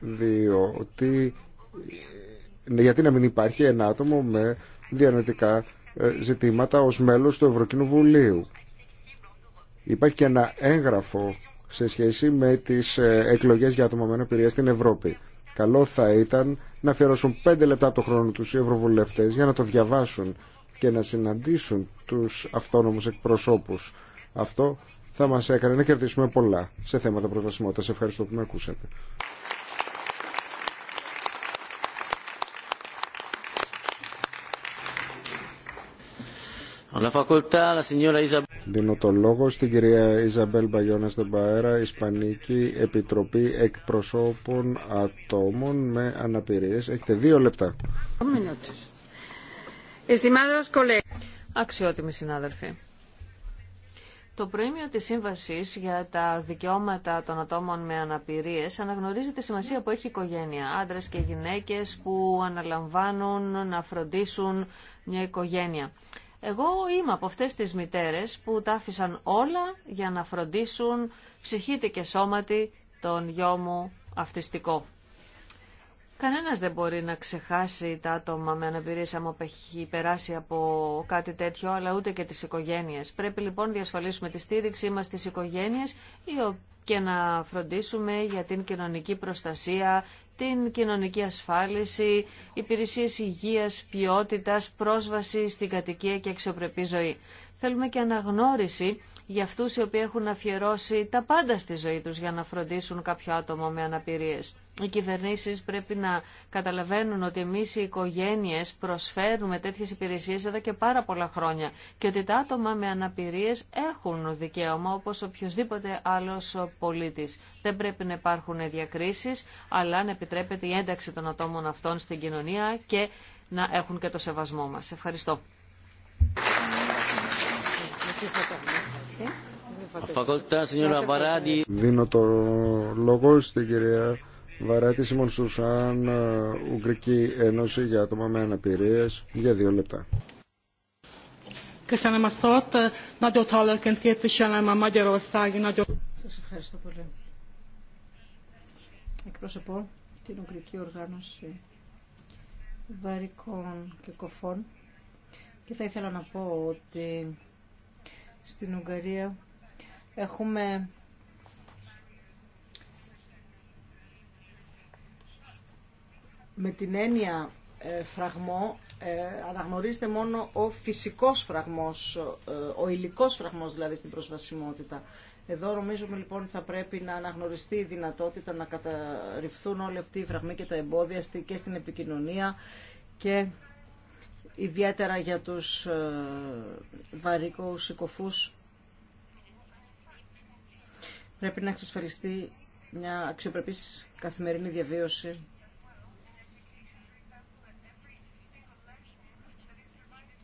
Διότι ναι, γιατί να μην υπάρχει ένα άτομο με διανοητικά ε, ζητήματα ως μέλος του Ευρωκοινοβουλίου. Υπάρχει και ένα έγγραφο σε σχέση με τις ε, εκλογές για άτομα με αναπηρία στην Ευρώπη. Καλό θα ήταν να αφιερώσουν πέντε λεπτά από το χρόνο τους οι ευρωβουλευτές για να το διαβάσουν και να συναντήσουν τους αυτόνομους εκπροσώπους. Αυτό θα μας έκανε να κερδίσουμε πολλά σε θέματα προσβασιμότητας. Ευχαριστώ που με ακούσατε. Δίνω το λόγο στην κυρία Ιζαμπέλ Μπαγιώνα Στεμπαέρα, Ισπανική Επιτροπή Εκπροσώπων Ατόμων με Αναπηρίες. Έχετε δύο λεπτά. Αξιότιμοι συνάδελφοι. Το Προήμιο της Σύμβασης για τα δικαιώματα των ατόμων με αναπηρίες αναγνωρίζει τη σημασία που έχει η οικογένεια, άντρες και γυναίκες που αναλαμβάνουν να φροντίσουν μια οικογένεια. Εγώ είμαι από αυτές τις μητέρες που τα άφησαν όλα για να φροντίσουν ψυχήτη και σώματι τον γιο μου αυτιστικό. Κανένας δεν μπορεί να ξεχάσει τα άτομα με αναπηρίες άμα έχει περάσει από κάτι τέτοιο, αλλά ούτε και τις οικογένειες. Πρέπει λοιπόν να διασφαλίσουμε τη στήριξή μας στις οικογένειες, οι και να φροντίσουμε για την κοινωνική προστασία, την κοινωνική ασφάλιση, υπηρεσίες υγείας, ποιότητας, πρόσβαση στην κατοικία και αξιοπρεπή ζωή. Θέλουμε και αναγνώριση για αυτούς οι οποίοι έχουν αφιερώσει τα πάντα στη ζωή τους για να φροντίσουν κάποιο άτομο με αναπηρίες. Οι κυβερνήσεις πρέπει να καταλαβαίνουν ότι εμείς οι οικογένειες προσφέρουμε τέτοιες υπηρεσίες εδώ και πάρα πολλά χρόνια και ότι τα άτομα με αναπηρίες έχουν δικαίωμα όπως οποιοδήποτε άλλος πολίτης. Δεν πρέπει να υπάρχουν διακρίσεις, αλλά να επιτρέπεται η ένταξη των ατόμων αυτών στην κοινωνία και να έχουν και το σεβασμό μας. Ευχαριστώ. Δίνω το λόγο στην κυρία Βαράτη Σιμών Σουσάν, ε, Ουγγρική Ένωση για άτομα με αναπηρίε, για δύο λεπτά. Σα ευχαριστώ πολύ. Εκπροσωπώ την Ουγγρική Οργάνωση Βαρικών και Κοφών και θα ήθελα να πω ότι στην Ουγγαρία. Έχουμε με την έννοια ε, φραγμό ε, αναγνωρίζεται μόνο ο φυσικός φραγμός, ε, ο υλικός φραγμός δηλαδή στην προσβασιμότητα. Εδώ νομίζουμε λοιπόν θα πρέπει να αναγνωριστεί η δυνατότητα να καταρριφθούν όλοι αυτοί οι φραγμοί και τα εμπόδια και στην επικοινωνία και ιδιαίτερα για τους ε, βαρικούς οικοφούς πρέπει να εξασφαλιστεί μια αξιοπρεπής καθημερινή διαβίωση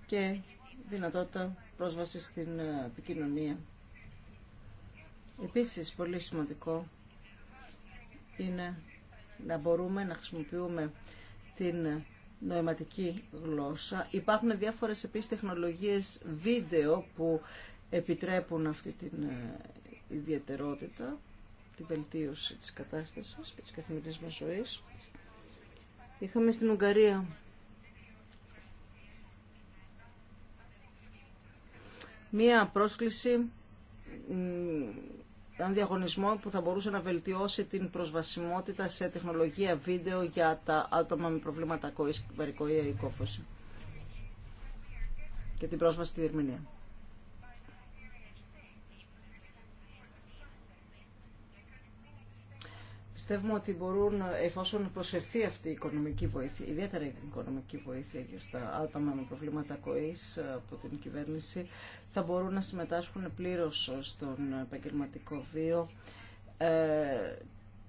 και δυνατότητα πρόσβαση στην ε, επικοινωνία. Επίσης, πολύ σημαντικό είναι να μπορούμε να χρησιμοποιούμε την ε, νοηματική γλώσσα. Υπάρχουν διάφορες επίσης τεχνολογίες βίντεο που επιτρέπουν αυτή την ε, ιδιαιτερότητα, τη βελτίωση της κατάστασης και της καθημερινής μας ζωής. Είχαμε στην Ουγγαρία μία πρόσκληση έναν διαγωνισμό που θα μπορούσε να βελτιώσει την προσβασιμότητα σε τεχνολογία βίντεο για τα άτομα με προβλήματα ακοής, περικοή ή κόφωση και την πρόσβαση στη διερμηνία. Πιστεύουμε ότι μπορούν, εφόσον προσφερθεί αυτή η οικονομική βοήθεια, ιδιαίτερα η οικονομική βοήθεια για τα άτομα με προβλήματα ακοή ε, από την κυβέρνηση, θα μπορούν να συμμετάσχουν πλήρω στον επαγγελματικό βίο ε,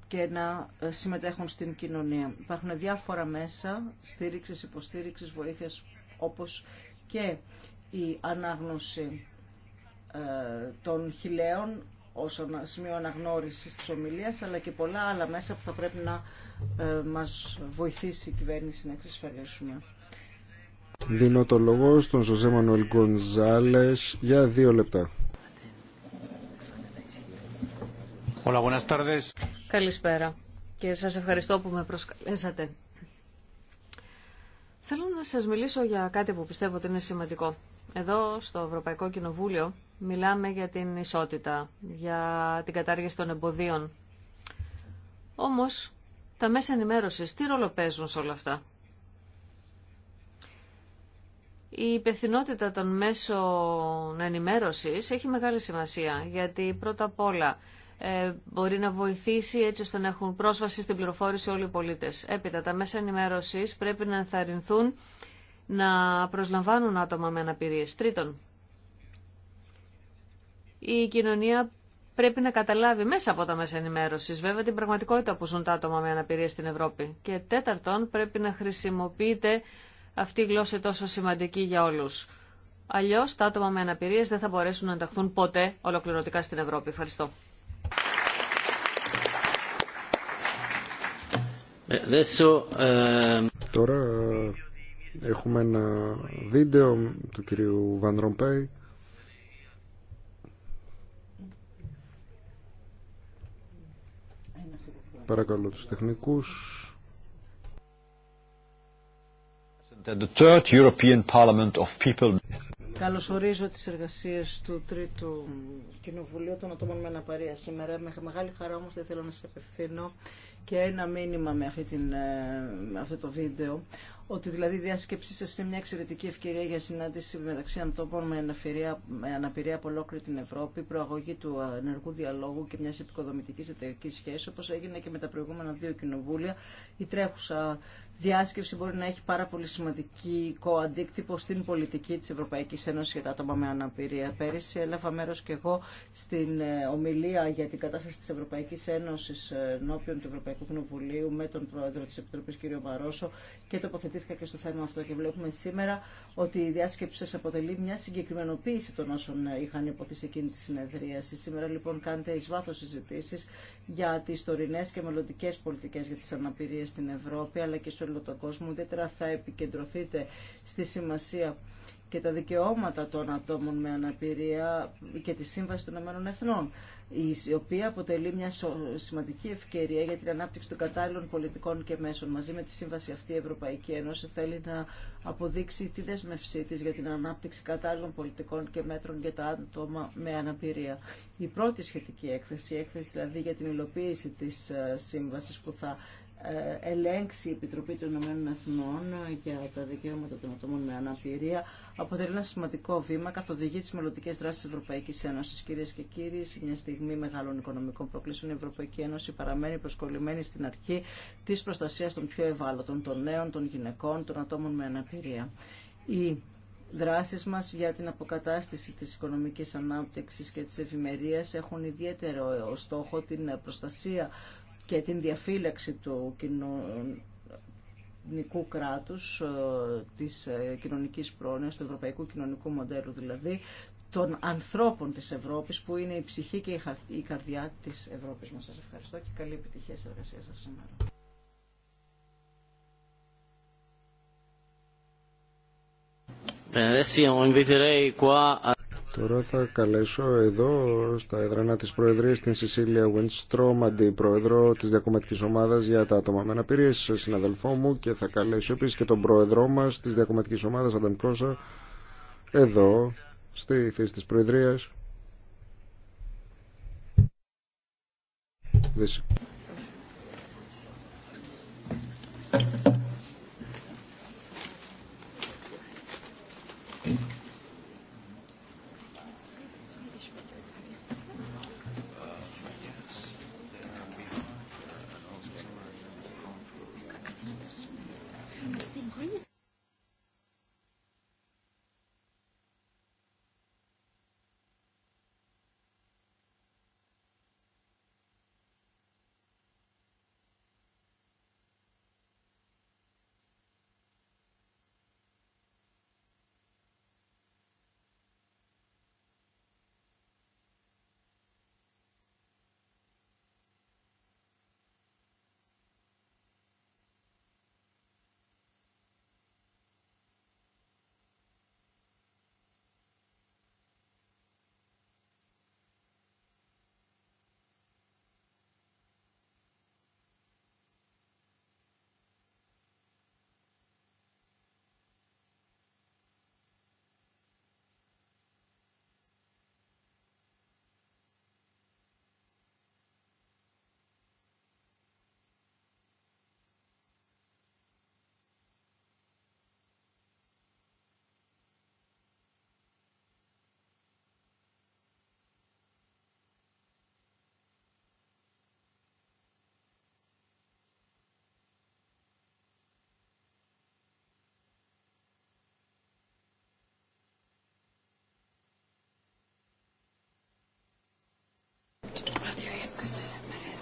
και να συμμετέχουν στην κοινωνία. Υπάρχουν διάφορα μέσα στήριξης, υποστήριξης, βοήθειας, όπως και η ανάγνωση ε, των χιλέων όσον σημείο αναγνώρισης της ομιλίας, αλλά και πολλά άλλα μέσα που θα πρέπει να ε, μας βοηθήσει η κυβέρνηση να εξασφαλίσουμε. Δίνω το λόγο στον Ζωζέ Μανουελ Γκονζάλες για δύο λεπτά. Καλησπέρα και σας ευχαριστώ που με προσκαλέσατε. Θέλω να σας μιλήσω για κάτι που πιστεύω ότι είναι σημαντικό. Εδώ στο Ευρωπαϊκό Κοινοβούλιο μιλάμε για την ισότητα, για την κατάργηση των εμποδίων. Όμως τα μέσα ενημέρωσης τι ρόλο παίζουν σε όλα αυτά. Η υπευθυνότητα των μέσων ενημέρωσης έχει μεγάλη σημασία, γιατί πρώτα απ' όλα ε, μπορεί να βοηθήσει έτσι ώστε να έχουν πρόσβαση στην πληροφόρηση όλοι οι πολίτες. Έπειτα, τα μέσα ενημέρωσης πρέπει να ενθαρρυνθούν να προσλαμβάνουν άτομα με αναπηρίες. Τρίτον, η κοινωνία πρέπει να καταλάβει μέσα από τα μέσα ενημέρωση, βέβαια, την πραγματικότητα που ζουν τα άτομα με αναπηρία στην Ευρώπη. Και τέταρτον, πρέπει να χρησιμοποιείται αυτή η γλώσσα τόσο σημαντική για όλου. Αλλιώ τα άτομα με αναπηρίε δεν θα μπορέσουν να ενταχθούν ποτέ ολοκληρωτικά στην Ευρώπη. Ευχαριστώ. Ε, ε, Τώρα Έχουμε ένα βίντεο του κυρίου Βαν Ρομπέη. Παρακαλώ τους τεχνικούς. The third European Parliament Καλωσορίζω τις εργασίες του Τρίτου Κοινοβουλίου των Ατόμων με Αναπαρία σήμερα. Με μεγάλη χαρά όμως δεν θέλω να σας απευθύνω και ένα μήνυμα με, αυτή την, ε, με αυτό το βίντεο ότι δηλαδή η διάσκεψή σα είναι μια εξαιρετική ευκαιρία για συνάντηση μεταξύ ανθρώπων με αναπηρία, με αναπηρία από ολόκληρη την Ευρώπη, προαγωγή του ενεργού διαλόγου και μια επικοδομητικής εταιρική σχέση, όπω έγινε και με τα προηγούμενα δύο κοινοβούλια. Η τρέχουσα διάσκεψη μπορεί να έχει πάρα πολύ σημαντικό αντίκτυπο στην πολιτική τη Ευρωπαϊκή Ένωση για τα άτομα με αναπηρία. Πέρυσι έλαβα μέρο και εγώ στην ε, ομιλία για την κατάσταση τη Ευρωπαϊκή Ένωση ε, νόπιον του Ευρωπαϊκού Κοινοβουλίου με τον Πρόεδρο τη Επιτροπή κ. Βαρόσο και τοποθετή αναφέρθηκα και στο θέμα αυτό και βλέπουμε σήμερα ότι η διάσκεψη σα αποτελεί μια συγκεκριμενοποίηση των όσων ε, είχαν υποθέσει εκείνη τη συνεδρίαση. Σήμερα λοιπόν κάνετε ει βάθο συζητήσει για τι τωρινέ και μελλοντικέ πολιτικέ για τι αναπηρίε στην Ευρώπη αλλά και σε όλο τον κόσμο. Ιδιαίτερα θα επικεντρωθείτε στη σημασία και τα δικαιώματα των ατόμων με αναπηρία και τη Σύμβαση των Ηνωμένων Εθνών, η οποία αποτελεί μια σημαντική ευκαιρία για την ανάπτυξη των κατάλληλων πολιτικών και μέσων. Μαζί με τη Σύμβαση αυτή η Ευρωπαϊκή Ένωση θέλει να αποδείξει τη δέσμευσή της για την ανάπτυξη κατάλληλων πολιτικών και μέτρων για τα άτομα με αναπηρία. Η πρώτη σχετική έκθεση, η έκθεση δηλαδή για την υλοποίηση της ε, σύμβασης που θα ε, ελέγξει η Επιτροπή των Ηνωμένων Εθνών για τα δικαιώματα των ατόμων με αναπηρία αποτελεί ένα σημαντικό βήμα, καθοδηγεί τι μελλοντικέ δράσει τη Ευρωπαϊκή Ένωση. Κυρίε και κύριοι, σε μια στιγμή μεγάλων οικονομικών προκλήσεων, η Ευρωπαϊκή Ένωση παραμένει προσκολλημένη στην αρχή τη προστασία των πιο ευάλωτων, των νέων, των γυναικών, των ατόμων με αναπηρία. Η δράσεις μας για την αποκατάσταση της οικονομικής ανάπτυξης και της ευημερίας έχουν ιδιαίτερο στόχο την προστασία και την διαφύλαξη του κοινωνικού κράτους, ε, της ε, κοινωνικής πρόνοιας, του ευρωπαϊκού κοινωνικού μοντέλου δηλαδή, των ανθρώπων της Ευρώπης που είναι η ψυχή και η καρδιά της Ευρώπης μας. Σας ευχαριστώ και καλή επιτυχία σε εργασία σας σήμερα. Τώρα θα καλέσω εδώ στα έδρανα της Προεδρίας την Σισίλια Βινστρόμ, αντιπρόεδρο της Διακομματικής Ομάδας για τα άτομα με αναπηρίες, συναδελφό μου και θα καλέσω επίσης και τον πρόεδρό μας της Διακομματικής Ομάδας, Κώσα, εδώ στη θέση της Προεδρίας. Δύση.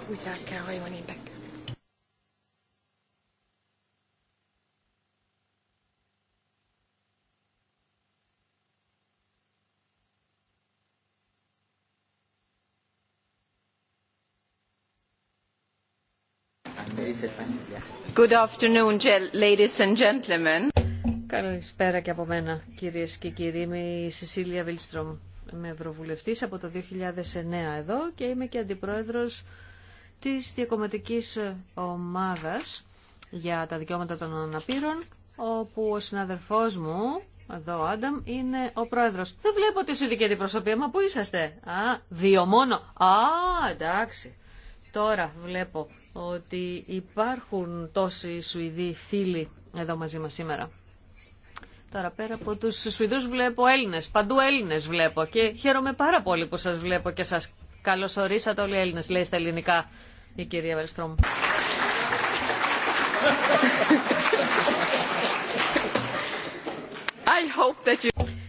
Καλησπέρα και από μένα, κυρίε και κύριοι. Είμαι η Σεσίλια Βίλστρομ. Είμαι ευρωβουλευτή από το 2009 εδώ και είμαι και αντιπρόεδρο της διακομματικής ομάδας για τα δικαιώματα των αναπήρων, όπου ο συναδερφός μου, εδώ ο Άνταμ, είναι ο πρόεδρος. Δεν βλέπω τη συνδική προσωπία, μα πού είσαστε. Α, δύο μόνο. Α, εντάξει. Τώρα βλέπω ότι υπάρχουν τόσοι Σουηδοί φίλοι εδώ μαζί μας σήμερα. Τώρα πέρα από τους Σουηδούς βλέπω Έλληνες, παντού Έλληνες βλέπω και χαίρομαι πάρα πολύ που σας βλέπω και σας καλωσορίσατε όλοι οι Έλληνες, λέει στα ελληνικά η κυρία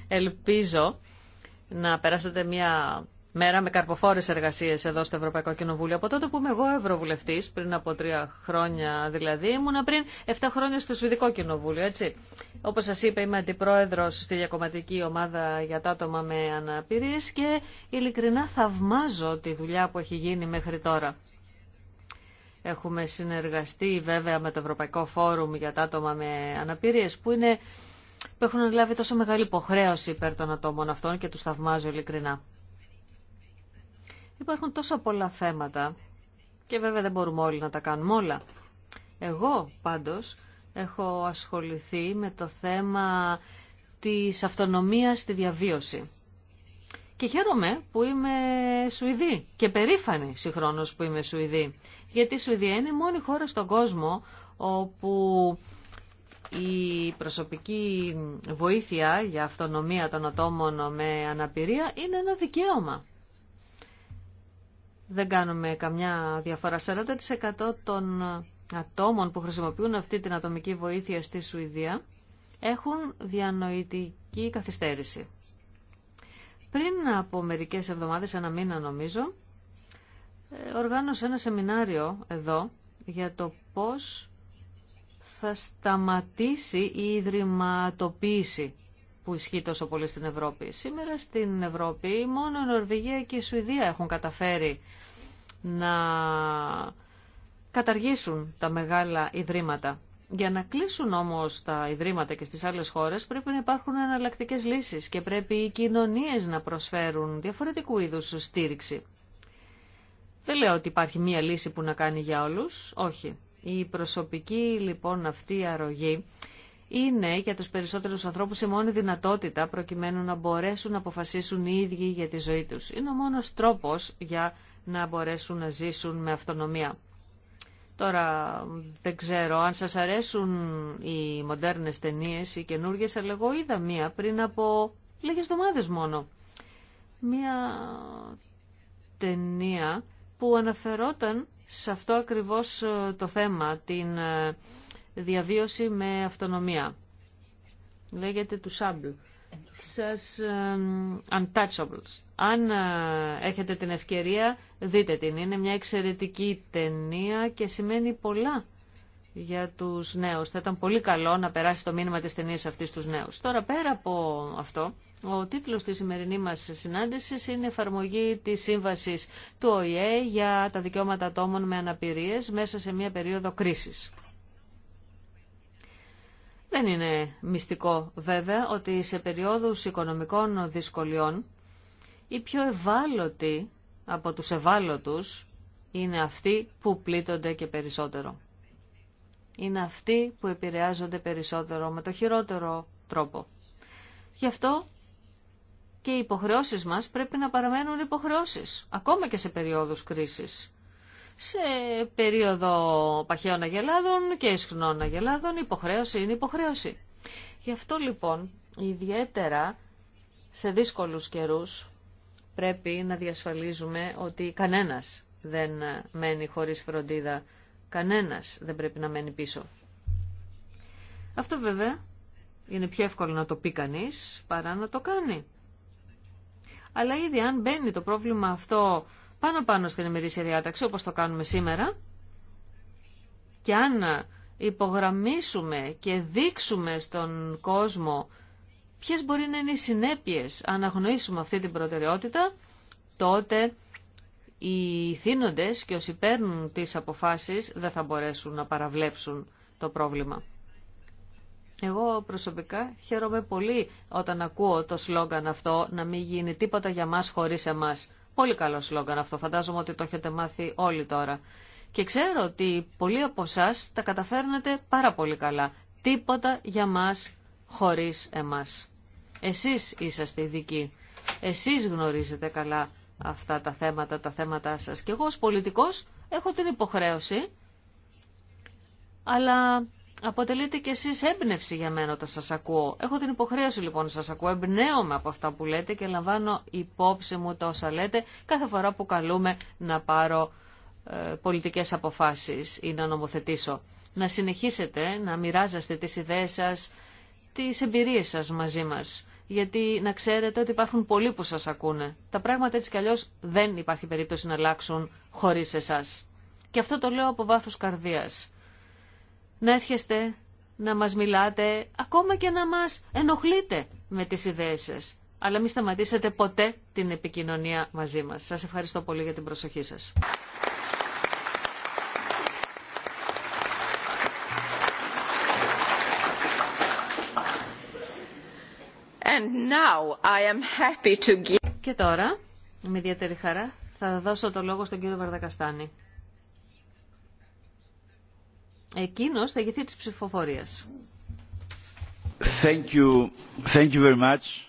Ελπίζω να περάσετε μια μέρα με καρποφόρες εργασίες εδώ στο Ευρωπαϊκό Κοινοβούλιο. Από τότε που είμαι εγώ ευρωβουλευτής, πριν από τρία χρόνια δηλαδή, ήμουνα πριν 7 χρόνια στο Σουηδικό Κοινοβούλιο, έτσι. Όπως σας είπα, είμαι αντιπρόεδρος στη διακομματική ομάδα για τα άτομα με αναπηρίες και ειλικρινά θαυμάζω τη δουλειά που έχει γίνει μέχρι τώρα. Έχουμε συνεργαστεί βέβαια με το Ευρωπαϊκό Φόρουμ για τα άτομα με αναπηρίες που, είναι, που έχουν λάβει τόσο μεγάλη υποχρέωση υπέρ των ατόμων αυτών και του θαυμάζω ειλικρινά. Υπάρχουν τόσα πολλά θέματα και βέβαια δεν μπορούμε όλοι να τα κάνουμε όλα. Εγώ πάντως έχω ασχοληθεί με το θέμα της αυτονομίας στη διαβίωση. Και χαίρομαι που είμαι Σουηδή και περήφανη συγχρόνως που είμαι Σουηδή γιατί η Σουηδία είναι η μόνη χώρα στον κόσμο όπου η προσωπική βοήθεια για αυτονομία των ατόμων με αναπηρία είναι ένα δικαίωμα. Δεν κάνουμε καμιά διαφορά. 40% των ατόμων που χρησιμοποιούν αυτή την ατομική βοήθεια στη Σουηδία έχουν διανοητική καθυστέρηση. Πριν από μερικές εβδομάδες, ένα μήνα νομίζω, οργάνωσε ένα σεμινάριο εδώ για το πώς θα σταματήσει η ιδρυματοποίηση που ισχύει τόσο πολύ στην Ευρώπη. Σήμερα στην Ευρώπη μόνο η Νορβηγία και η Σουηδία έχουν καταφέρει να καταργήσουν τα μεγάλα ιδρύματα. Για να κλείσουν όμως τα ιδρύματα και στις άλλες χώρες πρέπει να υπάρχουν εναλλακτικές λύσεις και πρέπει οι κοινωνίες να προσφέρουν διαφορετικού είδους στήριξη. Δεν λέω ότι υπάρχει μία λύση που να κάνει για όλους, όχι. Η προσωπική λοιπόν αυτή αρρωγή είναι για τους περισσότερους ανθρώπους η μόνη δυνατότητα προκειμένου να μπορέσουν να αποφασίσουν οι ίδιοι για τη ζωή τους. Είναι ο μόνος τρόπος για να μπορέσουν να ζήσουν με αυτονομία. Τώρα δεν ξέρω αν σας αρέσουν οι μοντέρνες ταινίες, οι καινούργιες, αλλά εγώ είδα μία πριν από λίγες εβδομάδες μόνο. Μία ταινία που αναφερόταν σε αυτό ακριβώς ε, το θέμα, την ε, διαβίωση με αυτονομία. Λέγεται του Σάμπλ. Σας Untouchables. Αν ε, έχετε την ευκαιρία, δείτε την. Είναι μια εξαιρετική ταινία και σημαίνει πολλά για τους νέους. Θα ήταν πολύ καλό να περάσει το μήνυμα της ταινίας αυτής τους νέους. Τώρα πέρα από αυτό, ο τίτλος της σημερινή μας συνάντησης είναι «Εφαρμογή της Σύμβασης του ΟΗΕ για τα δικαιώματα ατόμων με αναπηρίες μέσα σε μια περίοδο κρίσης». Δεν είναι μυστικό βέβαια ότι σε περίοδους οικονομικών δυσκολιών οι πιο ευάλωτοι από τους ευάλωτους είναι αυτοί που πλήττονται και περισσότερο. Είναι αυτοί που επηρεάζονται περισσότερο με το χειρότερο τρόπο. Γι' αυτό και οι υποχρεώσεις μας πρέπει να παραμένουν υποχρεώσεις, ακόμα και σε περίοδους κρίσης. Σε περίοδο παχαίων αγελάδων και ισχνών αγελάδων υποχρέωση είναι υποχρέωση. Γι' αυτό λοιπόν ιδιαίτερα σε δύσκολους καιρούς πρέπει να διασφαλίζουμε ότι κανένας δεν μένει χωρίς φροντίδα, κανένας δεν πρέπει να μένει πίσω. Αυτό βέβαια είναι πιο εύκολο να το πει κανείς παρά να το κάνει. Αλλά ήδη αν μπαίνει το πρόβλημα αυτό πάνω-πάνω στην ημερήσια διάταξη, όπως το κάνουμε σήμερα, και αν υπογραμμίσουμε και δείξουμε στον κόσμο ποιες μπορεί να είναι οι συνέπειες αν αγνοήσουμε αυτή την προτεραιότητα, τότε οι θύνοντες και όσοι παίρνουν τις αποφάσεις δεν θα μπορέσουν να παραβλέψουν το πρόβλημα. Εγώ προσωπικά χαίρομαι πολύ όταν ακούω το σλόγγαν αυτό «Να μην γίνει τίποτα για μας χωρίς εμάς». Πολύ καλό σλόγγαν αυτό, φαντάζομαι ότι το έχετε μάθει όλοι τώρα. Και ξέρω ότι πολλοί από εσά τα καταφέρνετε πάρα πολύ καλά. Τίποτα για μας χωρίς εμάς. Εσείς είσαστε ειδικοί. Εσείς γνωρίζετε καλά αυτά τα θέματα, τα θέματα σας. Και εγώ ως πολιτικός έχω την υποχρέωση, αλλά αποτελείτε κι εσείς έμπνευση για μένα όταν σας ακούω. Έχω την υποχρέωση λοιπόν να σας ακούω. Εμπνέομαι από αυτά που λέτε και λαμβάνω υπόψη μου τα όσα λέτε κάθε φορά που καλούμε να πάρω ε, πολιτικές αποφάσεις ή να νομοθετήσω. Να συνεχίσετε να μοιράζεστε τις ιδέες σας, τις εμπειρίες σας μαζί μας. Γιατί να ξέρετε ότι υπάρχουν πολλοί που σας ακούνε. Τα πράγματα έτσι κι αλλιώς δεν υπάρχει περίπτωση να αλλάξουν χωρίς εσάς. Και αυτό το λέω από βάθος καρδίας να έρχεστε να μας μιλάτε, ακόμα και να μας ενοχλείτε με τις ιδέες σας. Αλλά μην σταματήσετε ποτέ την επικοινωνία μαζί μας. Σας ευχαριστώ πολύ για την προσοχή σας. And now I am happy to give... Και τώρα, με ιδιαίτερη χαρά, θα δώσω το λόγο στον κύριο Βαρδακαστάνη εκείνος θα ηγηθεί τη ψηφοφορία. Thank you. Thank you very much.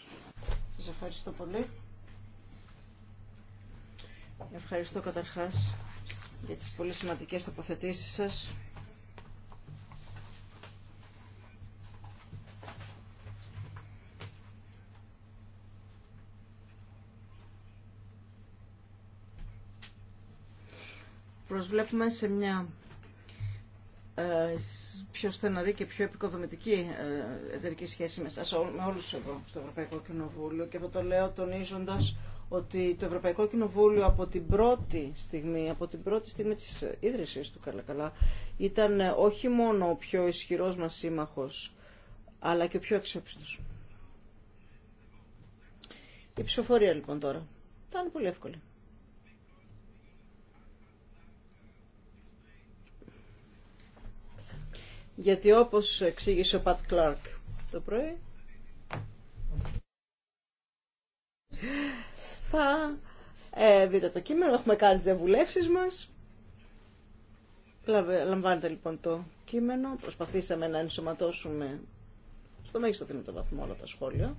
ευχαριστώ πολύ. Ευχαριστώ καταρχάς για τις πολύ σημαντικές τοποθετήσει σας. Προσβλέπουμε σε μια πιο στεναρή και πιο επικοδομητική ε, εταιρική σχέση με, με όλους εδώ στο Ευρωπαϊκό Κοινοβούλιο και αυτό το λέω τονίζοντας ότι το Ευρωπαϊκό Κοινοβούλιο από την πρώτη στιγμή, από την πρώτη στιγμή της ίδρυσης του καλά καλά, ήταν ε, όχι μόνο ο πιο ισχυρός μας σύμμαχος, αλλά και ο πιο αξιόπιστος. Η ψηφοφορία λοιπόν τώρα. Ήταν πολύ εύκολη. γιατί όπως εξήγησε ο Πατ Κλάρκ το πρωί, θα ε, δείτε το κείμενο, έχουμε κάνει τις διαβουλεύσεις μας. Λαμβάνετε λοιπόν το κείμενο, προσπαθήσαμε να ενσωματώσουμε στο μέγιστο δυνατό βαθμό όλα τα σχόλια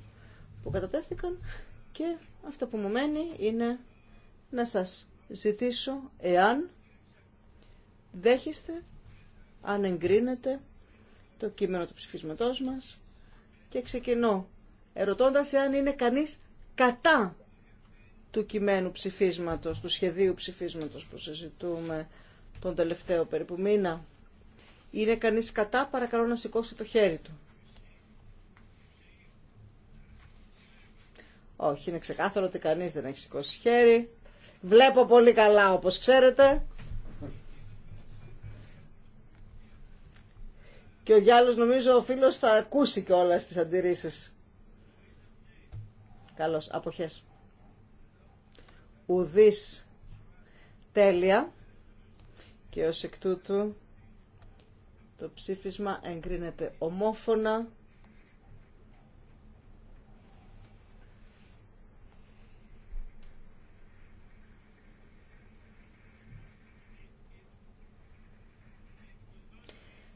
που κατατέθηκαν και αυτό που μου μένει είναι να σας ζητήσω εάν δέχεστε αν εγκρίνεται το κείμενο του ψηφίσματός μας και ξεκινώ ερωτώντας αν είναι κανείς κατά του κειμένου ψηφίσματος, του σχεδίου ψηφίσματος που συζητούμε τον τελευταίο περίπου μήνα. Είναι κανείς κατά, παρακαλώ να σηκώσει το χέρι του. Όχι, είναι ξεκάθαρο ότι κανείς δεν έχει σηκώσει χέρι. Βλέπω πολύ καλά όπως ξέρετε. Και ο Γιάλος νομίζω ο φίλος θα ακούσει και όλα τις αντιρρήσεις. Καλώς, αποχές. Ουδής τέλεια και ως εκ τούτου το ψήφισμα εγκρίνεται ομόφωνα.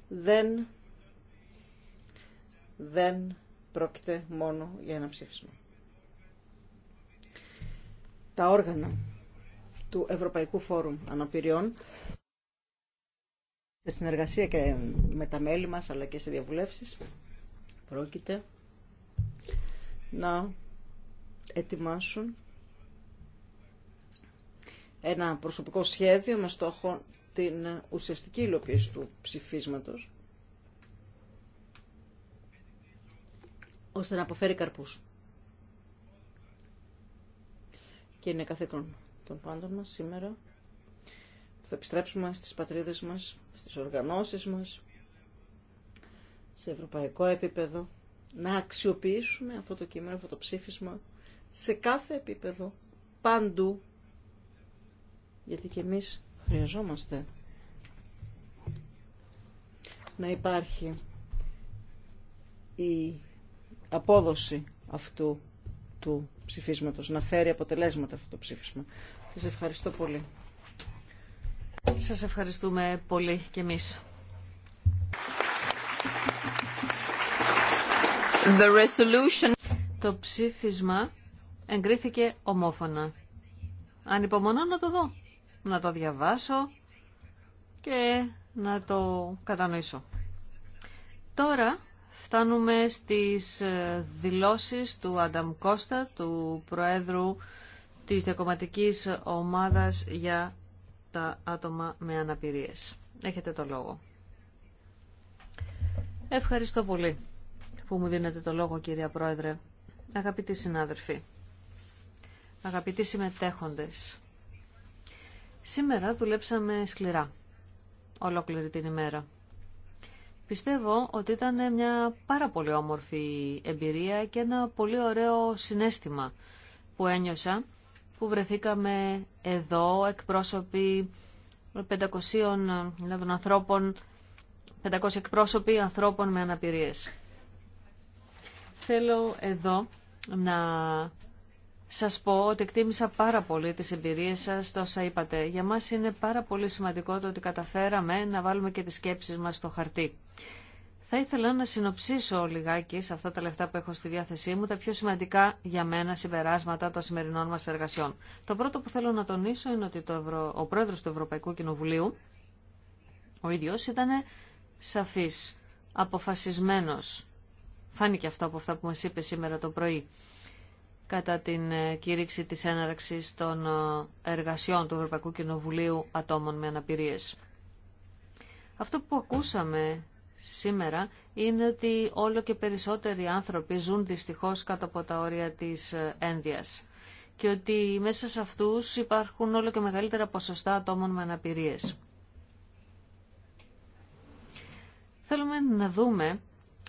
Δεν δεν πρόκειται μόνο για ένα ψήφισμα. Τα όργανα του Ευρωπαϊκού Φόρουμ Αναπηριών σε συνεργασία και με τα μέλη μας αλλά και σε διαβουλεύσεις πρόκειται να ετοιμάσουν ένα προσωπικό σχέδιο με στόχο την ουσιαστική υλοποίηση του ψηφίσματος ώστε να αποφέρει καρπούς. Και είναι καθήκον των πάντων μας σήμερα που θα επιστρέψουμε στις πατρίδες μας, στις οργανώσεις μας, σε ευρωπαϊκό επίπεδο, να αξιοποιήσουμε αυτό το κείμενο, αυτό το ψήφισμα σε κάθε επίπεδο, παντού, γιατί και εμείς χρειαζόμαστε να υπάρχει η απόδοση αυτού του ψηφίσματος, να φέρει αποτελέσματα αυτό το ψήφισμα. Σας ευχαριστώ πολύ. Σας ευχαριστούμε πολύ και εμείς. The resolution... Το ψήφισμα εγκρίθηκε ομόφωνα. Ανυπομονώ να το δω, να το διαβάσω και να το κατανοήσω. Τώρα Φτάνουμε στις ε, δηλώσεις του Άνταμ Κώστα, του Προέδρου της Διακομματικής Ομάδας για τα άτομα με αναπηρίες. Έχετε το λόγο. Ευχαριστώ πολύ που μου δίνετε το λόγο κυρία Πρόεδρε. Αγαπητοί συνάδελφοι, αγαπητοί συμμετέχοντες, σήμερα δουλέψαμε σκληρά ολόκληρη την ημέρα. Πιστεύω ότι ήταν μια πάρα πολύ όμορφη εμπειρία και ένα πολύ ωραίο συνέστημα που ένιωσα που βρεθήκαμε εδώ εκπρόσωποι 500 ανθρώπων, 500 εκπρόσωποι ανθρώπων με αναπηρίες. Θέλω εδώ να σας πω ότι εκτίμησα πάρα πολύ τις εμπειρίες σας, τα όσα είπατε. Για μας είναι πάρα πολύ σημαντικό το ότι καταφέραμε να βάλουμε και τις σκέψεις μας στο χαρτί. Θα ήθελα να συνοψίσω λιγάκι σε αυτά τα λεφτά που έχω στη διάθεσή μου τα πιο σημαντικά για μένα συμπεράσματα των σημερινών μας εργασιών. Το πρώτο που θέλω να τονίσω είναι ότι το Ευρω... ο πρόεδρος του Ευρωπαϊκού Κοινοβουλίου, ο ίδιος, ήταν σαφής, αποφασισμένος. Φάνηκε αυτό από αυτά που μας είπε σήμερα το πρωί κατά την ε, κήρυξη της έναρξης των ε, εργασιών του Ευρωπαϊκού Κοινοβουλίου Ατόμων με Αναπηρίες. Αυτό που ακούσαμε σήμερα είναι ότι όλο και περισσότεροι άνθρωποι ζουν δυστυχώς κάτω από τα όρια της ε, Ένδιας και ότι μέσα σε αυτούς υπάρχουν όλο και μεγαλύτερα ποσοστά ατόμων με αναπηρίες. Θέλουμε να δούμε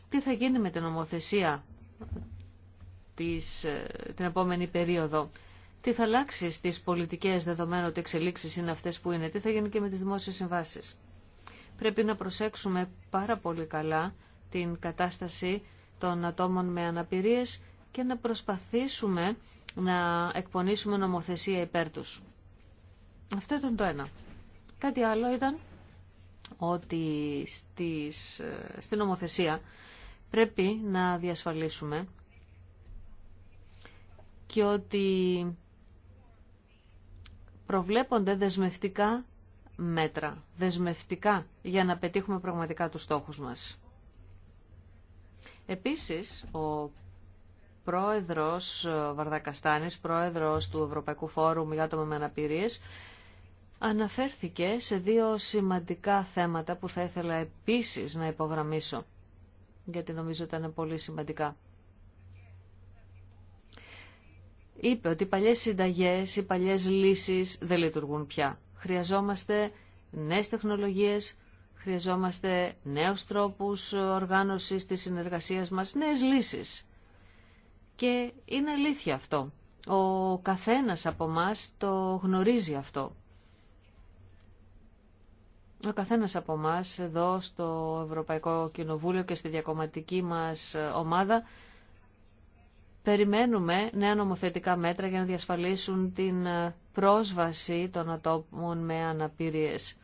τι θα γίνει με την νομοθεσία ε, την επόμενη περίοδο. Τι θα αλλάξει στις πολιτικές δεδομένου ότι εξελίξει είναι αυτές που είναι. Τι θα γίνει και με τις δημόσιες συμβάσεις. Πρέπει να προσέξουμε πάρα πολύ καλά την κατάσταση των ατόμων με αναπηρίες και να προσπαθήσουμε να εκπονήσουμε νομοθεσία υπέρ τους. Αυτό ήταν το ένα. Κάτι άλλο ήταν ότι στις, ε, στην νομοθεσία πρέπει να διασφαλίσουμε και ότι προβλέπονται δεσμευτικά μέτρα, δεσμευτικά για να πετύχουμε πραγματικά τους στόχους μας. Επίσης, ο πρόεδρος Βαρδακαστάνης, πρόεδρος του Ευρωπαϊκού Φόρουμ για άτομα με αναπηρίες, αναφέρθηκε σε δύο σημαντικά θέματα που θα ήθελα επίσης να υπογραμμίσω, γιατί νομίζω ήταν πολύ σημαντικά. είπε ότι οι παλιές συνταγές, οι παλιές λύσεις δεν λειτουργούν πια. Χρειαζόμαστε νέες τεχνολογίες, χρειαζόμαστε νέους τρόπους οργάνωσης της συνεργασίας μας, νέες λύσεις. Και είναι αλήθεια αυτό. Ο καθένας από μας το γνωρίζει αυτό. Ο καθένας από μας εδώ στο Ευρωπαϊκό Κοινοβούλιο και στη διακομματική μας ομάδα Περιμένουμε νέα νομοθετικά μέτρα για να διασφαλίσουν την ε, πρόσβαση των ατόμων με αναπηρίες.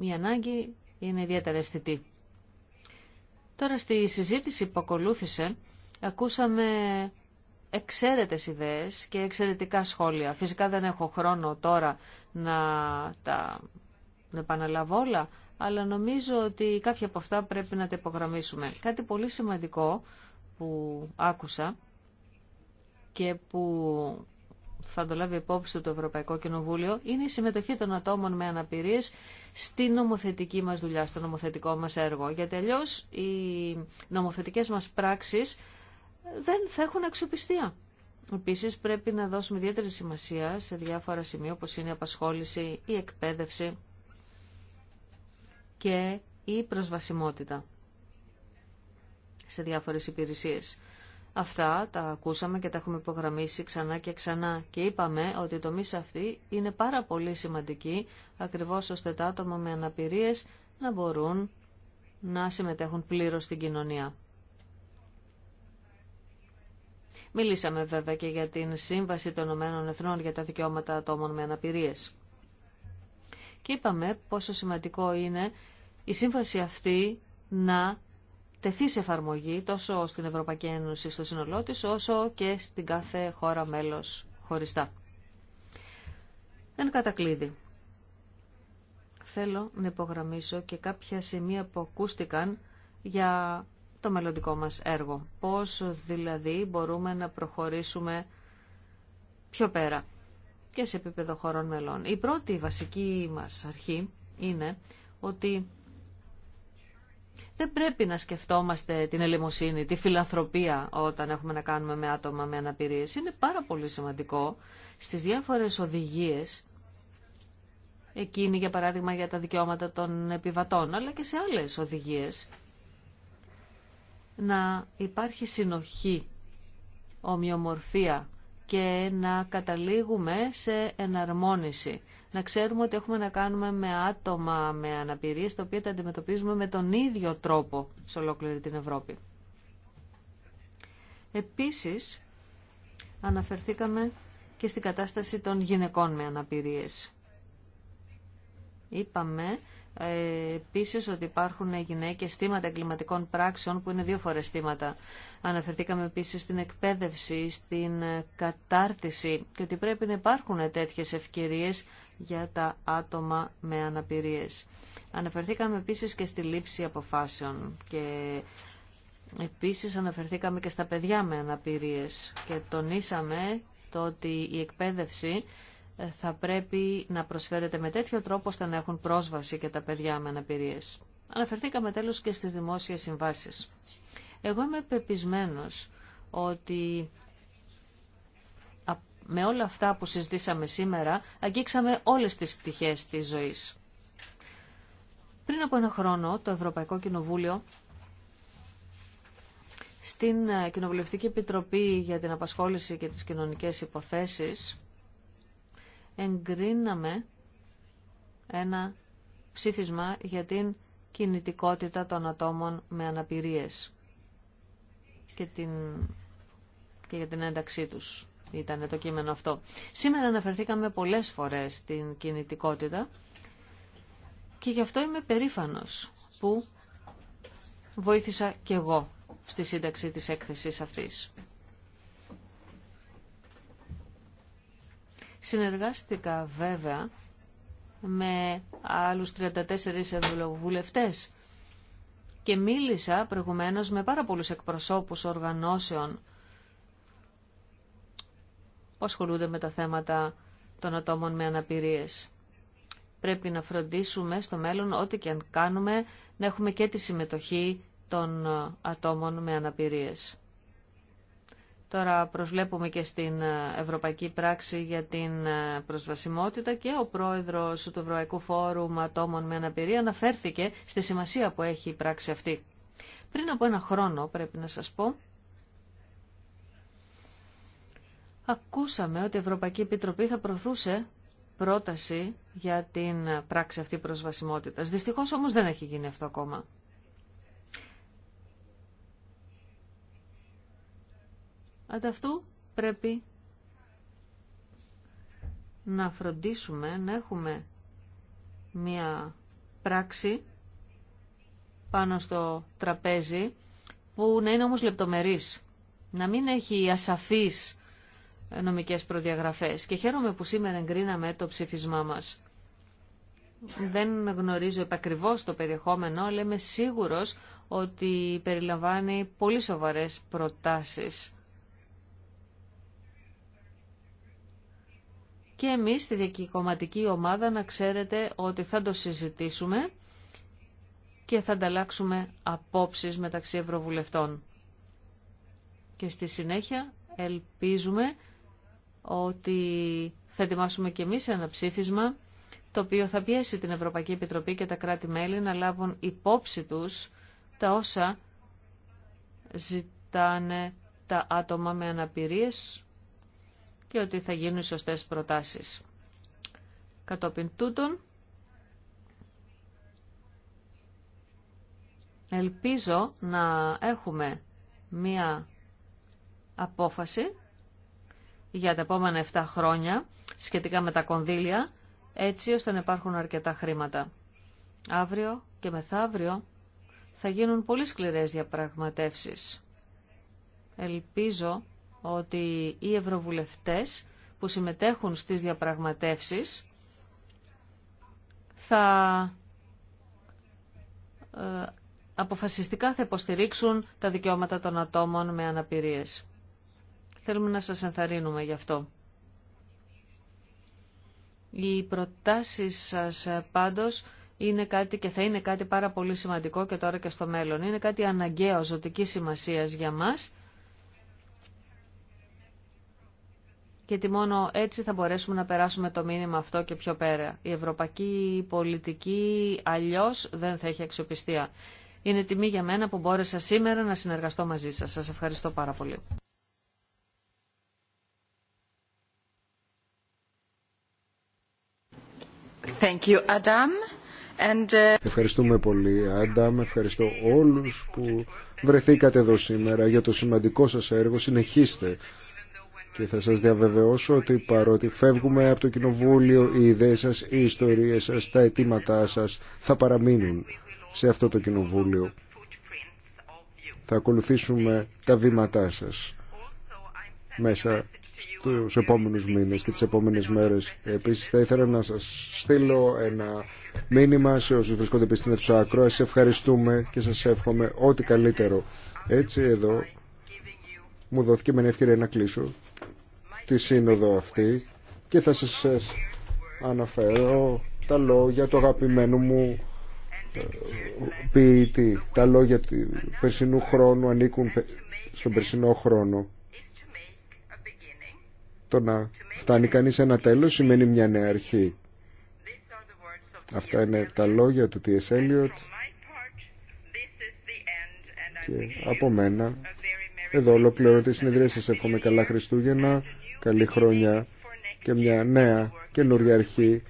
Η ανάγκη είναι ιδιαίτερα αισθητή. Τώρα στη συζήτηση που ακολούθησε ακούσαμε εξαίρετες ιδέες και εξαιρετικά σχόλια. Φυσικά δεν έχω χρόνο τώρα να τα να επαναλάβω όλα, αλλά νομίζω ότι κάποια από αυτά πρέπει να τα υπογραμμίσουμε. Κάτι πολύ σημαντικό που άκουσα και που θα το λάβει υπόψη το Ευρωπαϊκό Κοινοβούλιο είναι η συμμετοχή των ατόμων με αναπηρίες στην νομοθετική μας δουλειά, στο νομοθετικό μας έργο. Γιατί αλλιώ οι νομοθετικές μας πράξεις δεν θα έχουν αξιοπιστία. Επίσης πρέπει να δώσουμε ιδιαίτερη σημασία σε διάφορα σημεία όπως είναι η απασχόληση, η εκπαίδευση και η προσβασιμότητα σε διάφορες υπηρεσίες. Αυτά τα ακούσαμε και τα έχουμε υπογραμμίσει ξανά και ξανά και είπαμε ότι το τομή αυτή είναι πάρα πολύ σημαντική ακριβώς ώστε τα άτομα με αναπηρίες να μπορούν να συμμετέχουν πλήρως στην κοινωνία. Μιλήσαμε βέβαια και για την Σύμβαση των Ηνωμένων Εθνών για τα Δικαιώματα Ατόμων με Αναπηρίες. Και είπαμε πόσο σημαντικό είναι η σύμβαση αυτή να τεθεί σε εφαρμογή τόσο στην Ευρωπαϊκή Ένωση στο σύνολό της, όσο και στην κάθε χώρα μέλος χωριστά. Εν κατακλείδη. Θέλω να υπογραμμίσω και κάποια σημεία που ακούστηκαν για το μελλοντικό μας έργο. Πώς δηλαδή μπορούμε να προχωρήσουμε πιο πέρα και σε επίπεδο χωρών μελών. Η πρώτη βασική μας αρχή είναι ότι δεν πρέπει να σκεφτόμαστε την ελεημοσύνη, τη φιλανθρωπία όταν έχουμε να κάνουμε με άτομα με αναπηρίες. Είναι πάρα πολύ σημαντικό στις διάφορες οδηγίες, εκείνη για παράδειγμα για τα δικαιώματα των επιβατών, αλλά και σε άλλες οδηγίες, να υπάρχει συνοχή, ομοιομορφία και να καταλήγουμε σε εναρμόνιση να ξέρουμε ότι έχουμε να κάνουμε με άτομα με αναπηρίες, τα οποία τα αντιμετωπίζουμε με τον ίδιο τρόπο σε ολόκληρη την Ευρώπη. Επίσης, αναφερθήκαμε και στην κατάσταση των γυναικών με αναπηρίες. Είπαμε ε, επίσης ότι υπάρχουν γυναίκες θύματα εγκληματικών πράξεων που είναι δύο φορές θύματα. Αναφερθήκαμε επίσης στην εκπαίδευση, στην κατάρτιση και ότι πρέπει να υπάρχουν τέτοιες ευκαιρίες για τα άτομα με αναπηρίες. Αναφερθήκαμε επίσης και στη λήψη αποφάσεων και επίσης αναφερθήκαμε και στα παιδιά με αναπηρίες και τονίσαμε το ότι η εκπαίδευση ε, θα πρέπει να προσφέρεται με τέτοιο τρόπο ώστε να έχουν πρόσβαση και τα παιδιά με αναπηρίες. Αναφερθήκαμε τέλος και στις δημόσιες συμβάσεις. Εγώ είμαι πεπισμένος ότι με όλα αυτά που συζητήσαμε σήμερα, αγγίξαμε όλες τις πτυχές της ζωής. Πριν από ένα χρόνο, το Ευρωπαϊκό Κοινοβούλιο, στην ε, Κοινοβουλευτική Επιτροπή για την Απασχόληση και τις Κοινωνικές Υποθέσεις, εγκρίναμε ένα ψήφισμα για την κινητικότητα των ατόμων με αναπηρίες και, για την ένταξή τους ήταν το κείμενο αυτό. Σήμερα αναφερθήκαμε πολλές φορές στην κινητικότητα και γι' αυτό είμαι περήφανος που βοήθησα και εγώ στη σύνταξη της έκθεσης αυτής. Συνεργάστηκα βέβαια με άλλους 34 ευρωβουλευτές και μίλησα προηγουμένως με πάρα πολλούς εκπροσώπους οργανώσεων που ασχολούνται με τα θέματα των ατόμων με αναπηρίες. Πρέπει να φροντίσουμε στο μέλλον, ό,τι και αν κάνουμε, να έχουμε και τη συμμετοχή των ε, ατόμων με αναπηρίες. Τώρα προσβλέπουμε και στην ε, Ευρωπαϊκή Πράξη για την ε, Προσβασιμότητα και ο πρόεδρος του Ευρωπαϊκού Φόρουμ Ατόμων με Αναπηρία αναφέρθηκε στη σημασία που έχει η πράξη αυτή. Πριν από ένα χρόνο, πρέπει να σας πω, Ακούσαμε ότι η Ευρωπαϊκή Επιτροπή θα προωθούσε πρόταση για την πράξη αυτή προσβασιμότητας. Δυστυχώς όμως δεν έχει γίνει αυτό ακόμα. Ανταυτού πρέπει να φροντίσουμε να έχουμε μία πράξη πάνω στο τραπέζι που να είναι όμως λεπτομερής. Να μην έχει ασαφείς νομικές προδιαγραφές. Και χαίρομαι που σήμερα εγκρίναμε το ψήφισμά μας. Δεν γνωρίζω επακριβώς το περιεχόμενο, αλλά είμαι σίγουρος ότι περιλαμβάνει πολύ σοβαρές προτάσεις. Και εμείς στη διακυκομματική ομάδα να ξέρετε ότι θα το συζητήσουμε και θα ανταλλάξουμε απόψεις μεταξύ ευρωβουλευτών. Και στη συνέχεια ελπίζουμε ότι θα ετοιμάσουμε και εμείς ένα ψήφισμα το οποίο θα πιέσει την Ευρωπαϊκή Επιτροπή και τα κράτη-μέλη να λάβουν υπόψη τους τα όσα ζητάνε τα άτομα με αναπηρίες και ότι θα γίνουν σωστές προτάσεις. Κατόπιν τούτων, ελπίζω να έχουμε μία απόφαση για τα επόμενα 7 χρόνια σχετικά με τα κονδύλια, έτσι ώστε να υπάρχουν αρκετά χρήματα. Αύριο και μεθαύριο θα γίνουν πολύ σκληρές διαπραγματεύσεις. Ελπίζω ότι οι ευρωβουλευτές που συμμετέχουν στις διαπραγματεύσεις θα ε, αποφασιστικά θα υποστηρίξουν τα δικαιώματα των ατόμων με αναπηρίες. Θέλουμε να σας ενθαρρύνουμε γι' αυτό. Οι προτάσεις σας ε, πάντως είναι κάτι και θα είναι κάτι πάρα πολύ σημαντικό και τώρα και στο μέλλον. Είναι κάτι αναγκαίο ζωτική σημασία για μας γιατί μόνο έτσι θα μπορέσουμε να περάσουμε το μήνυμα αυτό και πιο πέρα. Η ευρωπαϊκή πολιτική αλλιώς δεν θα έχει αξιοπιστία. Είναι τιμή για μένα που μπόρεσα σήμερα να συνεργαστώ μαζί σας. Σας ευχαριστώ πάρα πολύ. Uh, Ευχαριστούμε πολύ, Άνταμ. Ευχαριστώ όλους που βρεθήκατε εδώ σήμερα για το σημαντικό σας έργο. Συνεχίστε. Και θα σας διαβεβαιώσω ότι παρότι φεύγουμε από το Κοινοβούλιο, οι ιδέες σας, οι ιστορίες σας, τα αιτήματά σας θα παραμείνουν σε αυτό το Κοινοβούλιο. Θα ακολουθήσουμε τα βήματά σας μέσα στους επόμενους μήνες και τις επόμενες μέρες. Επίσης θα ήθελα να σας στείλω ένα μήνυμα σε όσους βρισκόνται επίσης στην του ευχαριστούμε και σας εύχομαι ό,τι καλύτερο. Έτσι εδώ μου δόθηκε με μια ευκαιρία να κλείσω τη σύνοδο αυτή και θα σας αναφέρω τα λόγια του αγαπημένου μου ε, ποιητή. Τα λόγια του περσινού χρόνου ανήκουν στον περσινό χρόνο το να φτάνει κανείς ένα τέλος σημαίνει μια νέα αρχή. Αυτά είναι τα λόγια του T.S. Eliot και από μένα εδώ ολοκληρώνω τη συνεδρία σας. Εύχομαι καλά Χριστούγεννα, καλή χρόνια και μια νέα καινούργια αρχή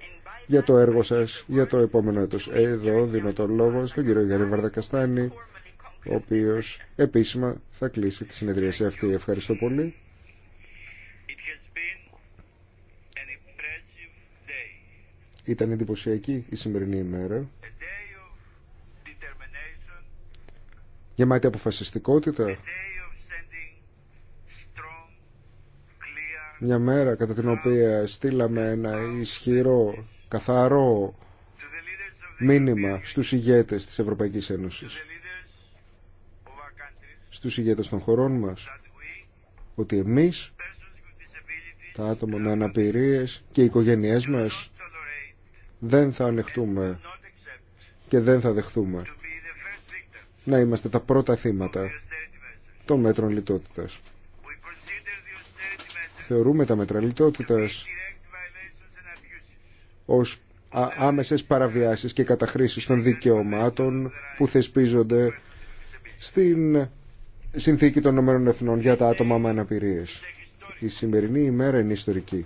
για το έργο σας για το επόμενο έτος. Εδώ δίνω τον λόγο στον κύριο Γιάννη Βαρδακαστάνη, ο οποίος επίσημα θα κλείσει τη σε αυτή. Ευχαριστώ πολύ. Ήταν εντυπωσιακή η σημερινή ημέρα. Γεμάτη αποφασιστικότητα. Μια μέρα κατά την οποία στείλαμε ένα ισχυρό, καθαρό μήνυμα στους ηγέτες της Ευρωπαϊκής Ένωσης. Στους ηγέτες των χωρών μας. Ότι εμείς, τα άτομα με αναπηρίες και οι οικογένειές μας δεν θα ανεχτούμε και δεν θα δεχθούμε να είμαστε τα πρώτα θύματα των μέτρων λιτότητας. Θεωρούμε τα μέτρα λιτότητας ως άμεσες παραβιάσεις και καταχρήσεις των δικαιωμάτων που θεσπίζονται στην Συνθήκη των Ηνωμένων Εθνών για τα άτομα με αναπηρίες. Η σημερινή ημέρα είναι ιστορική.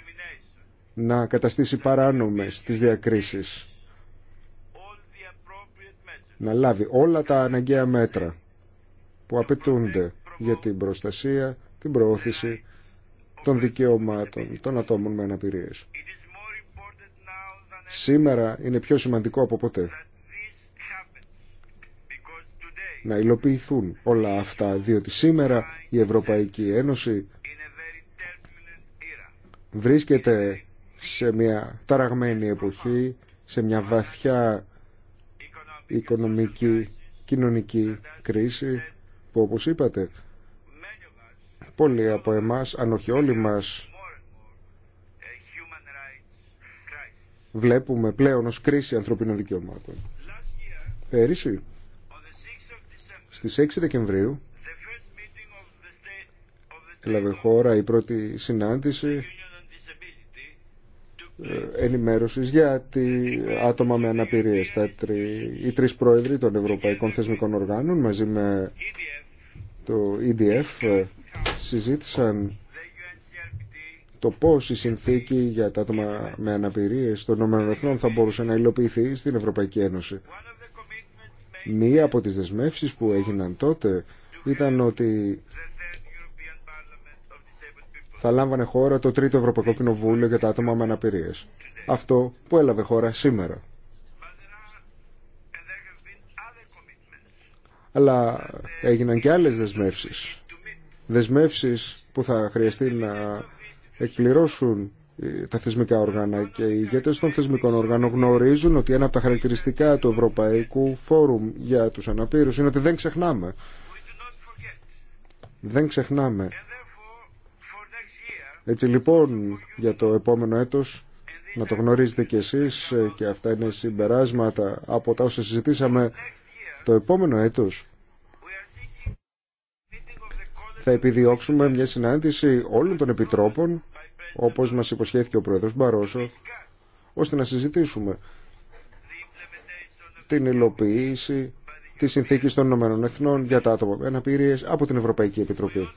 να καταστήσει παράνομες τις διακρίσεις να λάβει όλα τα αναγκαία μέτρα που απαιτούνται για την προστασία, την προώθηση των δικαιωμάτων των ατόμων με αναπηρίες. Σήμερα είναι πιο σημαντικό από ποτέ να υλοποιηθούν όλα αυτά, διότι σήμερα η Ευρωπαϊκή Ένωση βρίσκεται σε μια ταραγμένη εποχή, σε μια βαθιά οικονομική, κοινωνική κρίση που όπως είπατε πολλοί από εμάς, αν όχι όλοι μας βλέπουμε πλέον ως κρίση ανθρωπίνων δικαιωμάτων. Πέρυσι, στις 6 Δεκεμβρίου έλαβε χώρα η πρώτη συνάντηση ε, ενημέρωσης για άτομα με αναπηρίες. Τα οι τρεις πρόεδροι των Ευρωπαϊκών Θεσμικών Οργάνων μαζί με το EDF ε, συζήτησαν το πώς η συνθήκη για τα άτομα με αναπηρίες των ΗΕ θα μπορούσε να υλοποιηθεί στην Ευρωπαϊκή Ένωση. Μία από τις δεσμεύσεις που έγιναν τότε ήταν ότι θα λάμβανε χώρα το Τρίτο Ευρωπαϊκό Κοινοβούλιο για τα άτομα με αναπηρίες. Αυτό που έλαβε χώρα σήμερα. Αλλά έγιναν και άλλες δεσμεύσεις. Δεσμεύσεις που θα χρειαστεί να εκπληρώσουν τα θεσμικά όργανα και οι ηγέτες των θεσμικών όργανων γνωρίζουν ότι ένα από τα χαρακτηριστικά του Ευρωπαϊκού Φόρουμ για τους αναπήρους είναι ότι δεν ξεχνάμε. Δεν ξεχνάμε έτσι λοιπόν για το επόμενο έτος να το γνωρίζετε κι εσείς ε, και αυτά είναι συμπεράσματα από τα όσα συζητήσαμε το επόμενο έτος θα επιδιώξουμε μια συνάντηση όλων των επιτρόπων όπως μας υποσχέθηκε ο Πρόεδρος Μπαρόσο ώστε να συζητήσουμε την υλοποίηση τη συνθήκη των Ηνωμένων Εθνών για τα άτομα με αναπηρίες από την Ευρωπαϊκή Επιτροπή.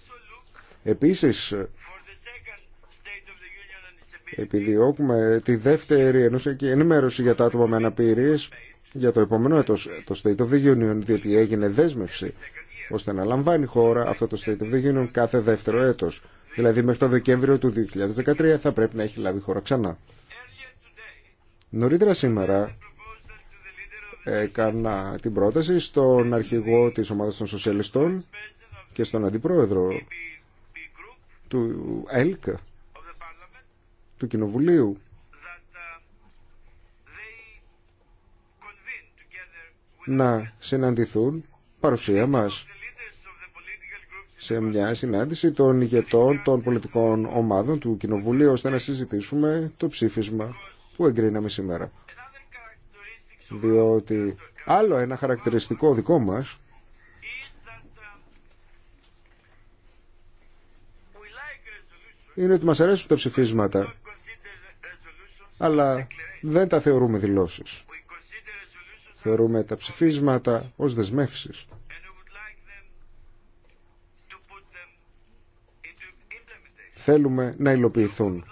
Επίσης Επιδιώκουμε τη δεύτερη και ενημέρωση για τα άτομα με αναπηρίες για το επόμενο έτος, το State of the Union, διότι έγινε δέσμευση ώστε να λαμβάνει η χώρα αυτό το State of the Union κάθε δεύτερο έτος. Δηλαδή μέχρι το Δεκέμβριο του 2013 θα πρέπει να έχει λάβει η χώρα ξανά. Νωρίτερα σήμερα έκανα την πρόταση στον αρχηγό της ομάδας των σοσιαλιστών και στον αντιπρόεδρο του ΕΛΚ του Κοινοβουλίου να συναντηθούν παρουσία μας σε μια συνάντηση των ηγετών των πολιτικών ομάδων του Κοινοβουλίου ώστε να συζητήσουμε το ψήφισμα που εγκρίναμε σήμερα. Διότι άλλο ένα χαρακτηριστικό δικό μας είναι ότι μας αρέσουν τα ψηφίσματα αλλά δεν τα θεωρούμε δηλώσεις. Θεωρούμε τα ψηφίσματα ως δεσμεύσεις. Θέλουμε να υλοποιηθούν.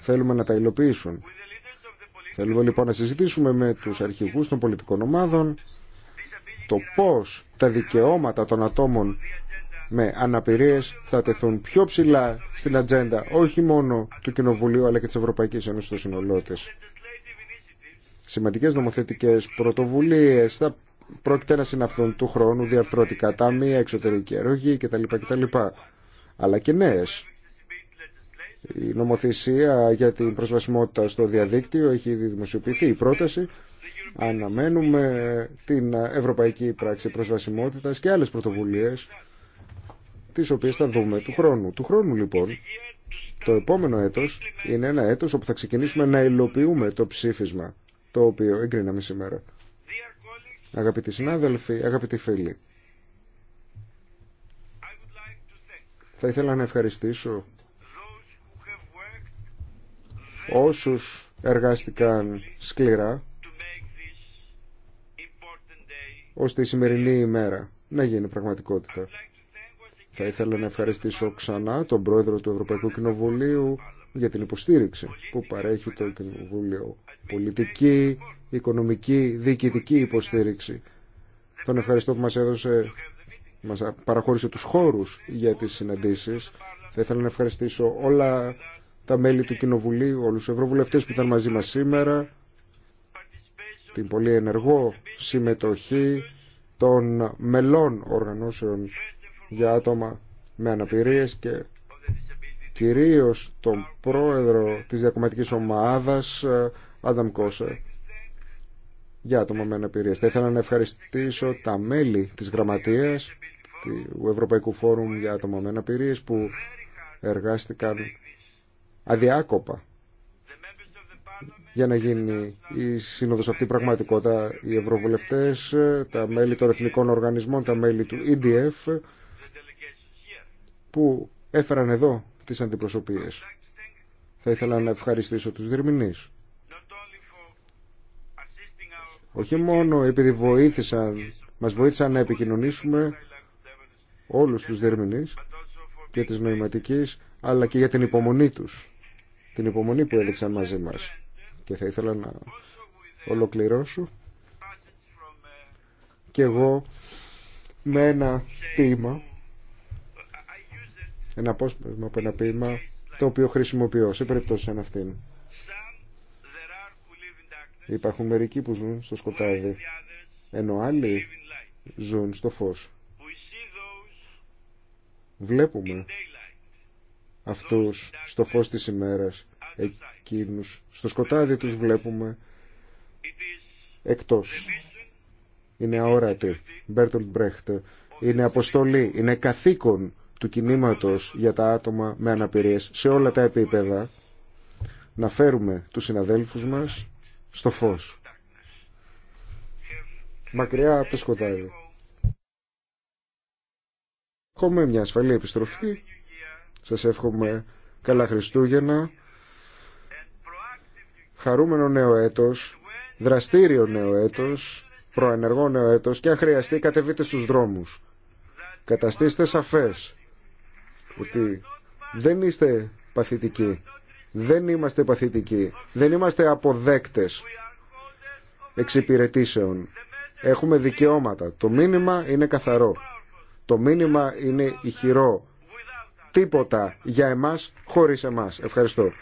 Θέλουμε να τα υλοποιήσουν. Θέλουμε λοιπόν να συζητήσουμε με τους αρχηγούς των πολιτικών ομάδων το πώς τα δικαιώματα των ατόμων με αναπηρίες θα τεθούν πιο ψηλά στην ατζέντα όχι μόνο του Κοινοβουλίου αλλά και της Ευρωπαϊκής Ένωσης των συνολό Σημαντικές νομοθετικές πρωτοβουλίες θα πρόκειται να συναυθούν του χρόνου διαρθρωτικά ταμεία, εξωτερική αρρωγή κτλ. κτλ. Αλλά και νέε. Η νομοθεσία για την προσβασιμότητα στο διαδίκτυο έχει ήδη δημοσιοποιηθεί η πρόταση. Αναμένουμε την Ευρωπαϊκή Πράξη Προσβασιμότητας και άλλες πρωτοβουλίες τις οποίες θα δούμε του χρόνου. Του χρόνου λοιπόν, το επόμενο έτος είναι ένα έτος όπου θα ξεκινήσουμε να υλοποιούμε το ψήφισμα το οποίο εγκρίναμε σήμερα. Αγαπητοί συνάδελφοι, αγαπητοί φίλοι, θα ήθελα να ευχαριστήσω όσους εργάστηκαν σκληρά ώστε η σημερινή ημέρα να γίνει πραγματικότητα. Θα ήθελα να ευχαριστήσω ξανά τον πρόεδρο του Ευρωπαϊκού Κοινοβουλίου για την υποστήριξη που παρέχει το Κοινοβούλιο. Πολιτική, οικονομική, διοικητική υποστήριξη. Τον ευχαριστώ που μας έδωσε, μας παραχώρησε τους χώρους για τις συναντήσεις. Θα ήθελα να ευχαριστήσω όλα τα μέλη του Κοινοβουλίου, όλους τους ευρωβουλευτές που ήταν μαζί μας σήμερα, την πολύ ενεργό συμμετοχή των μελών οργανώσεων για άτομα με αναπηρίες και κυρίως τον πρόεδρο της διακομματικής ομάδας ε, Άνταμ Κόσε για άτομα με αναπηρίες. Θα ήθελα να ευχαριστήσω τα μέλη της γραμματείας του Ευρωπαϊκού Φόρουμ για άτομα με αναπηρίες που εργάστηκαν αδιάκοπα για να γίνει η σύνοδος αυτή πραγματικότητα. Οι ευρωβουλευτές, ε, τα μέλη των εθνικών οργανισμών, τα μέλη του EDF που έφεραν εδώ τις αντιπροσωπείες. Θα ήθελα να ευχαριστήσω τους Δερμινείς. Όχι μόνο επειδή βοήθησαν, μας βοήθησαν να επικοινωνήσουμε όλους τους Δερμινείς και της νοηματικής, αλλά και για την υπομονή τους. Την υπομονή που έδειξαν μαζί μας. Και θα ήθελα να ολοκληρώσω και εγώ με ένα ποίημα ένα απόσπασμα από ένα ποίημα το οποίο χρησιμοποιώ σε περιπτώσει σαν αυτήν. Υπάρχουν μερικοί που ζουν στο σκοτάδι, ενώ άλλοι ζουν στο φως. Βλέπουμε αυτούς στο φως της ημέρας, εκείνους. Στο σκοτάδι τους βλέπουμε εκτός. Είναι αόρατη, Μπέρτολτ Μπρέχτ. Είναι αποστολή. Είναι καθήκον του κινήματος για τα άτομα με αναπηρίες σε όλα τα επίπεδα να φέρουμε τους συναδέλφους μας στο φως μακριά από το σκοτάδι Έχουμε μια ασφαλή επιστροφή σας εύχομαι καλά Χριστούγεννα χαρούμενο νέο έτος δραστήριο νέο έτος προενεργό νέο έτος και αν χρειαστεί κατεβείτε στους δρόμους καταστήστε σαφές ότι δεν είστε παθητικοί. Δεν είμαστε παθητικοί. Δεν είμαστε αποδέκτες εξυπηρετήσεων. Έχουμε δικαιώματα. Το μήνυμα είναι καθαρό. Το μήνυμα είναι ηχηρό. Τίποτα για εμάς χωρίς εμάς. Ευχαριστώ.